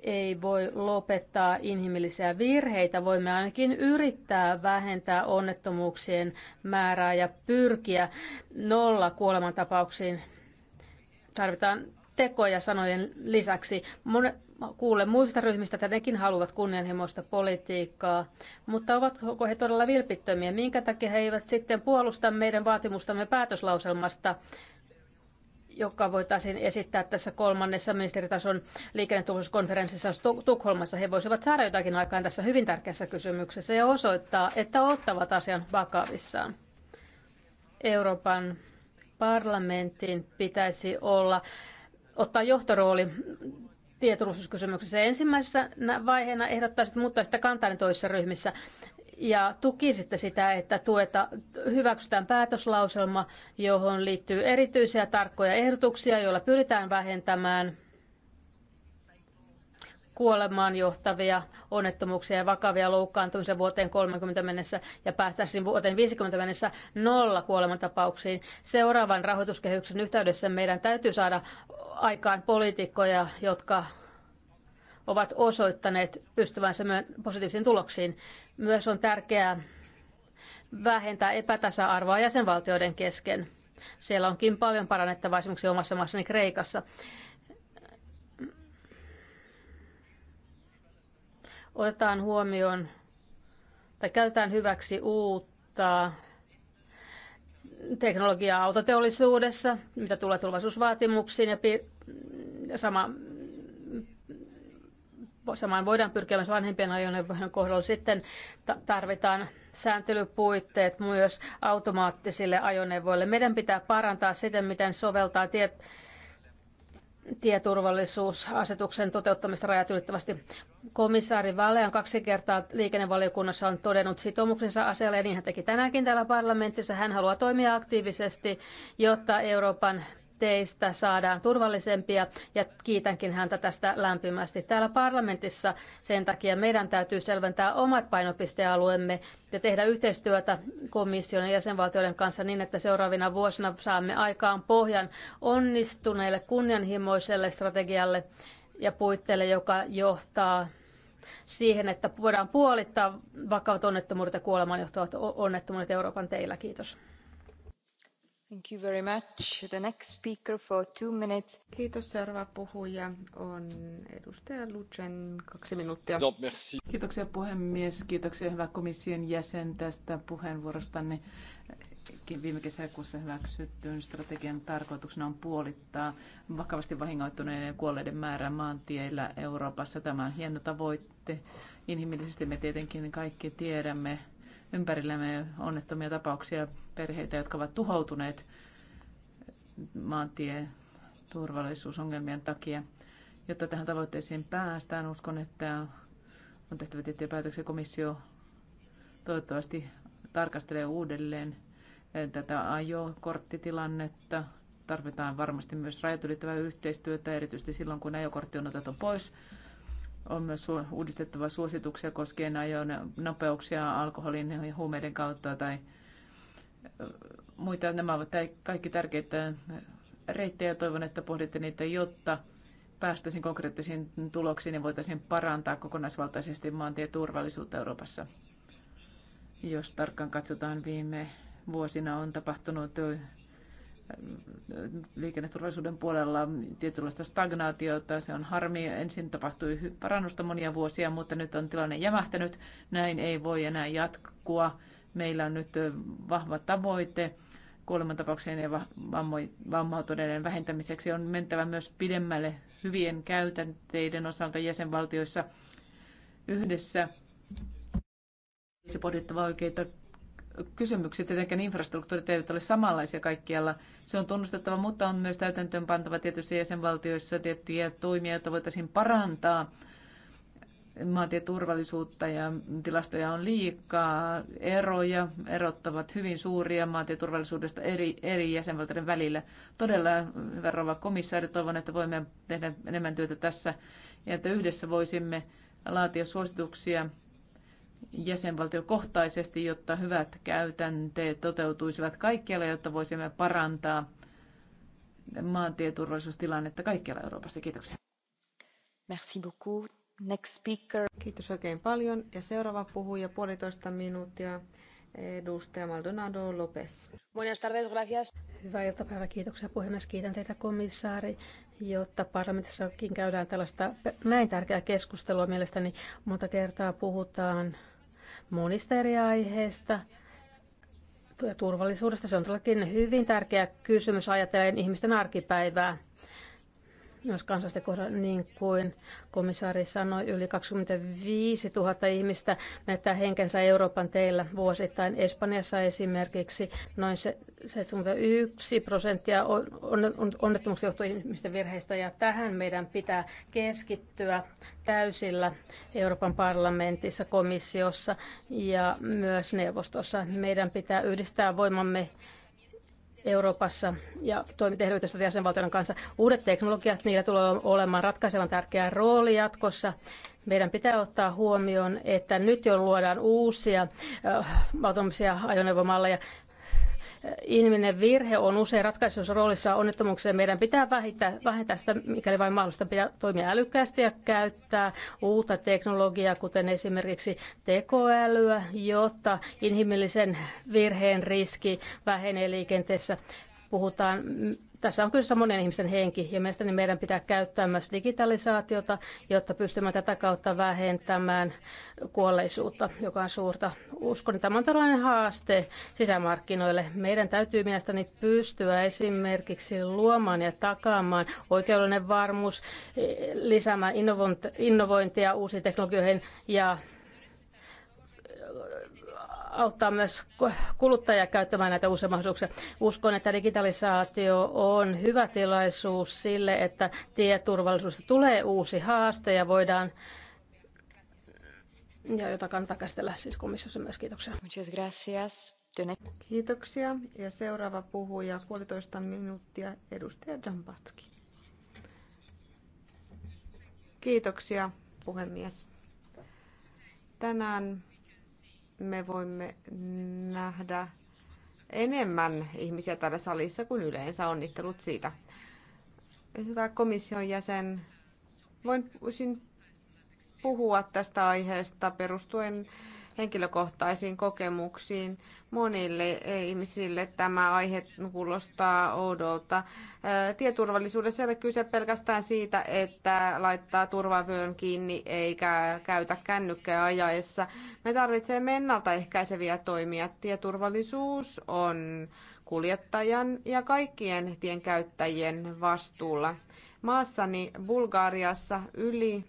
ei voi lopettaa inhimillisiä virheitä. Voimme ainakin yrittää vähentää onnettomuuksien määrää ja pyrkiä nolla kuolemantapauksiin. Tarvitaan tekoja sanojen lisäksi kuulen muista ryhmistä, että nekin haluavat kunnianhimoista politiikkaa, mutta ovatko he todella vilpittömiä? Minkä takia he eivät sitten puolusta meidän vaatimustamme päätöslauselmasta, joka voitaisiin esittää tässä kolmannessa ministeritason liikenneturvallisuuskonferenssissa Tukholmassa. He voisivat saada jotakin aikaan tässä hyvin tärkeässä kysymyksessä ja osoittaa, että ottavat asian vakavissaan. Euroopan parlamentin pitäisi olla ottaa johtorooli tietoturvallisuuskysymyksessä. ensimmäisessä vaiheena ehdottaisit muuttaa sitä kantaani toisissa ryhmissä ja tukisitte sitä, että tueta, hyväksytään päätöslauselma, johon liittyy erityisiä tarkkoja ehdotuksia, joilla pyritään vähentämään kuolemaan johtavia onnettomuuksia ja vakavia loukkaantumisia vuoteen 30 mennessä ja päästäisiin vuoteen 50 mennessä nolla kuolemantapauksiin. Seuraavan rahoituskehyksen yhteydessä meidän täytyy saada aikaan poliitikkoja, jotka ovat osoittaneet pystyvänsä positiivisiin tuloksiin. Myös on tärkeää vähentää epätasa-arvoa jäsenvaltioiden kesken. Siellä onkin paljon parannettavaa esimerkiksi omassa maassani Kreikassa. otetaan huomioon tai käytetään hyväksi uutta teknologiaa autoteollisuudessa, mitä tulee turvallisuusvaatimuksiin ja sama, samaan voidaan pyrkiä myös vanhempien ajoneuvojen kohdalla. Sitten tarvitaan sääntelypuitteet myös automaattisille ajoneuvoille. Meidän pitää parantaa sitä, miten soveltaa tiet, tieturvallisuusasetuksen toteuttamista rajat ylittävästi. Komissaari Valle on kaksi kertaa liikennevaliokunnassa on todennut sitoumuksensa asialle ja niin hän teki tänäänkin täällä parlamentissa. Hän haluaa toimia aktiivisesti, jotta Euroopan teistä saadaan turvallisempia ja kiitänkin häntä tästä lämpimästi. Täällä parlamentissa sen takia meidän täytyy selventää omat painopistealueemme ja tehdä yhteistyötä komission ja jäsenvaltioiden kanssa niin, että seuraavina vuosina saamme aikaan pohjan onnistuneelle kunnianhimoiselle strategialle ja puitteille, joka johtaa siihen, että voidaan puolittaa vakautonnettomuudet ja kuolemaan johtavat onnettomuudet Euroopan teillä. Kiitos. Kiitos. Seuraava puhuja on edustaja kaksi minuuttia. No, merci. Kiitoksia puhemies. Kiitoksia hyvä komission jäsen tästä puheenvuorostanne. Viime kesäkuussa hyväksyttyyn strategian tarkoituksena on puolittaa vakavasti vahingoittuneiden ja kuolleiden määrä maantieillä Euroopassa. Tämä on hieno tavoite. Inhimillisesti me tietenkin kaikki tiedämme, ympärillämme onnettomia tapauksia, perheitä, jotka ovat tuhoutuneet maantie turvallisuusongelmien takia. Jotta tähän tavoitteeseen päästään, uskon, että on tehtävä tiettyjä päätöksiä. Komissio toivottavasti tarkastelee uudelleen eh, tätä ajokorttitilannetta. Tarvitaan varmasti myös rajat ylittävää yhteistyötä, erityisesti silloin, kun ajokortti on otettu pois on myös uudistettava suosituksia koskien ajon nopeuksia alkoholin ja huumeiden kautta tai muita. Nämä ovat kaikki tärkeitä reittejä. Toivon, että pohditte niitä, jotta päästäisiin konkreettisiin tuloksiin ja voitaisiin parantaa kokonaisvaltaisesti maantieturvallisuutta Euroopassa. Jos tarkkaan katsotaan, viime vuosina on tapahtunut liikenneturvallisuuden puolella tietynlaista stagnaatiota. Se on harmi. Ensin tapahtui parannusta monia vuosia, mutta nyt on tilanne jämähtänyt. Näin ei voi enää jatkua. Meillä on nyt vahva tavoite kuolemantapauksien ja vammautuneiden vähentämiseksi. On mentävä myös pidemmälle hyvien käytänteiden osalta jäsenvaltioissa yhdessä. Se pohdittava oikeita kysymykset. Tietenkään infrastruktuurit eivät ole samanlaisia kaikkialla. Se on tunnustettava, mutta on myös täytäntöön pantava tietyissä jäsenvaltioissa tiettyjä toimia, joita voitaisiin parantaa. Maantieturvallisuutta ja tilastoja on liikaa. Eroja erottavat hyvin suuria maantieturvallisuudesta eri, eri jäsenvaltioiden välillä. Todella, hyvä rouva komissaari, toivon, että voimme tehdä enemmän työtä tässä ja että yhdessä voisimme laatia suosituksia jäsenvaltiokohtaisesti, jotta hyvät käytänteet toteutuisivat kaikkialla, jotta voisimme parantaa maantieturvallisuustilannetta kaikkialla Euroopassa. Kiitoksia. Merci beaucoup. Next speaker. Kiitos oikein paljon. Ja seuraava puhuja puolitoista minuuttia, edustaja Maldonado Lopez. Buenas tardes, gracias. Hyvää iltapäivää, kiitoksia puhemies. Kiitän teitä komissaari, jotta parlamentissakin käydään tällaista näin tärkeää keskustelua. Mielestäni monta kertaa puhutaan monista eri aiheista. Turvallisuudesta se on todellakin hyvin tärkeä kysymys ajatellen ihmisten arkipäivää myös kansalaisten kohdalla, niin kuin komissaari sanoi, yli 25 000 ihmistä menettää henkensä Euroopan teillä vuosittain. Espanjassa esimerkiksi noin 71 prosenttia onnettomuuksista johtuu ihmisten virheistä, ja tähän meidän pitää keskittyä täysillä Euroopan parlamentissa, komissiossa ja myös neuvostossa. Meidän pitää yhdistää voimamme Euroopassa ja tehdä yhteistyötä jäsenvaltioiden kanssa. Uudet teknologiat, niillä tulee olemaan ratkaisevan tärkeä rooli jatkossa. Meidän pitää ottaa huomioon, että nyt jo luodaan uusia äh, autonomisia ajoneuvomalleja. Ihminen virhe on usein ratkaisussa roolissa onnettomuuksia. Meidän pitää vähentää, vähentää sitä, mikäli vain mahdollista, pitää toimia älykkäästi ja käyttää uutta teknologiaa, kuten esimerkiksi tekoälyä, jotta inhimillisen virheen riski vähenee liikenteessä. Puhutaan tässä on kyseessä monen ihmisen henki ja mielestäni meidän pitää käyttää myös digitalisaatiota, jotta pystymme tätä kautta vähentämään kuolleisuutta, joka on suurta. Uskon, että tämä on tällainen haaste sisämarkkinoille. Meidän täytyy mielestäni pystyä esimerkiksi luomaan ja takaamaan oikeudellinen varmuus, lisäämään innovointia uusiin teknologioihin ja auttaa myös kuluttajia käyttämään näitä uusia mahdollisuuksia. Uskon, että digitalisaatio on hyvä tilaisuus sille, että tieturvallisuus tulee uusi haaste ja voidaan ja jota kannattaa käsitellä siis komissiossa myös. Kiitoksia. Kiitoksia. Ja seuraava puhuja puolitoista minuuttia, edustaja Jambatski. Kiitoksia, puhemies. Tänään me voimme nähdä enemmän ihmisiä täällä salissa kuin yleensä. Onnittelut siitä. Hyvä komission jäsen, voin puhua tästä aiheesta perustuen henkilökohtaisiin kokemuksiin. Monille ihmisille tämä aihe kuulostaa oudolta. Tieturvallisuudessa ei ole kyse pelkästään siitä, että laittaa turvavyön kiinni eikä käytä kännykkää ajaessa. Me tarvitsemme ennaltaehkäiseviä toimia. Tieturvallisuus on kuljettajan ja kaikkien tienkäyttäjien vastuulla. Maassani Bulgariassa yli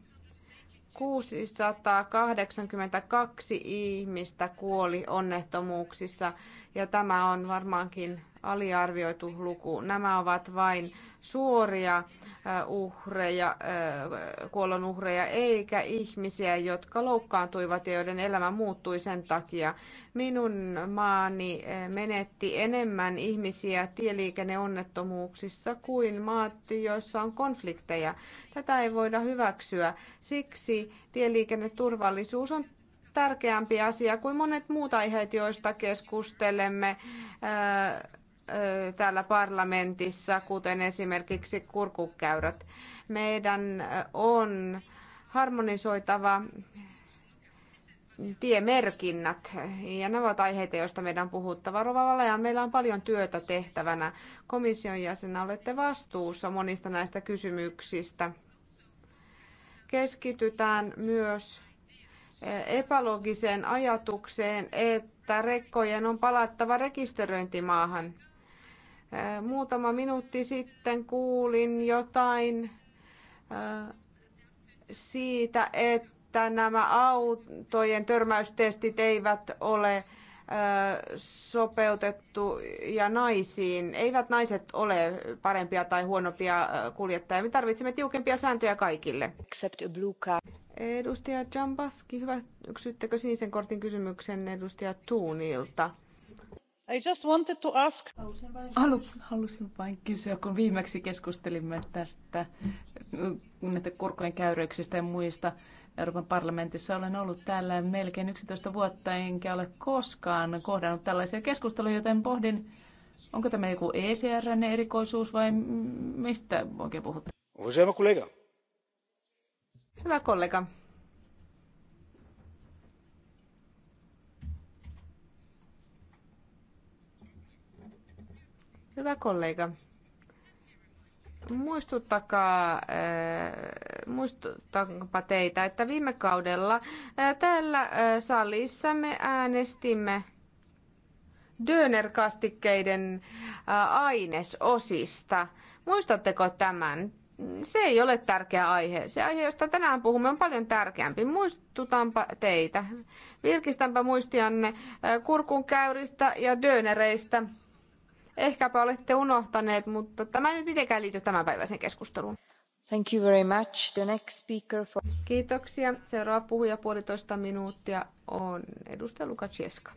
682 ihmistä kuoli onnettomuuksissa ja tämä on varmaankin aliarvioitu luku. Nämä ovat vain suoria uhreja, kuolonuhreja, eikä ihmisiä, jotka loukkaantuivat ja joiden elämä muuttui sen takia. Minun maani menetti enemmän ihmisiä tieliikenneonnettomuuksissa kuin maat, joissa on konflikteja. Tätä ei voida hyväksyä. Siksi tieliikenneturvallisuus on tärkeämpi asia kuin monet muut aiheet, joista keskustelemme täällä parlamentissa, kuten esimerkiksi kurkukäyrät. Meidän on harmonisoitava tiemerkinnät. Ja nämä ovat aiheita, joista meidän on puhuttava. Rovavalajan meillä on paljon työtä tehtävänä. Komission jäsenä olette vastuussa monista näistä kysymyksistä. Keskitytään myös epälogiseen ajatukseen, että rekkojen on palattava rekisteröintimaahan. Muutama minuutti sitten kuulin jotain siitä, että nämä autojen törmäystestit eivät ole sopeutettu ja naisiin. Eivät naiset ole parempia tai huonompia kuljettajia. Me tarvitsemme tiukempia sääntöjä kaikille. Except a blue car. Edustaja Jambaski, hyväksyttekö sinisen kortin kysymyksen edustaja Tuunilta? I just wanted to ask... Halusin vain, halusin vain kysyä, kun viimeksi keskustelimme tästä näitä korkojen käyreyksistä ja muista Euroopan parlamentissa. Olen ollut täällä melkein 11 vuotta, enkä ole koskaan kohdannut tällaisia keskusteluja, joten pohdin, onko tämä joku ecr erikoisuus vai mistä oikein puhutaan? Hyvä kollega. Hyvä kollega, muistuttakaa, äh, muistuttakaa teitä, että viime kaudella äh, täällä äh, salissa me äänestimme Döner-kastikkeiden ainesosista. Muistatteko tämän? Se ei ole tärkeä aihe. Se aihe, josta tänään puhumme, on paljon tärkeämpi. Muistutanpa teitä. Virkistänpä muistianne kurkunkäyristä ja dönereistä ehkäpä olette unohtaneet, mutta tämä ei nyt mitenkään liity tämänpäiväiseen keskusteluun. Thank you very much. The next speaker for... Kiitoksia. Seuraava puhuja puolitoista minuuttia on edustaja Lukacieska.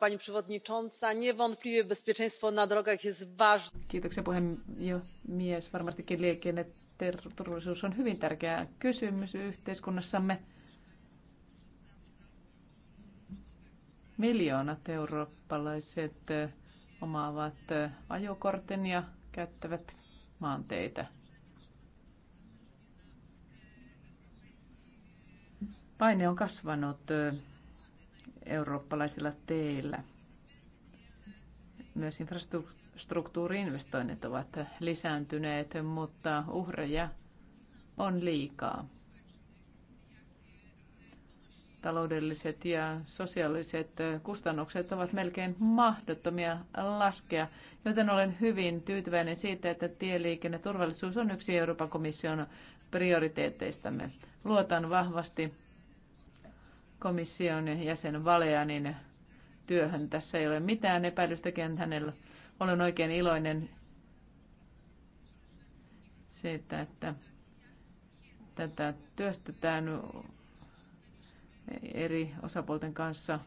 Pani przewodnicząca, niewątpliwie bezpieczeństwo na drogach jest ważne. Kiitoksia puhemies. Varmastikin liikenneturvallisuus on hyvin tärkeä kysymys yhteiskunnassamme. Miljoonat eurooppalaiset omaavat ajokortin ja käyttävät maanteitä. Paine on kasvanut eurooppalaisilla teillä. Myös infrastruktuuriinvestoinnit ovat lisääntyneet, mutta uhreja on liikaa taloudelliset ja sosiaaliset kustannukset ovat melkein mahdottomia laskea, joten olen hyvin tyytyväinen siitä, että tieliikenneturvallisuus on yksi Euroopan komission prioriteetteistamme. Luotan vahvasti komission jäsen Valeanin työhön. Tässä ei ole mitään epäilystäkään hänellä. Olen oikein iloinen siitä, että tätä työstetään eri osapuolten kanssa.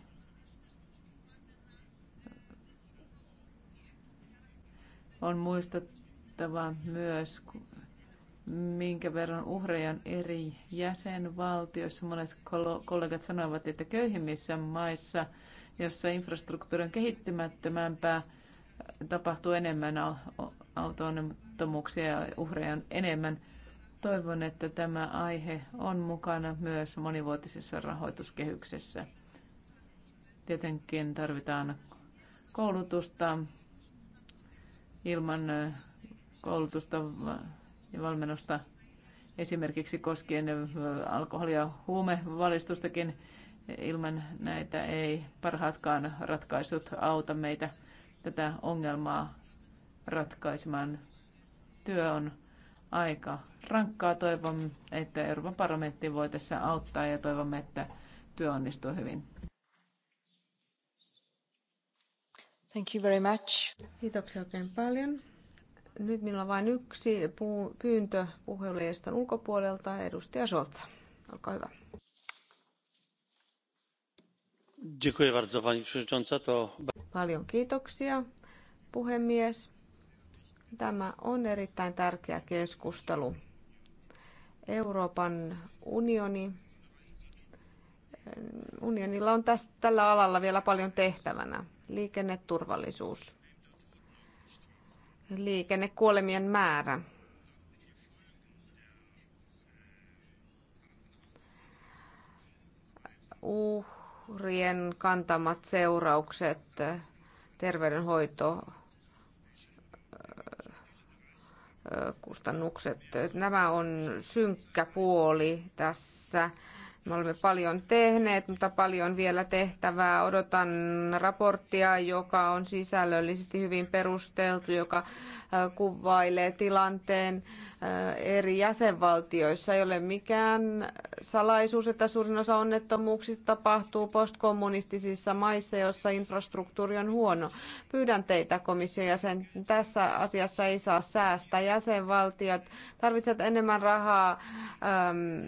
On muistettava myös, minkä verran uhreja on eri jäsenvaltioissa. Monet kollegat sanoivat, että köyhimmissä maissa, jossa infrastruktuuri on kehittymättömämpää, tapahtuu enemmän autoonnettomuuksia ja uhreja on enemmän. Toivon, että tämä aihe on mukana myös monivuotisessa rahoituskehyksessä. Tietenkin tarvitaan koulutusta. Ilman koulutusta ja valmennusta esimerkiksi koskien alkoholia ja huumevalistustakin. Ilman näitä ei parhaatkaan ratkaisut auta meitä tätä ongelmaa ratkaisemaan. Työ on aika rankkaa. Toivon, että Euroopan parlamentti voi tässä auttaa ja toivomme, että työ onnistuu hyvin. Thank you very much. Kiitoksia oikein paljon. Nyt minulla on vain yksi pyyntö puheenjohtajan ulkopuolelta. Edustaja Scholz, olkaa hyvä. Paljon kiitoksia, puhemies. Tämä on erittäin tärkeä keskustelu. Euroopan unioni, unionilla on tästä, tällä alalla vielä paljon tehtävänä. Liikenneturvallisuus, liikennekuolemien määrä, uhrien kantamat seuraukset, terveydenhoito, kustannukset. Nämä on synkkä puoli tässä. Me olemme paljon tehneet, mutta paljon vielä tehtävää. Odotan raporttia, joka on sisällöllisesti hyvin perusteltu, joka kuvailee tilanteen eri jäsenvaltioissa. Ei ole mikään salaisuus, että suurin osa onnettomuuksista tapahtuu postkommunistisissa maissa, joissa infrastruktuuri on huono. Pyydän teitä komission jäsen, tässä asiassa ei saa säästää. Jäsenvaltiot tarvitsevat enemmän rahaa äm,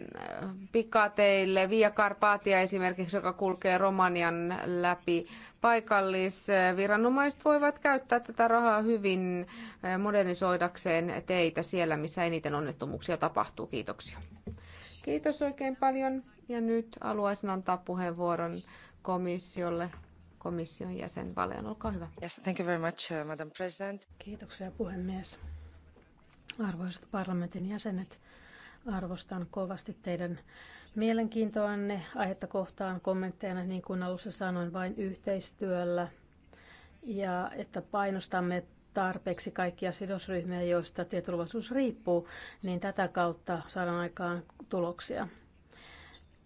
pikateille. Via Carpatia esimerkiksi, joka kulkee Romanian läpi paikallisviranomaiset voivat käyttää tätä rahaa hyvin eh, modernisoidakseen teitä siellä, missä eniten onnettomuuksia tapahtuu. Kiitoksia. Kiitos oikein paljon. Ja nyt haluaisin antaa puheenvuoron komissiolle komission jäsen Valean. Olkaa hyvä. Yes, thank you very much, uh, Madam President. Kiitoksia puhemies. Arvoisat parlamentin jäsenet, arvostan kovasti teidän mielenkiintoanne aihetta kohtaan kommentteina, niin kuin alussa sanoin, vain yhteistyöllä ja että painostamme tarpeeksi kaikkia sidosryhmiä, joista tietoturvallisuus riippuu, niin tätä kautta saadaan aikaan tuloksia.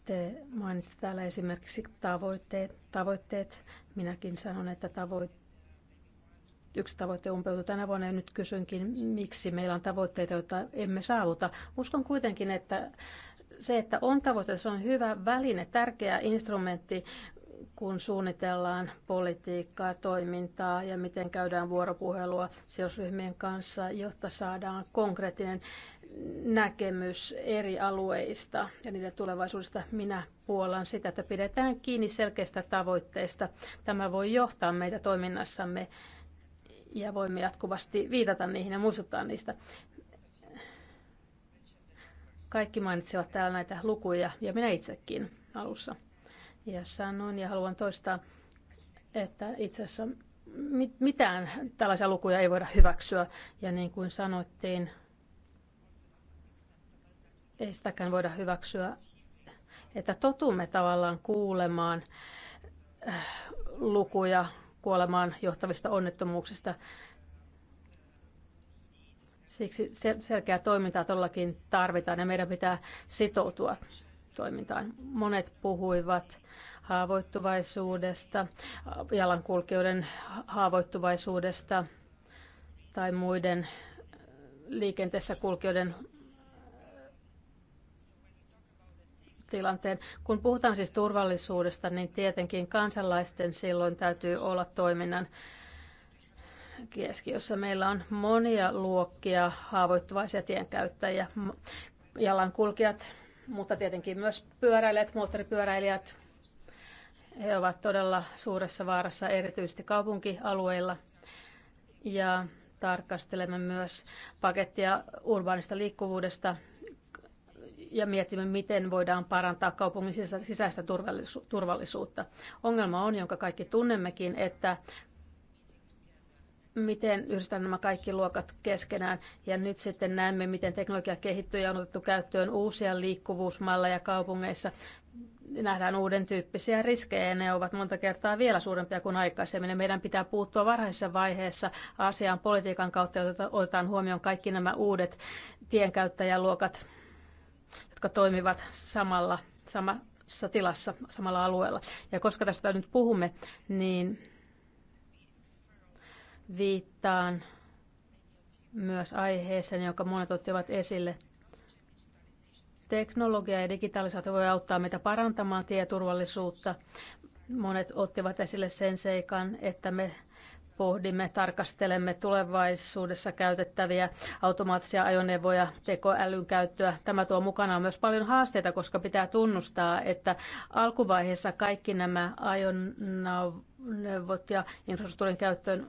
Te mainitsitte täällä esimerkiksi tavoitteet. tavoitteet. Minäkin sanon, että tavoitteet yksi tavoite umpeutui tänä vuonna ja nyt kysynkin, miksi meillä on tavoitteita, joita emme saavuta. Uskon kuitenkin, että se, että on tavoite, se on hyvä väline, tärkeä instrumentti, kun suunnitellaan politiikkaa, toimintaa ja miten käydään vuoropuhelua sijoitusryhmien kanssa, jotta saadaan konkreettinen näkemys eri alueista ja niiden tulevaisuudesta. Minä puolan sitä, että pidetään kiinni selkeistä tavoitteista. Tämä voi johtaa meitä toiminnassamme ja voimme jatkuvasti viitata niihin ja muistuttaa niistä. Kaikki mainitsivat täällä näitä lukuja ja minä itsekin alussa. Ja sanon ja haluan toistaa, että itse asiassa mitään tällaisia lukuja ei voida hyväksyä. Ja niin kuin sanoittiin, ei sitäkään voida hyväksyä, että totumme tavallaan kuulemaan äh, lukuja kuolemaan johtavista onnettomuuksista. Siksi selkeää toimintaa todellakin tarvitaan ja meidän pitää sitoutua toimintaan. Monet puhuivat haavoittuvaisuudesta, jalankulkijoiden haavoittuvaisuudesta tai muiden liikenteessä kulkijoiden tilanteen. Kun puhutaan siis turvallisuudesta, niin tietenkin kansalaisten silloin täytyy olla toiminnan keskiössä meillä on monia luokkia haavoittuvaisia tienkäyttäjiä, jalankulkijat, mutta tietenkin myös pyöräilijät, moottoripyöräilijät. He ovat todella suuressa vaarassa erityisesti kaupunkialueilla. Ja tarkastelemme myös pakettia urbaanista liikkuvuudesta ja mietimme, miten voidaan parantaa kaupungin sisäistä turvallisuutta. Ongelma on, jonka kaikki tunnemmekin, että miten yhdistää nämä kaikki luokat keskenään. Ja nyt sitten näemme, miten teknologia kehittyy ja on otettu käyttöön uusia liikkuvuusmalleja kaupungeissa. Nähdään uuden tyyppisiä riskejä ja ne ovat monta kertaa vielä suurempia kuin aikaisemmin. Ja meidän pitää puuttua varhaisessa vaiheessa asiaan politiikan kautta, jota otetaan huomioon kaikki nämä uudet tienkäyttäjäluokat, jotka toimivat samalla, samassa tilassa, samalla alueella. Ja koska tästä nyt puhumme, niin Viittaan myös aiheeseen, jonka monet ottivat esille. Teknologia ja digitalisaatio voi auttaa meitä parantamaan tieturvallisuutta. Monet ottivat esille sen seikan, että me pohdimme, tarkastelemme tulevaisuudessa käytettäviä automaattisia ajoneuvoja, tekoälyn käyttöä. Tämä tuo mukanaan myös paljon haasteita, koska pitää tunnustaa, että alkuvaiheessa kaikki nämä ajoneuvot ja infrastruktuurin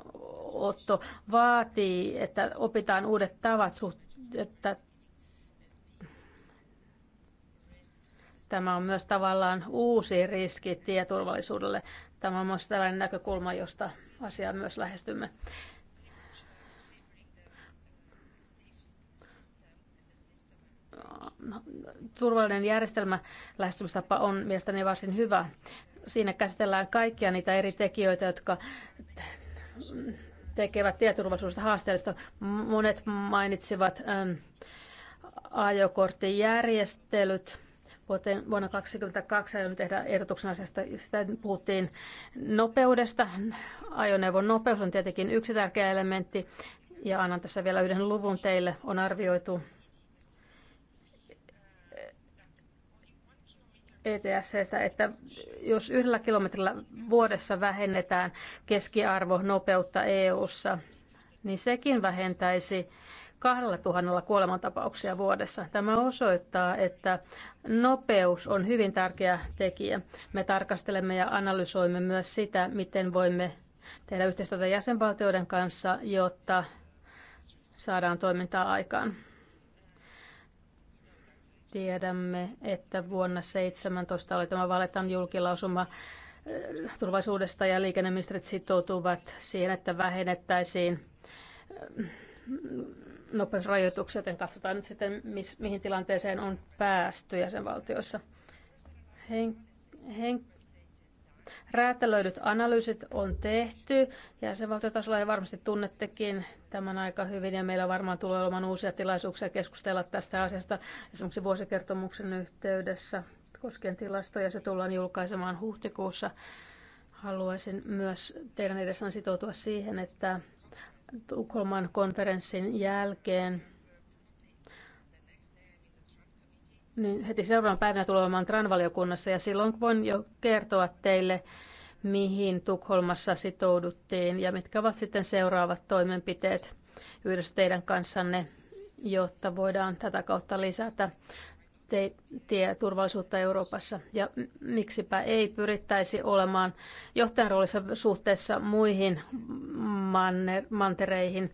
otto vaatii, että opitaan uudet tavat, että Tämä on myös tavallaan uusi riski tieturvallisuudelle. Tämä on myös tällainen näkökulma, josta asiaa myös lähestymme. Turvallinen järjestelmä lähestymistapa on mielestäni varsin hyvä. Siinä käsitellään kaikkia niitä eri tekijöitä, jotka tekevät tietoturvallisuudesta haasteellista. Monet mainitsivat ajokorttijärjestelyt Vuoteen, vuonna 2022 aion tehdä ehdotuksen asiasta. Sitä puhuttiin nopeudesta. Ajoneuvon nopeus on tietenkin yksi tärkeä elementti. Ja annan tässä vielä yhden luvun teille. On arvioitu ETS, että jos yhdellä kilometrillä vuodessa vähennetään keskiarvo nopeutta EU:ssa, niin sekin vähentäisi 2000 kuolemantapauksia vuodessa. Tämä osoittaa, että nopeus on hyvin tärkeä tekijä. Me tarkastelemme ja analysoimme myös sitä, miten voimme tehdä yhteistyötä jäsenvaltioiden kanssa, jotta saadaan toimintaa aikaan. Tiedämme, että vuonna 2017 oli tämä Valetan julkilausuma äh, turvallisuudesta ja liikenneministerit sitoutuvat siihen, että vähennettäisiin äh, nopeusrajoituksia, joten katsotaan nyt sitten, mis, mihin tilanteeseen on päästy jäsenvaltioissa. Hen, hen, räätälöidyt analyysit on tehty valtiotasolla ei varmasti tunnettekin tämän aika hyvin ja meillä varmaan tulee olemaan uusia tilaisuuksia keskustella tästä asiasta esimerkiksi vuosikertomuksen yhteydessä koskien tilastoja. Se tullaan julkaisemaan huhtikuussa. Haluaisin myös teidän edessään sitoutua siihen, että Tukholman konferenssin jälkeen. Niin heti seuraavan päivänä tulee olemaan TRAN-valiokunnassa ja silloin voin jo kertoa teille, mihin Tukholmassa sitouduttiin ja mitkä ovat sitten seuraavat toimenpiteet yhdessä teidän kanssanne, jotta voidaan tätä kautta lisätä turvallisuutta Euroopassa. Ja miksipä ei pyrittäisi olemaan johtajan roolissa suhteessa muihin manner, mantereihin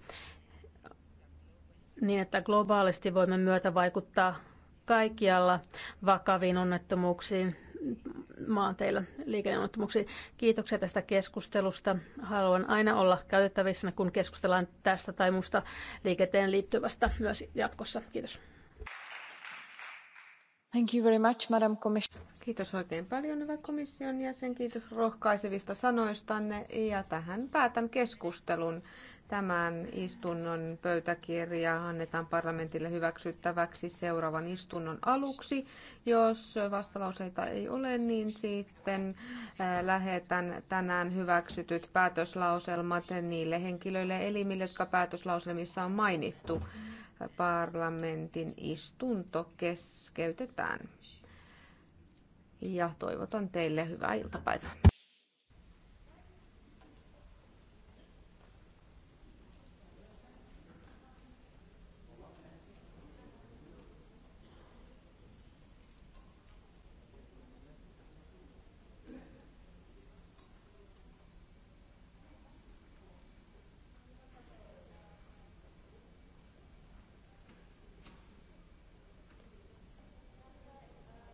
niin, että globaalisti voimme myötä vaikuttaa kaikkialla vakaviin onnettomuuksiin maanteilla liikenneonnettomuuksiin. Kiitoksia tästä keskustelusta. Haluan aina olla käytettävissä, kun keskustellaan tästä tai muusta liikenteen liittyvästä myös jatkossa. Kiitos. Thank you very much, Madam Commissioner. Kiitos oikein paljon, hyvä komission jäsen. Kiitos rohkaisevista sanoistanne. Ja tähän päätän keskustelun. Tämän istunnon pöytäkirja annetaan parlamentille hyväksyttäväksi seuraavan istunnon aluksi. Jos vastalauseita ei ole, niin sitten äh, lähetän tänään hyväksytyt päätöslauselmat niille henkilöille ja elimille, jotka päätöslauselmissa on mainittu parlamentin istunto keskeytetään. Ja toivotan teille hyvää iltapäivää.